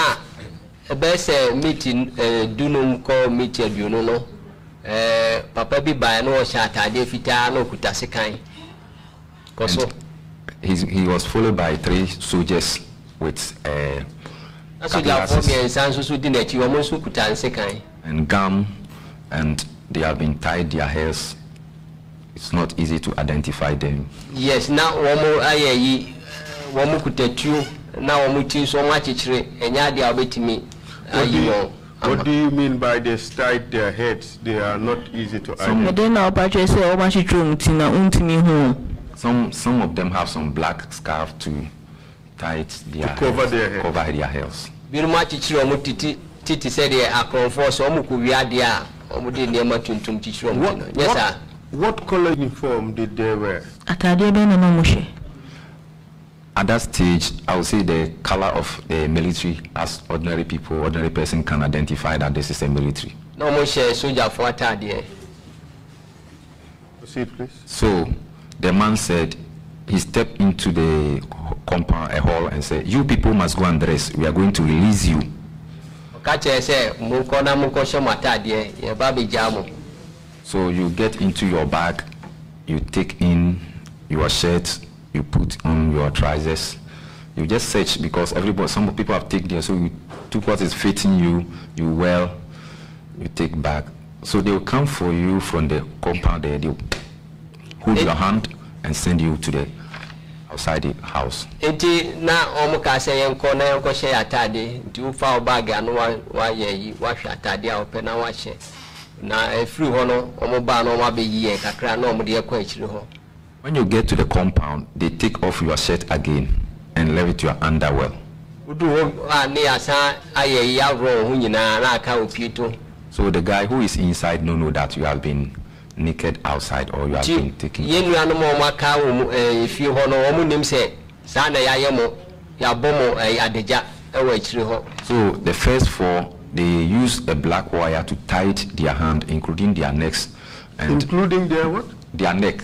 dunum miti no papa bi no he was followed by three soldiers with. Uh, so and gum and they have been tied their hairs it's not easy to identify them. yes now wɔn ayɛ yi eh, wɔn na wɔn ti nso wɔn akyekyere ɛnyɛ adeɛ a what, do you, what do you mean by they strike their heads? They are not easy to identify. Some, oh, some some of them have some black scarf to tie it their to cover heads, their heads. Cover their heads. Biruma chichiro mutiti titi said they are conforce omu omu di nema tuntum chichiro mutino. Yes sir. What color uniform did they wear? Atadebe na mamushe at that stage, I would say the color of the military, as ordinary people, ordinary person can identify that this is a military. No more soldier for attire. Proceed, please. So the man said, he stepped into the compound, a hall, and said, "You people must go and dress. We are going to release you." So you get into your bag, you take in your shirt, you put on your trousers. You just search because everybody, some people have taken there, so you took what is fitting you, you wear, you take back. So they will come for you from the compound there, they hold it, your hand and send you to the outside the house. Eti na omu kase yenko na yenko she atade, nti ufa obage anu wa, wa yeyi, wa she atade a ope na wa she. Na efri hono, omu ba na omu abe yiye, kakra na omu kwa ichiri hono. When you get to the compound, they take off your shirt again and leave it to your underwear. So the guy who is inside no know that you have been naked outside or you have been taken. Eh, eh, so the first four they use a black wire to tie their hand, including their necks and including their what? Their neck.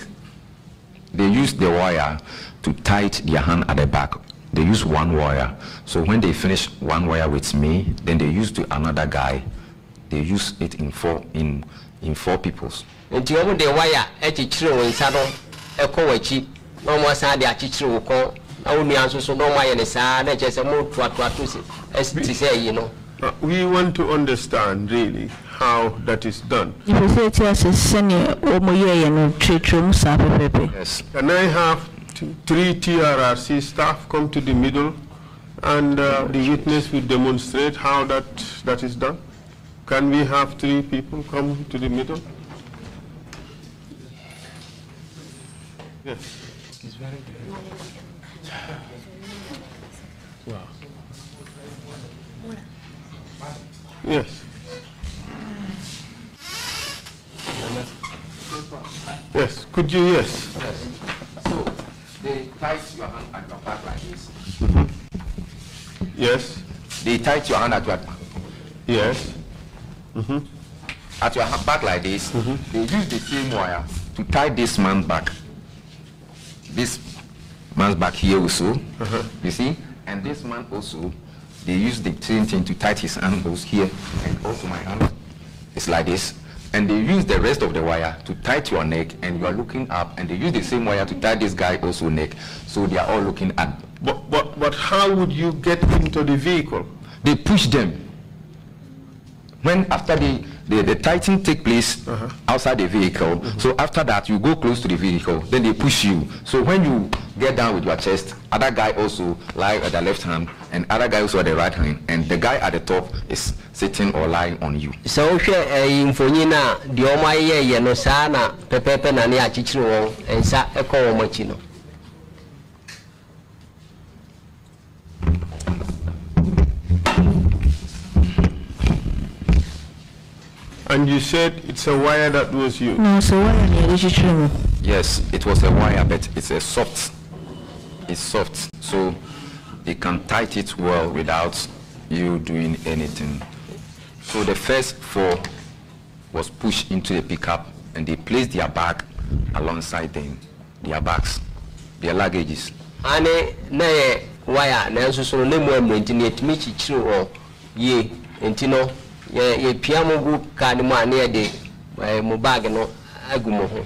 They use the wire to tight their hand at the back. They use one wire. So when they finish one wire with me, then they use to another guy. They use it in four in in four peoples. Nti wɔn de wire akyekyere wɔn nsa no ɛkɔ wɔn no na wɔn asan de akyekyere wɔn kɔn na wɔn nua nso so na wɔn ayɛ ne saa na kyerɛ sɛ wɔn toatoa to si ɛsi ti uh, We want to understand really how that is done. Yes. Can I have three TRRC staff come to the middle and uh, the witness will demonstrate how that, that is done? Can we have three people come to the middle? Yes. Wow. Yes. Yes, could you, yes. yes. So, they tight your hand at your back like this. Mm -hmm. Yes. They tight your hand at your back. Yes. Mm -hmm. At your back like this, mm -hmm. they use the same wire to tie this man's back. This man's back here also, uh -huh. you see? And this man also, they use the same thing to tie his ankles here and also my hand. It's like this and they use the rest of the wire to tie to your neck and you are looking up and they use the same wire to tie this guy also neck so they are all looking up but but, but how would you get into the vehicle they push them when after the the, the tightening take place uh -huh. outside the vehicle mm -hmm. so after that you go close to the vehicle then they push you so when you get down with your chest other guy also lie at the left hand and other guy also at the right hand and the guy at the top is sitting or lying on you So eh, here ɛyi mfonyin a deɛ no sana. na pɛpɛɛpɛ nani ne akyekyere wɔn nsa And you said it's a wire that was used. No, a wire near Yes, it was a wire, but it's a soft. It's soft, so they can tight it well without you doing anything. So the first four was pushed into the pickup, and they placed their bag alongside them, their bags, their luggages. Ane na wire na nsusu ne mu emu ntini etimi kyikyiri wɔ ye ntino yɛpia mo gu kaa no mu a ne yɛde eh, bag no agu ho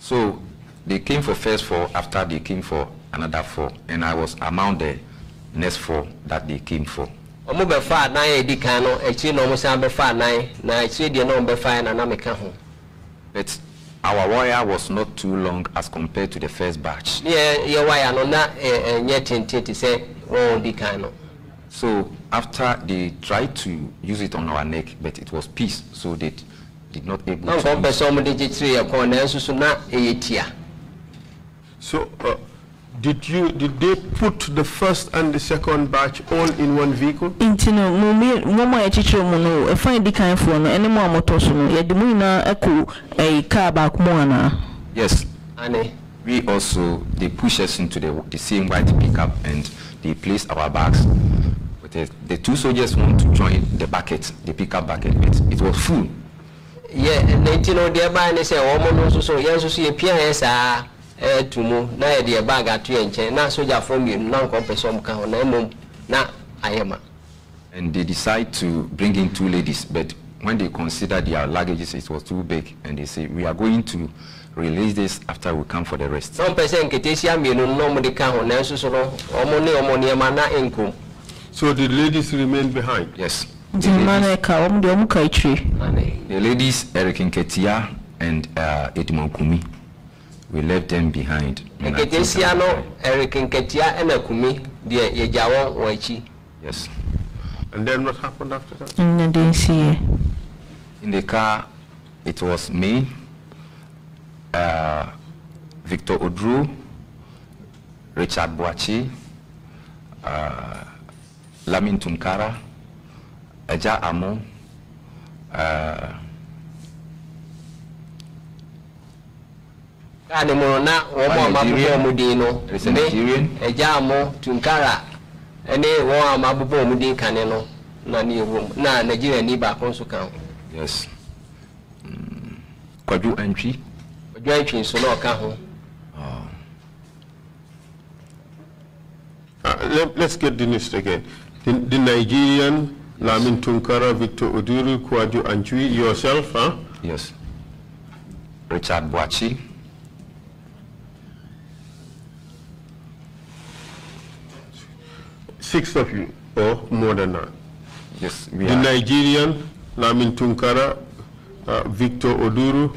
so they came for first four after they came for another four and i was among the next four that they came for ɔmo bɛfa anan a ɛdi kan no akyire eh, no ɔmo san bɛfa anan na akyire deɛ na be bɛfa na na meka ho but our wire was not too long as compared to the first batch. Yeah, your wire no na ɛɛ ɛnyɛ tenten te sɛ wɔn di kan no. So after they tried to use it on our neck, but it was peace, so they did not able no, to. So uh, did you did they put the first and the second batch all in one vehicle? Inti no mo mi mo mo ya chichiro mo no e find the kind for no motor so no ya de mo na eko car back mo Yes. Ane. We also they push us into the the same white pickup and they place our bags the, the two soldiers want to join the bucket, the pickup bucket. It, it was full. Yeah, nti oh, no deɛ baa ne sɛ wɔn no nso so yɛn nso so yɛ pia yɛ saa ɛɛtu mu na yɛ deɛ baag ato ah, yɛn nkyɛn na sogyafoɔ mmienu na nkɔ mpɛ sɛ come ka ho na mmom na ayɛ ah. And they decide to bring in two ladies, but when they consider their luggage, it was too big, and they say, we are going to release this after we come for the rest. Some person ketesia mmienu na ɔmo no ka ho na nso so no ɔmo ne ɔmo nneɛma na nkom. So the ladies remained behind? Yes. The ladies, Eric Nketia and uh, Edmond Kumi, we left them behind. Eric Nketia and Kumi, Yes. And then what happened after that? I didn't see In the car, it was me, uh, Victor Odru, Richard Boachie. uh, Lamin Tunkara, Eja Amo, mm. ah. uh, kaadị mụrụ na ụmụ amabụbọ ọmụdị eja amụ tunkara ne ụmụ amabụbọ ọmụdị kanị nọ na n'iwu na naijiria ni baako nso ka yes kwadwo entry. kwadwo entry. So na ọka ho. let, us get the list again the, Nigerian, yes. Lamin Tunkara, Victor Oduru, Kwadu Anjui, yourself, huh? Yes. Richard Boachi. Six of you, or more than that. Yes, we the are. The Nigerian, Lamin Tunkara, uh, Victor Oduru,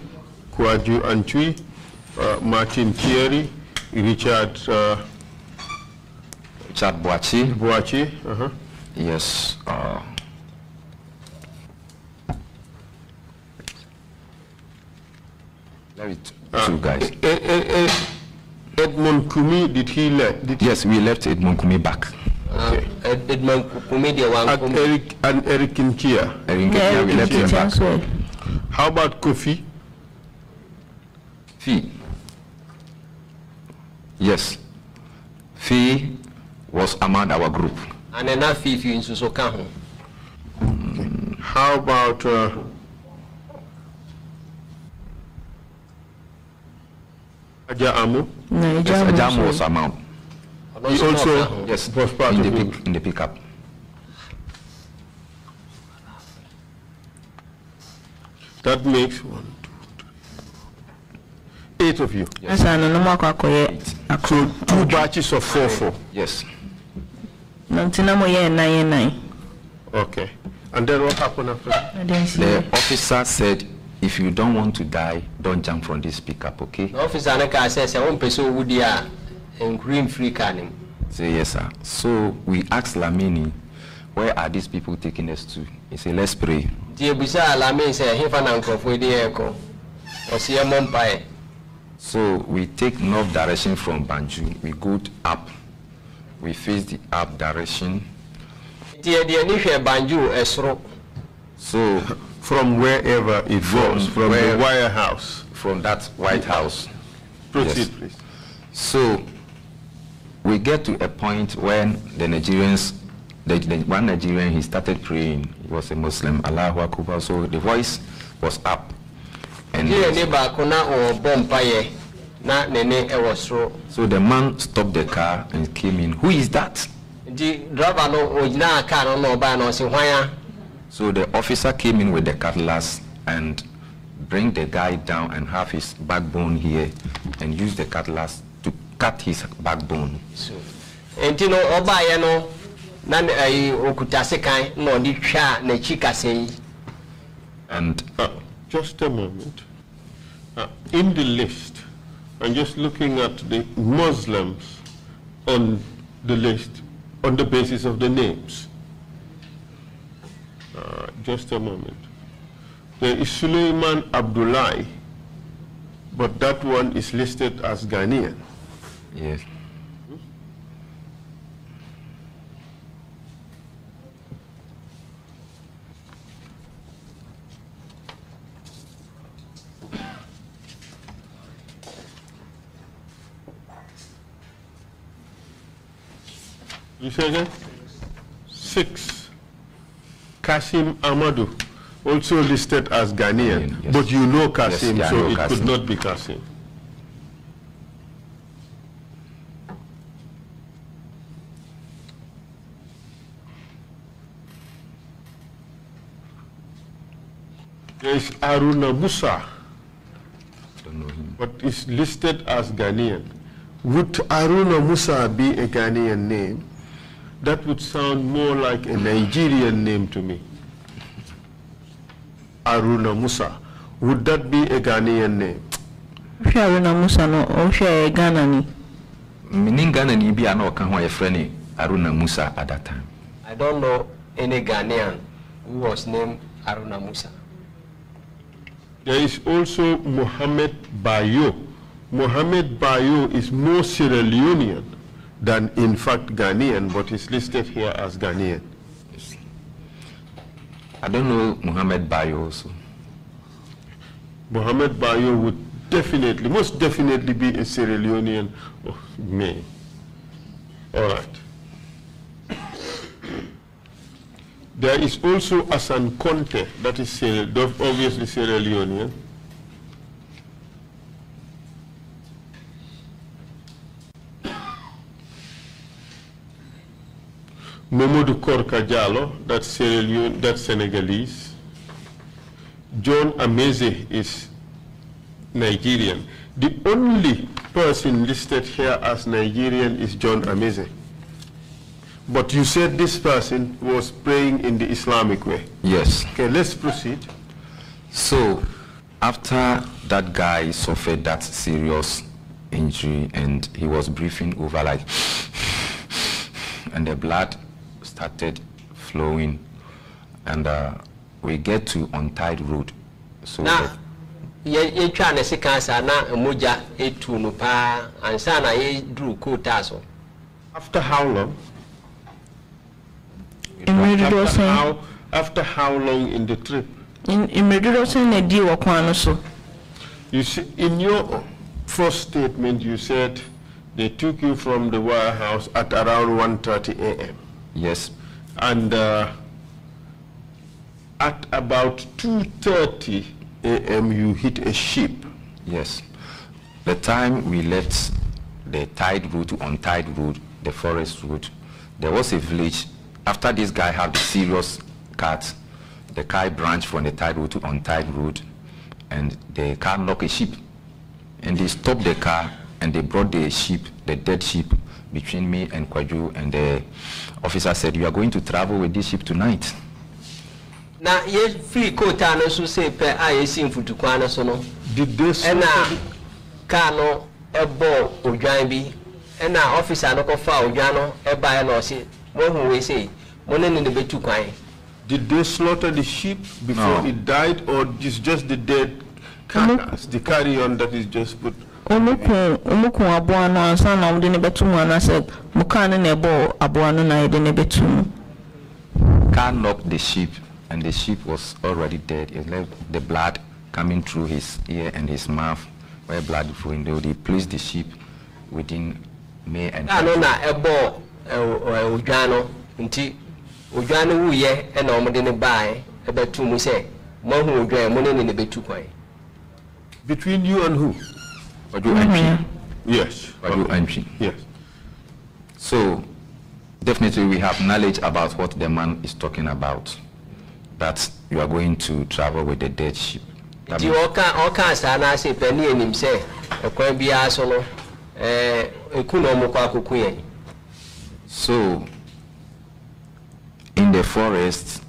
Kwadu Anchui, uh, Martin Thierry, Richard uh, Chad Boitier. Boitier, uh-huh. Yes. Uh, there uh, two guys. Ed, Ed, Ed, Edmond Kumi, did he left? Did yes, we left Edmond Kumi back. Ah, okay. Edmond Kumi, the one. And Eric and Eric Nkia. Eric Nkia yeah, we left him back. Well. How about Kofi? Fee. Yes. Fee was among our group. And then Afifi in Susokaho. How about uh, Ajamu? No, Ajamu yes, Ajamu was among. He also yes, was part in, the pick, in the pickup. That makes three, four. Eight of you. Yes. So two batches of four, four. Yes. Okay. And then what happened after The officer said, if you don't want to die, don't jump from this pickup, okay? The officer said, I want person who dia green free canning. Say yes, sir. So we asked Lamini, where are these people taking us to? He said, let's pray. officer, Lamini said, Hefa Nankofwe de Eko. So we take north direction from Banju. We go up we face the up direction. So from wherever it goes, from, from the White house. From that White House. Proceed, yes. please. So we get to a point when the Nigerians, the, the, one Nigerian, he started praying. He was a Muslim, Allahu Akbar. So the voice was up. And na so the man stopped the car and came in who is that. driver no car no na so the officer came in with the cutlass and bring the guy down and have his backbone here and use the cutlass to cut his backbone. So, nti no oba yɛ no na okuta sekan na ɔde twa n'akyi kasa yi. and. Uh, just a moment. Uh, in the list and just looking at the Muslims on the list on the basis of the names. Uh, just a moment. There is Suleiman Abdullahi, but that one is listed as Ghanaian. Yes. You say again? Six. Kasim Amadou, also listed as Ghanaian, yes. but you know Kasim, yes, so know it Kasim. could not be Kasim. There is Aruna Musa, but is listed as Ghanaian. Would Aruna Musa be a Ghanaian name? That would sound more like a Nigerian name to me. Aruna Musa. Would that be a Ghanaian name? Aruna Musa no, Oshia Ghanani. Meaning Ghanani be an Okanwa friend Aruna Musa at that time. I don't know any Ghanaian who was named Aruna Musa. There is also Mohammed Bayo. Mohammed Bayo is no Sierra Leonean than in fact Ghanaian, but is listed here as Ghanaian. I don't know Muhammad Bayo also. Muhammad Bayo would definitely, most definitely be a Sierra Leonean oh, man. All right. there is also Asan Conte, that is obviously Sierra Leonean. Mamadou Korka Diallo, that's Sierra Leone, Senegalese. John Ameze is Nigerian. The only person listed here as Nigerian is John Ameze. But you said this person was praying in the Islamic way. Yes. Okay, let's proceed. So, after that guy suffered that serious injury and he was breathing over like, and the blood started flowing, and uh, we get to untied road. So now, you yɛtwa ne sika saa na mogya ɛtu no paa ansa na yɛduru kootaa so after how long mmerɛdodoɔ after how long in the trip mmerɛdodoɔ sɛn na ɛdii wɔ kwan no you see in your first statement you said they took you from the warehouse at around 1:30 a.m. Yes. And uh, at about 2.30 a.m. you hit a ship. Yes. The time we left the tide route, untied route, the forest route, there was a village. After this guy had serious cut, the car branched from the tide route to untied route, and the car knocked a ship. And they stopped the car, and they brought the ship, the dead ship, between me and Kwaju and the officer said, you are going to travel with this ship tonight. na yɛfiri kootaa no a no so no ɛna kaa no ɛbɔɔ odwan bi mo ne ne Did they slaughter the sheep before no. it died, or is just the dead carcass, the carrion that is just put? omukun omukun na mu na the sheep and the sheep was already dead it left the blood coming through his ear and his mouth where blood flowing though they placed the sheep within me and. na nti mu between you and who. Baju mm -hmm. Yes. Baju okay. Yes. So, definitely we have knowledge about what the man is talking about. That you are going to travel with the dead ship. Eh, so in the forest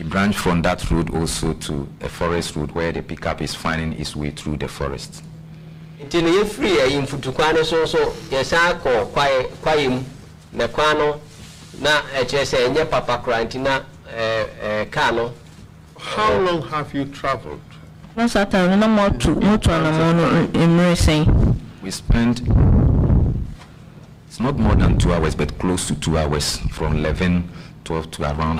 we branch from that road also to a forest road where the pickup is finding its way through the forest. Eh, so na na eh, papa eh, how long have you travelled no no we spent it's not more than two hours but close to two hours from 11 12 to around.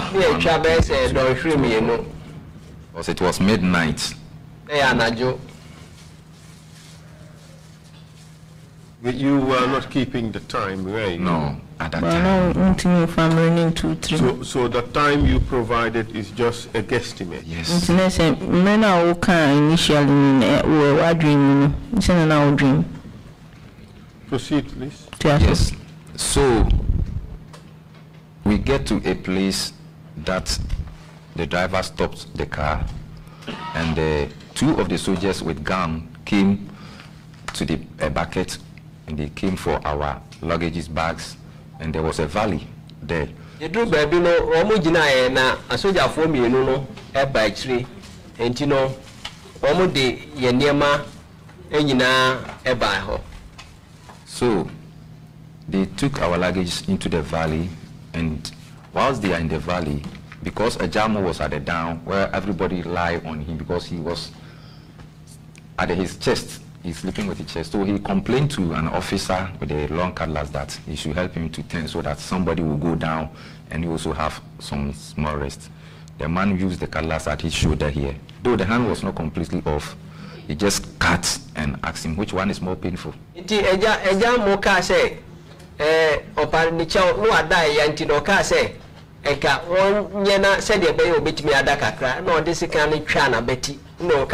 Because it was midnight. yeah, But you were not keeping the time, right? No, at that well, time. if I'm running two, three. So, so the time you provided is just a guesstimate? Yes. Men are okay initially, eh, we're dreaming, it's an Proceed, please. Yes. So, we get to a place that the driver stopped the car and the, two of the soldiers with gun came to the bucket and they came for our luggages, bags, and there was a valley there. no eh, na no de so they took our luggage into the valley and whilst they are in the valley, because Ajamo was at the down where everybody lied on him because he was at his chest, he's sleeping with his chest. So he complained to an officer with a long cutlass that he should help him to turn so that somebody will go down and he also have some small rest. The man used the cutlass at his shoulder here. Though the hand was not completely off, he just cut and asked him which one is more painful ya nti ada kakra na sika twa na no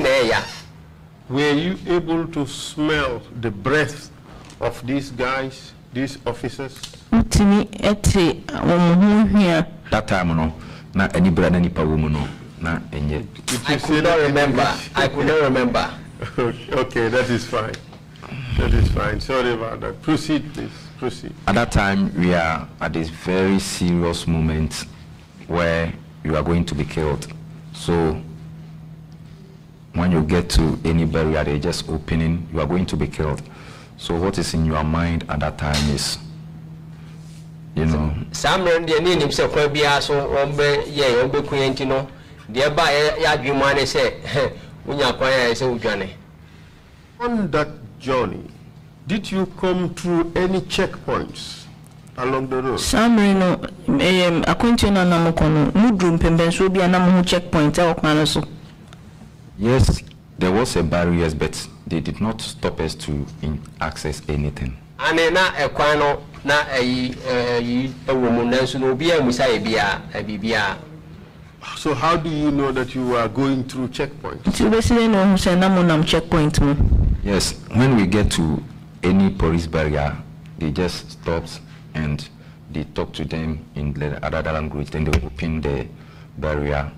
na Were you able to smell the breath of these guys, these officers? That time no, na anibra na nipa wɔ mu no, na ɛnyɛ. I could not remember. I could not remember. okay, that is fine. That is fine. Sorry about that. Proceed, please. Proceed. At that time, we are at this very serious moment where you are going to be killed. So when you get to any barrier, they're just opening, you are going to be killed. So what is in your mind at that time is, you know. Samran de ni nim se kwa bia so ombe ye ombe kunye nti no de ba ya dwuma ne se unya kwa ya se udwane. On that journey, did you come through any checkpoints along the road? saa no akwantuo no anam no muduru mpɛmpɛnsoɔ bi anam ho checkpoint a eh, wɔkwan yes there was a barriers but they did not stop us to in access anything ane na ɛkwan no na ɛyi ɛyi ɛwɔ mu nanso na obi a musa yɛ so how do you know that you are going through checkpoints? nti o bɛ si lẹ́nu ohun mo Yes, when we get to any police barrier, they just stop and they talk to them in the other language, then they open the barrier.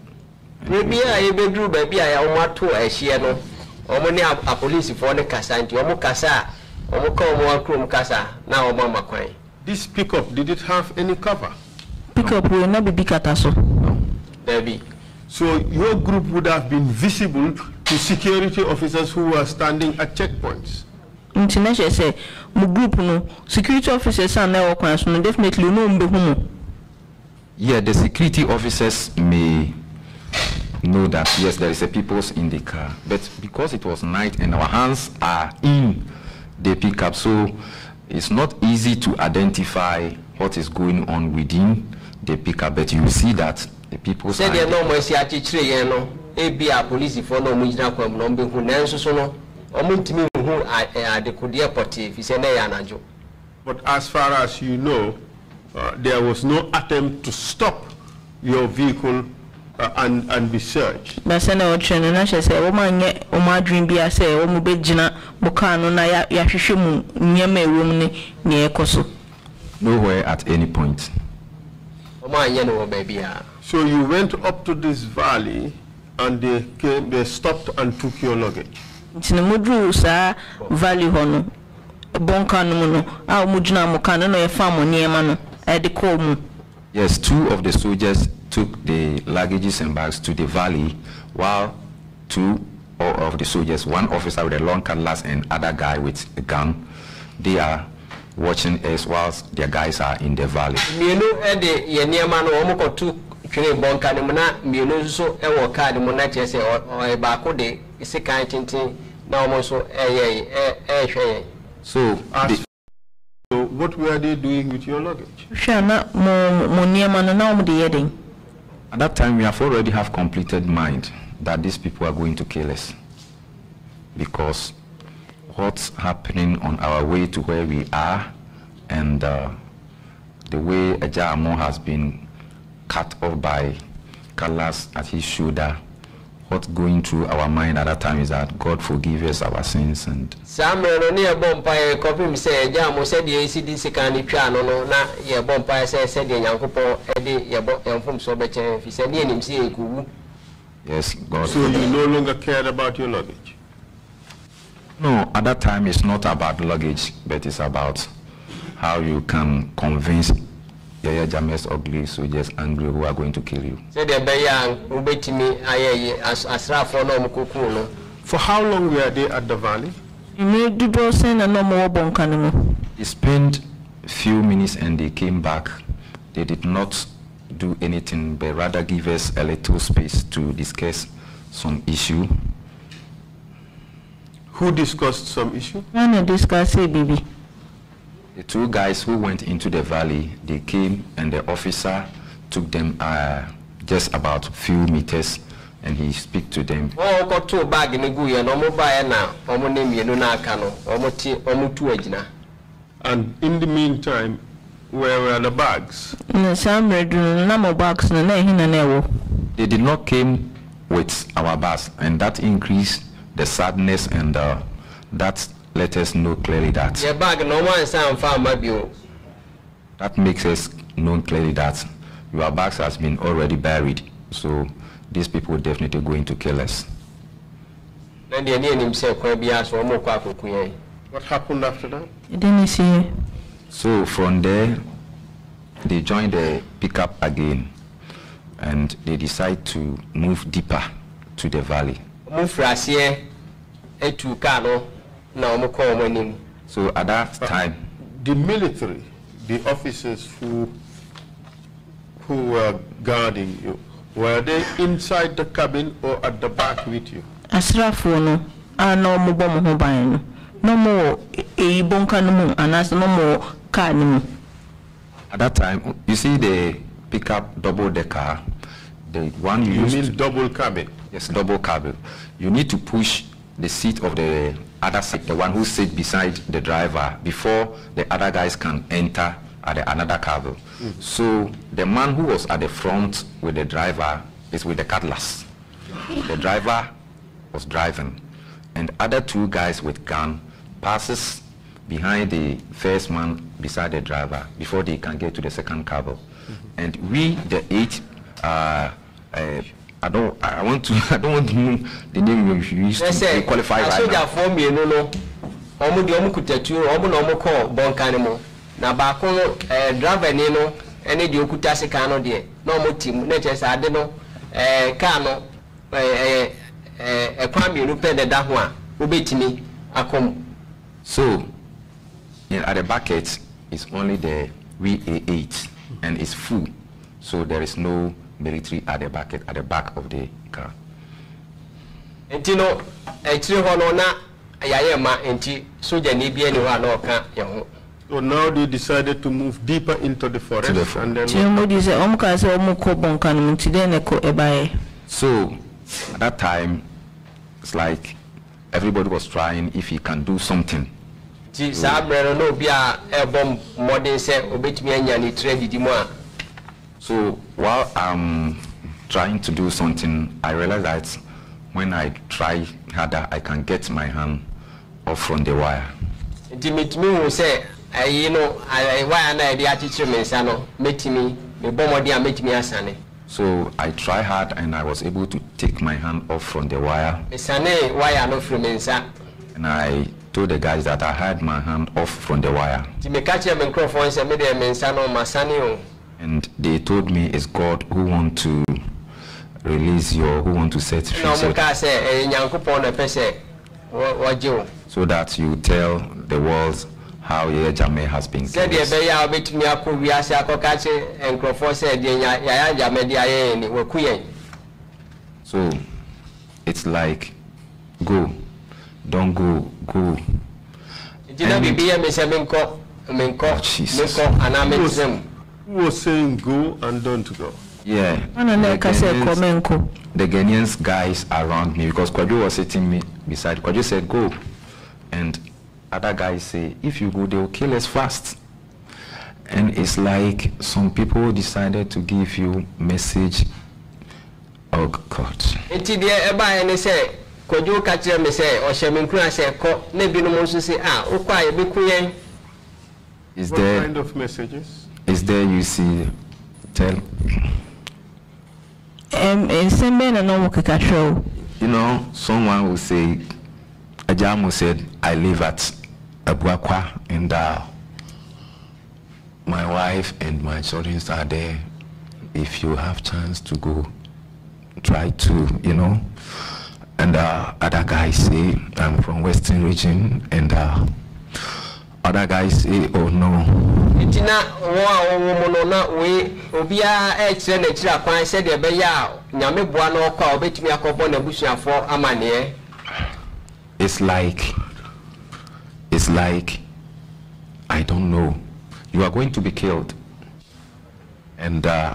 Maybe I be do baby I want to a share no. Omo ni a police for the kasa nti omo kasa omo ka omo akrom kasa na omo This pickup did it have any cover? Pickup will not be big at all. No. Baby. So your group would have been visible to security officers who were standing at checkpoints. nti na kyerɛ group no security officers a na ɛwɔ kwan so no definitely no mbehu mo. yeah the security officers may know that yes there is a peoples in the car but because it was night and our hands are in the pickup so it's not easy to identify what is going on within the pickup but you see that the people. sẹ́dẹ̀ẹ́ náà mo ṣe àti tìrẹ̀ you know hu nanso so no hu eh, fi na but as far as you know uh, there was no attempt to stop your vehicle uh, and and be searched. gbasa na na no na mu mu nowhere at any point. so you went up to this valley and they came, they stopped and took your luggage. Tina mudru sa value hono bonka no no a mudjuna muka no no ye famo manu. no e de call mu. Yes, two of the soldiers took the luggages and bags to the valley while two of the soldiers, one officer with a long cutlass and other guy with a gun, they are watching us whilst their guys are in the valley. Eh, ne mu na de kan na so so what were they doing with your luggage. hwɛ mo mo nneɛma na omo de at that time we have already have completed mind that these people are going to kill us because what's happening on our way to where we are and uh, the way Ajamo has been cut off by colors at his shoulder. What's going through our mind at that time is that God forgive us our sins and Samuel no ne bom pa e kopim se ja mo se die si di no na ye bom pa se se die nyankopon e eh, de ye eh, so be chen fi se ne nim se Yes God So you no longer cared about your luggage No at that time it's not about luggage but it's about how you can convince yeah, yeah, james ugly So just angry who are going to kill you. sɛdeɛ bɛyɛ a wobɛtumi ayɛ yi asraafoɔ na ɔmo for no. for how long were they at the valley. mmiri dubɔ sɛn na na ɔmo wɔ they spent few minutes and they came back they did not do anything but rather give us a little space to discuss some issue. who discussed some issue. I discussed it, baby. The two guys who went into the valley, they came and the officer took them uh, just about few meters and he speak to them. And in the meantime, where were the bags? bags They did not came with our bags and that increased the sadness and uh, that let us know clearly that. That makes us know clearly that your bags has been already buried. So these people are definitely going to kill us. What happened after that? Didn't see. So from there, they join the pickup again, and they decide to move deeper to the valley. Move from here to Kano. So at that time, the military, the officers who who were guarding you, were they inside the cabin or at the back with you? Asrafo no, ano mo mo no. No mo bonka no mo anas no mo car no. At that time, you see the pickup double decker, the one you, you mean double cabin. Yes, double cabin. You need to push the seat of the other side, the one who sits beside the driver before the other guys can enter at the, another cargo. Mm So the man who was at the front with the driver is with the cutlass. the driver was driving, and other two guys with gun passes behind the first man beside the driver before they can get to the second cargo. Mm -hmm. And we, the eight uh, uh, I don't I want to I don't want to know the name you used to say, qualify right now. for me no no. Omo di omo kutatu omo na omo call bonka ni Na baako eh driver ni no ene di okuta sika no de na omo team na che sa no eh car eh eh eh kwa mi no pe da ho akom. So in, at the bucket is only the VA8 and it's full. So there is no military at the back at the back of the car. So now they decided to move deeper into the forest, the forest. and then. So at that time, it's like everybody was trying if he can do something. no a so while I'm trying to do something, I realize that when I try harder, I can get my hand off from the wire. Nti metumi hu sɛ ayi eh, no wire na yɛde akyekyere me nsa no metumi mebɔ mmɔden a metumi asane. So I try hard and I was able to take my hand off from the wire. Mesane why are not from nsa. And I told the guys that I had my hand off from the wire. Nti meka kyerɛ me nkurɔfoɔ nsɛ mede me nsa no masane o. And they told me it's God who want to release you or who want to set free. So, eh, so that you tell the world how your Jame has been So it's like go, don't go, go. And, oh, Jesus who was saying go and don't go? Yeah. The Ghanaians, the guys around me because Kwadu was sitting me beside. Kwadu said go, and other guys say if you go they will kill us fast. And it's like some people decided to give you message. Oh God. me ah, Is there, what kind of messages? is there you see tell um eh, you know someone will say ajamu said i live at abuakwa in dao my wife and my children are there if you have chance to go try to you know and uh, other guys say i'm from western region and uh, other guys say eh, oh no. no na nyame boa na it's like it's like i don't know you are going to be killed and. Uh,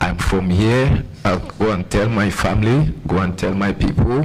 I'm from here. I'll go and tell my family, go and tell my people.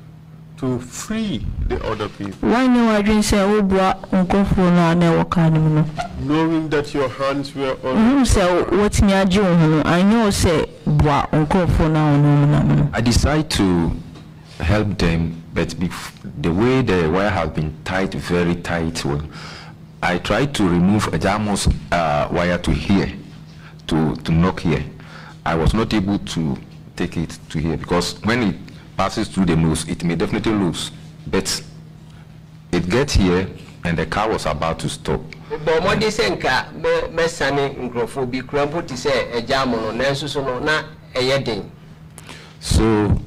to free the other people. Knowing that your hands were on. Mm-hmm, I decide to help them, but the way the wire has been tied very tight, well, I tried to remove a uh, wire to here, to, to knock here. I was not able to take it to here because when it passes through the nose, it may definitely lose. But it gets here and the car was about to stop. so no na so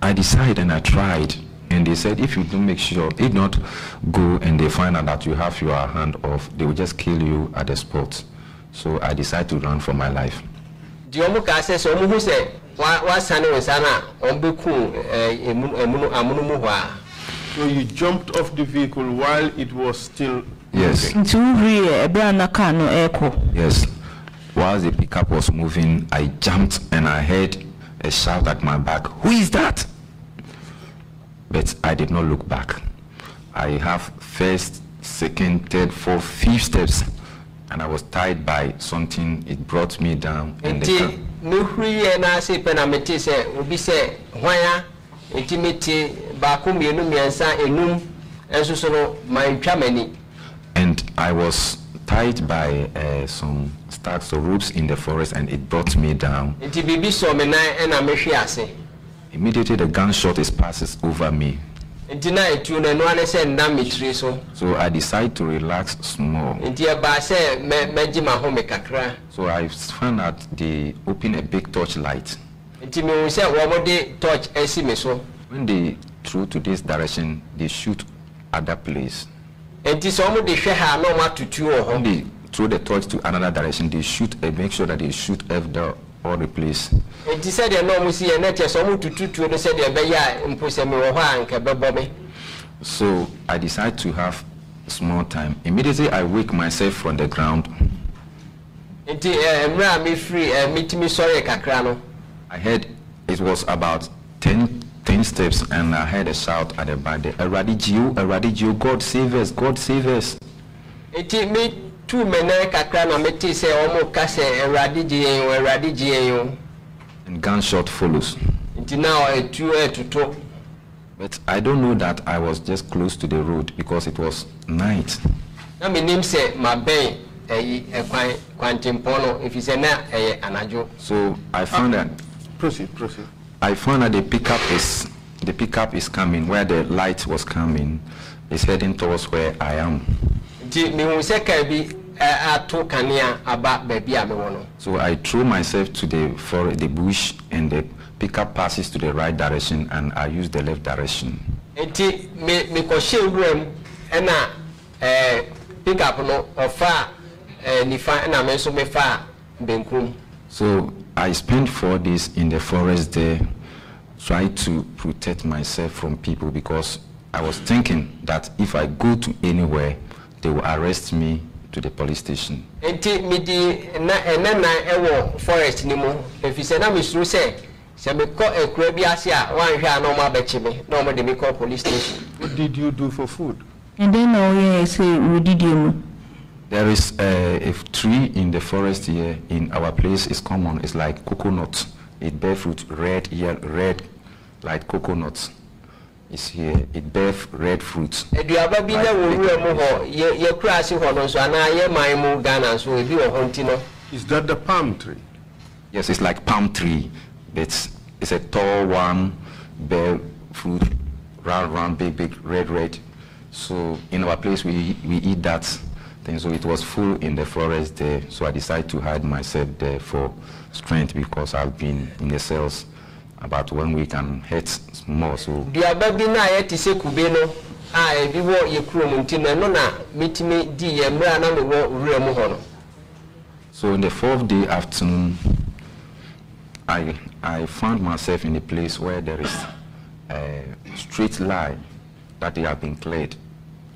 i decided and i tried and they said if you don't make sure if not go and they find out that you have your hand off they will just kill you at the spot so i decided to run for my life. Eh, so you jumped off the vehicle while it was still Yes. Eh, yes. While the pickup was moving, I jumped and I heard a shout at my back, Who is that? But I did not look back. I have first, second, third, fourth, fifth steps, and I was tied by something. It brought me down. And the na obi hwanya enum so no m'ani. and i was tied by uh, some stacks of ropes in the forest and it brought me down. sọ ase. immediately the gunshot is passes over me. So I decide to relax small. So I found out they open a big torch light. When they throw to this direction, they shoot at that place. When they throw the torch to another direction, they shoot and eh, make sure that they shoot every all the place. so i decide to have small time immediately i wake myself from the ground. Eh, eh, i heard it was about ten ten steps and i heard a shout at the back there eradi jiu god save us god save us tu mene kakra na meti sɛ ɔmo ka sɛ awurade gye yɛn o awurade and gunshot follows. nti na etu but i don't know that i was just close to the road because it was night. na mi nim ma na so i found ah, that. proceed proceed. i found that the pickup is the pickup is coming where the light was coming is heading towards where i am nti bi ato aba a so i threw myself to the for the bush and the pickup passes to the right direction and i use the left direction nti me mekɔhyɛ nwuram ɛna ɛɛ pickup no ɔfa ɛɛ nifa ɛna me nso mefa benkum so i spent four days in the forest there try to protect myself from people because I was thinking that if I go to anywhere, they will arrest me to the police station. Enti midi na ene eh, na ewo eh, forest ni mu. Efise na misuru se se me ko ekura bi ase a wan hwe na mo abechi me na mo de me ko police station. What did you do for food? And then oh yeah say we did you There is a, a tree in the forest here in our place is common. It's like coconut. It bear fruit red, yellow, red like coconuts is here. Eh, it bears red fruits. Eduaba bi na wo wura mu hɔ yɛ yɛ kura ase hɔ no nso anaa yɛ man mu Ghana nso ebi wɔ no. Is that the palm tree? Yes, it's like palm tree, It's it's a tall one, bear fruit, round, round, big, big, red, red. So in our place we we eat that thing. So it was full in the forest there. So I decided to hide myself there for strength because I've been in the cells about when we can hit more so. na no na So on the fourth day afternoon, I I found myself in a place where there is a straight line that they have been cleared.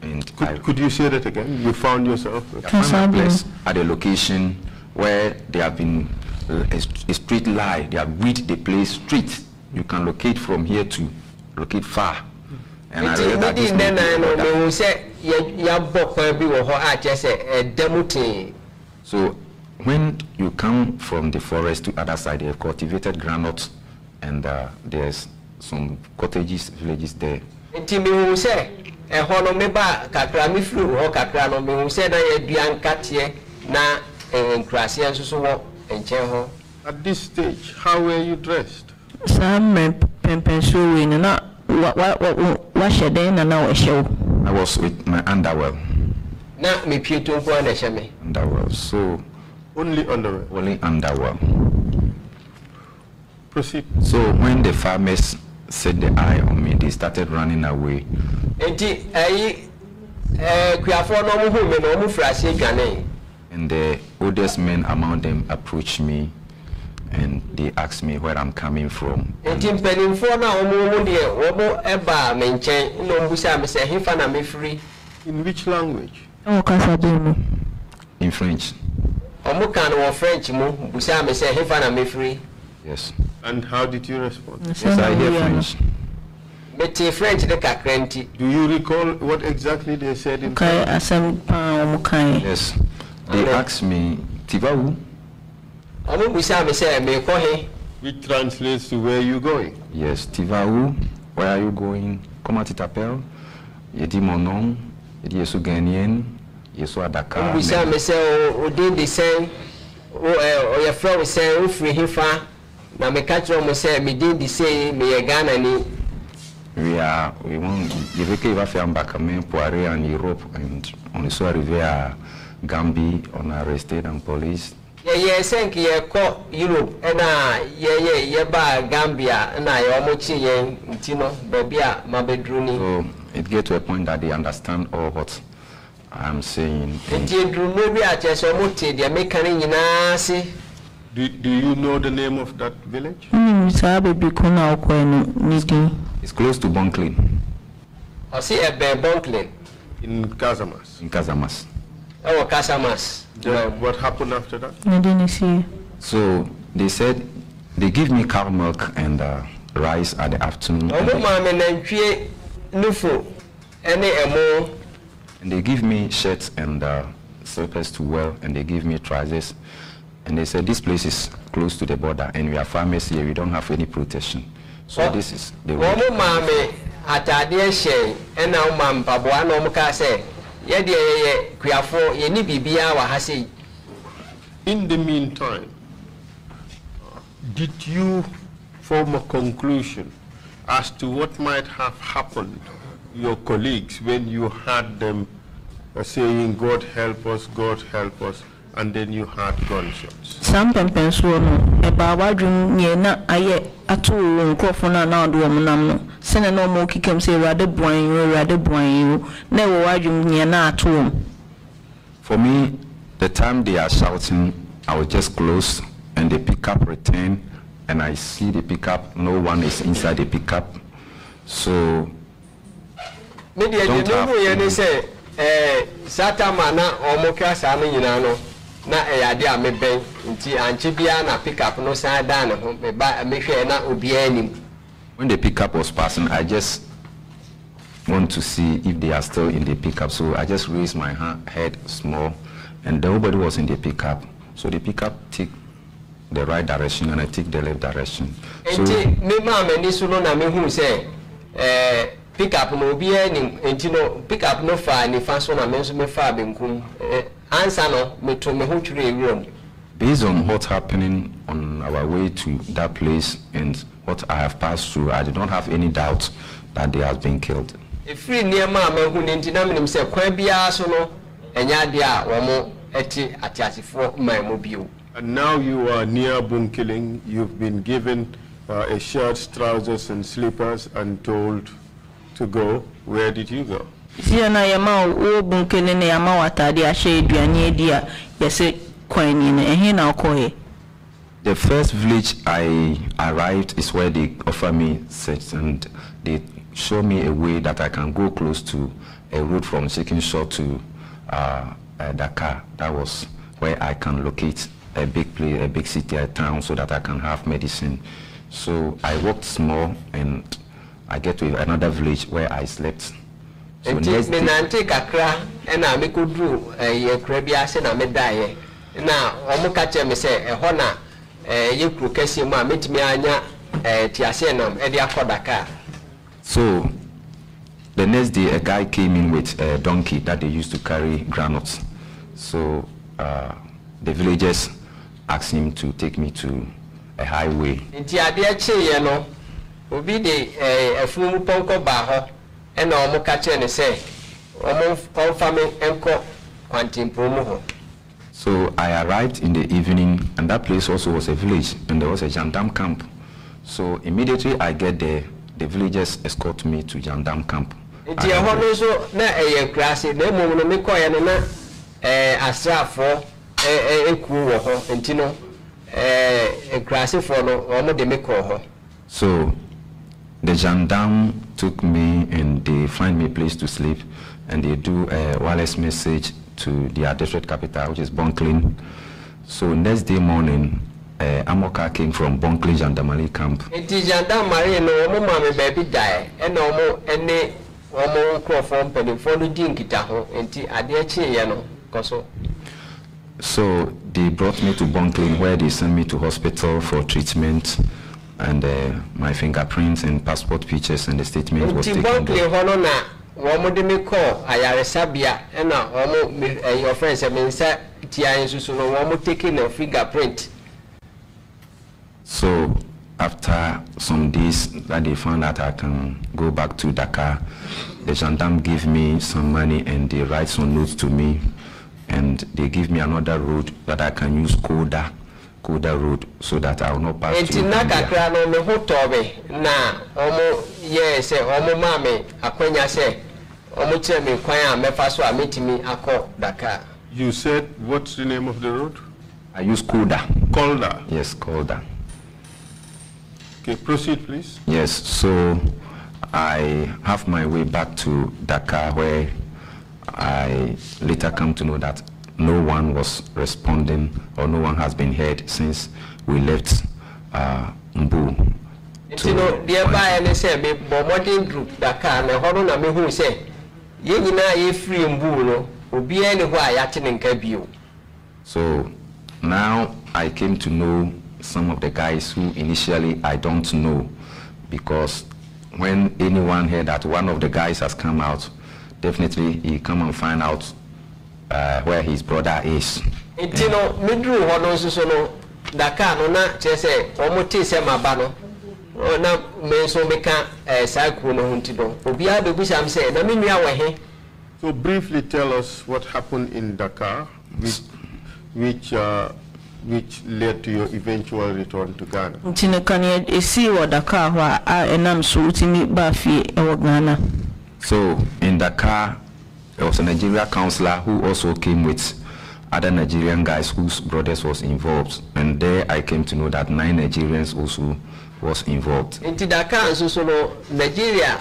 And could, I, could you say that again? You found yourself? I found a place at a location where they have been a, a street lie, They have read the place street. You can locate from here to locate far. And I read that this that. So when you come from the forest to other side, they have cultivated groundnuts and uh, there's some cottages, villages there. ɛhɔ no meba kakra mefiri hɔ kakra no mehu sɛ na yɛdua nkateɛ na nkuraseɛ nso so at this stage, how were you dressed? I was with my underwear. Underwear, so. Only underwear? Only underwear. Proceed. So when the farmers set the eye on me, they started running away. Enti, ayi, eh, kuyafuwa na omu hume na omu frasi gane. And the oldest men among them approached me and they asked me where I'm coming from. busa In which language? In French. Wɔn French busa Yes. And how did you respond? Yes, I hear French. Mete French Do you recall what exactly they said in French? Yes. They Amen. asked me, Tiva où? Which translates to where you going. Yes, Tiva où? Where are you going? Comment tu t'appelles? J'ai dit mon nom. J'ai dit je suis ghanéen. Je suis à Dakar. On m'a dit, on dit des saints. On y a fait say saints. On fait des saints. na meka kyerɛ mo sɛ meden de sei meyɛ ghanani We are, we want, j'ai vécu, il va faire un bac à main pour aller en Europe, and on est arrivé à Gambia on arrested and policed. yɛyɛ sɛ nke yɛkɔ europe ɛna yɛyɛ yɛba gambia na yɛwɔmokye yɛn nti no baabi a mabɛduru ni so it gets to a point that they understand all what i'm saying Do, do you know the name of that village? Mm, it's close to Bonklin. I see a Bonklin. In Kazamas. In Kazamas. Oh, Casamas. what happened after that? I didn't see. So they said they give me cow milk and uh, rice at the afternoon. Oh, and they give me shirts and uh, slippers to wear, and they give me trousers. And they said, this place is close to the border, and we are farmers here, we don't have any protection. So oh. this is the in the meantime did you form a conclusion as to what might have happened your colleagues when you had them saying god help us god help us and then you had gunshots. no na ato na nam no na na na ato for me the time they are shouting i will just close and the pickup return and i see the pickup no one is inside the pickup so. satama eh, na no no na ɛyɛ adeɛ a mebɛn nti when the pickup was passing i just want to see if they are still in the pickup so i just raised my head small and nobody was in the pickup so the pickup take the right direction and i take the left direction. nti mi maa mi ni so no na say eh, pickup no obiara nim nti no pickup no fa nifa so na mi nso mi fa benkum eh, no me based on what's happening on our way to that place and what I have passed through, I do not have any doubt that they have been killed. so no bio. And now you are near killing You've been given uh, a shirt, trousers, and slippers and told to go. Where did you go? na ne na The first village I arrived is where they offer me such, and they show me a way that I can go close to a road from Chicken Shore to uh, uh, Dakar. That was where I can locate a big place, a big city, a town, so that I can have medicine. So I walked small and I get to another village where I slept. So, the next day, a guy came in with a donkey that they used to carry granules. So, uh, the villagers asked him to take me to a highway ɛna wɔn ka kyerɛ ne sɛ wɔn kɔnfa mi nkɔ So I arrived in the evening, and that place also was a village, and there was a gendarme camp. So immediately I get there, the villagers escort me to gendarme camp. Nti ɛhɔ no nso na ɛyɛ nkuraase na emu no mekɔ yɛ na ɛɛ eh, asraafoɔ ɛɛ eh, ekuo eh, wɔ hɔ nti no ɛɛ nkuraasefo no wɔn de mekɔ hɔ. So the gendarme took me and they find me a place to sleep and they do a wireless message to their district capital, which is Bonklin. So next day morning, uh, Amoka came from Bonklin Gendarmerie camp. so. So they brought me to Bonklin where they sent me to hospital for treatment and uh, my fingerprints and passport pictures and the statement was taken. Eh, your friends eh, no na wɔn fingerprint. So after some days that they found that I can go back to Dakar, the gendarme gave me some money and they write some notes to me and they give me another road that I can use Koda Kuda Road so that I will not pass through India. Nti nakakra no me ho na omo yɛ sɛ ɔmo maa me akwanya sɛ ɔmo kyerɛ me kwan a mɛfa so a metumi akɔ Dakar. You said what's the name of the road? I use Kuda. Kuda. Yes, Kuda. Okay, proceed please. Yes, so I have my way back to Dakar where I later come to know that no one was responding or no one has been heard since we left uh, Mbu. so now i came to know some of the guys who initially i don't know because when anyone heard that one of the guys has come out definitely he come and find out uh, where his brother is. no so daka no na maba no na meka eh, no na me nua so briefly tell us what happened in dakar which which. Uh, which led to your eventual return to Ghana? Dakar so ba Ghana. So in Dakar there was a Nigerian counselor who also came with other Nigerian guys whose brothers was involved. And there I came to know that nine Nigerians also was involved. In Dakar and so no Nigeria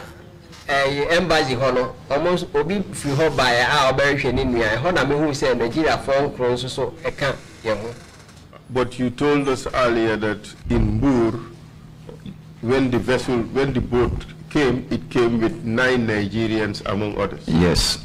ɛyɛ eh, embassy hɔ almost obi firi hɔ by ah, our ɔbɛrehwɛ ne nua ɛhɔ na mehu sɛ Nigeriafoɔ so ɛka yɛn But you told us earlier that in Bur, when the vessel, when the boat came, it came with nine Nigerians among others. Yes.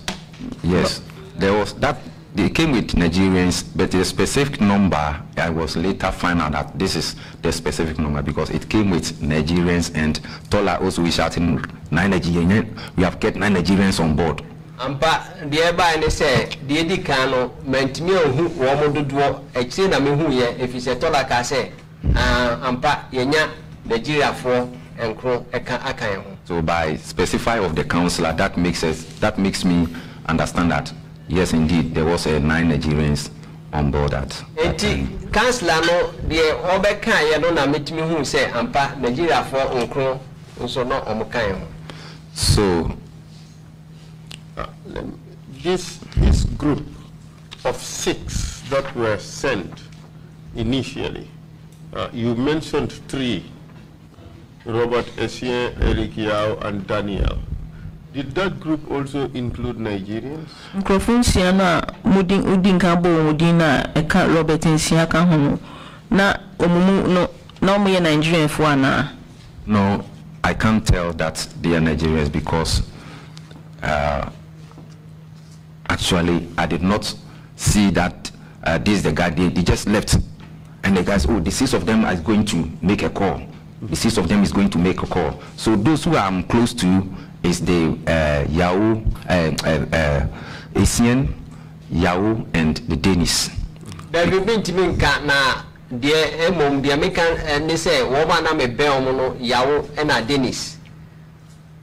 Yes, there was that. They came with Nigerians, but the specific number I was later find out that this is the specific number because it came with Nigerians and Tola also is shouting nine Nigerians. We have kept nine Nigerians on board. ampa deɛ ɛbaeɛ ne sɛ deɛ di kan no mantumi ahu wɔn mo dodoɔ akyire na mehu yɛ ɛfiri sɛ tɔla ka sɛ uh, ampa yɛnya nigeriafoɔ nkoro ɛka aka yɛn ho. so by specify of the counselor, that makes us that makes me understand that, yes, indeed, there was a nine Nigerians on board That. Eti, Councillor no, the Obeka, na say, Ampa, Nigeria for So, uh, um, this, this group of six that were sent initially, uh, you mentioned three, Robert Essien, Eric Yao, and Daniel. Did that group also include Nigerians? no robert no no i can't tell that they are nigerians because uh, actually i did not see that uh, this is the guy they, they just left and the guys oh the six of them are going to make a call the six of them is going to make a call so those who i'm um, close to is the uh, Yahoo, uh, uh, uh, Asian, Yahoo, and the Danish. Dabi bi ntumi nka na deɛ emom deɛ meka ne sɛ wɔn a nam ɛbɛn wɔn no Yahoo ɛna Danish.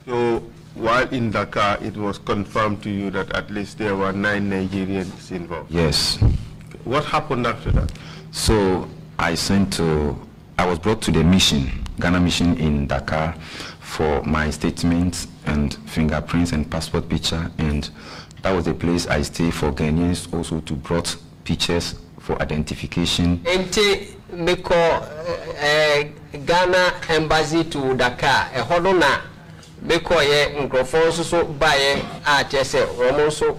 So while in Dakar, it was confirmed to you that at least there were nine Nigerians involved. Yes. What happened after that? So I sent to, I was brought to the mission, Ghana mission in Dakar for my statements and fingerprints and passport picture. And that was the place I stayed for Ghanaians also to brought pictures for identification. Eh, eh, Ghana embassy to Dakar eh, so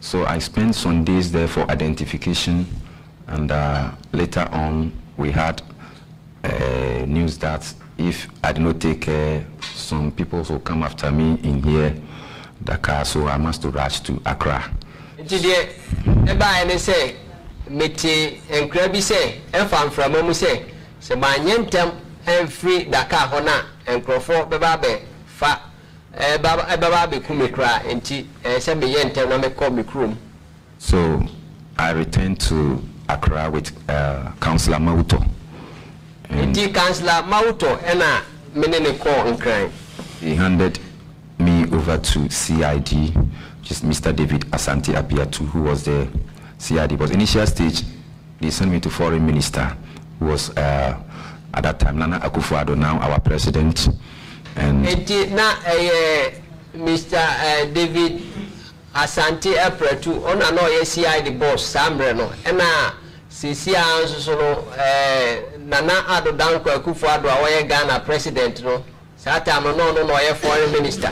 So I spent some days there for identification and uh, later on we had uh, news that if I do not take care, some people will come after me in here, Dakar, so I must rush to Accra. Today, the buyer say, Meti and Krabby say, and Fan from Mamuse, so my yentem and free Dakar Hona and Crawford Bababe, Fa. Baba ɛbaba abɛku me kora nti sɛ meyɛ ntɛm na mɛkɔ me kurom so i returned to accra with uh, councillor mawuto councillor he handed me over to cid which is mr david asante abiatu who was the cid but initial stage they sent me to foreign minister who was uh, at that time nana akufo-addo now our president and nti na ɛyɛ eh, mr eh, david asante apretu ɔna na ɔyɛ cid boss saa mmerɛ no ɛna so Uh, nana ado danko akufo ghana president no no foreign minister.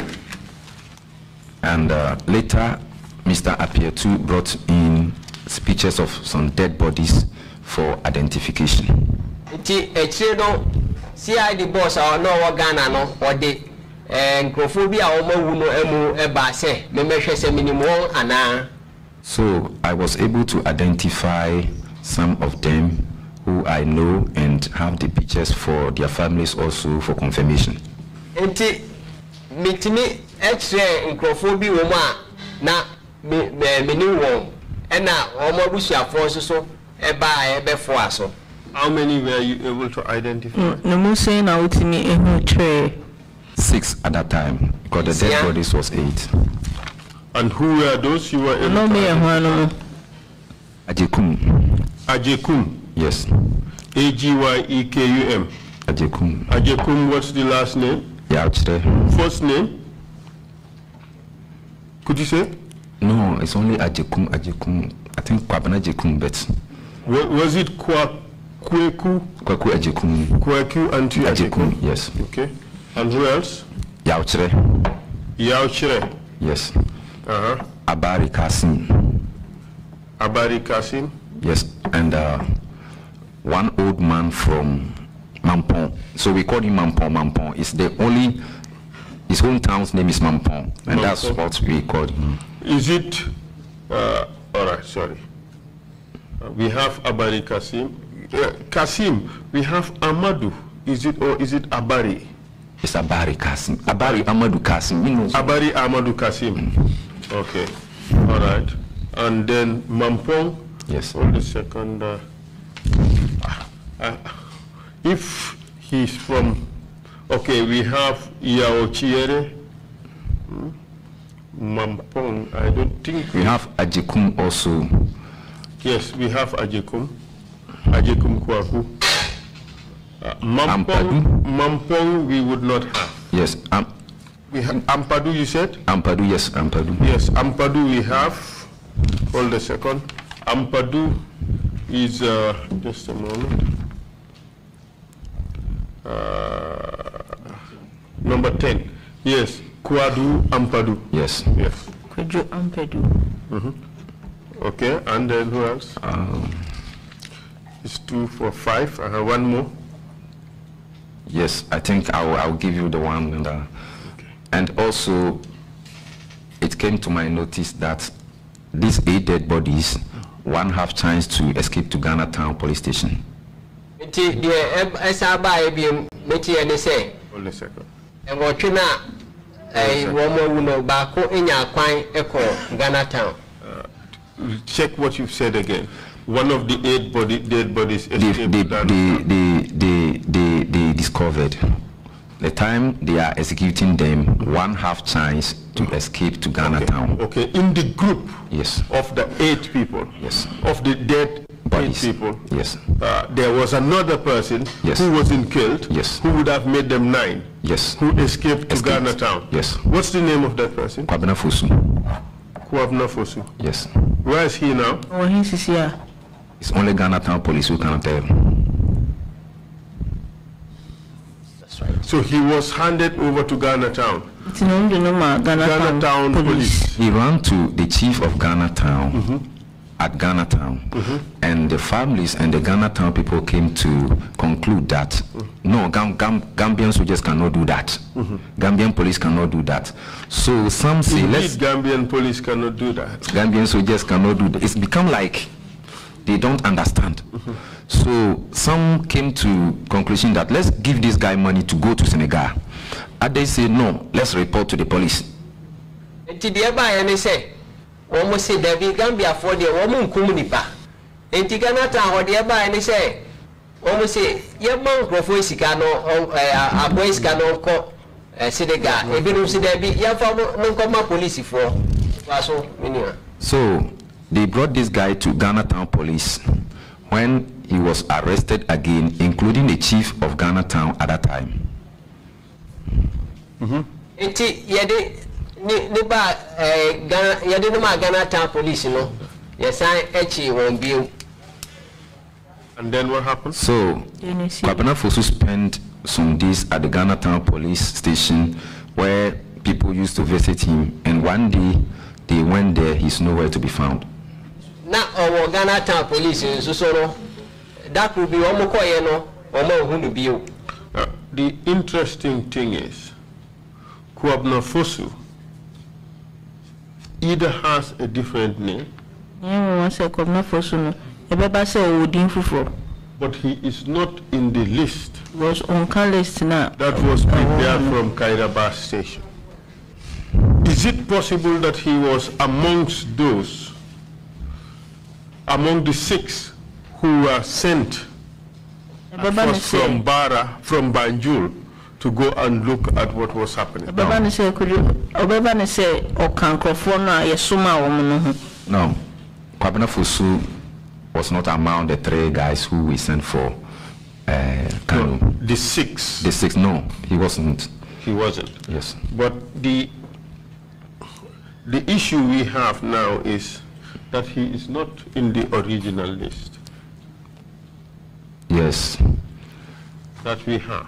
and uh, later mr apietu brought in speeches of some dead bodies for identification. no cid boss ghana no eh, no so i was able to identify some of them who I know and have the pictures for their families also for confirmation. na so How many were you able to identify? Mm, Six at that time because the dead bodies was eight. And who were those you were able to identify? Ajekum. Ajekum. Yes. A G Y E K U M. Ajekum. Ajekum, what's the last name? Yauchre. First name? Could you say? No, it's only Ajekum, Ajekum. I think Kwabana Ajekum, but. was it Kwaku? Kwaku Ajekum. Kwaku and Ajekum. Yes. Okay. And who else? Yauchre. Yauchre. Yes. Uh huh. Abari Kasim. Abari Kasim? Yes. And uh, one old man from Mampon. So we call him Mampon. Mampon is the only, his hometown's name is Mampon, and Mampon. that's what we call him. Is it, uh, all right, sorry. Uh, we have Abari Kasim. Uh, Kasim, we have Amadu. Is it, or is it Abari? It's Abari Kasim. Abari Amadu Kasim. Abari Amadu Kasim. Mm. Okay, all right. And then Mampong. Yes. On the second. Uh, uh, if he's from, okay, we have Yaochiere, hmm? Mampong, I don't think. We, we have Ajikum also. Yes, we have Ajikum, Ajikum Kwaku. Uh, Mampong, Mampong, we would not have. Yes, um, we have Ampadu, you said? Ampadu, yes, Ampadu. Yes, Ampadu we have. Hold a second. Ampadu is, uh, just a moment, uh, number 10. Yes, Kwadu Ampadu. Yes. Yes. Kwadu Ampadu. Mm -hmm. Okay, and then who else? Um, it's two, four, five. I uh, have one more. Yes, I think I'll, I'll give you the one. uh, okay. And also, it came to my notice that these eight dead bodies one half chance to escape to Ghana Town Police Station. nti no ghana town uh, check what you've said again one of the eight body, dead bodies escaped they, they, they, they, they, they discovered the time they are executing them, one half chance to escape to Ghana okay. town. Okay, in the group yes. of the eight people, yes. of the dead Bodies. eight people, yes. Uh, there was another person yes. who wasn't killed, yes. who would have made them nine, yes. who escaped to escaped. Ghana town. Yes. What's the name of that person? Kwabena Fosu. Kwabena Fosu. Yes. Where is he now? Oh, he's here. It's only Ghana town police who can tell him. So he was handed over to Ghana Town. Ghana, Ghana Town Police. Police. He ran to the chief of Ghana Town mm -hmm. at Ghana Town. Mm -hmm. And the families and the Ghana Town people came to conclude that mm -hmm. no, Gam Gam Gambian soldiers cannot do that. Mm-hmm. Gambian police cannot do that. So some say, Indeed, let's. Gambian police cannot do that. Gambian soldiers cannot do that. It's become like they don't understand. Mm-hmm. So some came to conclusion that let's give this guy money to go to Senegal. Others say no, let's report to the police. Enti deɛ ba yɛn ni sɛ wɔn se dabi Gambiafoɔ deɛ wɔn mo nkum nipa nti Ghana ta hɔ deɛ ba yɛn ni se. wɔn mo se yɛ ma nkurɔfoɔ sika no ɛɛ aboɛ sika no kɔ ɛɛ Senegal ebinom se dabi yɛn fa mo nkɔma polisifoɔ. So they brought this guy to Ghana Town Police when he was arrested again, including the chief of Ghana town at that time. Mm-hmm. Nti yɛde ne ba eh, Ghana ma Ghana town police And then what happened? So Kwabena Fosu spent some days at the Ghana town police station where people used to visit him and one day they went there he's nowhere to be found now eh, our ghana town police nso Susoro, that will be wɔn kɔɛ no the interesting thing is kuabnafosu either has a different name. but he is not in the list. was on car list now. That was prepared from Kairaba station. Is it possible that he was amongst those among the six who were sent first from Bara, from Banjul, to go and look at what was happening. No, Kwabena Fusu was not among the three guys who we sent for uh, eh, Kano. No, the six. The six, no, he wasn't. He wasn't. Yes. But the the issue we have now is that he is not in the original list. Yes. That we have.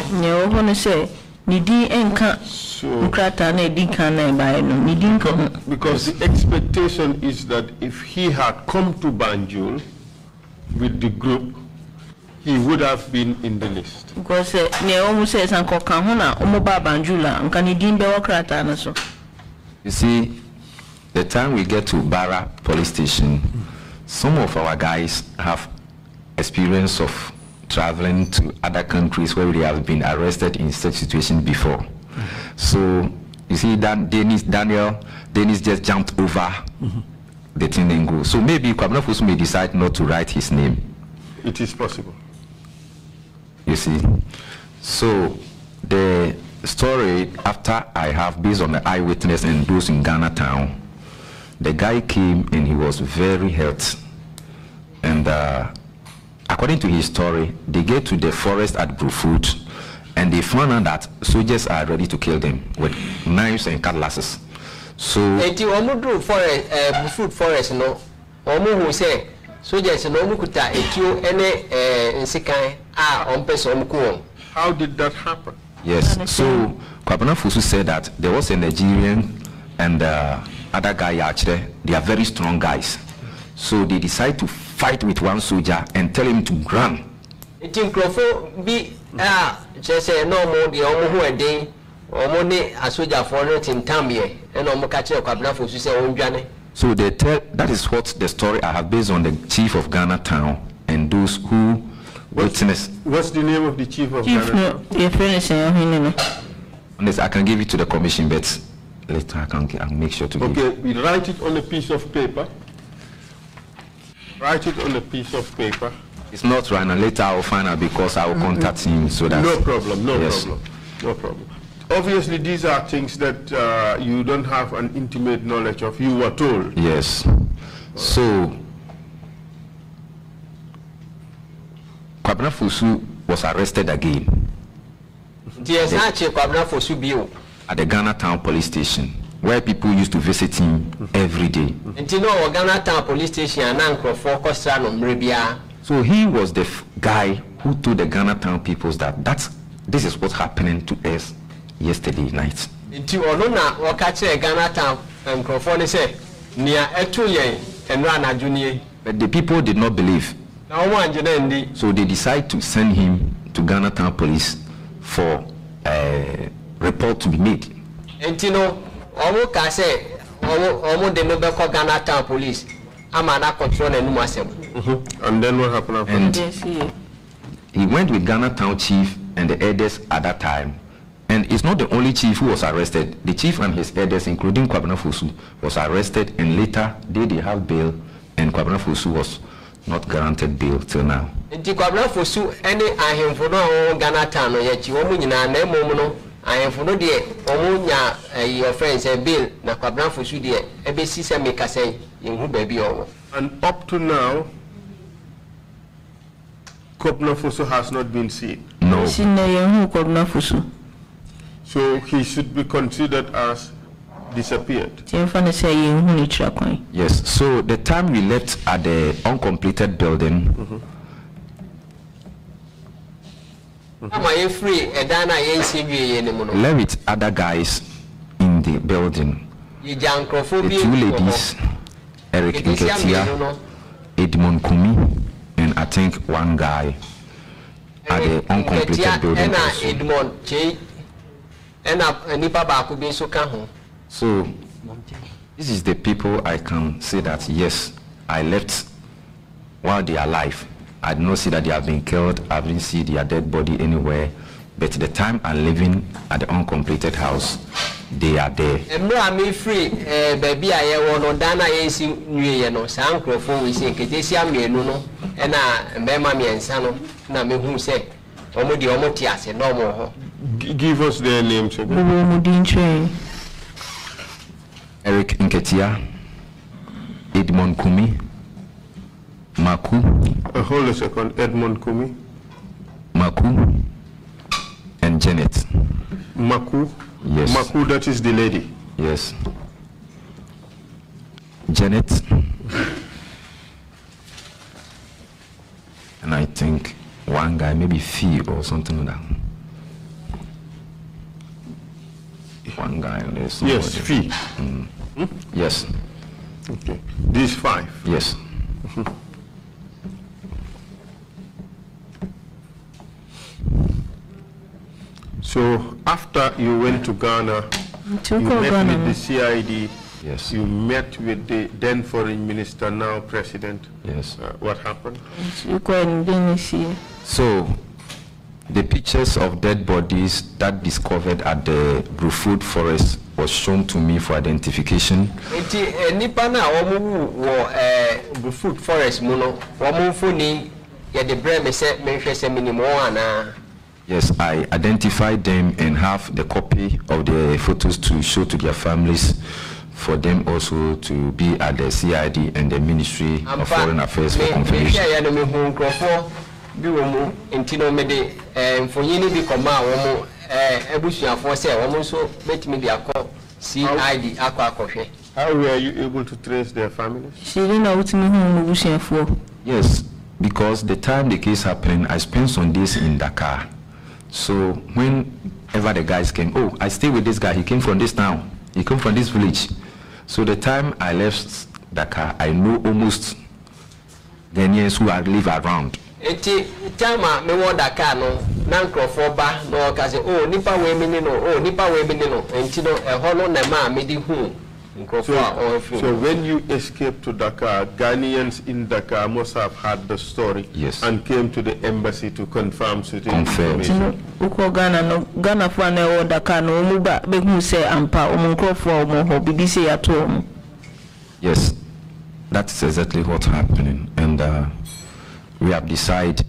Because, because the expectation is that if he had come to Banjul with the group, he would have been in the list. Because ne eh, omu se sanko kahuna omu banjula nkani dimbe wakrata anaso. You see, the time we get to Barra police station, some of our guys have experience of traveling to other countries where they have been arrested in such situations before. So you see, Dan, Dennis, Daniel, Dennis just jumped over mm -hmm. the thing and go. So maybe Kwame may decide not to write his name. It is possible you see. So the story after I have based on the eyewitness and those in Ghana town, the guy came and he was very hurt. And uh, according to his story, they get to the forest at Brufut and they found out that soldiers are ready to kill them with knives and cutlasses. So... forest, uh, forest, no? Omu who say, soldiers na ọmụ kuta etuo ne eh, nsekan a ọmpẹ sọ how did that happen. yes so kwabena Fusu said that there was a nigerian and uh, other guy actually. they are very strong guys so they decide to fight with one soldier and tell him to run. nti krofo bi a kyerɛ no na ɔmo deɛ ɔmo ho ɛden ɔmo ne asogyafoɔ no tentam yɛ ɛna ɔmo ka kyerɛ so they tell, that is what the story I have based on the chief of Ghana town and those who what's, witnessed. What's the name of the chief of chief Ghana no, town? Yes, I can give it to the commission, but later I can I'll make sure to okay, give Okay, we write it on a piece of paper. Write it on a piece of paper. It's not right now. Later I'll find out because I will mm -hmm. contact him so that... No problem, no yes. problem, no problem. Obviously, these are things that uh, you don't have an intimate knowledge of. You were told. Yes. So, Kwabena Fosu was arrested again. At the Ghana Town Police Station, where people used to visit him every day. Ghana Town Police Station, So he was the guy who told the Ghana Town people that that's, this is what's happening to us yesterday night. nti ghana town but the people did not believe. na ndi. so they decide to send him to ghana town police for a eh, report to be made. nti no ka de no ghana town police mhm. and then what happened after. and he went with ghana town chief and the elders at that time. And it's not the only chief who was arrested. The chief and his elders, including Kwabena Fosu, was arrested and later they did have bail and Kwabena Fosu was not granted bail till now. Nti Kwabena ahemfo no Ghana town no na no ahemfo no nya eh, eh, bail na Kwabena eh, And up to now, Kwabena Fosu has not been seen. No. Sinna yɛn Kwabena Fosu. So he should be considered as disappeared. Yes, so the time we left at the uncompleted building. Mm -hmm. Mm -hmm. Left other guys in the building. The two ladies, Eric Nketia, Edmond Kumi, and I think one guy at the uncompleted building. Eh, so this is the people i can say that yes i left while they are alive i do not see that they have been killed i didn't see their dead body anywhere but the time i'm living at the uncompleted house they are there ọmụ dị ọmụ tị ase na ọmụ hụ. give us their names. ọmụ ọmụ dị Eric Nketia, Edmond Kumi, Maku. Uh, hold a second, Edmond Kumi. Maku and Janet. Maku? Yes. Maku, that is the lady. Yes. Janet. and I think one guy, maybe fee or something like that. One guy or there's Yes, fee. Mm. Hmm? Yes. Okay. These five? Yes. So after you went to Ghana, you met Ghana. with the CID Yes. You met with the then foreign minister, now president. Yes. Uh, what happened? So, the pictures of dead bodies that discovered at the Brufut forest was shown to me for identification. Eh, eh, forest Yes, I identified them and have the copy of the photos to show to their families for them also to be at the CID and the Ministry Ampa, of Foreign Affairs for confirmation. bi wɔ mu nti na wɔn de ɛɛ eh, mfonyin bi kɔma a wɔn eh, how were you able to trace their families. yes because the time the case happened i spent some days in dakar so whenever the guys came oh i stay with this guy he came from this town he came from this village. So the time I left Dakar, I know almost Ghanaians who are live around. Eti time a me wɔ Dakar no na nkurɔfoɔ ba na ɔka sɛ o oh, nipa wɔ emi ni no o oh, nipa wɔ emi ni no nti no ɛhɔ no na ɛma me di hu. So, so, when you escaped to Dakar, Ghanaians in Dakar must have heard the story yes. and came to the embassy to confirm certain Confirm. information. Uko Ghana Ghana Yes. That's exactly what's happening and uh, we have decided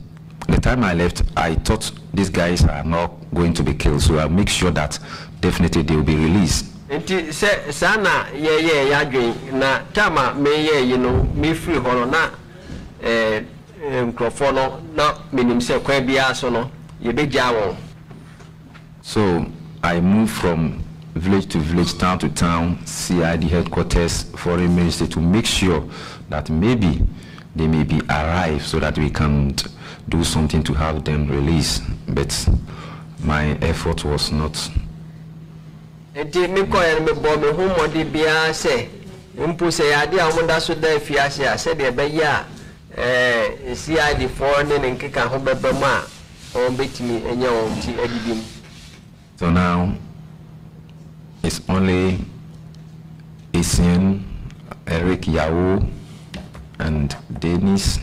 the time I left, I thought these guys are not going to be killed, so I'll make sure that definitely they will be released nti sɛ saa na yɛyɛ na meyɛ yi no mefiri hɔ no na eh, eh, nkurɔfoɔ no na menim sɛ kwan biara so no yɛbɛgyaa wɔn so i moved from village to village town to town cid headquarters foreign ministry to make sure that maybe they may be arrived so that we can do something to have them released but my effort was not sɛ mpo sɛ a so da a eh, a ne ne nkeka ho mu a wɔn wɔn ti mu so now it's only Asian, Eric Yao, and Dennis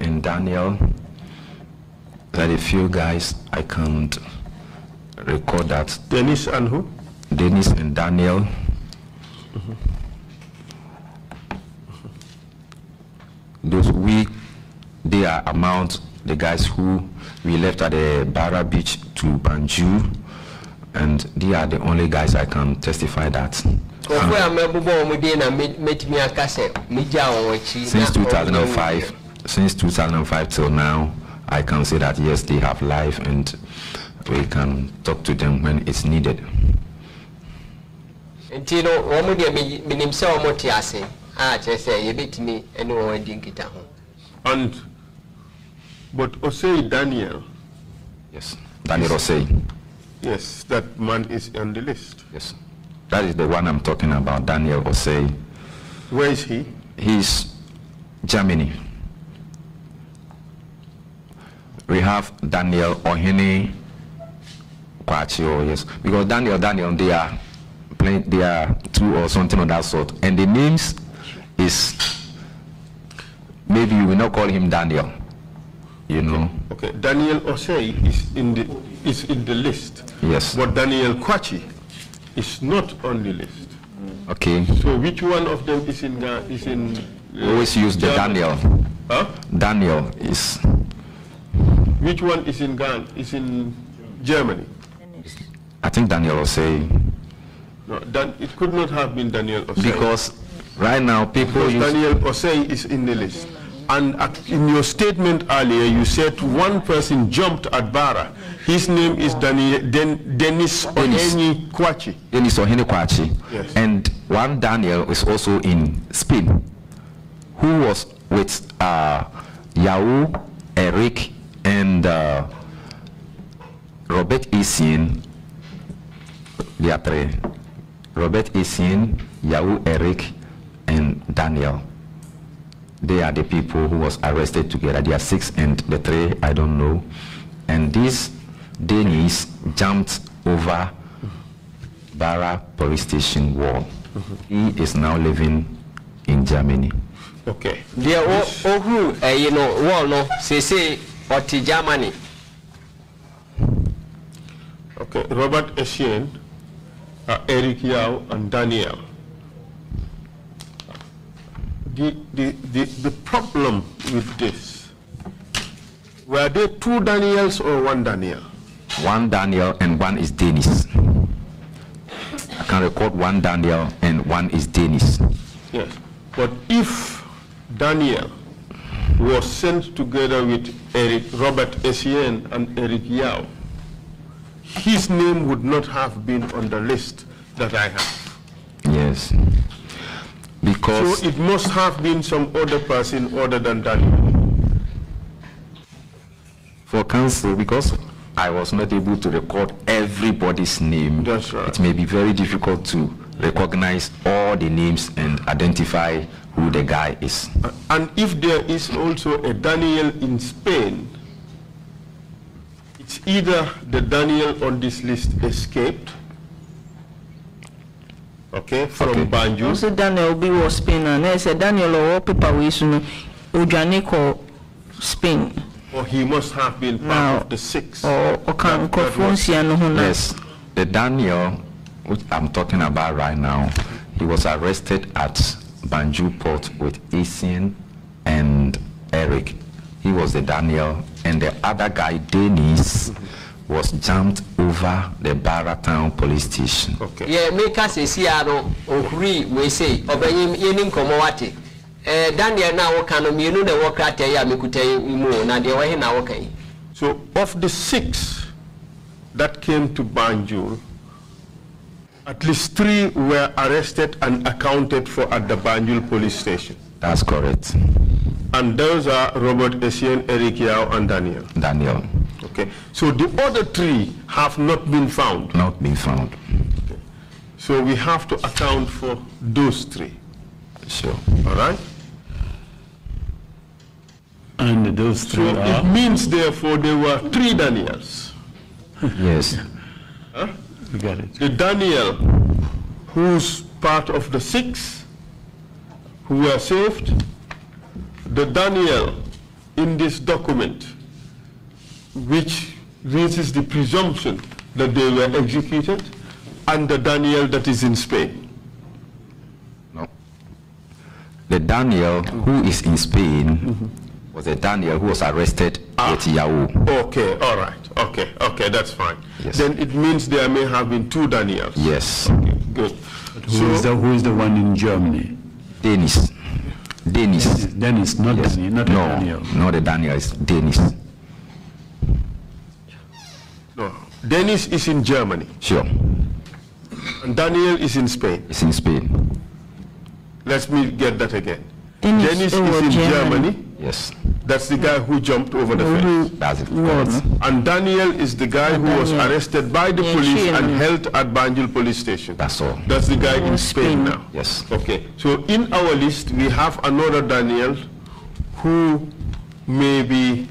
and Daniel that a few guys I can't record that. Dennis and who? Dennis and Daniel. Mm -hmm. Those we, they are amount the guys who we left at the Barra Beach to Banjul, and they are the only guys I can testify that. since 2005, since 2005 till now, I can say that yes, they have life and we can talk to them when it's needed nti no wɔn mu deɛ menim sɛ wɔn te ase a ah, kyerɛ sɛ yɛbɛtumi ne wɔn adi nkita ho. and but osei daniel. yes daniel osei. yes that man is on the list. yes that is the one i'm talking about daniel osei. where is he. he's germany. we have daniel ohene kwachio oh, yes because daniel daniel they are they are two or something of that sort and the names is maybe you will not call him daniel you know okay, daniel osei is in the is in the list yes but daniel kwachi is not on the list okay so which one of them is in uh, is in uh, always use the daniel huh daniel is which one is in Ghana? Is in Germany? I think Daniel was no, it could not have been Daniel Osei. Because right now people because Daniel Osei is in the list. And in your statement earlier, you said one person jumped at Bara. His name is Daniel. Den, Dennis Oheni Kwachi. Dennis Oheni Kwachi. Yes. And one Daniel is also in Spain, who was with uh, Eric, and uh, Robert Isin. The three. Robert Essien, Yahoo Eric, and Daniel. They are the people who was arrested together. They are six and the three, I don't know. And this Dennis jumped over Barra police station wall. Mm -hmm. He is now living in Germany. Okay. Dear Ohu, eh, you know, wall no, say say, in Germany. Okay, Robert Essien uh, Eric Yao, and Daniel. The, the, the, the problem with this, were there two Daniels or one Daniel? One Daniel and one is Dennis. I can record one Daniel and one is Dennis. Yes, but if Daniel was sent together with Eric Robert Essien and Eric Yao, his name would not have been on the list that I have. Yes. Because so it must have been some other person other than Daniel. For counsel, because I was not able to record everybody's name, That's right. it may be very difficult to recognize all the names and identify who the guy is. And if there is also a Daniel in Spain, it's either the Daniel on this list escaped, okay, from okay. Banjul. So Daniel will be Spain, and I said Daniel or people we Ujaniko Spain. Or he must have been part now, of the six. Or Okan Yes, the Daniel, which I'm talking about right now, he was arrested at Banjul port with Isian and Eric. He was the Daniel and the other guy, Dennis, was jumped over the Baratown police station. Okay. Yeah, make us a Seattle Ohri, we say, Obeyim Yenim Komowati. Eh, Daniel now can you know the work at ya Mikute Imu, Nadia Wahina okay. So of the six that came to Banjul, at least three were arrested and accounted for at the Banjul police station. That's correct. And those are Robert, Essien, Eric Yao, and Daniel. Daniel. Okay. So the other three have not been found. Not been found. Okay. So we have to account for those three. Sure. All right. And those three so are? it means, therefore, there were three Daniels. yes. Huh? You got it. The Daniel, who's part of the six who were saved, the Daniel in this document, which raises the presumption that they were executed, and the Daniel that is in Spain? No. The Daniel who is in Spain mm -hmm. was a Daniel who was arrested ah. at Yahoo. Okay, all right. Okay, okay, that's fine. Yes. Then it means there may have been two Daniels. Yes. Okay, good. Who, so, is the, who is the one in Germany? Dennis. Dennis. Dennis, not yes. Daniel. Not no, Daniel. not a Daniel. It's Dennis. No, Dennis is in Germany. Sure. And Daniel is in Spain. He's in Spain. Let me get that again. Dennis, Dennis is in Germany. Germany. Yes. That's the guy who jumped over the fence. That's it. And Daniel is the guy who was arrested by the police and held at Banjul police station. That's all. That's the guy in Spain now. Yes. Okay. So in our list, we have another Daniel who may be...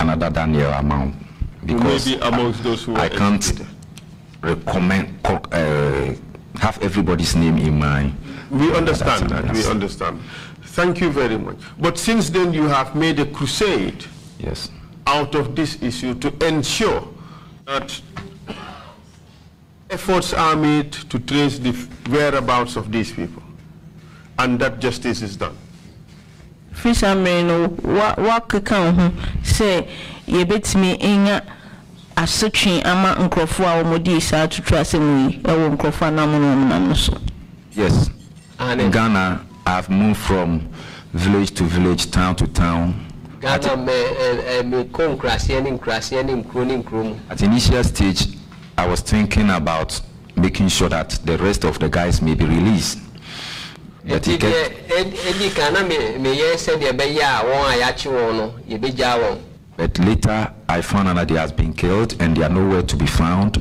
Another Daniel among. Because amongst I, those who I can't educated. recommend, uh, have everybody's name in mind. We understand. We understand. Thank you very much. But since then, you have made a crusade yes. out of this issue to ensure that efforts are made to trace the whereabouts of these people and that justice is done. say, you bet me in ama yes Ghana I've moved from village to village, town to town. At, at initial stage, I was thinking about making sure that the rest of the guys may be released. But later, I found out that they has been killed and they are nowhere to be found.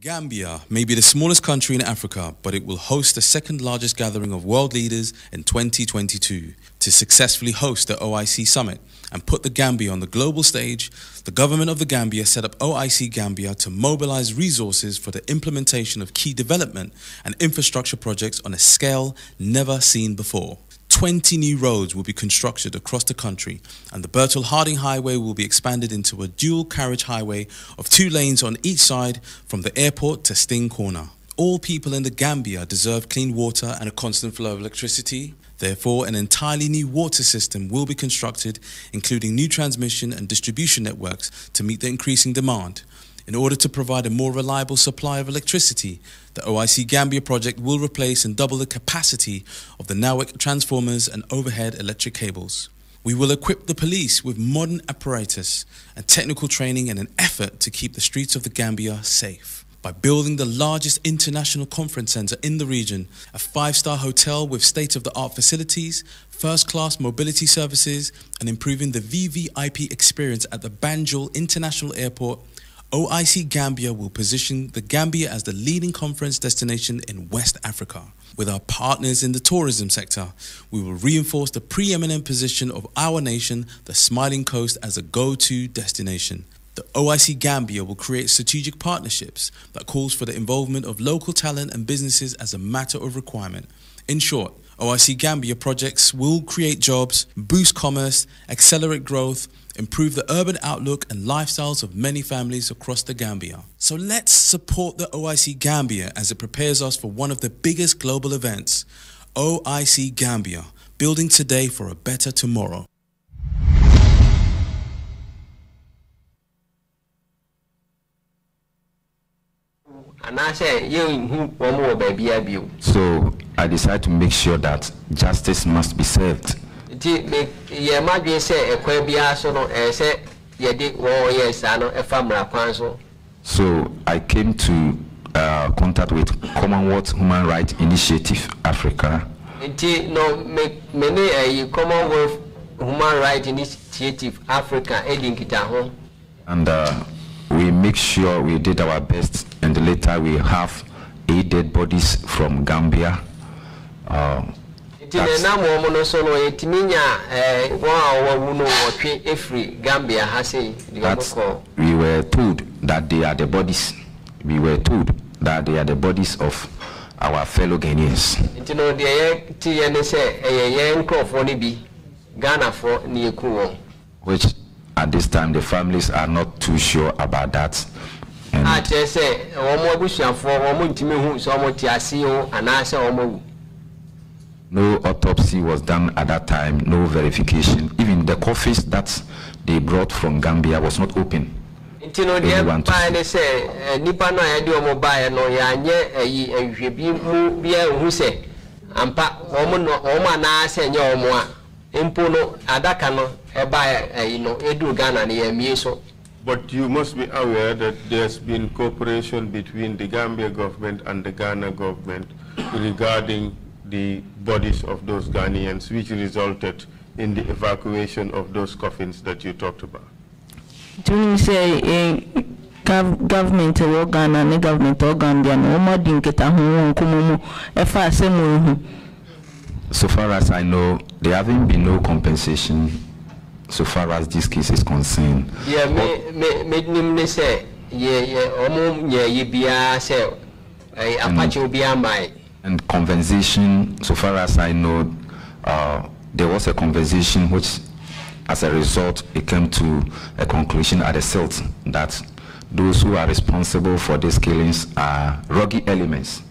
Gambia may be the smallest country in Africa, but it will host the second largest gathering of world leaders in 2022. To successfully host the OIC summit and put the Gambia on the global stage, the government of the Gambia set up OIC Gambia to mobilize resources for the implementation of key development and infrastructure projects on a scale never seen before. 20 new roads will be constructed across the country, and the Bertel Harding Highway will be expanded into a dual carriage highway of two lanes on each side from the airport to Sting Corner. All people in the Gambia deserve clean water and a constant flow of electricity. Therefore, an entirely new water system will be constructed, including new transmission and distribution networks to meet the increasing demand. In order to provide a more reliable supply of electricity, the OIC Gambia project will replace and double the capacity of the Nawak transformers and overhead electric cables. We will equip the police with modern apparatus and technical training in an effort to keep the streets of the Gambia safe. By building the largest international conference center in the region, a five star hotel with state of the art facilities, first class mobility services, and improving the VVIP experience at the Banjul International Airport OIC Gambia will position the Gambia as the leading conference destination in West Africa. With our partners in the tourism sector, we will reinforce the preeminent position of our nation, the Smiling Coast, as a go to destination. The OIC Gambia will create strategic partnerships that calls for the involvement of local talent and businesses as a matter of requirement. In short, OIC Gambia projects will create jobs, boost commerce, accelerate growth, improve the urban outlook and lifestyles of many families across the Gambia. So let's support the OIC Gambia as it prepares us for one of the biggest global events, OIC Gambia, building today for a better tomorrow. So I decided to make sure that justice must be served nti yɛ ma dwen sɛ ɛkwan biara so no ɛyɛ sɛ yɛde wɔn yɛ saa no ɛfa mmara kwan so. so i came to uh, contact with commonwealth human rights initiative africa. nti no me me ne ɛyi commonwealth human rights initiative africa ɛdi nkita ho. and uh, we make sure we did our best and later we have eight dead bodies from gambia. Uh, nti mo no so no eh, gambia we were told that they are the bodies we were told that they are the bodies of our fellow ghanaians. ti ne bi which at this time the families are not too sure about that. a just say, Omo abusuafoɔ wɔn ntumi hu so Omo te ase o anaasɛ no autopsy was done at that time, no verification. Even the coffees that they brought from Gambia was not open. But you must be aware that there's been cooperation between the Gambia government and the Ghana government regarding the bodies of those Ghanaians, which resulted in the evacuation of those coffins that you talked about? Do you say a eh, government organ Ghana, a government organ, Gambia, are no more than it at home, come so far as I know, there haven't been no compensation so far as this case is concerned. Yeah, me, me, me, me, me say, yeah, yeah, omu, yeah, yeah, yeah, yeah, yeah, yeah, yeah, yeah, yeah, yeah, and conversation. so far as I know, uh, there was a conversation which, as a result, it came to a conclusion at the SILT that those who are responsible for these killings are rogue elements.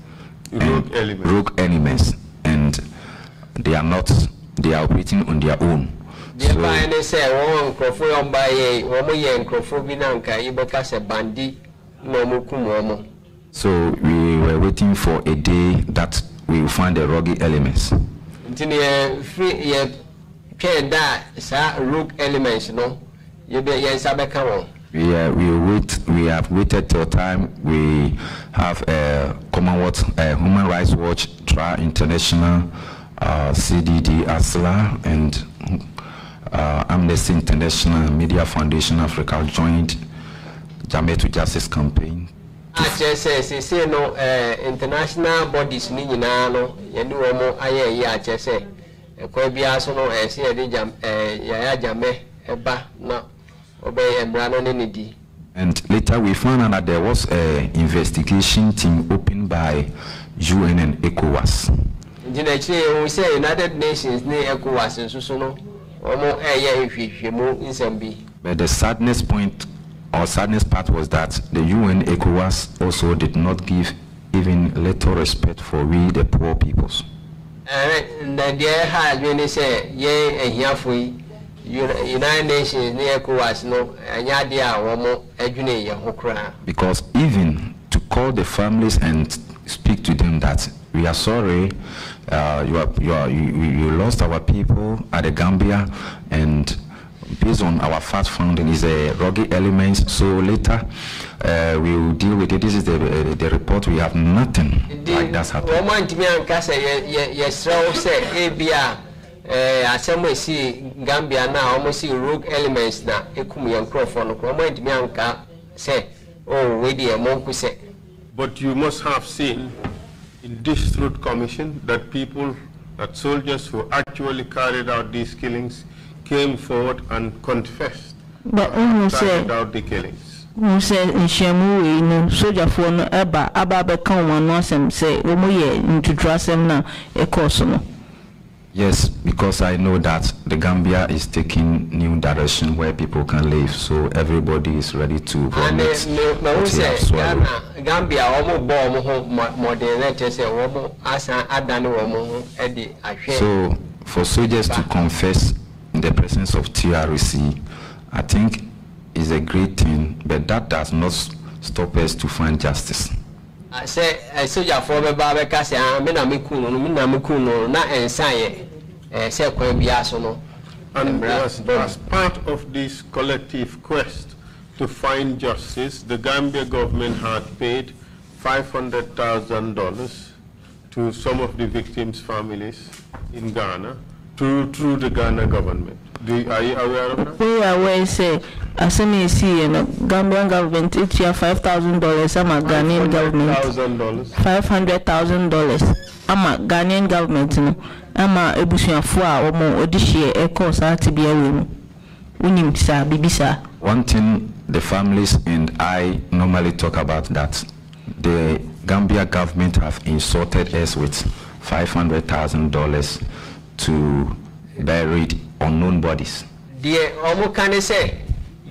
Rogue elements. Rogue elements. And they are not, they are operating on their own. so, so we were waiting for a day that we will find the rogue elements. We, uh, we wait. We have waited till time. We have a Commonwealth a Human Rights Watch, TRA International, uh, CDD ASLA, and uh, Amnesty International, Media Foundation Africa joined Jamaica Justice Campaign akyerɛ sɛ sese no eh, international bodies ne nyinaa no yɛne wɔn mo ayɛ ɛyi akyerɛ sɛ ɛkwan biara so no ɛsɛ eh, yɛde gyam eh, ɛɛ yaya gyamɛ ɛba na ɔbɛyɛ mmira no ne ne di. And later we found out that there was a investigation team opened by UN and ECOWAS. Ntina akyire yɛn wɔn sɛ United Nations ne ECOWAS nso so no wɔn ɛyɛ nhwehwɛmu nsɛm bi. But the sadness point our sadness part was that the UN ECOWAS also did not give even little respect for we the poor peoples. Because even to call the families and speak to them that we are sorry uh, you, are, you, are, you, you lost our people at the Gambia and based on our first finding is a rocky elements. So later uh, we will deal with it. This is the uh, the report. We have nothing the, like that's happened. Wọ́n rogue elements na oh But you must have seen in this truth commission that people, that soldiers who actually carried out these killings came forward and confessed but who said the killings. Who said no Yes, because I know that the Gambia is taking new direction where people can live, so everybody is ready to ah, vomit what Gambia, ọmọ bọ ọmọ ọmọ ọmọ So for soldiers to confess in the presence of TRC, I think is a great thing, but that does not stop us to find justice. I say, and as, as part of this collective quest to find justice the gambia government had paid five hundred thousand dollars to some of the victims' families in ghana through through the Ghana government. The, are you aware of that? We are aware, say, as I see, you know, Gambian government each year five thousand dollars. I'm a Ghanaian government. dollars. Five hundred thousand dollars. I'm a Ghanaian government. You know, I'm a omo odishie eko sa tibia wemu. Unim sa bibisa. One thing the families and I normally talk about that the Gambia government have insulted us with five hundred thousand dollars to buried unknown bodies. The can say?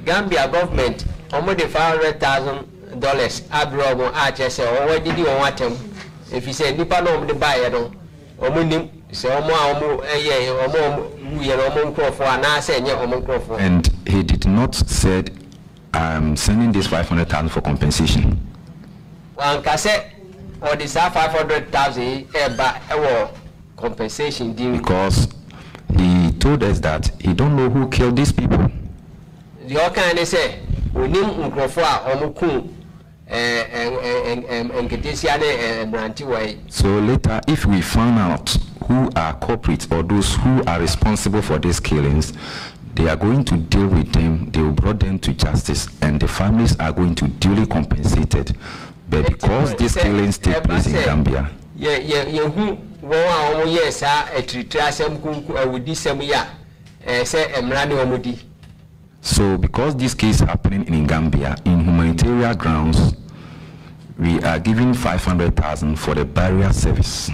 Gambia government the five hundred thousand dollars abroad Abrobo Achese or what did you want him? If you say Nipa no the buyer no Omunim say Omo Omo eh Omo we are Omo Crawford and I say Omo Crawford. And he did not said I'm sending this five hundred thousand for compensation. Wankase or the five hundred thousand eh ba eh compensation deal because he told us that he don't know who killed these people. The say, we So later, if we find out who are culprits or those who are responsible for these killings, they are going to deal with them, they will bring them to justice, and the families are going to duly compensated. But because these killings take place in Gambia, yɛ yɛ yɛhu wɔn a wɔn yɛ saa atiritiri asɛm kunkun awudi eh, sɛm yɛ a ɛɛ eh, sɛ ne wɔn So, because this case happening in Gambia, in humanitarian grounds, we are giving 500,000 for the barrier service.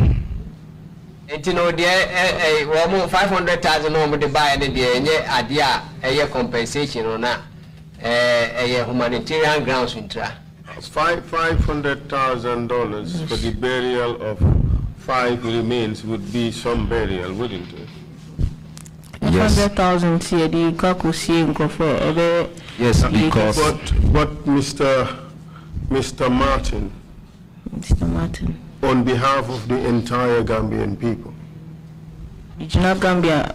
nti no deɛ ɛɛ eh, wɔn mo five hundred thousand na wɔn de baayɛ no deɛ ɛnyɛ adeɛ a ɛyɛ compensation no na ɛɛ ɛyɛ humanitarian grounds ntura. Five, $500,000 for the burial of five remains would be some burial, wouldn't it? Yes. 100,000 CAD, Yes, because. But, but Mr. Mr. Martin. Mr. Martin. On behalf of the entire Gambian people. Gambia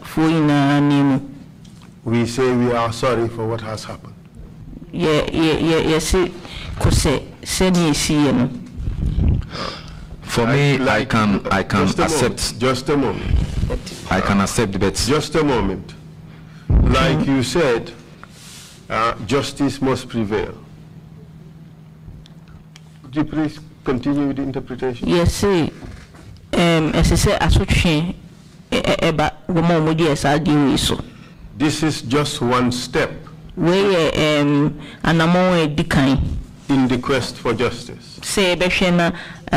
We say we are sorry for what has happened yɛsi kò sɛ sɛni esi yɛ no. for me like, i can i can just accept moment, just a moment i can accept but just a moment like mm -hmm. you said uh, justice must prevail could you please continue with the interpretation yes um as i said asotwe eba wo mo mo di esa di this is just one step wei yɛ um, anammɔn a ɛdi kan. in the quest for justice. Say yɛbɛhwɛ na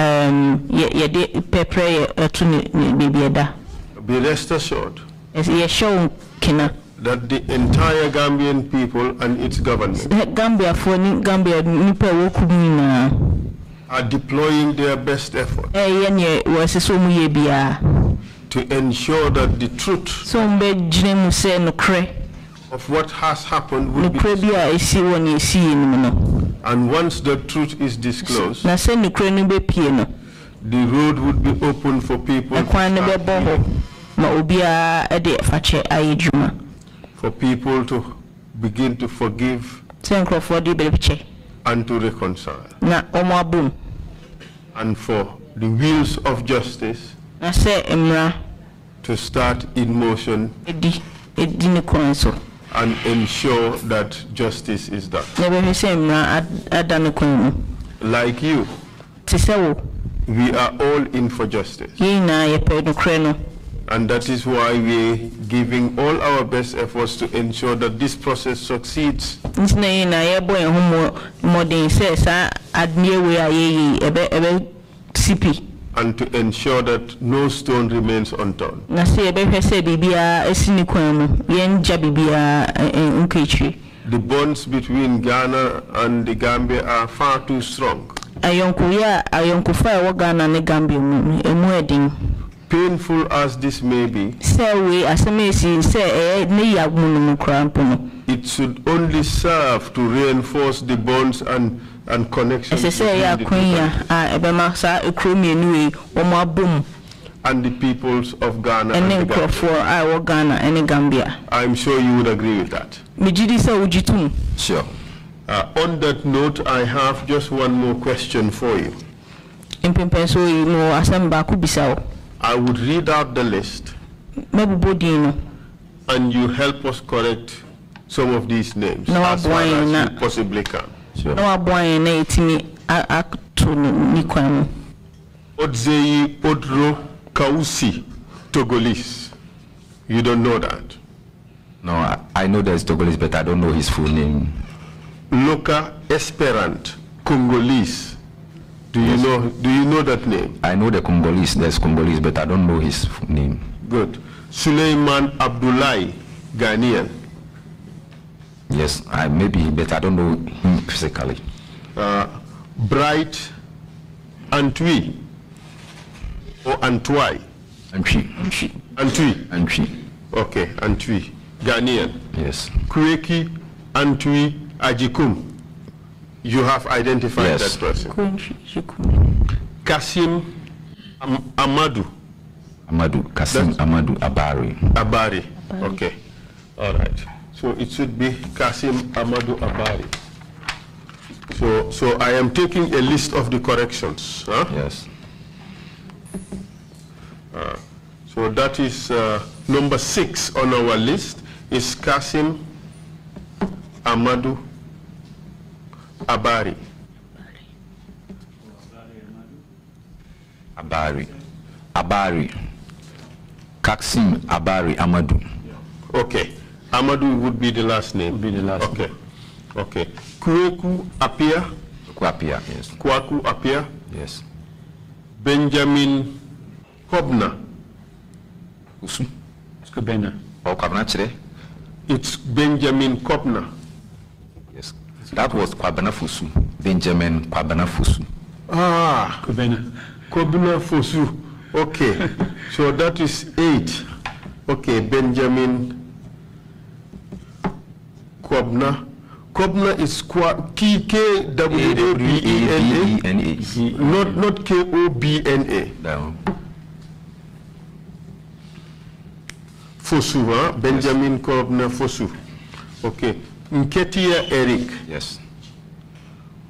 um, yɛde pɛprɛ yɛ ɛto ne baabi ɛda. be rest assured. yɛhyɛ wo kena. that the entire Gambian people and its government. Gambia for Gambia are deploying their best effort eh, to ensure that the truth So of what has happened will be and once the truth is disclosed the road would be open for people for people to begin to forgive and to reconcile and for the wheels of justice to start in motion and ensure that justice is done. Like you, we are all in for justice. And that is why we are giving all our best efforts to ensure that this process succeeds and to ensure that no stone remains unturned. The bonds between Ghana and the Gambia are far too strong. Painful as this may be, it should only serve to reinforce the bonds and and connection. And the peoples of Ghana and, and Gambia. I work Ghana and Gambia. I'm sure you would agree with that. Mijidi Sure. Uh, on that note, I have just one more question for you. I would read out the list. And you help us correct some of these names. As far as you possibly can na na Odzeyi Odro Kausi, Togolese. You don't know that. No, I, I know there's Togolese, but I don't know his full name. Loka Esperant, Congolese. Do you know do you know that name? I know the Congolese, there's Congolese, but I don't know his name. Good. Suleiman Abdullahi, Ghanian. Yes, I maybe, but I don't know him physically. Uh, Bright Antwi or Antwi? Antwi. Antwi. Antwi. Okay, Antwi. Ghanaian. Yes. Kweki Antwi Ajikum. You have identified yes. that person. Kasim Am Amadu. Amadu. Kasim That's Amadu Abari. Abari. Abari. Okay. All right. So it should be Kasim Amadou Abari. So, so I am taking a list of the corrections. Huh? Yes. Uh, so that is uh, number six on our list is Kasim Amadou Abari. Abari. Abari. Kassim Abari Amadou. Okay. Amadou would be the last name. Would be the last okay. name. Okay. Okay. Kueku Apia. Kuapia, yes. Kuaku Apia. Yes. Benjamin Kobna. It's Kobna. Oh, Kobna It's Benjamin Kobna. Yes. That was Kwabena Fusu. Benjamin Kwabena Fusu. Ah. Kobna. Kobna Fusu. Okay. so that is eight. Okay, Benjamin Kwabna. Kwabna is Kwa, K, K W A B E N A, not not K O B N A. Fosu, huh? Benjamin yes. Kwabna Fosu. Okay. Nketia Eric. Yes.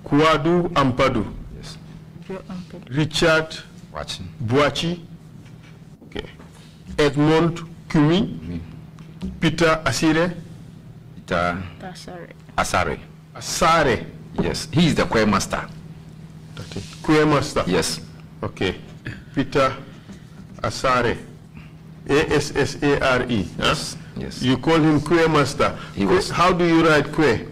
Kwadu Ampadu. Yes. Richard Watson. Buachi. Okay. Edmond Kumi. Mm. Peter Asire. Asare. Asare. Asare. Yes, he is the choir master. Okay. Choir master. Yes. Okay. Peter Asare. A S S A R E. Yes. Yes. You call him Queer master. He was. How do you write Queer?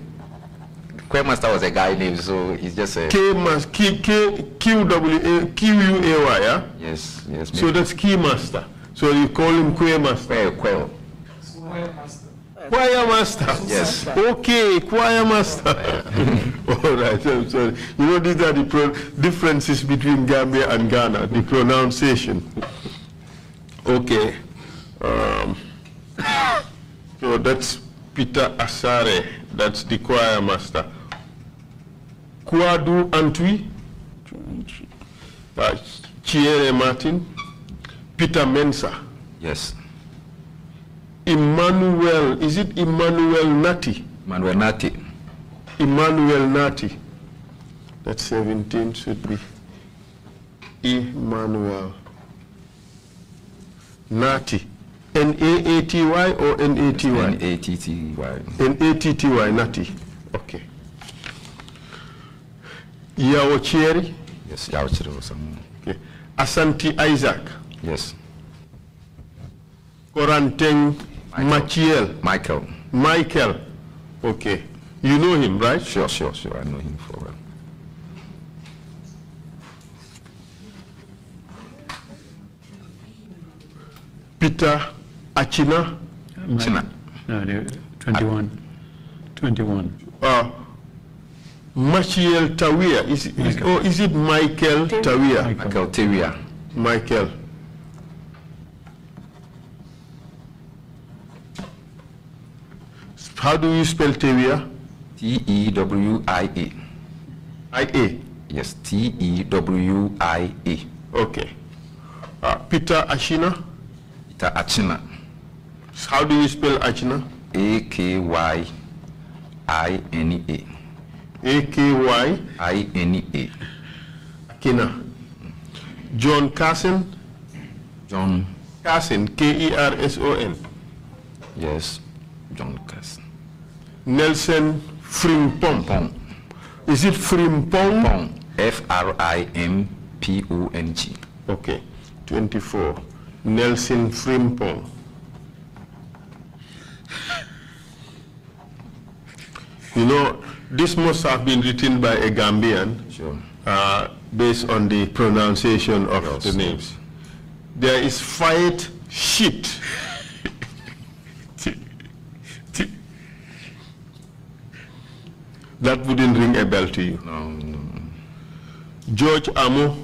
Queer master was a guy name, so he's just a K master. K K Q W A Q U A Y. Yeah. Yes. Yes. So that's key master. So you call him Queer master. Queer. master choir master. Yes. Okay, choir master. All right, I'm sorry. You know, these are the differences between Gambia and Ghana, the pronunciation. Okay. Um, so that's Peter Asare, that's the choir master. Kwadu Antwi, uh, Chiere Martin, Peter Mensah. Yes. Emmanuel, is it Emmanuel Nati? Emmanuel Nati. Emmanuel Nati. That 17 should be Emmanuel Nati. N-A-A-T-Y or N-A-T-Y? N-A-T-T-Y. N-A-T-T-Y, Nati. Okay. Yawocheri? Yes, Yawocheri was someone. Okay. Asanti Isaac? Yes. Koranteng Michael. Michael. Michael. Okay. You know him, right? Sure, sure, sure. I know him for well. Peter Achina. Achina. No, 21. 21. Uh, Michael Tawia. Is, is, oh, is it Michael Tawia? Michael Tawia. Michael. How do you spell Tewia? T E W I A. I A. Yes, T E W I A. Okay. Uh, Peter Achina. Peter Achina. How do you spell Achina? A-K-Y-I-N-A. A-K-Y-I-N-A. Akina. John Carson? John Carson, K-E-R-S-O-N. Yes, John Carson. Nelson Frimpong. Is it Frimpong? F-R-I-M-P-O-N-G. Okay. 24. Nelson Frimpong. You know, this must have been written by a Gambian sure. uh, based on the pronunciation of yes. the names. There is fight shit. That wouldn't ring a bell to you? No, no. George Amo?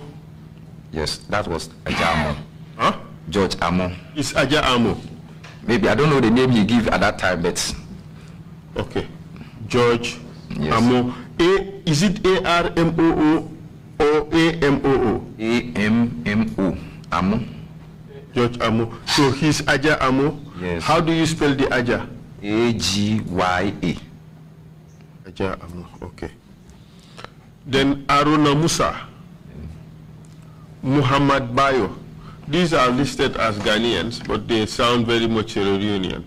Yes, that was Aja Amo. Huh? George Amo. It's Aja Amo? Maybe, I don't know the name he gave at that time, but... Okay. George yes. Amo. A, is it A-R-M-O-O or A-M-O-O? A-M-M-O. Amo. George Amo. So he's Aja Amo? Yes. How do you spell the Aja? A-G-Y-A okay. Then Aruna Musa, Muhammad Bayo. These are listed as Ghanaians, but they sound very much a reunion.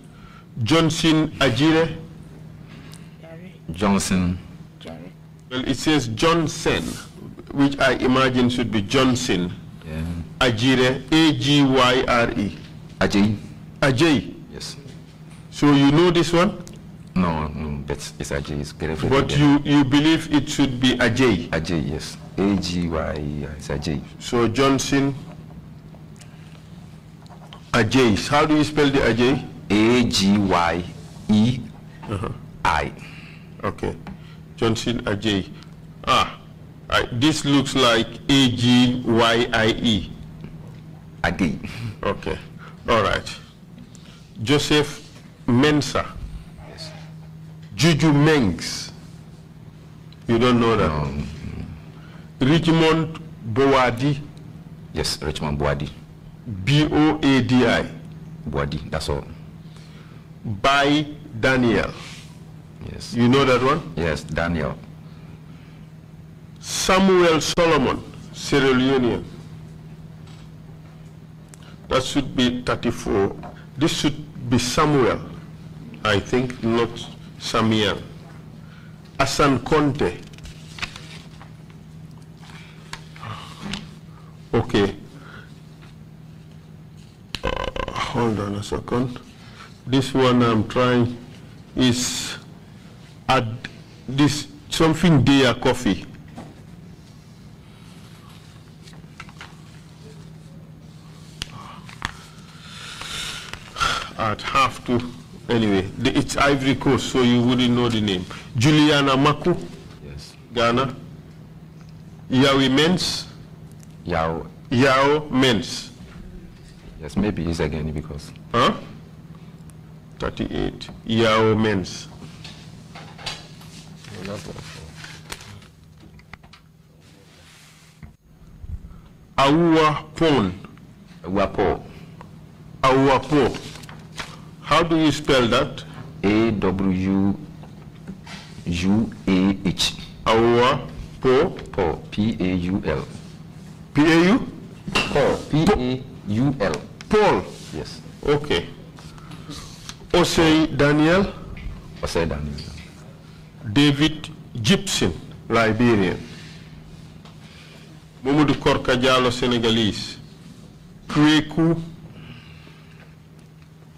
Johnson Ajire. Johnson. Well, it says Johnson, which I imagine should be Johnson. Yeah. Ajire, A-G-Y-R-E. Ajay. Ajay. Yes. So you know this one? No, no, that's it's AJ. It's But you you believe it should be a J? A J, Ajay, yes. A G Y, It's a J. So Johnson. A J. How do you spell the Ajay? uh -huh. Okay. Johnson A J. Ah, I, this looks like A G Y I E. Ajay. Okay. All right. Joseph Mensah. Juju Mengs. You don't know that? Richmond Boadi. Yes, Richmond Boadi. B-O-A-D-I. Boadi, that's all. By Daniel. Yes. You know that one? Yes, Daniel. Samuel Solomon, Sierra Leonean. That should be 34. This should be Samuel, I think, not Samia, Asan Conte. Okay. Uh, hold on a second. This one I'm trying is at this something dear coffee. I'd have to Anyway, the, it's Ivory Coast, so you wouldn't know the name. Juliana Maku, yes. Ghana. Yao Men's. Yao. Yao Men's. Yes, maybe he's again because. Huh? 38. Yao Men's. Awua Pon. Awua Po. Awua Po. How do you spell that? A W U A H. Awa Po. Po. P A U L. P A U. Paul. P A U L. Paul. Yes. Okay. Osei Daniel. Osei Daniel. David Gibson, Liberian. Mumu Korka Diallo, Senegalese. Kweku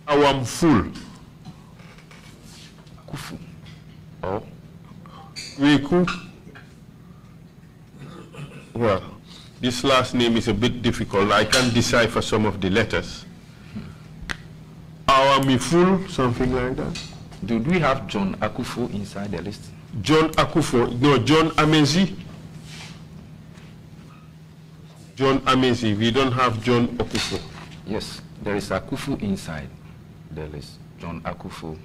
I'm full. Kufu. Oh. Well, this last name is a bit difficult. I can't decipher some of the letters. Awamiful, something like that. Did we have John Akufo inside the list? John Akufo, no, John Amezi. John Amezi, we don't have John Akufo. Yes, there is Akufo inside. There is John Akufu.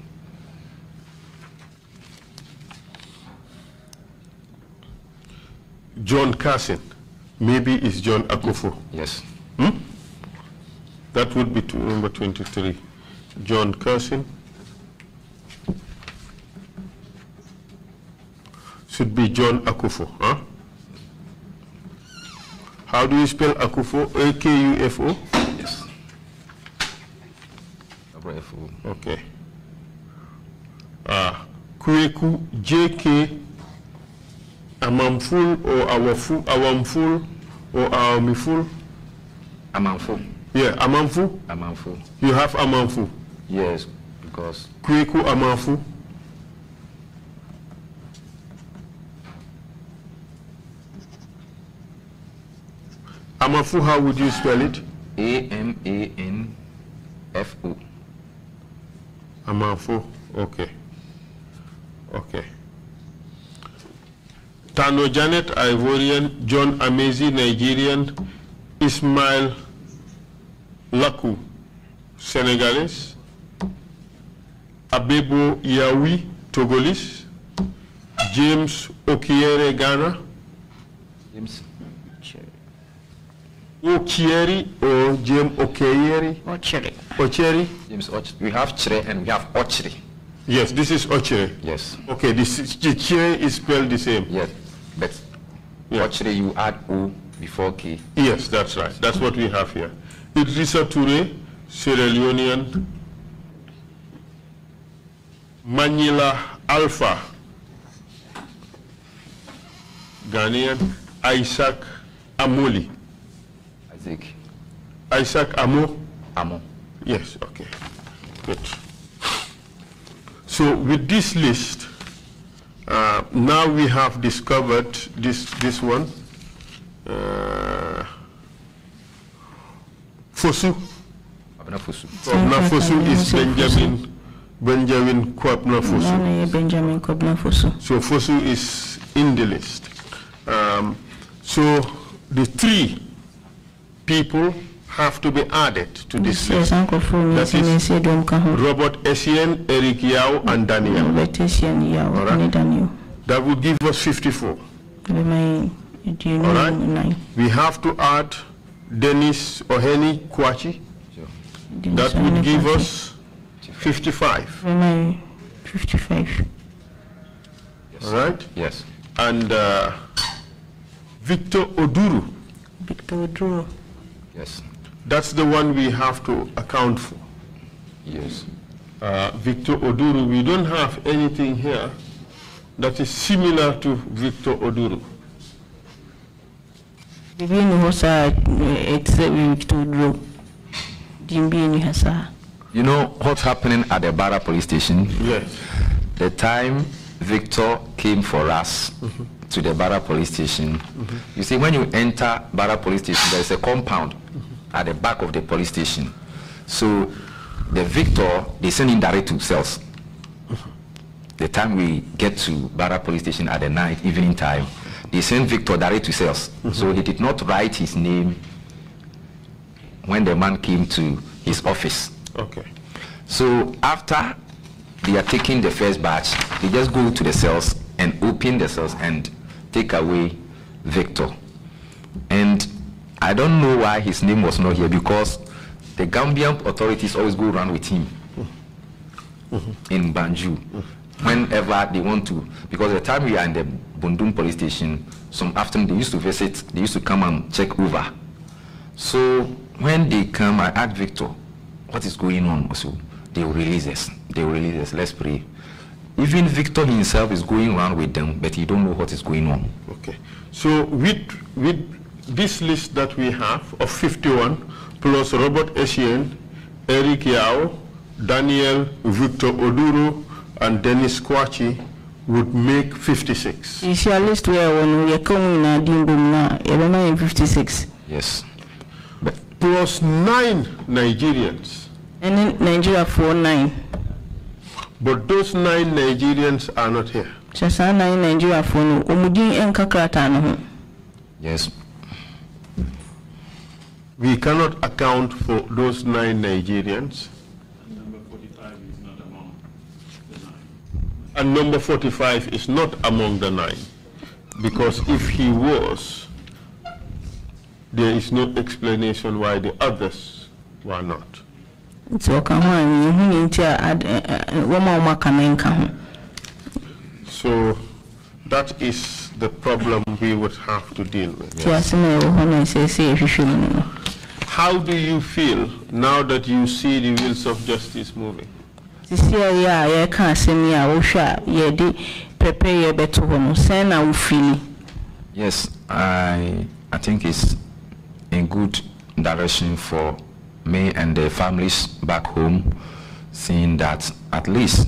John Carson. Maybe it's John Akufu. Yes. Hmm? That would be number 23. John Carson. Should be John Akufo. Huh? How do you spell Akufo? A-K-U-F-O? Yes. Brefu. Okay. Ah, kweku JK Amamful or Awamful Awamful or Awamiful? Amamful. Yeah, Amamful? Amamful. You have Amamful? Yes, because... kweku Amamful? Amafu, how would you spell it? A M A N F O a ok ok Tano Janet Ivorian John Amazi Nigerian Ismail Laku Senegalese Abebo Yaoui Togolese James Okiere Ghana James Okieri or James Okieri? Ochiri. Ochiri? James Ochiri. We have Chire and we have Ochiri. Yes, this is Ochiri. Yes. Okay, this is, is spelled the same. Yes, but yeah. you add O before K. Yes, that's right. That's what we have here. Idrissa Touré, Sierra Leonean. Manila Alpha, Ghanaian. Isaac Amoli. Isaac Amo? Amo. Yes, okay. Good. So with this list, uh, now we have discovered this, this one. Uh, Fosu. Abna Fosu. Abna Fosu is Benjamin. Benjamin Kwabna Fosu. Benjamin Kwabna Fosu. So Fosu is in the list. Um, so the three people have to be added to this list. Robert Essien, Eric Yao, and Daniel. Robert Essien, Yao, and Daniel. That would give us 54. All right. We have to add Dennis Oheni Kwachi. That would give us 55. 55. Yes. All right? Yes. And uh, Victor Oduru. Victor Oduru. Yes. That's the one we have to account for. Yes. Uh, Victor Oduru, we don't have anything here that is similar to Victor Oduru. except Victor Oduru. You know what's happening at the Barra police station? Yes. The time Victor came for us mm -hmm. to the Barra police station. Mm -hmm. You see, when you enter Barra police station, there's a compound at the back of the police station. So the victor, they send him direct to cells. The time we get to Barra police station at the night, evening time, they send Victor direct to cells. Mm -hmm. So he did not write his name when the man came to his office. Okay. So after they are taking the first batch, they just go to the cells and open the cells and take away Victor. And I don't know why his name was not here because the Gambian authorities always go around with him in Banjul whenever they want to. Because the time we are in the Bundum police station, some afternoon they used to visit, they used to come and check over. So when they come, I ask Victor, what is going on? So they will release us. They will release us. Let's pray. Even Victor himself is going around with them, but he don't know what is going on. Okay. So with with this list that we have of 51, plus Robert Asian, Eric Yao, Daniel Victor Oduro, and Dennis Kwachi would make 56. Is your list where when we are coming now, Dimbum 56? Yes. But plus nine Nigerians. And then Nigeria for nine. But those nine Nigerians are not here. Yes we cannot account for those nine Nigerians. And number 45 is not among the nine. And number 45 is not among the nine. Because if he was, there is no explanation why the others were not. So that is the problem we would have to deal with. Yes. How do you feel now that you see the wheels of justice moving? Yes, I, I think it's in good direction for me and the families back home, seeing that at least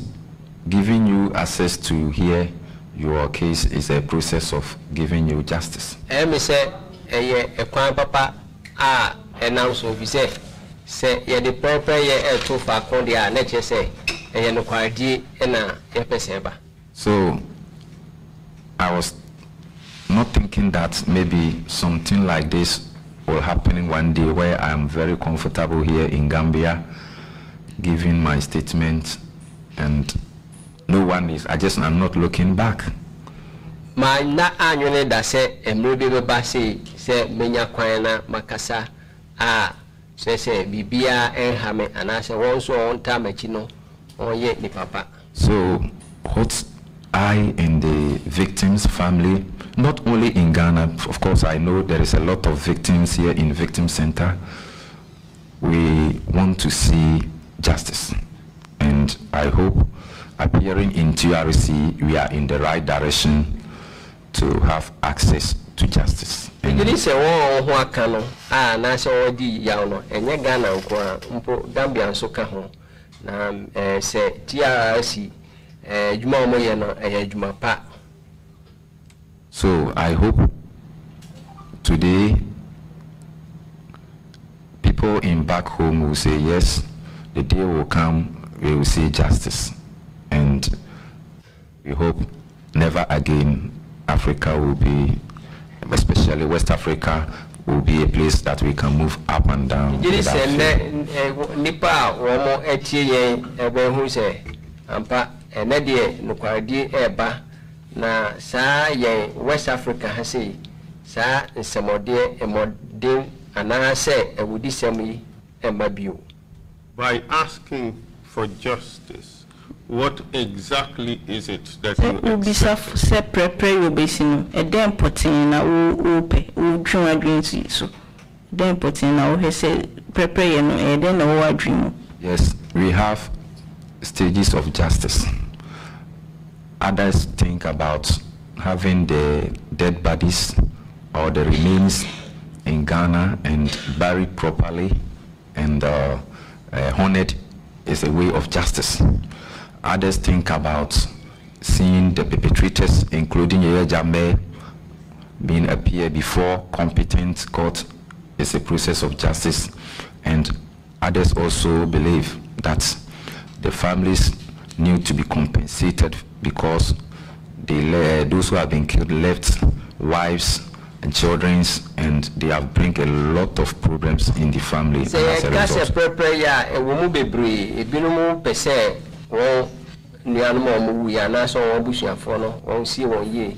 giving you access to hear your case is a process of giving you justice. Eh, eh, eh, ɛnam so efisɛ sɛ yɛde pɛrɛpɛrɛ yɛ ɛto faako deɛ a ne kyerɛ sɛ ɛyɛ nokwaredie ɛna yɛpɛ sɛ ɛba. so i was not thinking that maybe something like this will happen one day where i am very comfortable here in gambia giving my statement and no one is i just am not looking back. My na anyone that say a movie bɛba say sɛ menya kwan na makasa a no papa so what I and the victims' family, not only in Ghana, of course, I know there is a lot of victims here in Victim Center. We want to see justice. And I hope appearing in TRC, we are in the right direction to have access to justice. Gambia eh, TRC eh, pa. So I hope today people in back home will say yes, the day will come, we will see justice. And we hope never again Africa will be um, especially West Africa, will be a place that we can move up and down. na saa West Africa ha sɛ saa nsɛmɔdeɛ anaasɛ yi bio. By asking for justice what exactly is it that you accept? sɛ prɛprɛ yɛ obesi no ɛdɛn pɔtee na wopɛ wotwe w'adwene si so ɛdɛn pɔtee na wohɛ sɛ prɛprɛ yɛ no ɛdɛn na wɔwɔ adwene mu yes we have stages of justice others think about having the dead bodies or the remains in ghana and buried properly and uh, uh, honored is a way of justice others think about seeing the perpetrators, including Yaya Jame, being appeared before competent court is a process of justice. And others also believe that the families need to be compensated because they, those who have been killed left wives and children and they have bring a lot of problems in the family. a wɔn nuanom a wɔn wuiɛ anaasɛ wɔn abusuafoɔ no wɔn si wɔn yie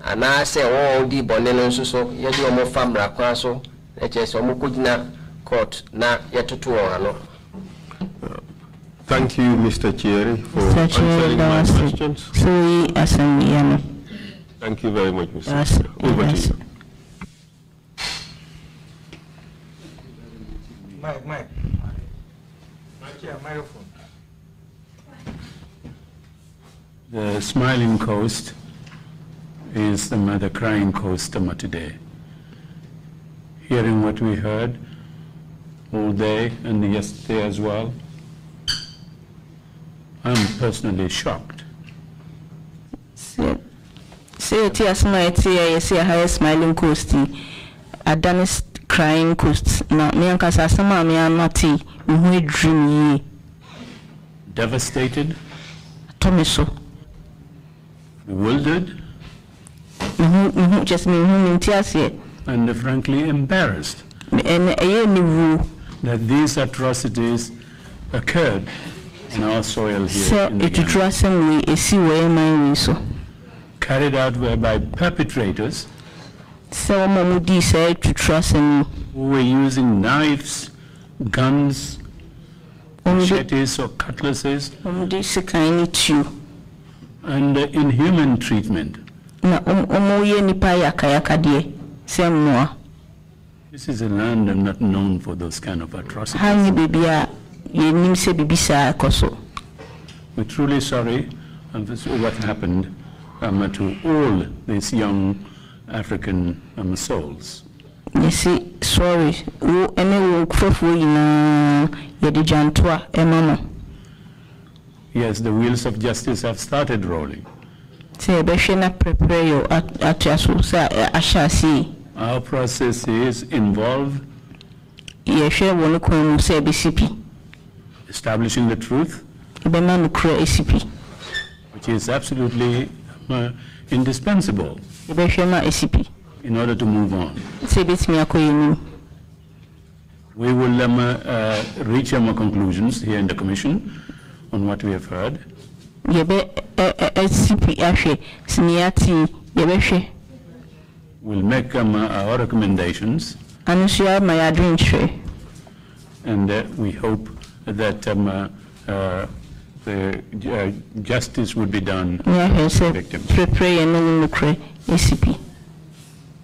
anaasɛ wɔn a wɔdi bɔnne no nso so yɛde wɔn fa mmara kwan so ɛkyɛ sɛ wɔn kɔgyina court na yɛtoto wɔn ano. Thank you, Mr. Chieri, for Mr. Chieri, answering my questions. So, Thank you very much, Mr. Yes, Over yes. to you. Mike, Mike. Mike, yeah, microphone. The smiling coast is the mother crying customer today. Hearing what we heard all day and yesterday as well, I'm personally shocked. see, see, as my tea, a higher smiling coasty. A Dennis crying coast. Now, me and Casasama, me and Matty, we dream ye. Devastated? Tomiso bewildered, and frankly embarrassed eh, that these atrocities occurred in our soil here So in eh, so. Carried out were by perpetrators who were using knives, guns, machetes or cutlasses and uh, inhuman treatment. Na um, semwa. This is a land I'm not known for those kind of atrocities. We're truly sorry and what happened um, to all these young African um, souls. sorry Yes, the wheels of justice have started rolling. Our process is establishing the truth, which is absolutely uh, indispensable in order to move on. We will um, uh, uh, reach our conclusions here in the Commission on what we have heard. Eh, eh, eh, we'll make um, our recommendations. And uh, we hope that um, uh, uh, the uh, justice would be done to victims.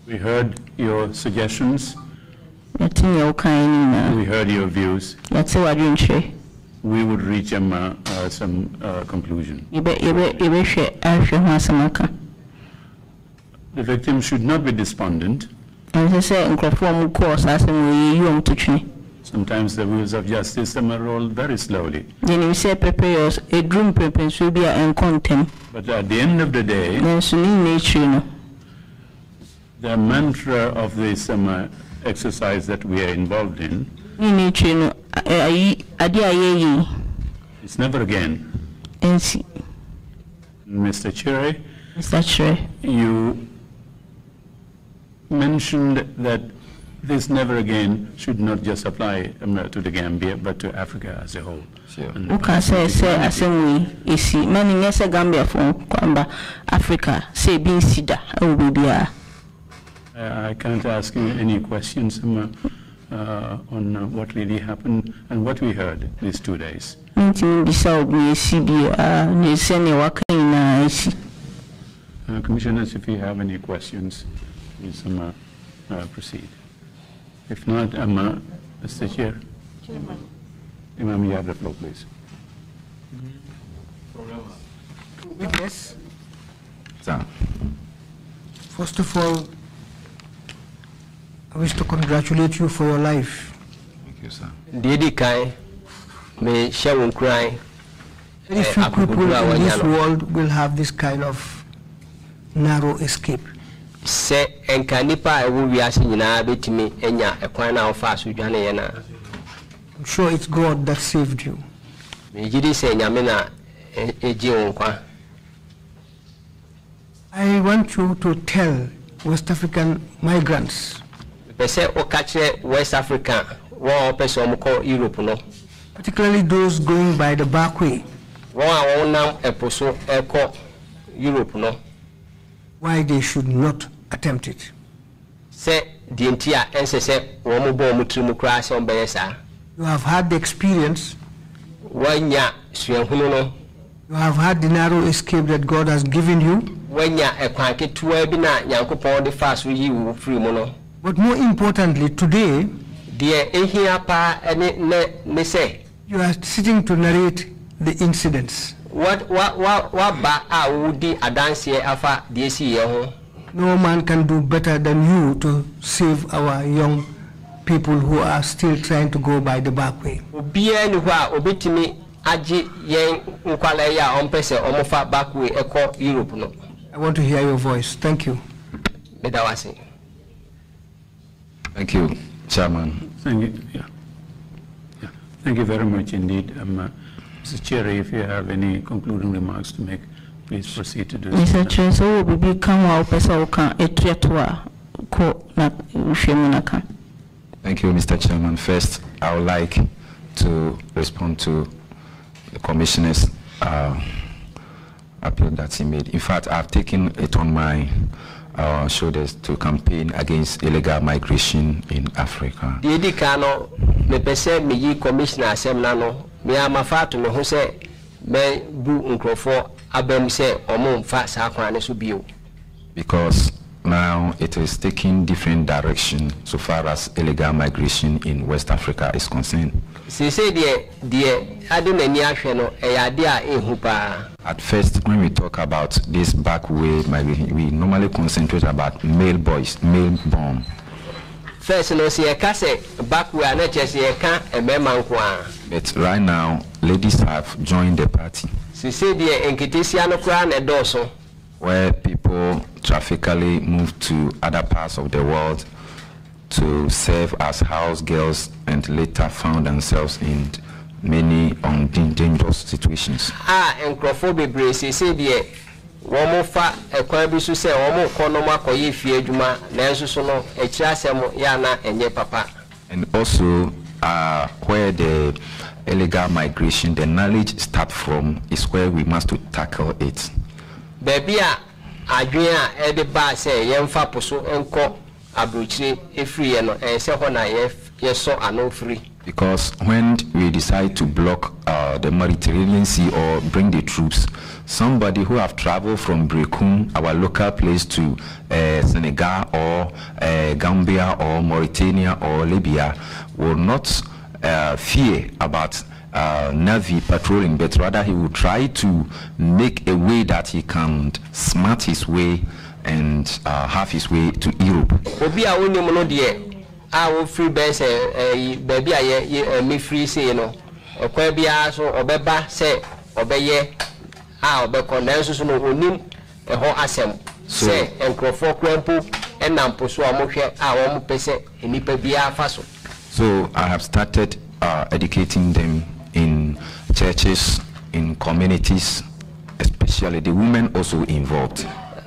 We heard your suggestions. We heard your views we would reach um, uh, uh, some uh, conclusion. Uh, the victim should not be despondent. Sometimes the wheels of justice roll very slowly. But at the end of the day, the mantra of this um, uh, exercise that we are involved in it's never again mr chere mr chere you mentioned that this never again should not just apply um, to the Gambia, but to Africa as a whole. Who can say say asɛm wei ɛsi ma ne nyɛ Gambia gambiafoɔ kwamba africa sɛ ɛbi nsi da ɛwɔ biribiaa I can't ask you any questions. Uh, on uh, what really happened and what we heard these two days. Uh, commissioners, if you have any questions, please um, proceed. If not, um, Mr. Chair. Chairman. Imam, you have the floor, please. Yes. Sir. First of all, I wish to congratulate you for your life. Thank you, sir. Dedi kai me shewun cry. Very eh, few people in this world will have this kind of narrow escape. sɛ Enkanipa, nipa a ɛwɔ wiase nyinaa bɛtumi anya ɛkwan no a wɔfa dwane yɛ no I'm sure it's God that saved you. Megidi sɛ nyame na ɛgye nkwa. I want you to tell West African migrants pɛ sɛ ɔka west africa wɔn a wɔpɛ sɛ wɔn europe no. particularly those going by the back way. wɔn a nam ɛpo so europe no. why they should not attempt it. sɛ di entia a ɛnsɛ sɛ wɔn bɔ wɔn tiri mu koraa sɛ wɔn bɛyɛ you have had the experience. wɔnya suahunu no. you have had the narrow escape that God has given you. wɔnya ɛkwan ketewa bi na nyankopɔn de fa so yi wo firi mu no. But more importantly, today, you are sitting to narrate the incidents. What what what what No man can do better than you to save our young people who are still trying to go by the back way. I want to hear your voice. Thank you. Thank you, Chairman. Thank you. Yeah. Yeah. Thank you very much indeed. Um, uh, Mr. Chair, if you have any concluding remarks to make, please proceed to do so. Mr. Cherry, so we will come out Pesauka, Etriatua, uh, Thank you, Mr. Chairman. First, I would like to respond to the Commissioner's uh, appeal that he made. In fact, I've taken it on my our shoulders to campaign against illegal migration in Africa. commissioner no, me ho abam so bio. Because now it is taking different direction so far as illegal migration in West Africa is concerned. At first, when we talk about this back way migration, we normally concentrate about male boys, male born. First, no, see, eh, back way, not just eh, eh, But right now, ladies have joined the party where people traffically move to other parts of the world to serve as house girls and later found themselves in many dangerous situations. Ah, and bebree sese deɛ wɔn fa ɛkwan bi so sɛ wɔn kɔ na wɔn akɔyɛ fie adwuma nanso so no akyire asɛm yɛ papa. and also uh, where the illegal migration the knowledge start from is where we must to tackle it a no na ano because when we decide to block uh, the Mediterranean Sea or bring the troops, somebody who have traveled from Brekum, our local place, to uh, Senegal or uh, Gambia or Mauritania or Libya will not uh, fear about uh, Navy patrolling, but rather he will try to make a way that he can smart his way and uh, have his way to Europe. So, I have started uh, educating them churches, in communities, especially the women also involved.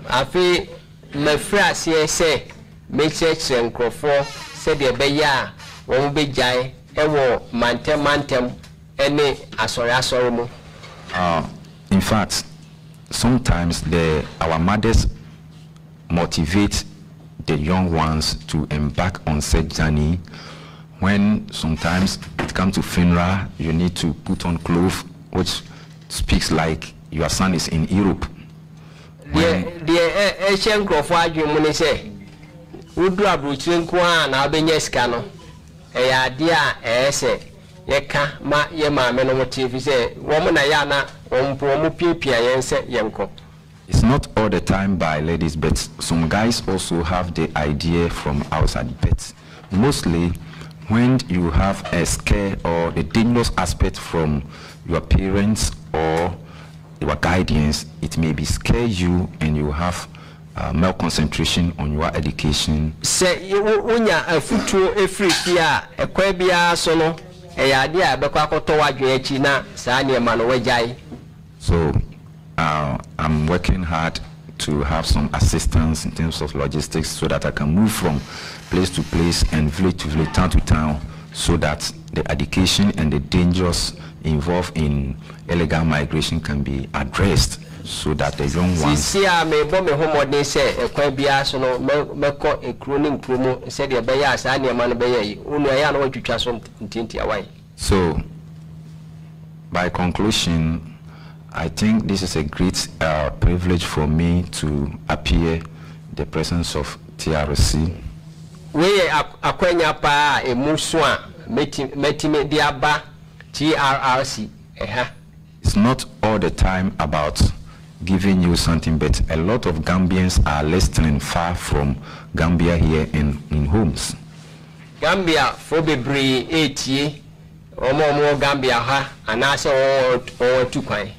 afei mafiri aseɛ sɛ mekyerɛkyerɛ nkurɔfoɔ sɛdeɛ ɛbɛyɛ a be jai. ɛwɔ mantɛmantɛm ɛne asɔre-asɔre mu. Uh, in fact, sometimes the, our mothers motivate the young ones to embark on such journey when sometimes it comes to FINRA, you need to put on clothes which speaks like your son is in Europe. a um, It's not all the time by ladies, but some guys also have the idea from outside. But mostly, when you have a scare or a dangerous aspect from your parents or your guidance, it may be scare you and you have uh, malconcentration on your education. a so a So uh, I'm working hard to have some assistance in terms of logistics so that I can move from place to place and village to village, town to town, so that the education and the dangers involved in illegal migration can be addressed so that the young ones. See, a mebɔ me ho mmɔden sɛ ɛkwan biara so no mɛkɔ ekuro ne nkuro mu sɛdeɛ bɛyɛ a saa nneɛma no bɛyɛ yi onu ɛyɛ a na wɔtwitwa so So by conclusion I think this is a great uh, privilege for me to appear the presence of TRC. Weye akwenya pa emu so metime TRRC It's not all the time about giving you something but a lot of Gambians are listening far from Gambia here in in homes. Gambia February bebree etie ọmọ ọmọ Gambia ha anaasẹ ọwọ ọwọ tukwan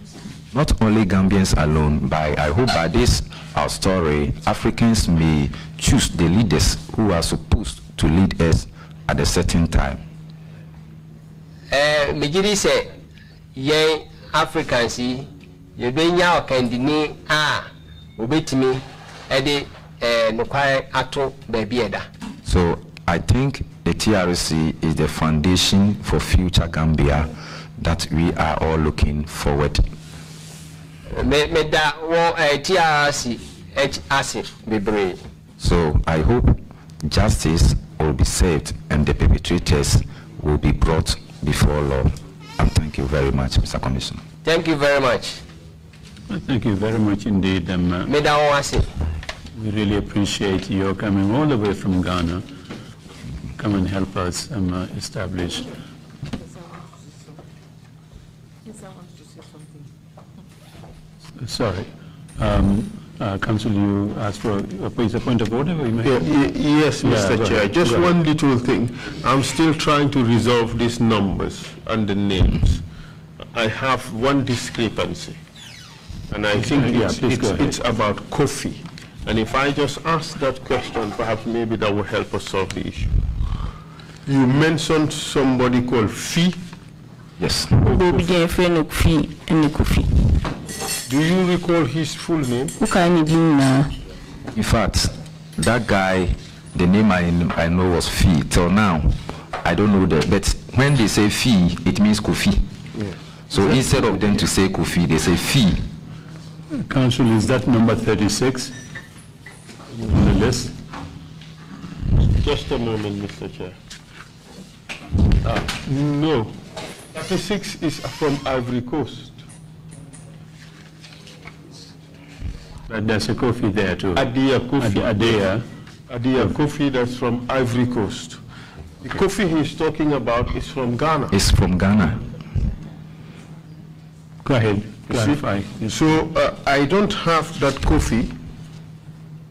not only Gambians alone, but I hope by this our story, Africans may choose the leaders who are supposed to lead us at a certain time. Eh, Mejiri sɛ yɛn Africans yi yɛbɛnya ɔkandini a obetumi ɛde eh, nokware ato baabi So I think the TRC is the foundation for future Gambia that we are all looking forward to. Eh, eh, so i hope justice will be served and the perpetrators will be brought before law and thank you very much mr commissioner. thank you very much. Thank you very much indeed. Um, uh, we really appreciate your coming all the way from Ghana. Come and help us um, uh, establish Sorry. Um, uh, Council, you asked for a, a point of order? Yeah, yes, Mr. Yeah, Chair. Just one little thing. I'm still trying to resolve these numbers and the names. I have one discrepancy, and I think yeah, it's, it's, it's about coffee. And if I just ask that question, perhaps maybe that will help us solve the issue. You mentioned somebody called Fee. Yes. Fee and Kofi. Do you recall his full name? In fact, that guy, the name I, I know was Fee. Till now, I don't know that. But when they say Fee, it means Kofi. Yeah. So instead of them to say Kofi, they say Fee. Council, is that number 36 on the list? Just a moment, Mr. Chair. Uh, no, 36 is from Ivory Coast. But there's a coffee there too. Adia Kofi. Adia. Adia Kofi, that's from Ivory Coast. The coffee he's talking about is from Ghana. It's from Ghana. Go ahead. Clarify. Yes. So uh, I don't have that coffee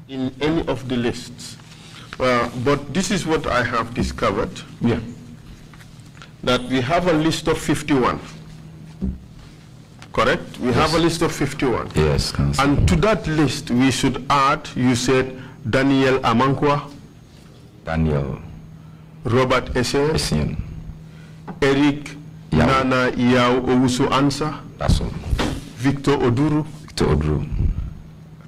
in any of the lists. Uh, but this is what I have discovered. Yeah. That we have a list of 51 correct? We yes. have a list of 51. Yes, And to that list, we should add, you said, Daniel Amankwa. Daniel. Robert Essien. Essien. Eric Yao. Nana Yao Owusu Ansa. That's all. Victor Oduru. Victor Oduru.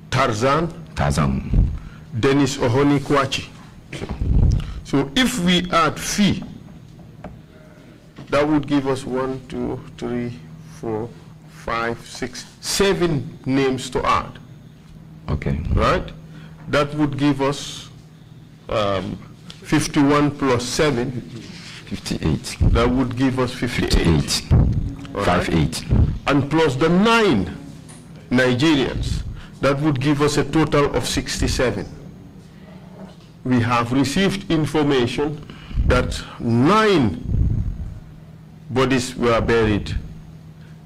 Tarzan. Tarzan. Dennis Ohoni Kwachi. So if we add fee, that would give us one, two, three, four, five, six, seven names to add. Okay. Right? That would give us um, 51 plus 7. 58. That would give us 58. 58. Right? And plus the nine Nigerians. That would give us a total of 67. We have received information that nine bodies were buried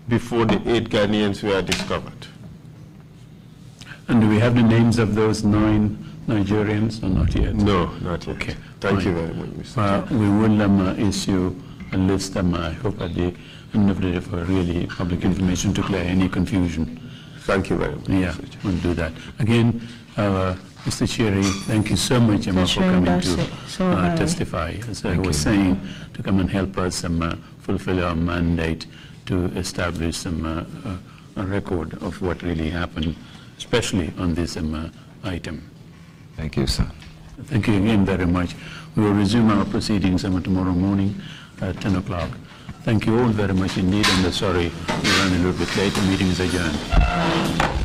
before the eight Ghanaians were discovered. And do we have the names of those nine Nigerians or not yet? No, not yet. Okay. Thank Fine. you very much, Mr. Uh, we will um, issue a list, um, I hope, at the end of the day for really public information to clear any confusion. Thank you very much. Yeah, we'll do that. Again, uh, Mr. Cherry, thank you so much Emma, um, for coming to uh, testify. As I was saying, to come and help us um, uh, fulfill our mandate to establish some uh, uh, record of what really happened, especially on this um, uh, item. Thank you, sir. Thank you again very much. We will resume our proceedings um, tomorrow morning at 10 o'clock. Thank you all very much indeed, and uh, sorry we ran a little bit late. The meeting is adjourned.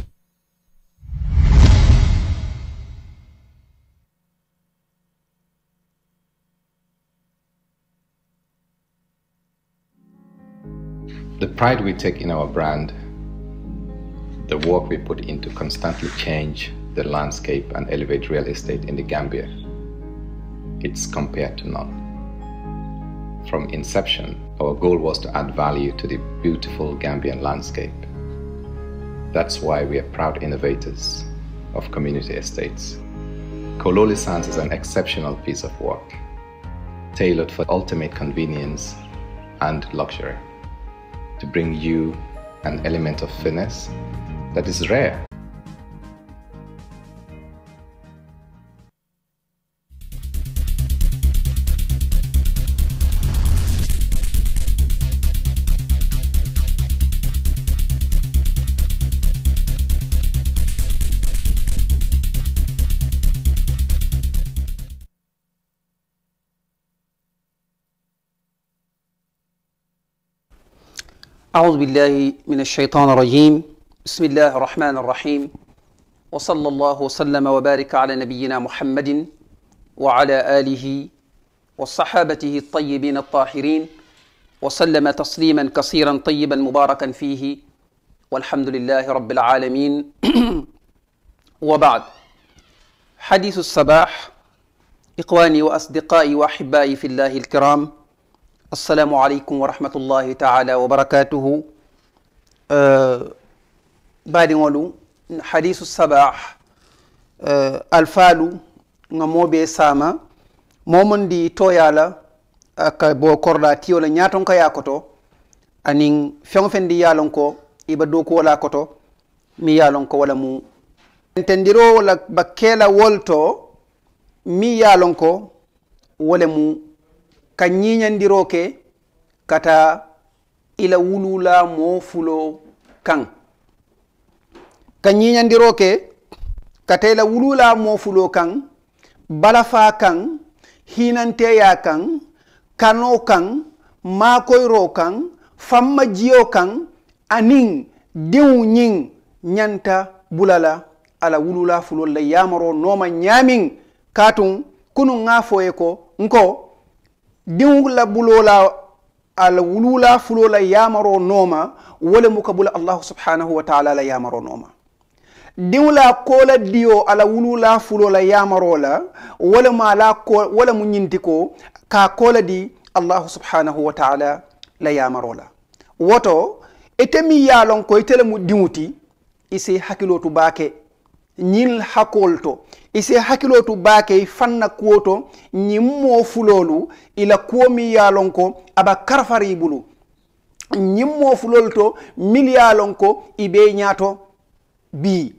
the pride we take in our brand, the work we put into constantly change the landscape and elevate real estate in the Gambia, it's compared to none. From inception, our goal was to add value to the beautiful Gambian landscape. That's why we are proud innovators of community estates. Kololi Sands is an exceptional piece of work, tailored for ultimate convenience and luxury to bring you an element of finesse that is rare. أعوذ بالله من الشيطان الرجيم بسم الله الرحمن الرحيم وصلى الله وسلم وبارك على نبينا محمد وعلى آله وصحابته الطيبين الطاهرين وسلم تسليما كثيرا طيبا مباركا فيه والحمد لله رب العالمين وبعد حديث الصباح إخواني وأصدقائي وأحبائي في الله الكرام assalamu aleykum wa rahmatullahi taala wa barakatuhu eh, baɗiŋolu hadisu sabah eh, alfalu gamo ɓe sama momon ndi toyala aka bo korɗa tiyola ñaton ka yakoto anin feŋ fen ndi yalonko iba doku wala koto mi yalonko wala mu entendiro wala bakkela wolto mi yalonko wala mu ka ñiiñanndirooke kata ila wulula moofulo kaŋ ka ñiiñanndirooke kata ila wulula moofulo kaŋ balafaa kaŋ hiinanteyaa kaŋ kanoo kaŋ maakoyroo kaŋ famma jiyoo kaŋ aniŋ diŋo ñiŋ ñanta bulala ala wululaa fulol la yaamaroo nooma ñaamiŋ kaatuŋ kunu ŋaa fo ye ko nko diŋla bulola ala wulula fulola yamaro nooma wole mu ka bula allahu subhanahu wa taala la yamaro nooma diŋla kola diyo ala wulula fulola yamaro la wole mu ala ko wole mu ñinti ko ka kola di allahu subhanahu wa taala la yamaro la woto ite mi yalon ko itele mu diŋuti isi hakkilotu baake ñin hakkol to ise hakkilotu baakey fanna kuwo to ñimmo fulolu ila kuwomi yaalon ko aba karfari bulu ñimmo fulol to milyalon ko ibe ñaato bi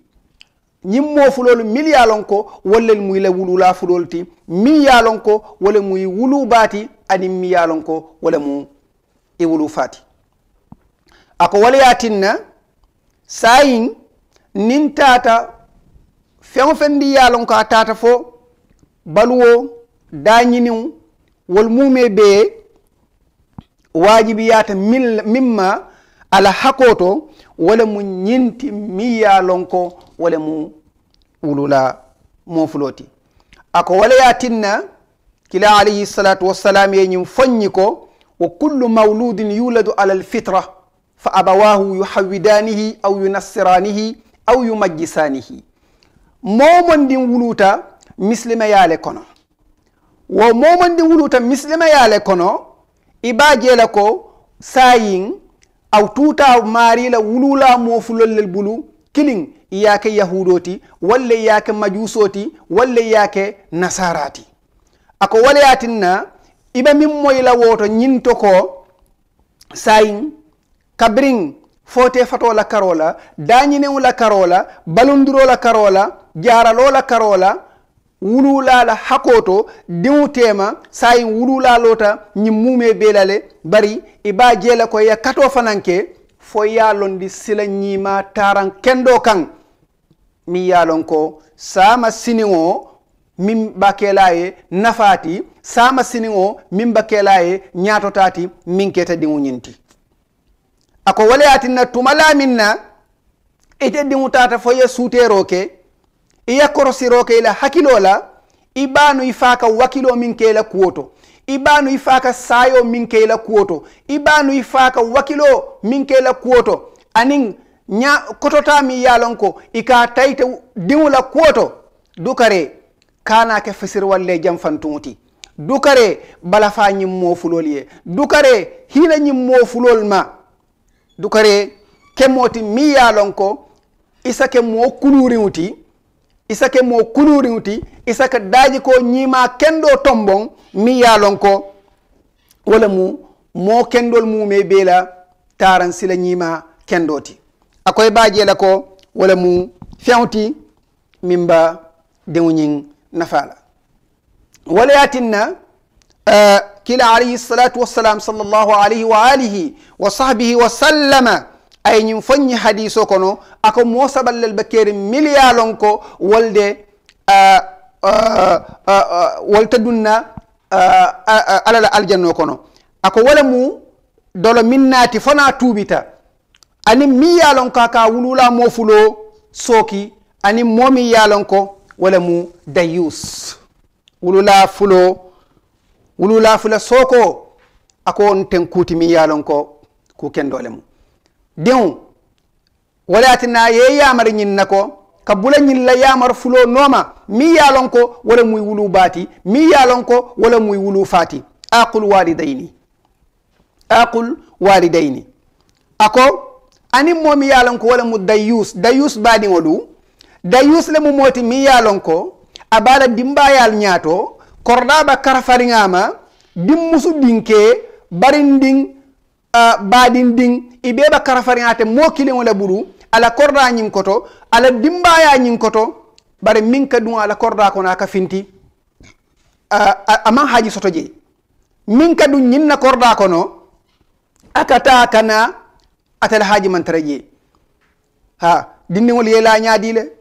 ñimmo fulolu milyalon ko wollel muyla wulula fulol ti miyalon ko wole muy wulu baati anin miyalon ko wole mu i wulu faati ako waleyatinna sayin nin tata feŋo feŋ di ye ko a tata fo baluwo dañiniŋ wol mume bee waajibiyata min ma ala hako to mu ñinti miŋ ye ko mu wulula mofulo ti ko wole ye tinna kila alayhi salatu wassalam ye ñiŋ foñi ko wa kullu mawludin yuladu ala alfitra fa abawahu yuhawidanihi aw yunassiranihi aw yumajjisanihi momon ndin wuluta misilima yaale kono wo momon ndin wuluta misilima yaale kono iba jeela ko sayin aw tuta maarila wulula mofulollel bulu kilin iyake yahudoti walla iyake majusoti walla iyake nasarati ako waleyatinna iba min moyila woto ñinto ko sayin kabrin fote fatola karola dañinewla karola balondirola karola jaralola karola wululala hakoto diwutema sayin wululalota ñin mume belale bari iba jeela koya kato fananke fo yalondi sila ñima taran kendo kan mi yalon ko sama siniŋo min bakelaye nafati sama siniŋo min bakelaye ñatotati min keta diwuñinti ako waleyatinna tumalamin na ite diwutata fo ya suteroke okay? iya korosiro ke la hakilo la ibanu ifaka wakilo min ke la kuoto ibanu ifaka sayo min ke la kuoto ibanu ifaka wakilo min ke la kuoto anin nya kotota mi yalon ko ika taite dimula kuoto dukare kana ke fasir walle jam fantuti dukare balafa ñim mofulol ye dukare hina mo fulol ma dukare ke moti mi yalon ko isa ke mo kuluriwti isake mo kuluriŋuti isaka daji ko ñima kendo tombon mi ya lon ko wala mu mo kendol mume be la taran sila ñima kendoti akoy baje la ko wala mu fewti mimba dewñin nafala wala yatinna uh, kila alayhi salatu wassalam sallallahu alayhi wa alihi wa sahbihi wa sallama ayñin foññi hadis o kono ako mosaballel ɓe keeri milliyalon ko wolde wol tadunna alala aljanno kono ako wala mu dolo min naati fona tuubita anin mi yalon ko ka wulula mofulo sooki anin momin yalon ko wala mu dayus wulula fulo wulula fula sooko ako on ten kuuti min yalon ko ku kendole mum diŋo wo le ye a tinna ye yamari ñiŋ na ko ka bula ñiŋ la yamar fulo nooma miŋ ye a loŋ ko wo le wulu baati miŋ ye a loŋ ko wo le wulu faati aqul wali aqul walidaini a ko aniŋ moo miŋ ye a loŋ ko wo le mu dayus dayus baadiŋo wadu dayus le mu mooti miŋ ye a loŋ ko a be a la dimbaayaalu ñaato korodaaba karafariŋa ma dimmusu diŋ ke baɗin ndin i ɓeeɓa karafariate mo kilio laɓuru ala korrañin koto ala dimbayañin koto bare min ka ɗum ala korra kona ka finti aman haaji soto jeyi min ka ɗum ñinna korra kono akata kana atala haaji mantara jeyi ha dindigol ye lañadile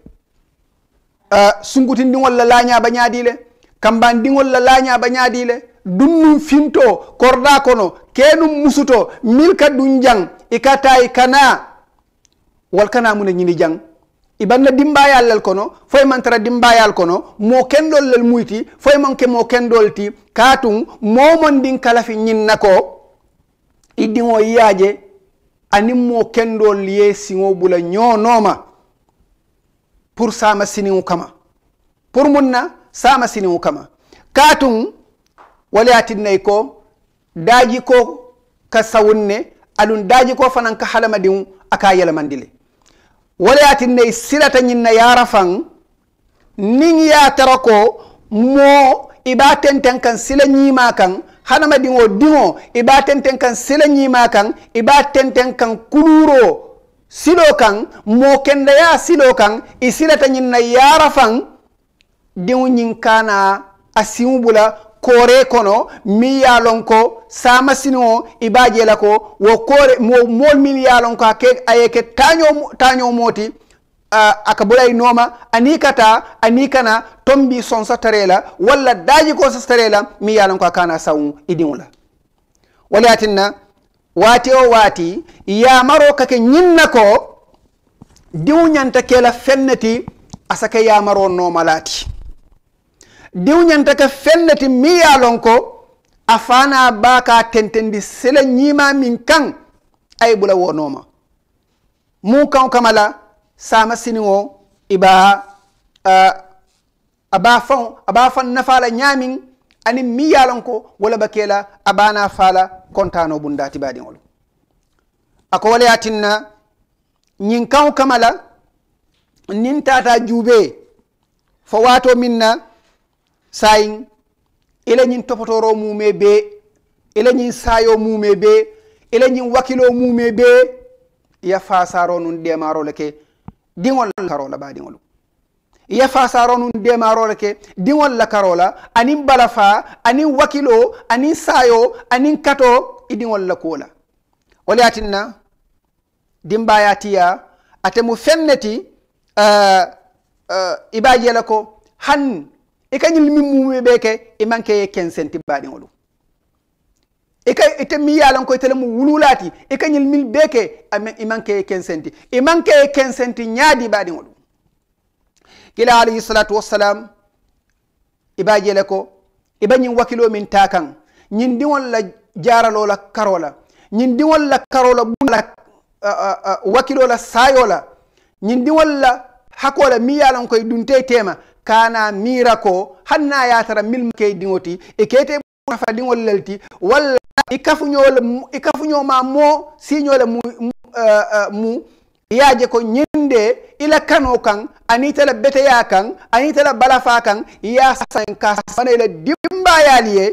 sungutindigol la lañaba ñadile kamban ndigol la lañaba ñadile ɗum num finto korɗa kono keenum musuto mil kad ɗum jang ikatayi e kana wolkana mune ñini jang ibanna dimbayallal kono foye mantara dimbayal kono mo kendollal muyti foye manke mo kendolti katum momon ndin kalafi ñinna ko iɗɗino yiyaje anin mo kendol ye siŋo ɓula ñonoma pour sama siniŋu kama pour mun na sama siniŋu kama katum walayatinnayi ko daji ko ka sawunne alun daji ko fanan ka halamadin aka yelmandile walayatinnayi sirata ñinna yara fan nin ya tarako mo ibaten tenten kan sila ñima kan o dimo ibaten tenten kan sila ñima kan iba tenten kan kuluro silo kan mo ya silo kan i silata na yara fan diŋo kana a bula koore kono mi yaalon ko samasino o i baajeela ko wo koore wo mool min yaalon ko ake aye ke taño taño mooti uh, aka ɓuray nooma ani kata ani kana tombi son sattareela walla daaji ko sattareela mi yaalon ko a kana sawu i diŋola wali atinna waati o waati yamaro kake ñinna ko diwñanta kela fennati asake yamaro noomalaati diwñantaka fennati mi ya lon ko a fana k'a tentendi sele ñima min kan a ay bula wonoma mu kama la sama siniŋo iba a ba faŋo aba faŋ nafala ñamin ani mi ye lon ko wala bakela abana fala kontano bunda tibadiŋolu a ko wala yatinna ñiŋ kaŋo la nin tata juube fo waato min na sayin elañin topotoro mume be elañin sayo mume be elañin wakilo mume be yafa saro nun demarolake dingollakarola badiŋolu yafa saro nun demarolake dingolla karola anin balafa anin wakilo anin sayo anin kato i diŋolla kola wole yatinna dimbayatiya atemu fenneti uh, eh, uh, eh, ibajela ko han e kañum min mumiɓe ke e manque ye quinsen tibbaɗi o ɗum e kay ete mi yalan koye tele mu wululati e kañel mil beke i manque e quincenti e manque e quincenti ñaadi baɗi o ɗum kila alayhisalatu wassalam e bajele ko e bañin wakilo min ta kan ñin ndiwolla jaralola karola ñin ndiwolla karola ɓula wakilola sayola ñin ndiwolla hakola mi yalan koye ɗumte tema kana mira ko hanna yatara milm ke dingoti e kete kafa dingol lalti walla i kafuñol i kafuñoma mo siñole mu mu e, e, yaje ko ñinde ila kano kan anitala beteya kan anitala balafa kan yasan ka banayla dimba yali ye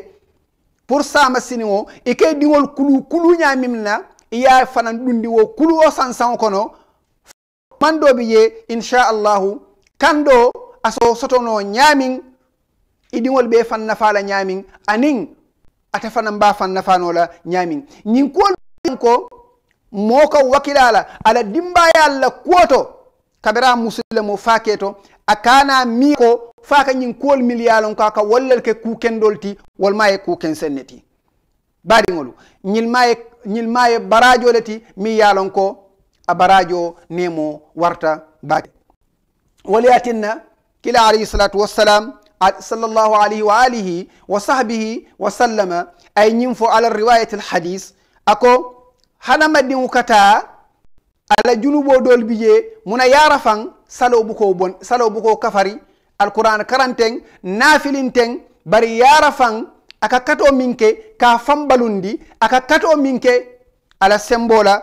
pour sama siniŋo i ke diŋol kulu kuluña mim na i ya fanan ɗundi wo kulu o sansaŋo kono man do bi ye inchallahu kan do aso sotono ñaamin idiŋol be fan nafa la ñaamin aniŋ ate fana mba fan nafano la ñaamin ñiŋ kuwol ko moo ka wakila la ala dimbayal la kuwo to kabira musilimu faake to a kana mi ko faa ka ñiŋ kuwol mil ye a loŋ ko a ka wallal ke kuukendol ti walma ye kuuken senne ti baadiŋolu ñil ma ye ñil ma ye barajo le ti miŋ ye a loŋ ko a barajo nemo warta baake waliyatin na كلا عليه الصلاة والسلام صلى الله عليه وآله وصحبه وسلم أي نينفو على رواية الحديث أكو hana madin kata ala junubo dol bije muna yara fan salo buko bon salo buko kafari alquran karanten nafilinten bari yara fan aka kato minke ka fambalundi aka kato minke ala sembola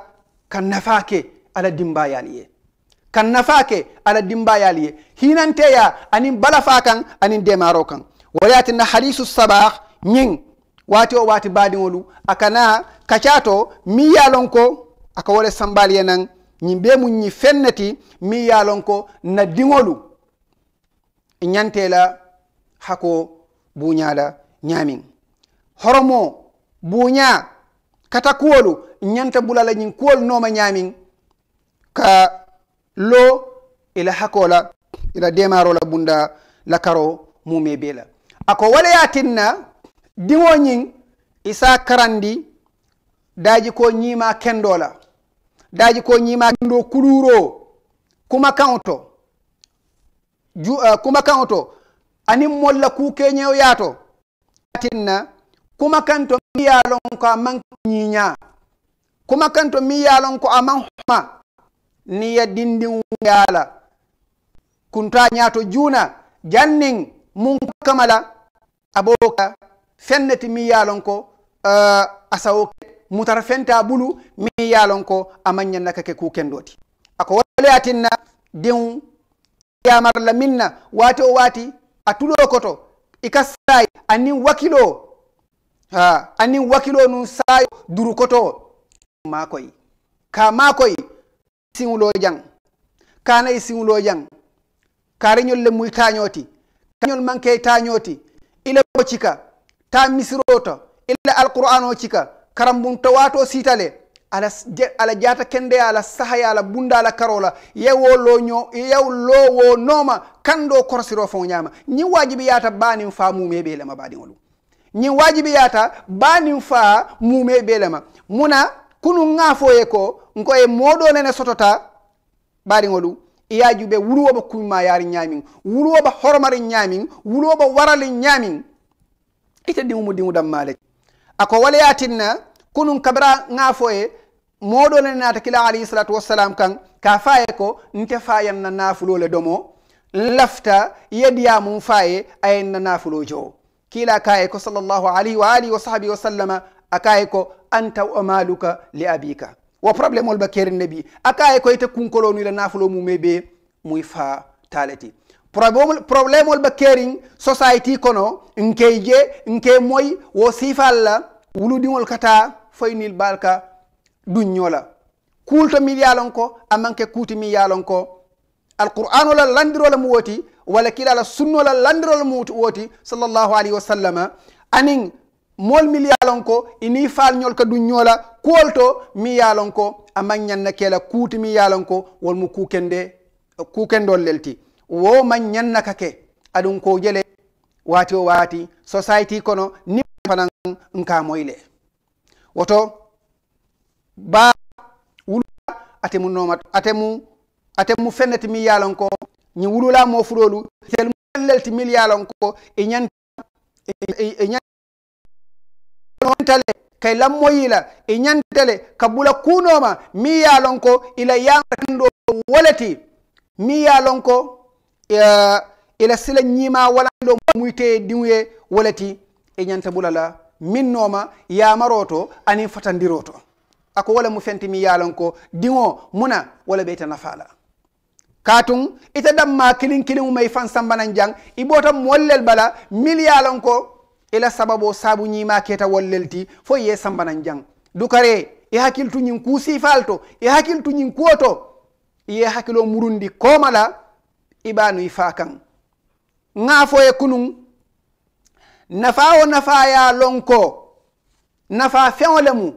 ka nafake ala dimbayaniye kan nafa ke ala dimbayali ye hinanteya anin balafa kan anin demaro kan na hadisu sabah nyin waati o waati baadiŋolu a akana kacato miŋ ye lon ko a ka wo le sambali ye naŋ ñiŋ bee mu ñi feŋ ne ti miŋ ye lon ko na diŋolu ñante la hako bunyala la ñaamiŋ horomo bunya kata kuwolu ñanta bula la ñiŋ kuwolu nooma ka lo ila hakola ila demaro la bunda la karo mume bela ako walayatinna diŋo ñiŋ isa karandi daji ko ñima kendo la daji ko ñima kendo kuluro kuma kanto. to uh, kuma kanto. to aniŋ moolu la kuukeñewo yaato tinna kuma kanto miŋ ye a loŋ ko a maŋ kuma kanto miŋ ye a ko a maŋ huma niya dindingala kunta ñaato juuna jannin mun kamala aboka fenneti mi yalon ko uh, eh, asawoke mutara fenta bulu mi yalon ko amañannaka ke kukendoti ako waleyatinna din yamar la minna wati o wati a tulo koto ika say anin wakilo ha anin wakilo nun sayo duru koto makoy ka makoy siŋulo jang kana e siŋulo jang kariñol le muy tañoti kañol manke e tañoti ila bo cika ta misiroto ila alquran o cika karambun to wato sitale ala ala jata kende ala saha ala bunda ala karola yewo lo ño yew lo wo noma kando korsiro fo nyama ni wajibi yata banim fa mumé belema badi wolu ni wajibi yata banim fa mumé belema muna kunu ngaafoye ko ngo e moɗo nene sotota ɓaariŋo ɗum iyajuɓe e wuroɓa kuñma yaari ñaamin wuroɓa hormari ñaamin wuroɓa warali ñaamin ite diŋumu diŋu dammaale ako waleyatinna kunun kabara ngaafoye moɗo nene naata kila alayhisalatu wassalam kan ka faye ko nte fayanna naafulole domo lafta yediya mum faye ayenna naafulo jo kiila kaye ko sallllahu alayhi wa alihi wa sahbihi wa sallama akaye ko anta wa maluka li abika wa problème ol bakeri nabi akaye ko ite kunkolo ni la nafulo mu mebe muy fa talati problème ol bakeri society kono nke je nke moy wo sifalla wuludiŋol kata foynil balka duñola kulto mi yalon ko amanke kuti mi yalon ko alqur'anu la landirola mu woti wala kilala sunnola landirola mu woti sallallahu alaihi wasallama anin mool mi yaalon ko ini faalñol ka du ñoola kuwol to mi yaalon ko a maññanna keela kuuti mi yaalon ko wonmo kukende kukendol lelti wo maññanna ka ke aɗum ko jele waati o waati society kono ni fanan n ka moyle woto ba wulula atemu nomat atemu atemu fenneti mi yaalon ko ñi wululamo fuɗolu sel lelti mi yaalon ko e ñanti ontale kay lammo yila e ñantele ka bula kunoma mi yalon ko ila yaaratanɗo woleti mi yalon ko e, ila sila ñima walanɗo muyte diwye woleti e ñanta bula la minnoma yamaro to anin fatandiro to ako wala mu fenti mi yalon ko diwo muna wala ɓeyta nafala katum ita damma kilin kilinu may fan sambanan jang i ɓotan mollel bala mil yalon ko ila sababu o saabu ñima keta wollelti fo ye sambanan jang dukare e hakkil tuñin ku sifalto e hakkil tuñin kuwoto ye hakkilo murundi komala ibanuy fa kan ŋaafo ye kunuŋ nafaa wo nafaa ye lon ko nafaa feŋo le mu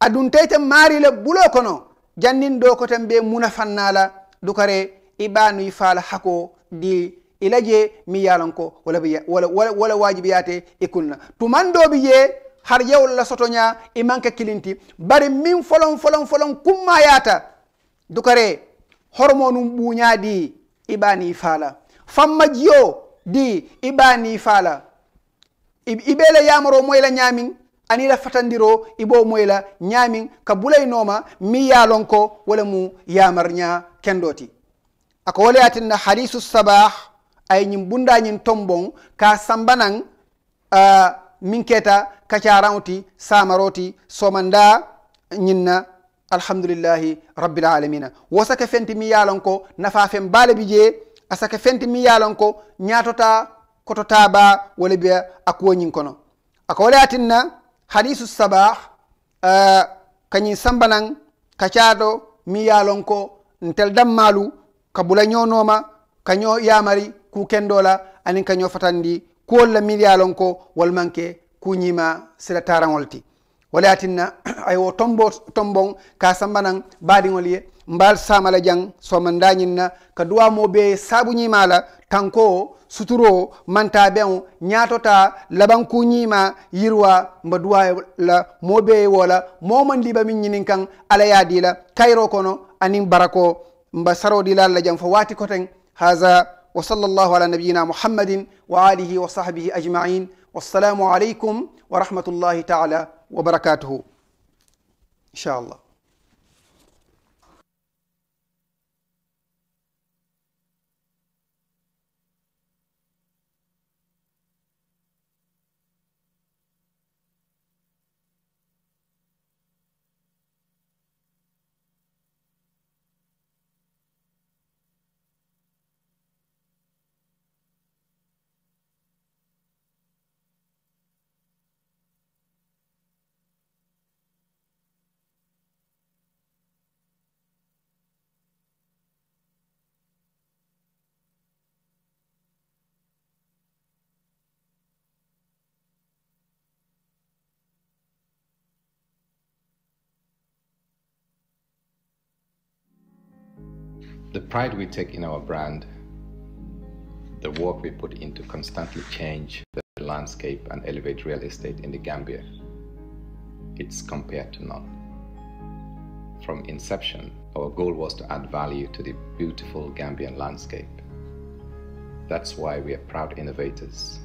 aduntaite maari le bulo kono jannin do koten be munafannala dukare ibanuy faal hako di ila je mi lonko ko wala biya wala wala, wala tuman do je har yawol la sotoña e kilinti bari min folon folon folon kumma yaata dukare hormo num di iɓani faala famma jiyo di iɓani faala iɓele yamoro moyla ani la fatandiro ibo moyla min ka bulaynoma mi yalon ko wala mu yamar ña kendoti ako tinna hadisu sabah ay ñim bundañin tombon ka sambanan uh, minketa kacaranti samaroti somanda ñinna alhamdulillahi rabbil alamina wo saka fenti mi yalon ko nafa fen bala bi je asaka fenti mi yalon ko ñatota koto taba wala biya akuwoñin kono akawole atinna hadisu sabah uh, kañin sambanan kacaɗo mi yalon ko ntel dammalu ka bula ñonoma kaño yamari ku kendola anin kaño fatandi kuwol la miliyalon ko wol manke kuñima sila taraŋol ti wala yatinna ay wo tombo tombon ka sambanan baadiŋol ye mbal samala jang somandañin na ka duwa mo be sabu ñimala tanko suturo manta ben ñatota labanku ñima yirwa mba duwa la mo be wola momandi ba min ñinin kan ala yadila kayro kono anin barako mba sarodi la la jang fo wati koten haza وصلى الله على نبينا محمد وآله وصحبه أجمعين والسلام عليكم ورحمة الله تعالى وبركاته إن شاء الله pride we take in our brand, the work we put in to constantly change the landscape and elevate real estate in the Gambia, it's compared to none. From inception, our goal was to add value to the beautiful Gambian landscape. That's why we are proud innovators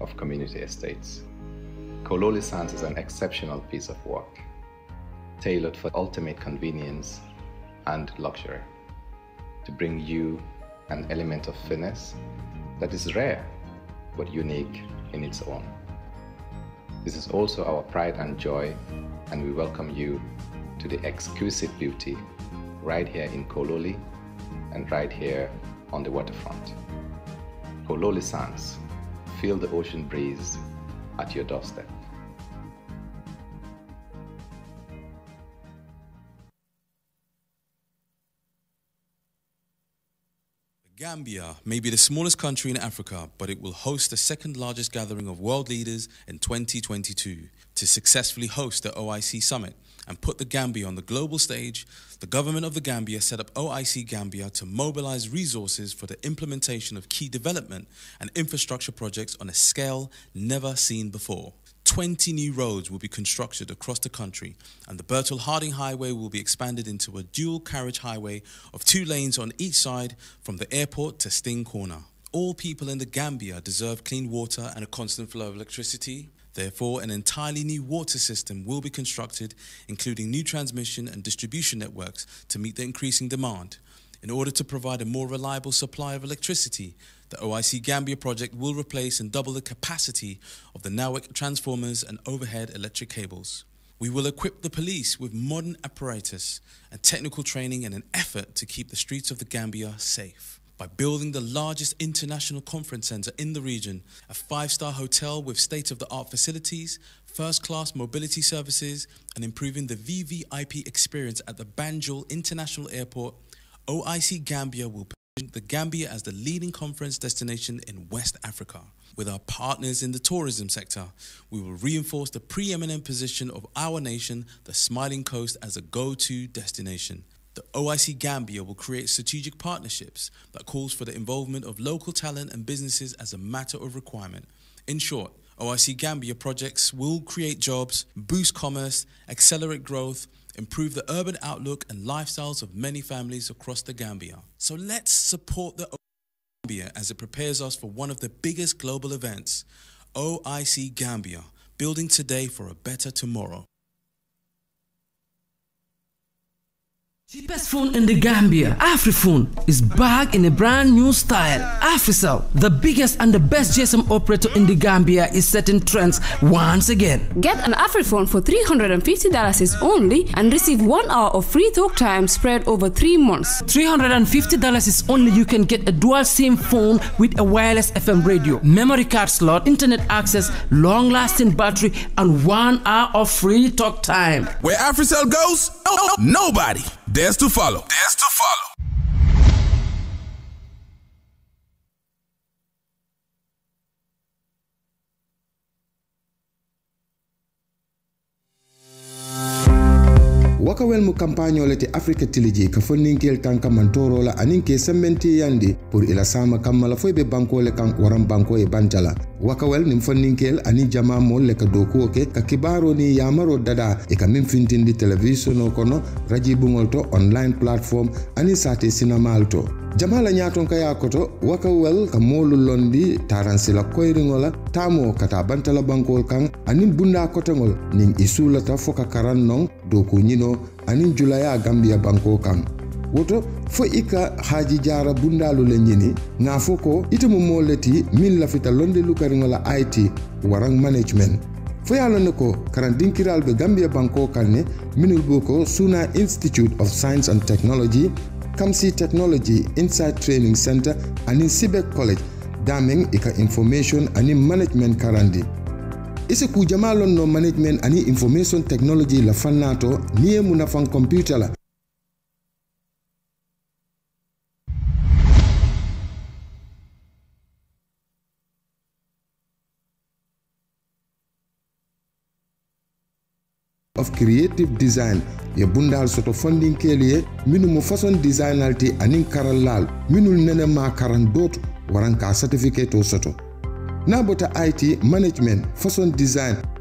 of community estates. Kololi Sands is an exceptional piece of work, tailored for ultimate convenience and luxury to bring you an element of finesse that is rare but unique in its own. This is also our pride and joy, and we welcome you to the exquisite beauty right here in Kololi and right here on the waterfront. Kololi Sands, feel the ocean breeze at your doorstep. Gambia may be the smallest country in Africa, but it will host the second largest gathering of world leaders in 2022. To successfully host the OIC summit and put the Gambia on the global stage, the government of the Gambia set up OIC Gambia to mobilize resources for the implementation of key development and infrastructure projects on a scale never seen before. 20 new roads will be constructed across the country, and the Bertel Harding Highway will be expanded into a dual carriage highway of two lanes on each side from the airport to Sting Corner. All people in the Gambia deserve clean water and a constant flow of electricity. Therefore, an entirely new water system will be constructed, including new transmission and distribution networks to meet the increasing demand in order to provide a more reliable supply of electricity the OIC Gambia project will replace and double the capacity of the NAWEC transformers and overhead electric cables. We will equip the police with modern apparatus and technical training in an effort to keep the streets of the Gambia safe. By building the largest international conference center in the region, a five star hotel with state of the art facilities, first class mobility services, and improving the VVIP experience at the Banjul International Airport, OIC Gambia will the Gambia as the leading conference destination in West Africa. With our partners in the tourism sector, we will reinforce the preeminent position of our nation, the Smiling Coast, as a go to destination. The OIC Gambia will create strategic partnerships that calls for the involvement of local talent and businesses as a matter of requirement. In short, OIC Gambia projects will create jobs, boost commerce, accelerate growth, improve the urban outlook and lifestyles of many families across the Gambia. So let's support the Gambia as it prepares us for one of the biggest global events, OIC Gambia, building today for a better tomorrow. Cheapest phone in the Gambia, Afriphone is back in a brand new style. Africell, the biggest and the best GSM operator in the Gambia, is setting trends once again. Get an Afriphone for $350 only and receive one hour of free talk time spread over three months. $350 is only you can get a dual SIM phone with a wireless FM radio, memory card slot, internet access, long lasting battery, and one hour of free talk time. Where Africell goes, oh, oh, nobody. Dance to follow. Dance to follow. wakawelmu campagnole te afrique tiliji ka fo ninkel kan kamantoro la anin ke sembenti yandi pour ila sama kammala foy be bankole kan waran banko e bantala wakawel nin fo ninkel ani jama mol le ka dokuwo ke ka kibaro ni yamaro dada e ka min fintindi televisiono kono rajibuŋol to online platform ani sate sinamal to jama la ñaton ka yakoto wakawel ka molu londi taransila koyriŋo la tamo kata bantala bankol kan anin bunda koteŋol nin i sulata fo ka karan noŋ doku ñino ani julaya gambia banko kan woto fo i ka haji jara bundalu le ɲini ŋ'a fo ko ite mu moo le min lafita londe lukariŋo la it warang management fo ye a lonne ko dinkiral be gambia banko kan ne minul be ko suna institute of science and technology kamsi technology inside training center ani sibek college dameŋ i ka information ani management karandi isiku jama lonno no management ani information technology la fannato ni ye mun nafan computer la of creative design ye bundal soto funding keli ye mu façon designal ti anin karallal minul nene ma karan dot waran ka certificate o soto Nabota IT Management Fashion Design